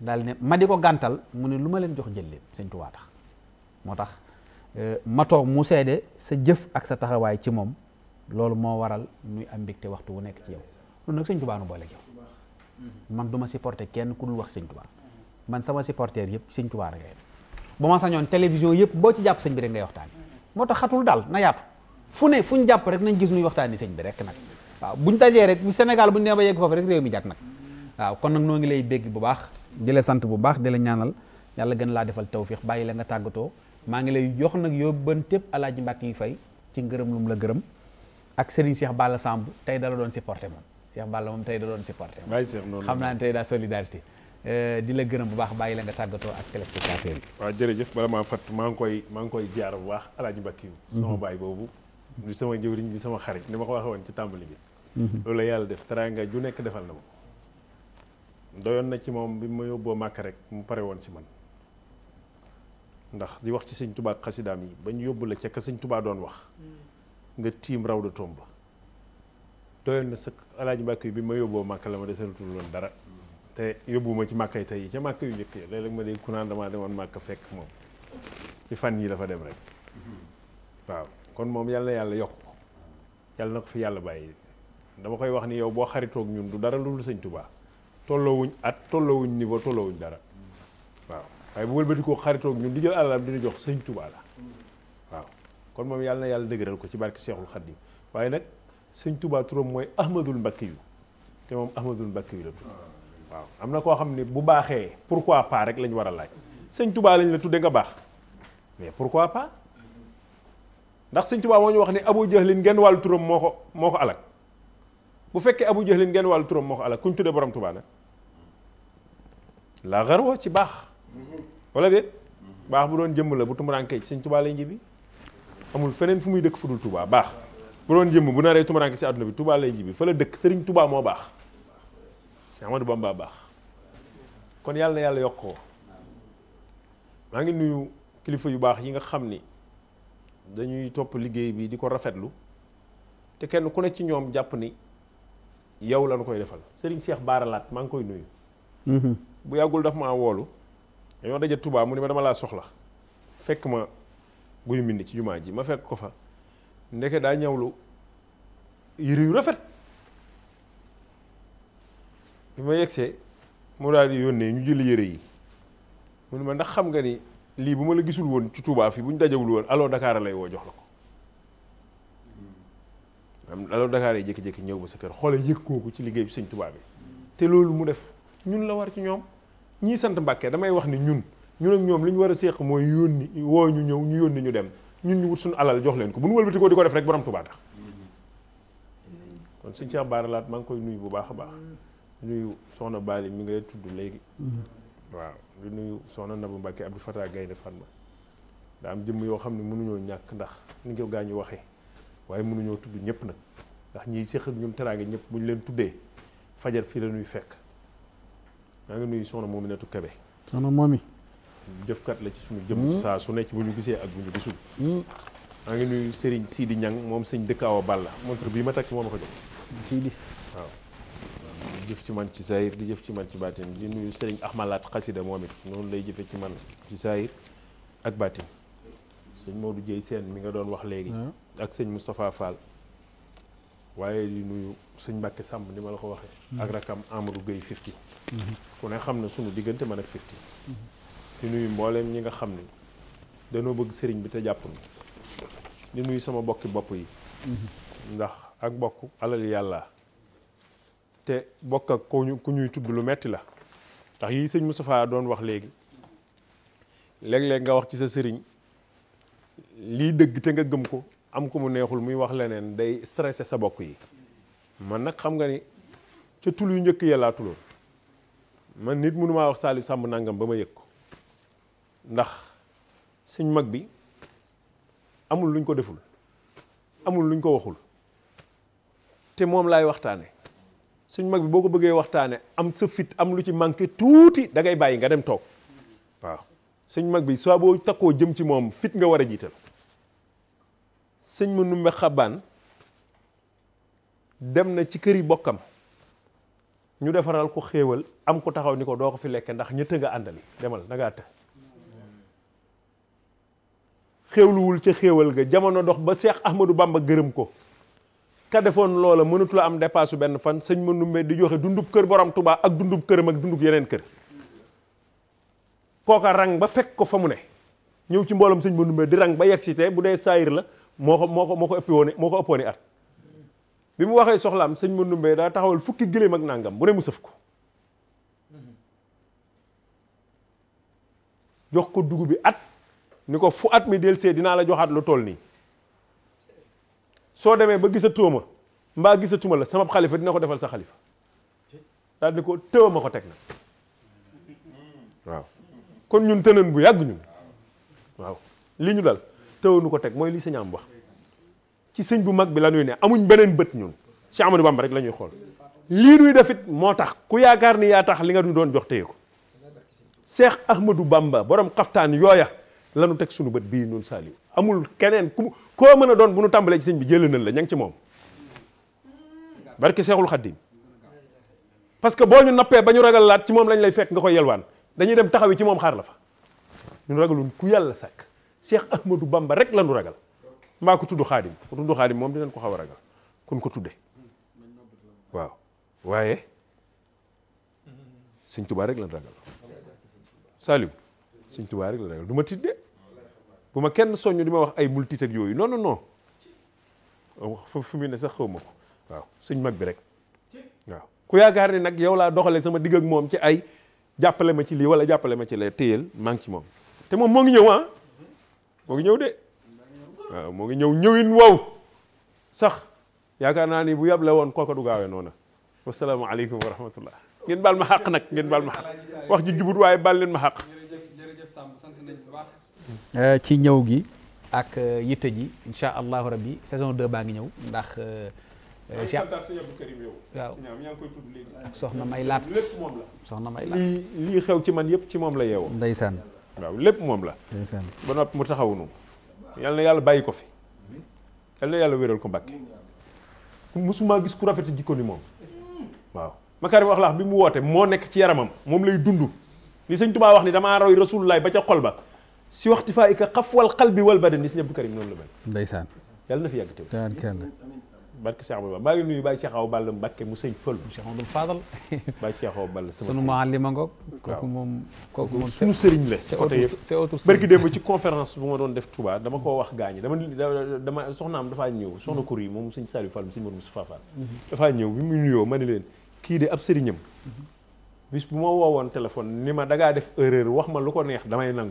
Speaker 2: daal ne ma di ko gàntal mu ne lu ma leen jox jël leen sëñ Tuubaa tax moo tax euh, ma toog mu seede sa jëf ak sa taxawaay ci moom loolu moo waral nuy am mbégte waxtu wu nekk ci yow kon nag sëñ Tuubaa nu boole yow man du ma supporter kenn ku dul wax sëñ Tuubaa man sama supporter yëpp sëñ Tuubaa rek ba ma sañoon télévision yëpp boo ci jàpp sëñ bi rek ngay waxtaani moo tax xatul daal na yaatu fu ne fu ñu jàpp rek nañ gis nuy waxtaani sëñ bi rek nag waaw ñu dajee rek bu Sénégal buñ nee ba yegg foofu rek réew mi jàkk nag waaw kon nag noo ngi lay bégg bu baax di la sant bu baax di la ñaanal yàlla gën laa defal tawfiix bàyyi la nga tàggatoo maa ngi lay jox nag yóbbanteeb Alaaji Mbàkke yi fay ci ngërëm lu mu la gërëm ak Serigne Cheikh Balla Samb tey dala doon supporté moom Cheikh Balla moom tey da doon supporté xam naa ne tey daa solidarité euh, di la gërëm bu baax bàyyi la nga tàggatoo ak
Speaker 7: téléspectateurs yi waaw jërëjëf bala maa fàtt maa ngi koy maa ngi koy ziar bu baax alaaji mbakki yu mhm. sama baay boobu di sama jëwriñ di sama xarit ni ma ko waxee woon ci tàmbali bi mhm. loolu la yàlla def teraanga ju nekk defal na ma doyoon na ci moom bi ma yóbboo màkk rek mu pare woon si man ndax di wax ci sëñ tubaa xasidaam yi ba ñu yóbbu la ca sëñ tubaa doon wax mhm. tiim raw da tomb doyoon na sëkk alaaji mbàkk yu bi ma yóbboo màkk la ma desalatul woon dara te yóbbuma ci màkk yi tey ci màkk yu njëkk ya léeg-léeg ku naan damaa demoon fekk moom fan yii la dem rek waaw kon moom yàlla na yàlla yokk na ko fi yàlla bàyyi dama koy wax ni yow boo xaritoog ñun du dara lu dul sëñ at tolloowuñ niveau tolloowuñ dara waaw waaye bu wëlbati koo xaritoog ñun di jël alalam dina jox sëñ Tuubaa kon moom yàlla yàlla dëgëral ko ci barke Seexul Xadiim waaye nag sëñ Touba turam mooy Ahmadul Mbakki yu te moom Ahmadul Mbakki yu la tudd waaw am na koo xam ne bu baaxee pourquoi pas rek lañ war a laaj sëñ Touba lañ la tuddee nga baax mais pourquoi pas ndax sëñ Touba moo ñu wax ne Abu Jahlin genn wàllu turam moo ko moo ko alak bu fekkee Abu Jahlin genn wàllu turam moo ko alak ku tuddee borom Touba nag la xarwa ci baax wala déet baax bu doon jëmm la bu tumuraankee ci sëñ Touba lay njibi amul feneen fu muy dëkk fu dul Touba baax. bu doon jëmm bu naree tumaranke si àdduna bi Touba lay ji bi fa la dëkk Serigne Touba moo baax Cheikh Amadou Bamba baax kon yàlla na yàlla yokkoo maa ngi nuyu kilifa yu baax yi nga xam ni dañuy topp liggéey bi di ko rafetlu te kenn ku ne ci ñoom jàpp ni yow lañu koy defal sëriñ Cheikh Bara maa ngi koy nuyu. Mm-hmm. bu yàggul daf ma woolu dañoo daje tubaa mu ni ma dama laa soxla fekk ma guy mbind ci jumaa ji ma fekk ko fa. ndeke daa ñawlu yére yu rafet bi ma yegsee mu daa di yónnee ñu jël yére yi mu ne ma ndax xam nga ni lii bu ma la gisul woon ci Touba fi bu ñu dajewul woon allo Dakar lay woo jox la ko am allo Dakar yi jékki-jékki ñëw ba sa kër xoole yëg kooku ci liggéey bi sëñ Touba bi te loolu mu def ñun la war ci ñoom ñii sant Mbàkke damay wax ni ñun ñu ak ñoom li ñu war a séq mooy yónni woo ñu ñëw ñu yónni ñu dem ñun ñu wut suñu alal jox leen ko bu nu wëlbati ko di ko def rek borom Tuubaa tax kon suñ Cheikh Bara Laat maa ngi koy nuyu bu baax a baax mm. nuyu soxna Bali mi ngi lay tudd léegi mm. waaw lu nuyu soxna Nabou Mbacke Abdou Fatah Gaynde Fatma daa am jëmm yoo xam ne mënuñoo ñàkk ndax ni nga gaa ñu waxee waaye mënuñoo tudd ñëpp nag ndax ñii séq ñoom ñun teraange ñëpp bu leen tuddee fajar fii la ñuy fekk maa ngi nuyu soxna Mominatu Kebe soxna moom Momi jëfkat la ci suñu jëm hmm. saa su nekk ci bu ñu gisee ak bu ñu gisul hmm. maa ngi nuyu Serigne Sidi Niang moom sëñ dëkk Awa Balla montre bii ma takk moo ko jox Sidi ci man ci saayir di jëf ci man ci baatin di nuyu Serigne Ahmalaat moom it noonu lay jëfe ci man ci saayir ak baatin sëñ Modou Dieye seen mi nga doon wax léegi hmm. ak sëñ Moustapha Fall waaye di nuyu sëñ Mbàkke Sàmb ni ma la ko waxee ak rakam Amadou Gueye Fifty ku ne xam na sunu diggante man ak Fifty di nuyu mbooleem ñi nga xam ni danoo bëgg sëriñ bi te jàpp ni di nuyu sama bokki bopp yi mm-hmm. ndax ak bokk alal yàlla te bokk ak ku ñuy tudd lu metti la ndax yi sëñ mu safaa doon wax léegi léeg-léeg nga wax ci sa sëriñ lii dëgg te nga gëm ko am ko mu neexul muy wax leneen day stressé sa bokk yi man nag xam nga ni ca tul yu njëkk ya laa man nit mënu wax Saliou Samb nangam ba ma yëg ko ndax suñ mag bi amul luñ ko deful amul luñ ko waxul te moom laay waxtaane suñ mag bi boo ko bëggee waxtaane am sa fit am lu ci manqué tuuti da ngay bàyyi nga dem toog waaw suñ mag bi soo boo takkoo jëm ci moom fit nga war a jiital sëñ ma numbe xabaan dem na ci këri bokkam ñu defaral ko xéewal am ko taxaw ni ko doo ko fi lekke ndax ñëtt nga àndali demal na ngaa xéewluwul ca xéewal ga jamono dox ba seex Ahmadou Bamba gërëm ko ka loola mënatul am dépassu benn fan sëñ Manumbe di joxe dundub kër borom tubaab ak dundub këram ak dundub yeneen kër kooka rang ba fekk ko fa mu ne ñëw ci mbooloom sëñ Manumbe di rang ba yegg bu dee saayir la moo ko moo ko moo ko woon moo ko ëppooni at bi mu waxee soxlaam sëñ Manumbe daa taxawal fukki gëléem ak nangam bu ne mu sëf ko mhm. jox ko dugub bi at ni ko fu at mi se dina la joxat lu toll nii soo demee ba gisa tuuma mba gisa tuma la sama khalifa dina ko defal sa khalifa dal ni ko teuma ko teg na waaw kon ñun tënan bu yag ñun waaw li ñu dal teewu nu ko teg mooy li sëñ am wax ci señ bu mag bi la ñuy ne amuñ benen bët ñun ci Amadou Bamba rek lañuy xol li ñuy defit motax ku yaakar ni ya tax li nga doon jox Cheikh Ahmadou Bamba borom xaftaan Yoya. lanu teg sunu bët bii noonu saaliw amul keneen ku koo mën a doon bu nu tàmbalee ci sëñ bi jëlee nañ la ña ngi ci moom barke Seexul Xaddim parce que boo ñu nappee ba ñu ragal laat ci moom lañ lay fekk nga koy yelwaan dañuy dem taxawi ci moom xaar la fa ñun ragalun ku yàlla sàkk Cheikh Ahmadou Bamba rek lanu ragal maa ko tuddu xaadim ko tudd xaadim moom dinañ ko xaw ragal kun ko tudde waaw waaye sëñ Tuubaa rek lan ragal Saliou suñ tubaa rek la ragal duma tidde buma kenn soñu dima wax ay bul ak yoyu non non non fa fumi ne sax xawmako waaw mag bi rek waaw ku gar ni nak yow la doxale sama digg ak mom ci ay jappale ma ci li wala jappale ma ci lee teyel mang ci mom te mom mo ngi ñew ha ah. mo ngi ñew de waaw mo ngi ñew ñewin wow sax yaakaar naa ni bu yàble woon kooka du gaawee noona alaykum wa rahmatullah ngeen baal ma xaq nag ngeen baal ma xaq wax ji jubut waaye baal leen ma xaq
Speaker 2: Euh, ci ñëw gi ak euh, yitte ji incha allahu rabbi saison de baa ngi ñëw ndax. Euh, ja
Speaker 7: waaw ak soxna may laat soxna may laat lii lii xew ci man yëpp ci moom la yeewoo. ndeysaan waaw moom la. ndeysaan ba noppi mu taxawunu yal na yàlla bàyyi ko fi yal na yàlla wéral ko mbàkke musuma gis ku rafet jikko ni moom waaw. Makaarim wax laax bi mu woote moo nekk ci yaramam moom lay dund li sëñ Tuubaa wax ni damaa roy rasulullaay ba ca xol ba. سوى اختفائك قفو القلب والبدن نسني ابو كريم نون لبن ديسان نعم. يالنا في يقتل نعم، تان كان بارك سي عمر ما نوي باي شيخ او بال مبكي مو سيغ فول شيخ عمر فاضل [laughs] باي شيخ او بال سونو معلم
Speaker 2: غوك كوكو موم
Speaker 3: كوكو موم سونو سيرين لا سي اوتو بركي ديم
Speaker 7: سي كونفرنس بو ما دون ديف توبا داما كو واخ غاني داما داما سخنام دا فا نيو سونو كوري موم سيغ سالي فال سيغ مرمس فافا دا فا نيو بي نيو ماني لين كي دي اب سيرينم بيس بو ما وون تليفون نيما داغا ديف اورور واخ ما لوكو نيه داماي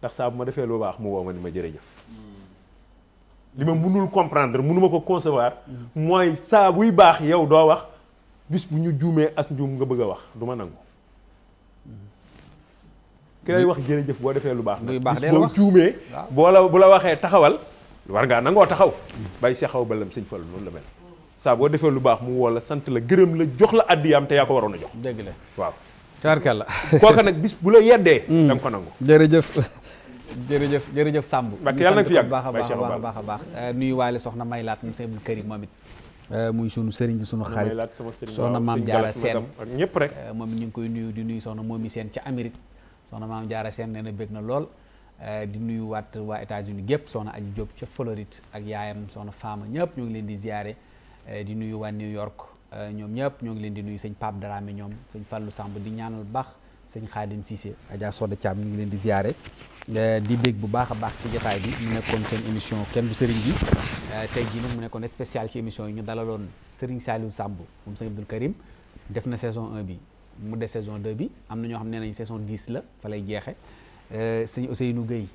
Speaker 7: ndax saa bu ma defee lu baax mu woo ma ni ma jërëjëf li ma mënul comprendre mënuma ko concevoir mooy saa buy baax yow doo wax bis bu ñu juumee as njuum nga bëgg a wax du ma nangu ki lay wax jërëjëf boo defee lu baax bis boo juumee boo la bu la waxee taxawal war ngaa nangoo taxaw bay si xaw balam sëñ Fallu noonu la mel saa boo defee lu baax mu woo la sant la gërëm la jox la addiyaam te yaa ko waroon a jox dëgg la waaw kooka nag bis bu la yeddee mm. dam ko nangu jërëjëf jërëjëf jërëjëf Samb. mbàkk yàlla na baax
Speaker 2: a baax a baax a baax eh, nuyu soxna Maylaat mu seen kër yi moom it eh, muy sunu sëriñ bi sunu xarit soxna maam jaara seen ñëpp rek eh, moom ñu ngi koy nuyu di nuyu soxna moom mi seen ca Amérique soxna maam jaara seen nee na bég na lool di nuyuwaat waat waa États-Unis gépp soxna aji Diop ca Floride ak yaayam soxna Fama ñëpp ñoo ngi leen di ziare di nuyu waa New York ñoom ñëpp ñoo ngi leen di nuyu sëñ Pape Dramé ñoom sëñ Fallou Samb di ñaanal baax sëñ Khadim Cissé Adja Soda Thiam ñu ngi leen di ziare Euh, di bég bu baax a baax ci jotaay bi mu nekkoon seen émission kenn du sëriñ bi euh, tey jii nag mu nekkoon spécial ci émission yi ñu dalaloon Serigne Saliou Samb moom sëñ Abdoul Karim def na saison 1 bi mu des saison de bi am na ñoo xam ne nañ saison 10 la fa lay jeexe euh, sëñ Ousseynou Gueye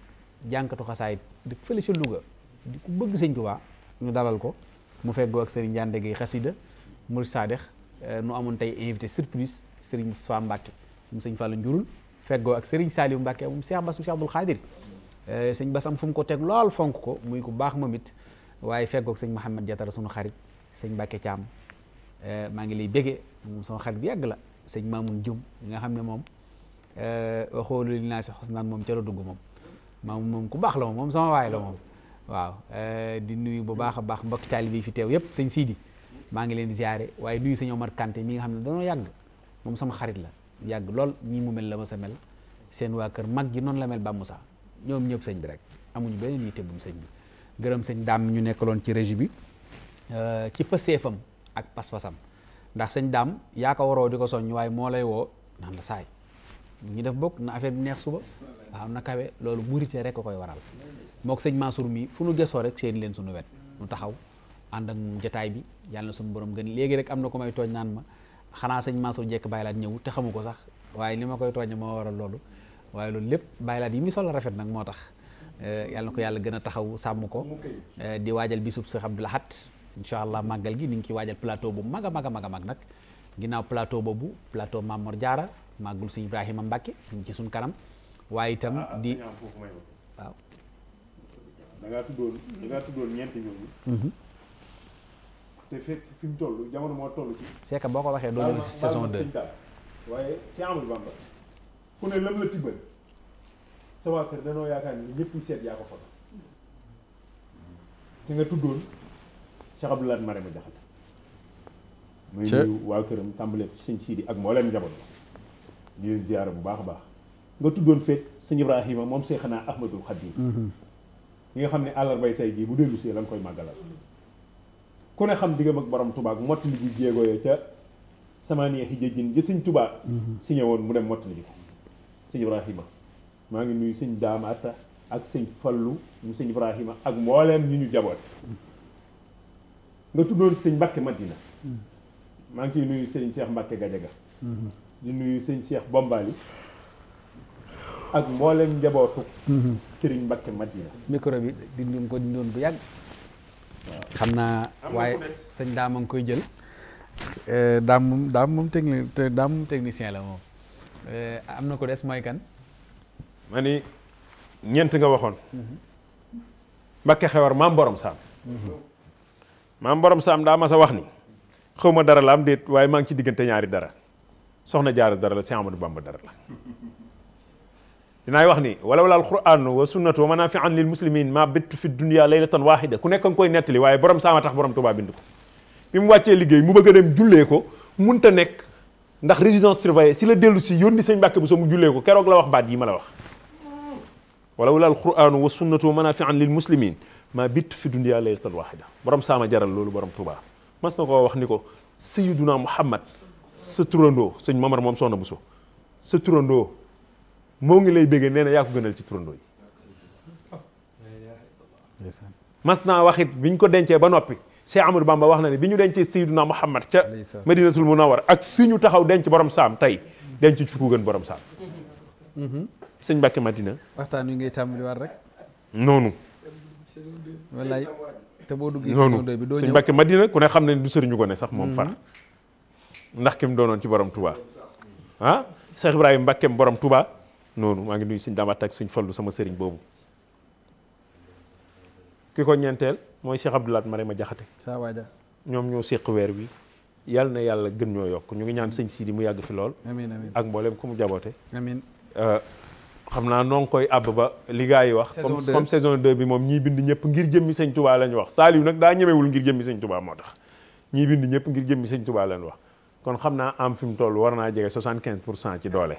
Speaker 2: jànkatu xasaay dëkk fële ca Louga di ku bëgg sëñ Tuubaa ñu dalal ko mu feggoo ak Serigne Ndiande Gueye xasida Mouride Sadex nu amoon tey invité surprise Serigne Moustapha Mbacke moom sëñ Fallou Njurul fego ak Serigne salim mbake mom Cheikh Bass Cheikh Abdoul Khadir serigne bassam fum ko tek lol fonk ko muy ko bax momit waye fego ak serigne mohammed jatar sunu xarit sëñ Mbacke Thiam maa ngi lay bége mom sama xarit bi yàgg la serigne Mamoun djum nga xamne mom euh waxoolu li naa si xos naan moom ca la dugg moom Mamoun moom ku bax la mom sama waay la mom waaw euh di nuyu bu baakha bax mbok talibi fi tew yep serigne Sidi maa ngi leen di ziare waye nuyu serigne Omar Kanté mi nga xamne dañu yag mom sama xarit la yàgg lool ñii mu mel la ma sa mel seen waa kër mag gi noonu la mel ba Moussa ñoom ñëpp sëñ bi rek amuñu beneen yitte bu sëñ bi gërëm sëñ daam ñu nekkaloon ci régie bi euh, ci pëseefam ak pas-pasam ndax sëñ daam yaa ko waroo di ko soññ waaye moo lay woo naan la saay ñu def bokk na affaire bi neex suba waaw na kawe loolu murite rek ko koy waral moo sëñ Mansour mii fu nu gesoo rek seen leen suñu wet nu taxaw ànd ak moom jataay bi yàlla na suñu gën léegi rek am na ko may tooñ naan ma xanaa sëñ Mansour jekk baylaat ñëw te xamu ko sax waaye li ma koy tooñ moo waral loolu waaye loolu lépp baylaat yi muy sol rafet nag moo tax eh, yàlla ko yàlla gën a taxaw sàmm ko eh, di waajal bi bisub Cheikh Abdou laxat incha allah màggal gi ni ngi ciy waajal plateau bu mag a mag a mag a mag nag ginnaaw plateau boobu plateau Mamor Diarra màggul sëñ Ibrahima Mbacke ñu ci suñ kanam waaye itam ah, ah, di
Speaker 7: waaw te fekk fi mu toll jamono moo toll ci.
Speaker 2: c'est boo ko waxee doo ñu gis saison 2
Speaker 7: waaye Cheikh Amadou Bamba ku ne lam la tibbal sa waa kër danoo yaakaar ni ñëpp seet yaa ko fa te nga tuddoon Cheikh Abdoulaye Mare ma jaxal. muy nuyu waa këram tàmbalee ci sëñ Sidi ak mbooleem njaboot ñu leen ziyaara bu baax a baax nga tuddoon feet sëñ Ibrahima moom Seexanaa Ahmadul Xadim. ñi mhm. nga xam ne àllarbay tey jii bu dellu see la nga koy màggalal. ku ne xam diggam ak borom tubaab ak mottali ji jéego yo ca sama neexi jëjjin ji sëñ Touba mhm. signé woon mu dem mott ji ko sëñ Ibrahima maa ngi nuyu sëñ Daamata ak sëñ Fallu mu sëñ Ibrahima ak mbooleem ñu ñu jaboot nga tuddoon sëñ Mbacke Madina mhm. maa ngi ciy nuyu sëñ Cheikh Mbacke Gadiaga mhm. di nuyu sëñ Cheikh Bombali ak mboolem njabootu. Serigne Mbacke Madina. micro bi dindi
Speaker 2: ko dindoon bu yàgg. xam naa waaye sëñ daam a ngi koy jël eh, daam moom daam moom technique daam moom technicien la moom eh, am na ko des mooy
Speaker 7: kan ñeent nga waxoon Mbakke xewar maam borom saam maam borom saam daa ma sa wax ni xaw ma dara la am déet waaye maa ngi ci diggante ñaari dara soxna jaar dara la si baa Bamba dara la dinaay wax ni wala wala alquran wa sunnatu wa manafian lil muslimin ma bittu fi dunya laylatan wahida ku nekk nga koy netti waye borom sama tax borom Tuubaa bind ko bi mu wàccee mu beug dem julle ko munta nek ndax résidence surveillée si la delu ci yoni seigne mbacke bu so mu julle ko keroog la wax baat yi mala wax wala wala alquran wa sunnatu wa manafian lil muslimin ma bittu fi dunya laylatan wahida borom sama jaral loolu borom Tuubaa mas nako wax niko sayyiduna Muhammad sa turandoo seigne Mamar mom sonna bu so sa turandoo moo ngi lay béggee nee na yaa ko gënal ci turandoo mas naa waxit bi ñu ko dencee ba noppi Cheikh Amadou Bamba wax na ne bi ñu dencee Seydina Muhammad ca Madinatul Munawwar ak fii ñu taxaw denc borom saam tey denc fi ku gën borom saam sëñ Mbàkke Madina
Speaker 2: waxtaan wi ngay tàmbaliwaat rek
Speaker 7: noonu wallaay
Speaker 2: te boo duggee saison deux bi doo ñëw sëñ Mbàkke
Speaker 7: Madina ku ne xam ne du sëriñu ko ne sax moom mm-hmm. far ndax ki mu doonoon ci borom Touba ah Cheikh Ibrahima borom tubaa noonu maa ngi nuyu suñ damat ak suñ fallu sama sëriñ boobu ki ko ñeenteel mooy Cheikh Abdoulaat Marema Jaxate saa waaja ñoom ñoo séq weer wi yàlla na yàlla gën ñoo yokk ñu ngi ñaan sëñ Sidi mu yàgg fi lool amiin amiin ak mboolem ku mu jaboote amiin euh, xam naa noo ngi koy àbb ba li yi wax comme saison 2 bi moom ñii bind ñëpp ngir jëmmi sëñ Touba lañ wax Saliou nag daa ñemewul ngir jëmmi sëñ tubaa moo tax ñii bind ñëpp ngir jëmmi sëñ Touba lañ wax kon xam naa am fi mu toll war naa jege 75 pour cent ci doole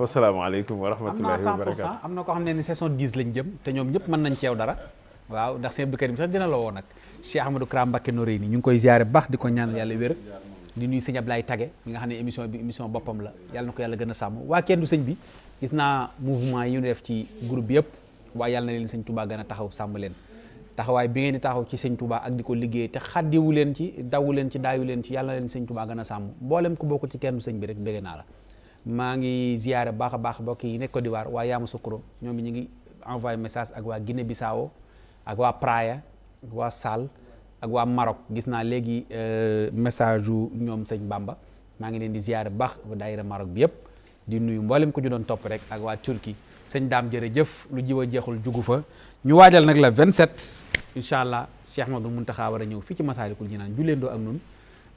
Speaker 7: wasalaamaaleykum wa rahmatullahi wa barakatu
Speaker 2: am na ko xam ne ni saison 10 lañ jëm te ñoom ñëpp mën nañ ceew dara waaw ndax sëñ Abdou Karim sax dina la woo nag Cheikh Ahmadou Kara Mbacké Noreyni ñu ngi koy ziare baax di ko ñaanal yàlla wér di nuyu sëñ Ablaye Tage mi nga xam ne émission bi émission boppam la yàlla na ko yàlla gën a sàmm waa kenn du sëñ bi gis naa mouvement yi ñu def ci group bi yëpp waaye yàlla na leen sëñ Touba gën a taxaw sàmm leen taxawaay bi ngeen di taxaw ci sëñ ak di ko liggéey te xaddiwu leen ci dawu leen ci daayu leen ci yàlla na leen sëñ Touba sàmm mboolem ku bokk ci kenn sëñ bi rek bëgg naa maa ngi ziyaare baax a baax mbokk yi nekk Côte d'Ivoire waa Yamoussoukro ñoom ñu ngi envoyé message ak waa Guinée Bissau ak waa Praia ak waa Sall ak waa Maroc gis naa léegi euh, message yu ñoom sëñ Bamba maa ngi leen di ziyaare baax daayira marok bi yëpp di nuyu mboolem ko ñu doon topp rek ak waa Turquie sëñ daam jërëjëf lu jiw a jeexul jugu fa ñu waajal nag la 27 incha allah Cheikh Ahmadou Mountakha war a ñëw fii ci Masaalikul Jinaan julleen doo ak nun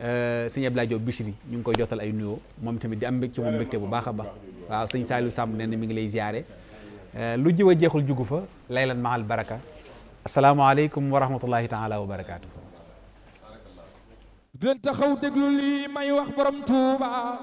Speaker 2: Euh, sëñ Abdoulaye Diop Bichri ñu ngi koy jotal ay nuyoo moom tamit di am mbég ci moom mbégte bu baax a baax waaw sañ Saliou Samb nee na mi ngi lay ziare euh, lu jiw a jeexul jugu fa laylan ma baraka asalaamaaleykum wa rahmatullahi taala wa barakaatu.
Speaker 3: di leen taxaw déglu lii may wax borom Touba.